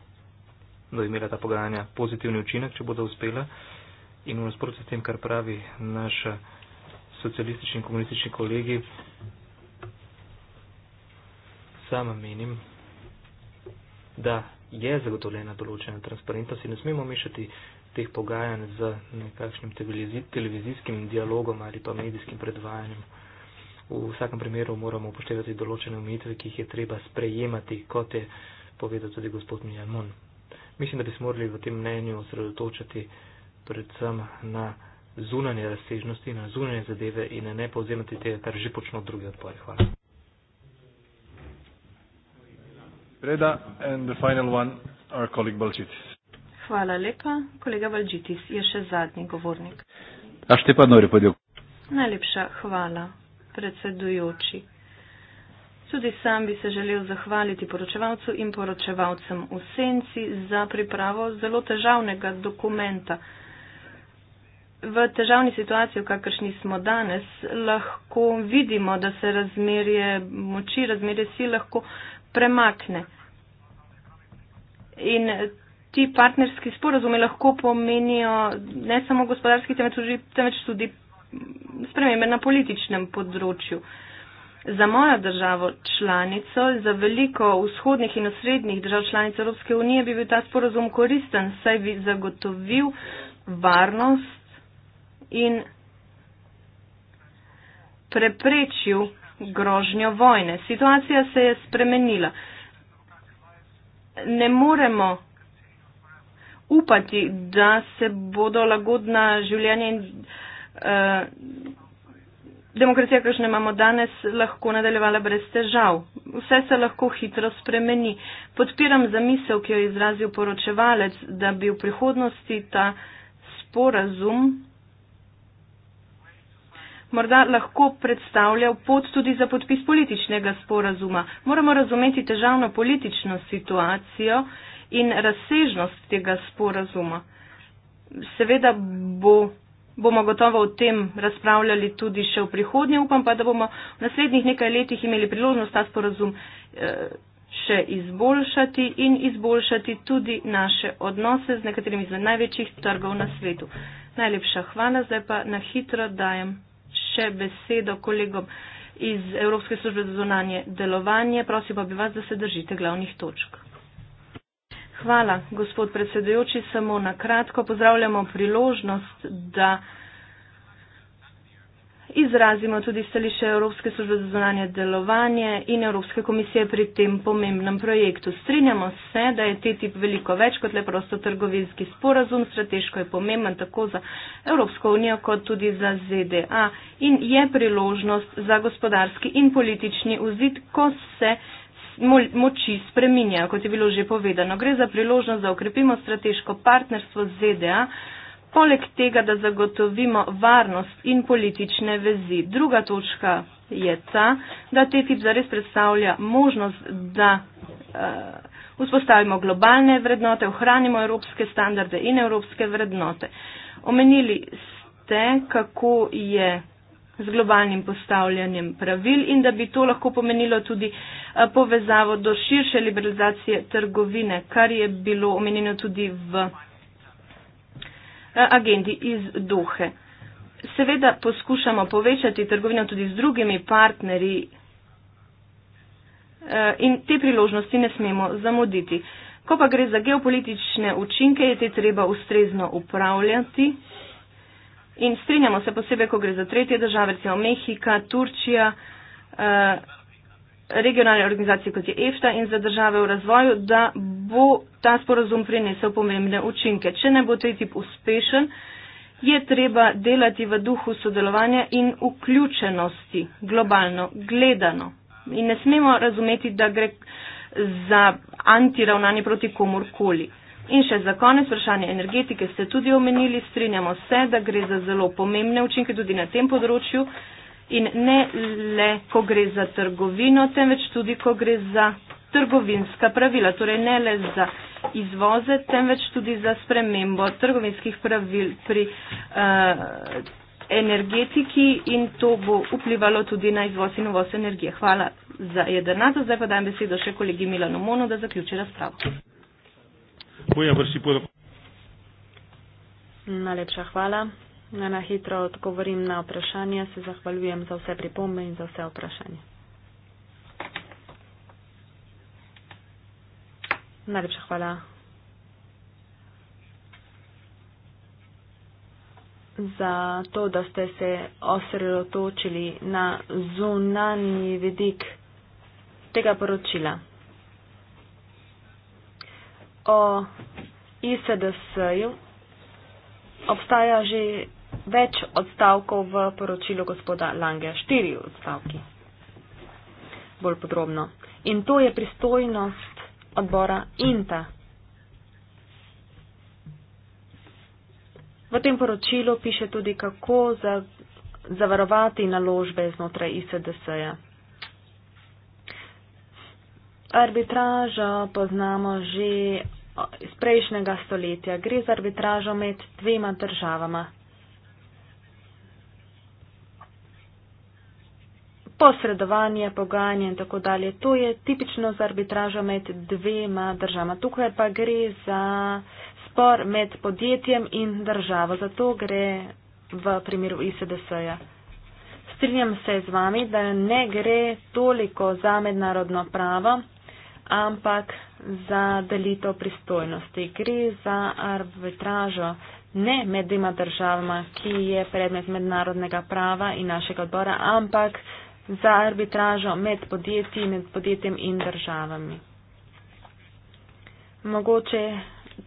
da imela ta pogajanja pozitivni učinek, če bodo uspela. In v nasprotju s tem, kar pravi naša socialistični in komunistični kolegi. Sama menim, da je zagotovljena določena transparentnost in ne smemo mešati teh pogajanj z nekakšnim televizijskim dialogom ali pa medijskim predvajanjem. V vsakem primeru moramo upoštevati določene omejitve, ki jih je treba sprejemati, kot je povedal tudi gospod Mijan Mon. Mislim, da bi se morali v tem mnenju osredotočati predvsem na zunanje razsežnosti, na zunanje zadeve in ne povzemati tega, kar že počno drugi odpori. Hvala. Reda and the final one, our colleague Balčitis. Hvala lepa. Kolega Balčitis je še zadnji govornik. A šte pa nori podjel. Najlepša hvala, predsedujoči. Tudi sam bi se želel zahvaliti poročevalcu in poročevalcem v senci za pripravo zelo težavnega dokumenta v težavni situaciji, v kakršni smo danes, lahko vidimo, da se razmerje moči, razmerje sil lahko premakne. In ti partnerski sporozumi lahko pomenijo ne samo gospodarski, temveč tudi, temveč tudi spremembe na političnem področju. Za mojo državo članico, za veliko vzhodnih in osrednjih držav članic Evropske unije bi bil ta sporozum koristen, saj bi zagotovil varnost in preprečil grožnjo vojne. Situacija se je spremenila. Ne moremo upati, da se bodo lagodna življenja in uh, demokracija, kakšne imamo danes, lahko nadaljevala brez težav. Vse se lahko hitro spremeni. Podpiram zamisel, ki jo je izrazil poročevalec, da bi v prihodnosti ta sporazum morda lahko predstavljal pot tudi za podpis političnega sporazuma. Moramo razumeti težavno politično situacijo in razsežnost tega sporazuma. Seveda bo, bomo gotovo o tem razpravljali tudi še v prihodnje, upam pa, da bomo v naslednjih nekaj letih imeli priložnost ta sporazum eh, še izboljšati in izboljšati tudi naše odnose z nekaterimi izmed največjih trgov na svetu. Najlepša hvala, zdaj pa na hitro dajem še besedo kolegom iz Evropske službe za zunanje delovanje. Prosim pa bi vas, da se držite glavnih točk. Hvala, gospod predsedujoči. Samo na kratko pozdravljamo priložnost, da izrazimo tudi stališče Evropske službe za zunanje delovanje in Evropske komisije pri tem pomembnem projektu. Strinjamo se, da je TTIP veliko več kot le prosto trgovinski sporazum, strateško je pomemben tako za Evropsko unijo kot tudi za ZDA in je priložnost za gospodarski in politični uzid, ko se moči spreminjajo, kot je bilo že povedano. Gre za priložnost, da okrepimo strateško partnerstvo z ZDA poleg tega, da zagotovimo varnost in politične vezi. Druga točka je ta, da te tip zares predstavlja možnost, da uh, vzpostavimo globalne vrednote, ohranimo evropske standarde in evropske vrednote. Omenili ste, kako je z globalnim postavljanjem pravil in da bi to lahko pomenilo tudi eh, povezavo do širše liberalizacije trgovine, kar je bilo omenjeno tudi v Eh, agendi iz Duhe. Seveda poskušamo povečati trgovino tudi z drugimi partnerji eh, in te priložnosti ne smemo zamuditi. Ko pa gre za geopolitične učinke, je te treba ustrezno upravljati in strinjamo se posebej, ko gre za tretje države, recimo Mehika, Turčija. Uh, regionalne organizacije kot je EFTA in za države v razvoju, da bo ta sporozum prinesel pomembne učinke. Če ne bo TTIP uspešen, je treba delati v duhu sodelovanja in vključenosti globalno gledano. In ne smemo razumeti, da gre za antiravnanje proti komorkoli. In še za konec vprašanje energetike ste tudi omenili, strinjamo se, da gre za zelo pomembne učinke tudi na tem področju in ne le, ko gre za trgovino, temveč tudi, ko gre za trgovinska pravila. Torej ne le za izvoze, temveč tudi za spremembo trgovinskih pravil pri uh, energetiki in to bo vplivalo tudi na izvoz in uvoz energije. Hvala za jedrnato. Zdaj pa dajem besedo še kolegi Milano Mono, da zaključi razpravo. Najlepša hvala. Na hitro odgovorim na vprašanje. Se zahvaljujem za vse pripombe in za vse vprašanje. Najlepša hvala. za to, da ste se osredotočili na zunanji vidik tega poročila. O ISDS-ju obstaja že več odstavkov v poročilu gospoda Lange, štiri odstavki bolj podrobno. In to je pristojnost odbora INTA. V tem poročilu piše tudi, kako za, zavarovati naložbe znotraj ISDS-ja. Arbitraža poznamo že iz prejšnjega stoletja. Gre za arbitražo med dvema državama, posredovanje, pogajanje in tako dalje. To je tipično za arbitražo med dvema državama. Tukaj pa gre za spor med podjetjem in državo. Zato gre v primeru ISDS-ja. Strinjam se z vami, da ne gre toliko za mednarodno pravo, ampak za delitev pristojnosti. Gre za arbitražo ne med dvema državama, ki je predmet mednarodnega prava in našega odbora, ampak za arbitražo med podjetji, med podjetjem in državami. Mogoče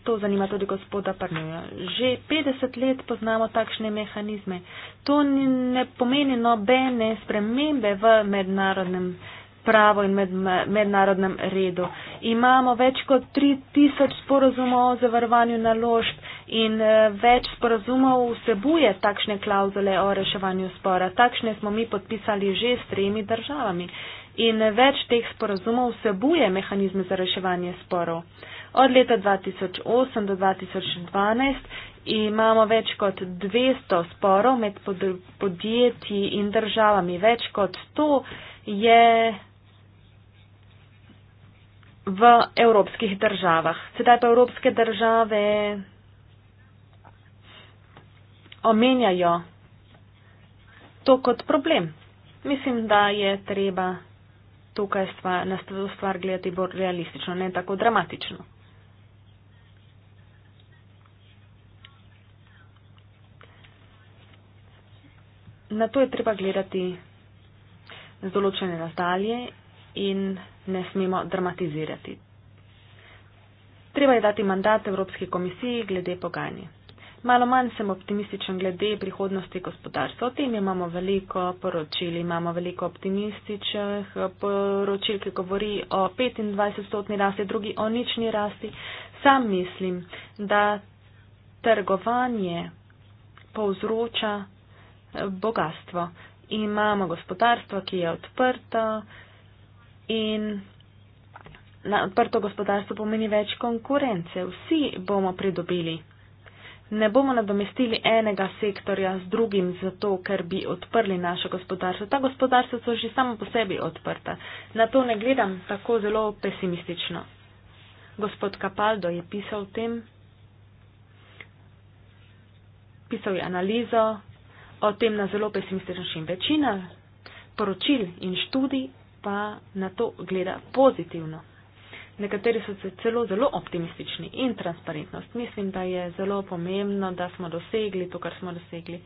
to zanima tudi gospoda Parnoja. Že 50 let poznamo takšne mehanizme. To ne pomeni nobene spremembe v mednarodnem pravo in med, mednarodnem redu. Imamo več kot 3000 sporozumov o zavarovanju naložb, in eh, več sporazumov vsebuje takšne klauzule o reševanju spora. Takšne smo mi podpisali že s tremi državami in eh, več teh sporazumov vsebuje mehanizme za reševanje sporov. Od leta 2008 do 2012 imamo več kot 200 sporov med podjetji in državami. Več kot to je v evropskih državah. Sedaj pa evropske države omenjajo to kot problem. Mislim, da je treba tukaj stvar, na stvar gledati bolj realistično, ne tako dramatično. Na to je treba gledati z določene razdalje in ne smemo dramatizirati. Treba je dati mandat Evropski komisiji glede pogajanja. Malo manj sem optimističen glede prihodnosti gospodarstva. O tem imamo veliko poročil, imamo veliko optimističnih eh, poročil, ki govori o 25-stotni rasti, drugi o nični rasti. Sam mislim, da trgovanje povzroča eh, bogatstvo. Imamo gospodarstvo, ki je odprto in. Na odprto gospodarstvo pomeni več konkurence. Vsi bomo pridobili ne bomo nadomestili enega sektorja z drugim zato, ker bi odprli naše gospodarstvo. Ta gospodarstva so že samo po sebi odprta. Na to ne gledam tako zelo pesimistično. Gospod Kapaldo je pisal o tem, pisal je analizo o tem na zelo pesimističen način. Večina poročil in študij pa na to gleda pozitivno. Nekateri so celo zelo optimistični in transparentnost. Mislim, da je zelo pomembno, da smo dosegli to, kar smo dosegli.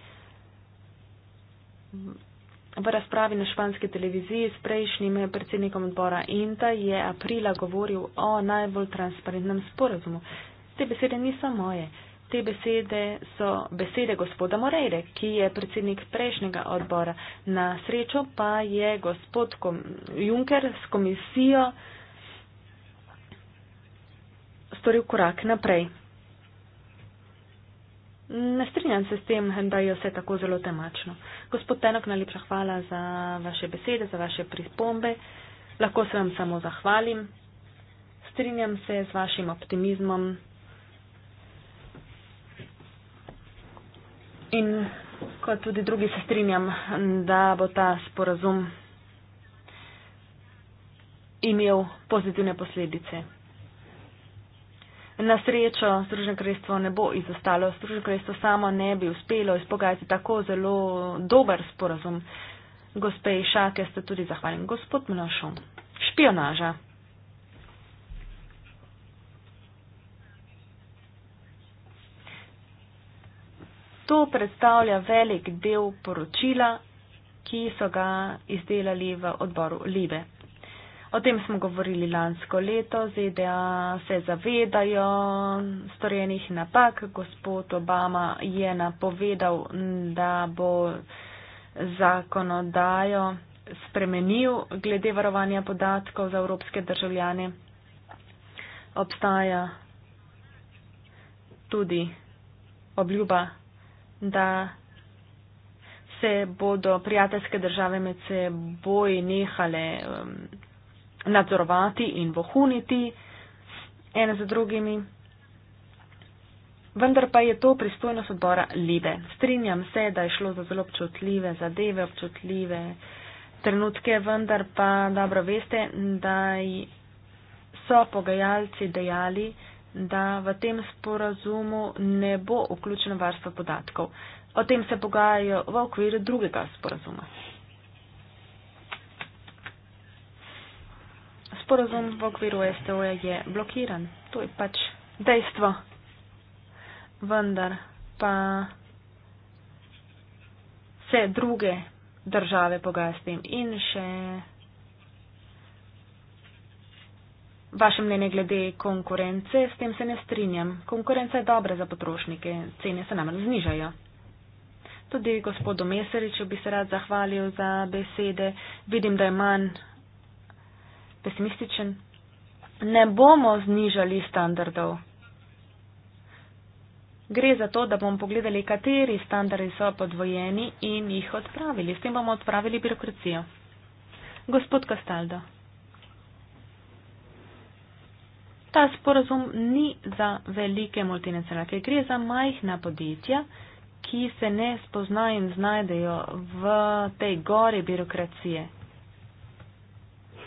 V razpravi na španski televiziji s prejšnjim predsednikom odbora Inta je aprila govoril o najbolj transparentnem sporazumu. Te besede niso moje. Te besede so besede gospoda Morejre, ki je predsednik prejšnjega odbora. Na srečo pa je gospod Juncker s komisijo storil korak naprej. Ne strinjam se s tem, da je vse tako zelo temačno. Gospod Tenok, najlepša hvala za vaše besede, za vaše pripombe. Lahko se vam samo zahvalim. Strinjam se z vašim optimizmom. In kot tudi drugi se strinjam, da bo ta sporazum imel pozitivne posledice. Na srečo Združeno kraljestvo ne bo izostalo, Združeno kraljestvo samo ne bi uspelo izpogajati tako zelo dober sporazum. Gospe Šake ste tudi zahvalim. Gospod Mlašo, špionaža. To predstavlja velik del poročila, ki so ga izdelali v odboru Libe. O tem smo govorili lansko leto, ZDA se zavedajo storjenih napak. Gospod Obama je napovedal, da bo zakonodajo spremenil glede varovanja podatkov za evropske državljane. Obstaja tudi obljuba, da se bodo prijateljske države med seboj nehale. Um, nadzorovati in vohuniti ene za drugimi. Vendar pa je to pristojnost odbora Libe. Strinjam se, da je šlo za zelo občutljive zadeve, občutljive trenutke, vendar pa dobro veste, da so pogajalci dejali, da v tem sporazumu ne bo vključeno varstvo podatkov. O tem se pogajajo v okviru drugega sporazuma. sporozum v okviru STO-ja je blokiran. To je pač dejstvo. Vendar pa se druge države pogaja s tem in še vaše mnenje glede konkurence, s tem se ne strinjam. Konkurenca je dobra za potrošnike, cene se namreč znižajo. Tudi gospodu Meseriču bi se rad zahvalil za besede. Vidim, da je manj pesimističen. Ne bomo znižali standardov. Gre za to, da bomo pogledali, kateri standardi so podvojeni in jih odpravili. S tem bomo odpravili birokracijo. Gospod Kastaldo. Ta sporazum ni za velike multinacionalke. Gre za majhna podjetja, ki se ne spoznajo in znajdejo v tej gori birokracije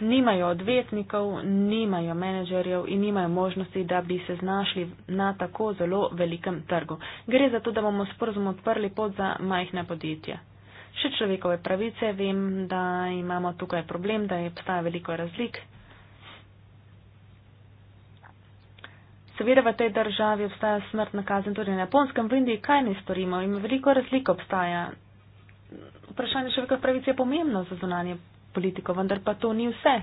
nimajo odvetnikov, nimajo menedžerjev in nimajo možnosti, da bi se znašli na tako zelo velikem trgu. Gre za to, da bomo sporozum odprli pod za majhne podjetja. Še človekove pravice, vem, da imamo tukaj problem, da je obstaja veliko razlik. Seveda v tej državi obstaja smrtna kazen, tudi na japonskem, v Indiji kaj ne storimo in veliko razlik obstaja. Vprašanje človekovih pravic je pomembno za zunanje politiko, vendar pa to ni vse.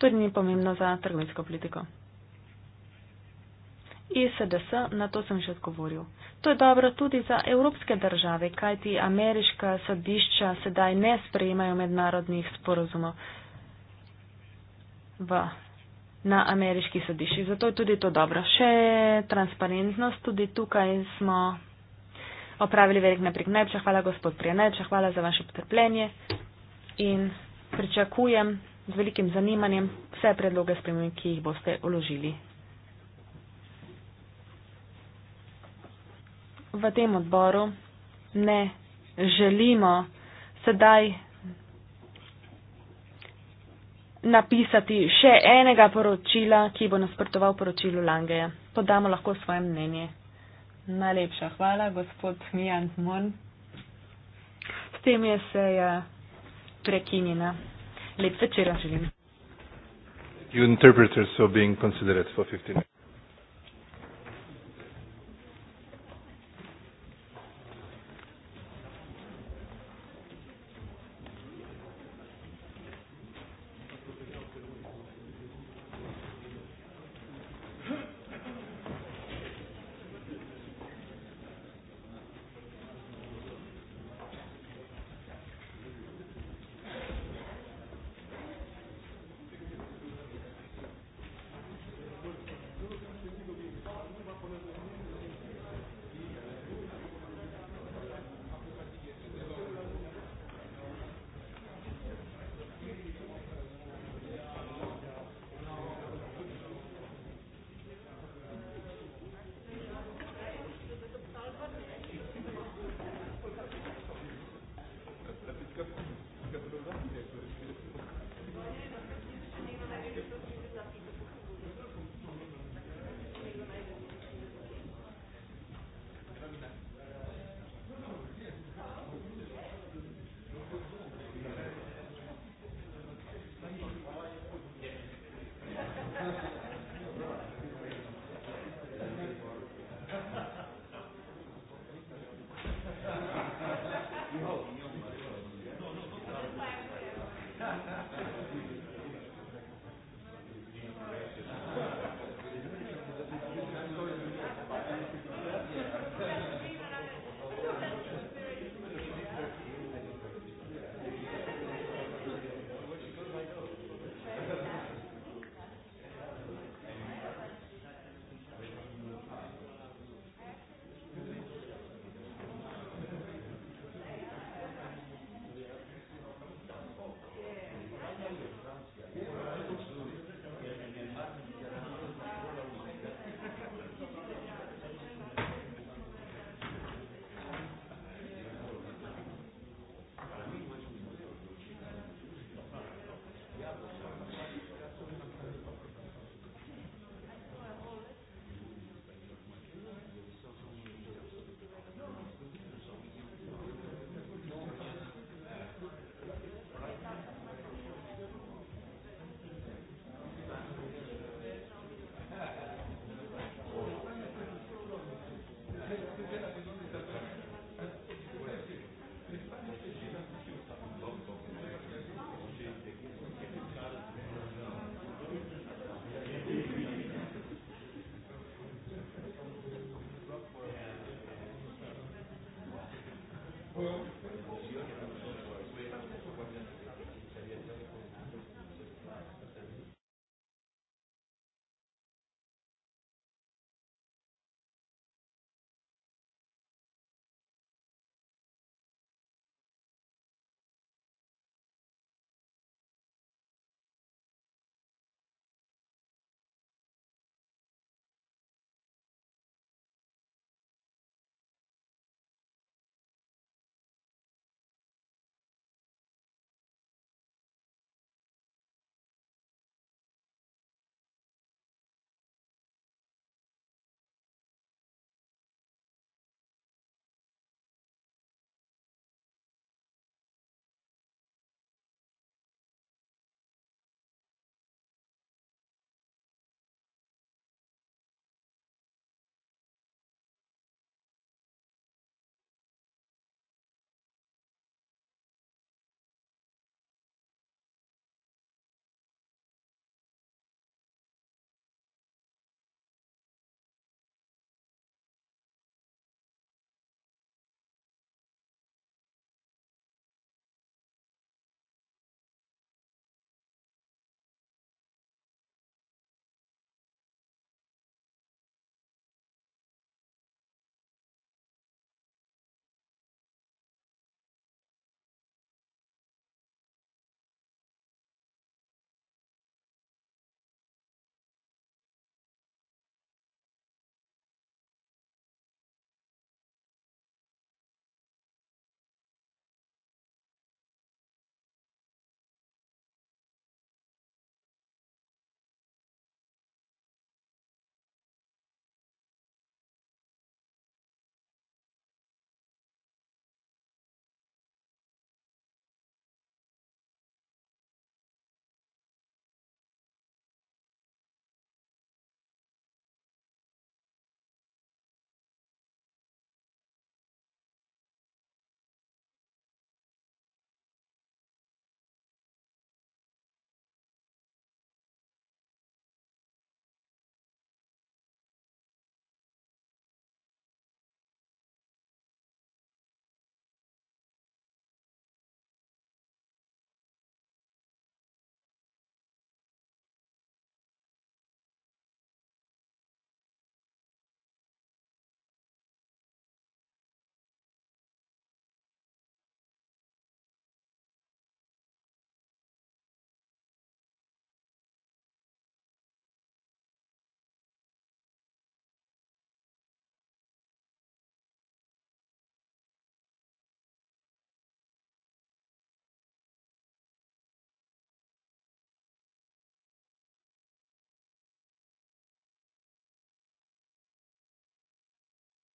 Tudi ni pomembno za trgovinsko politiko. ISDS, na to sem že odgovoril. To je dobro tudi za evropske države, kajti ameriška sodišča sedaj ne sprejemajo mednarodnih sporozumov v, na ameriški sodišči. Zato je tudi to dobro. Še transparentnost, tudi tukaj smo opravili velik napreg. Najlepša hvala, gospod Prija. Najlepša hvala za vaše potrpljenje in pričakujem z velikim zanimanjem vse predloge spremenj, ki jih boste uložili. V tem odboru ne želimo sedaj napisati še enega poročila, ki bo nasprotoval poročilu Langeja. Podamo lahko svoje mnenje. Najlepša hvala, gospod Mijan Mon. S tem je seja prekinjena. Lep večer želim. You interpreters are being considered for 15 minutes.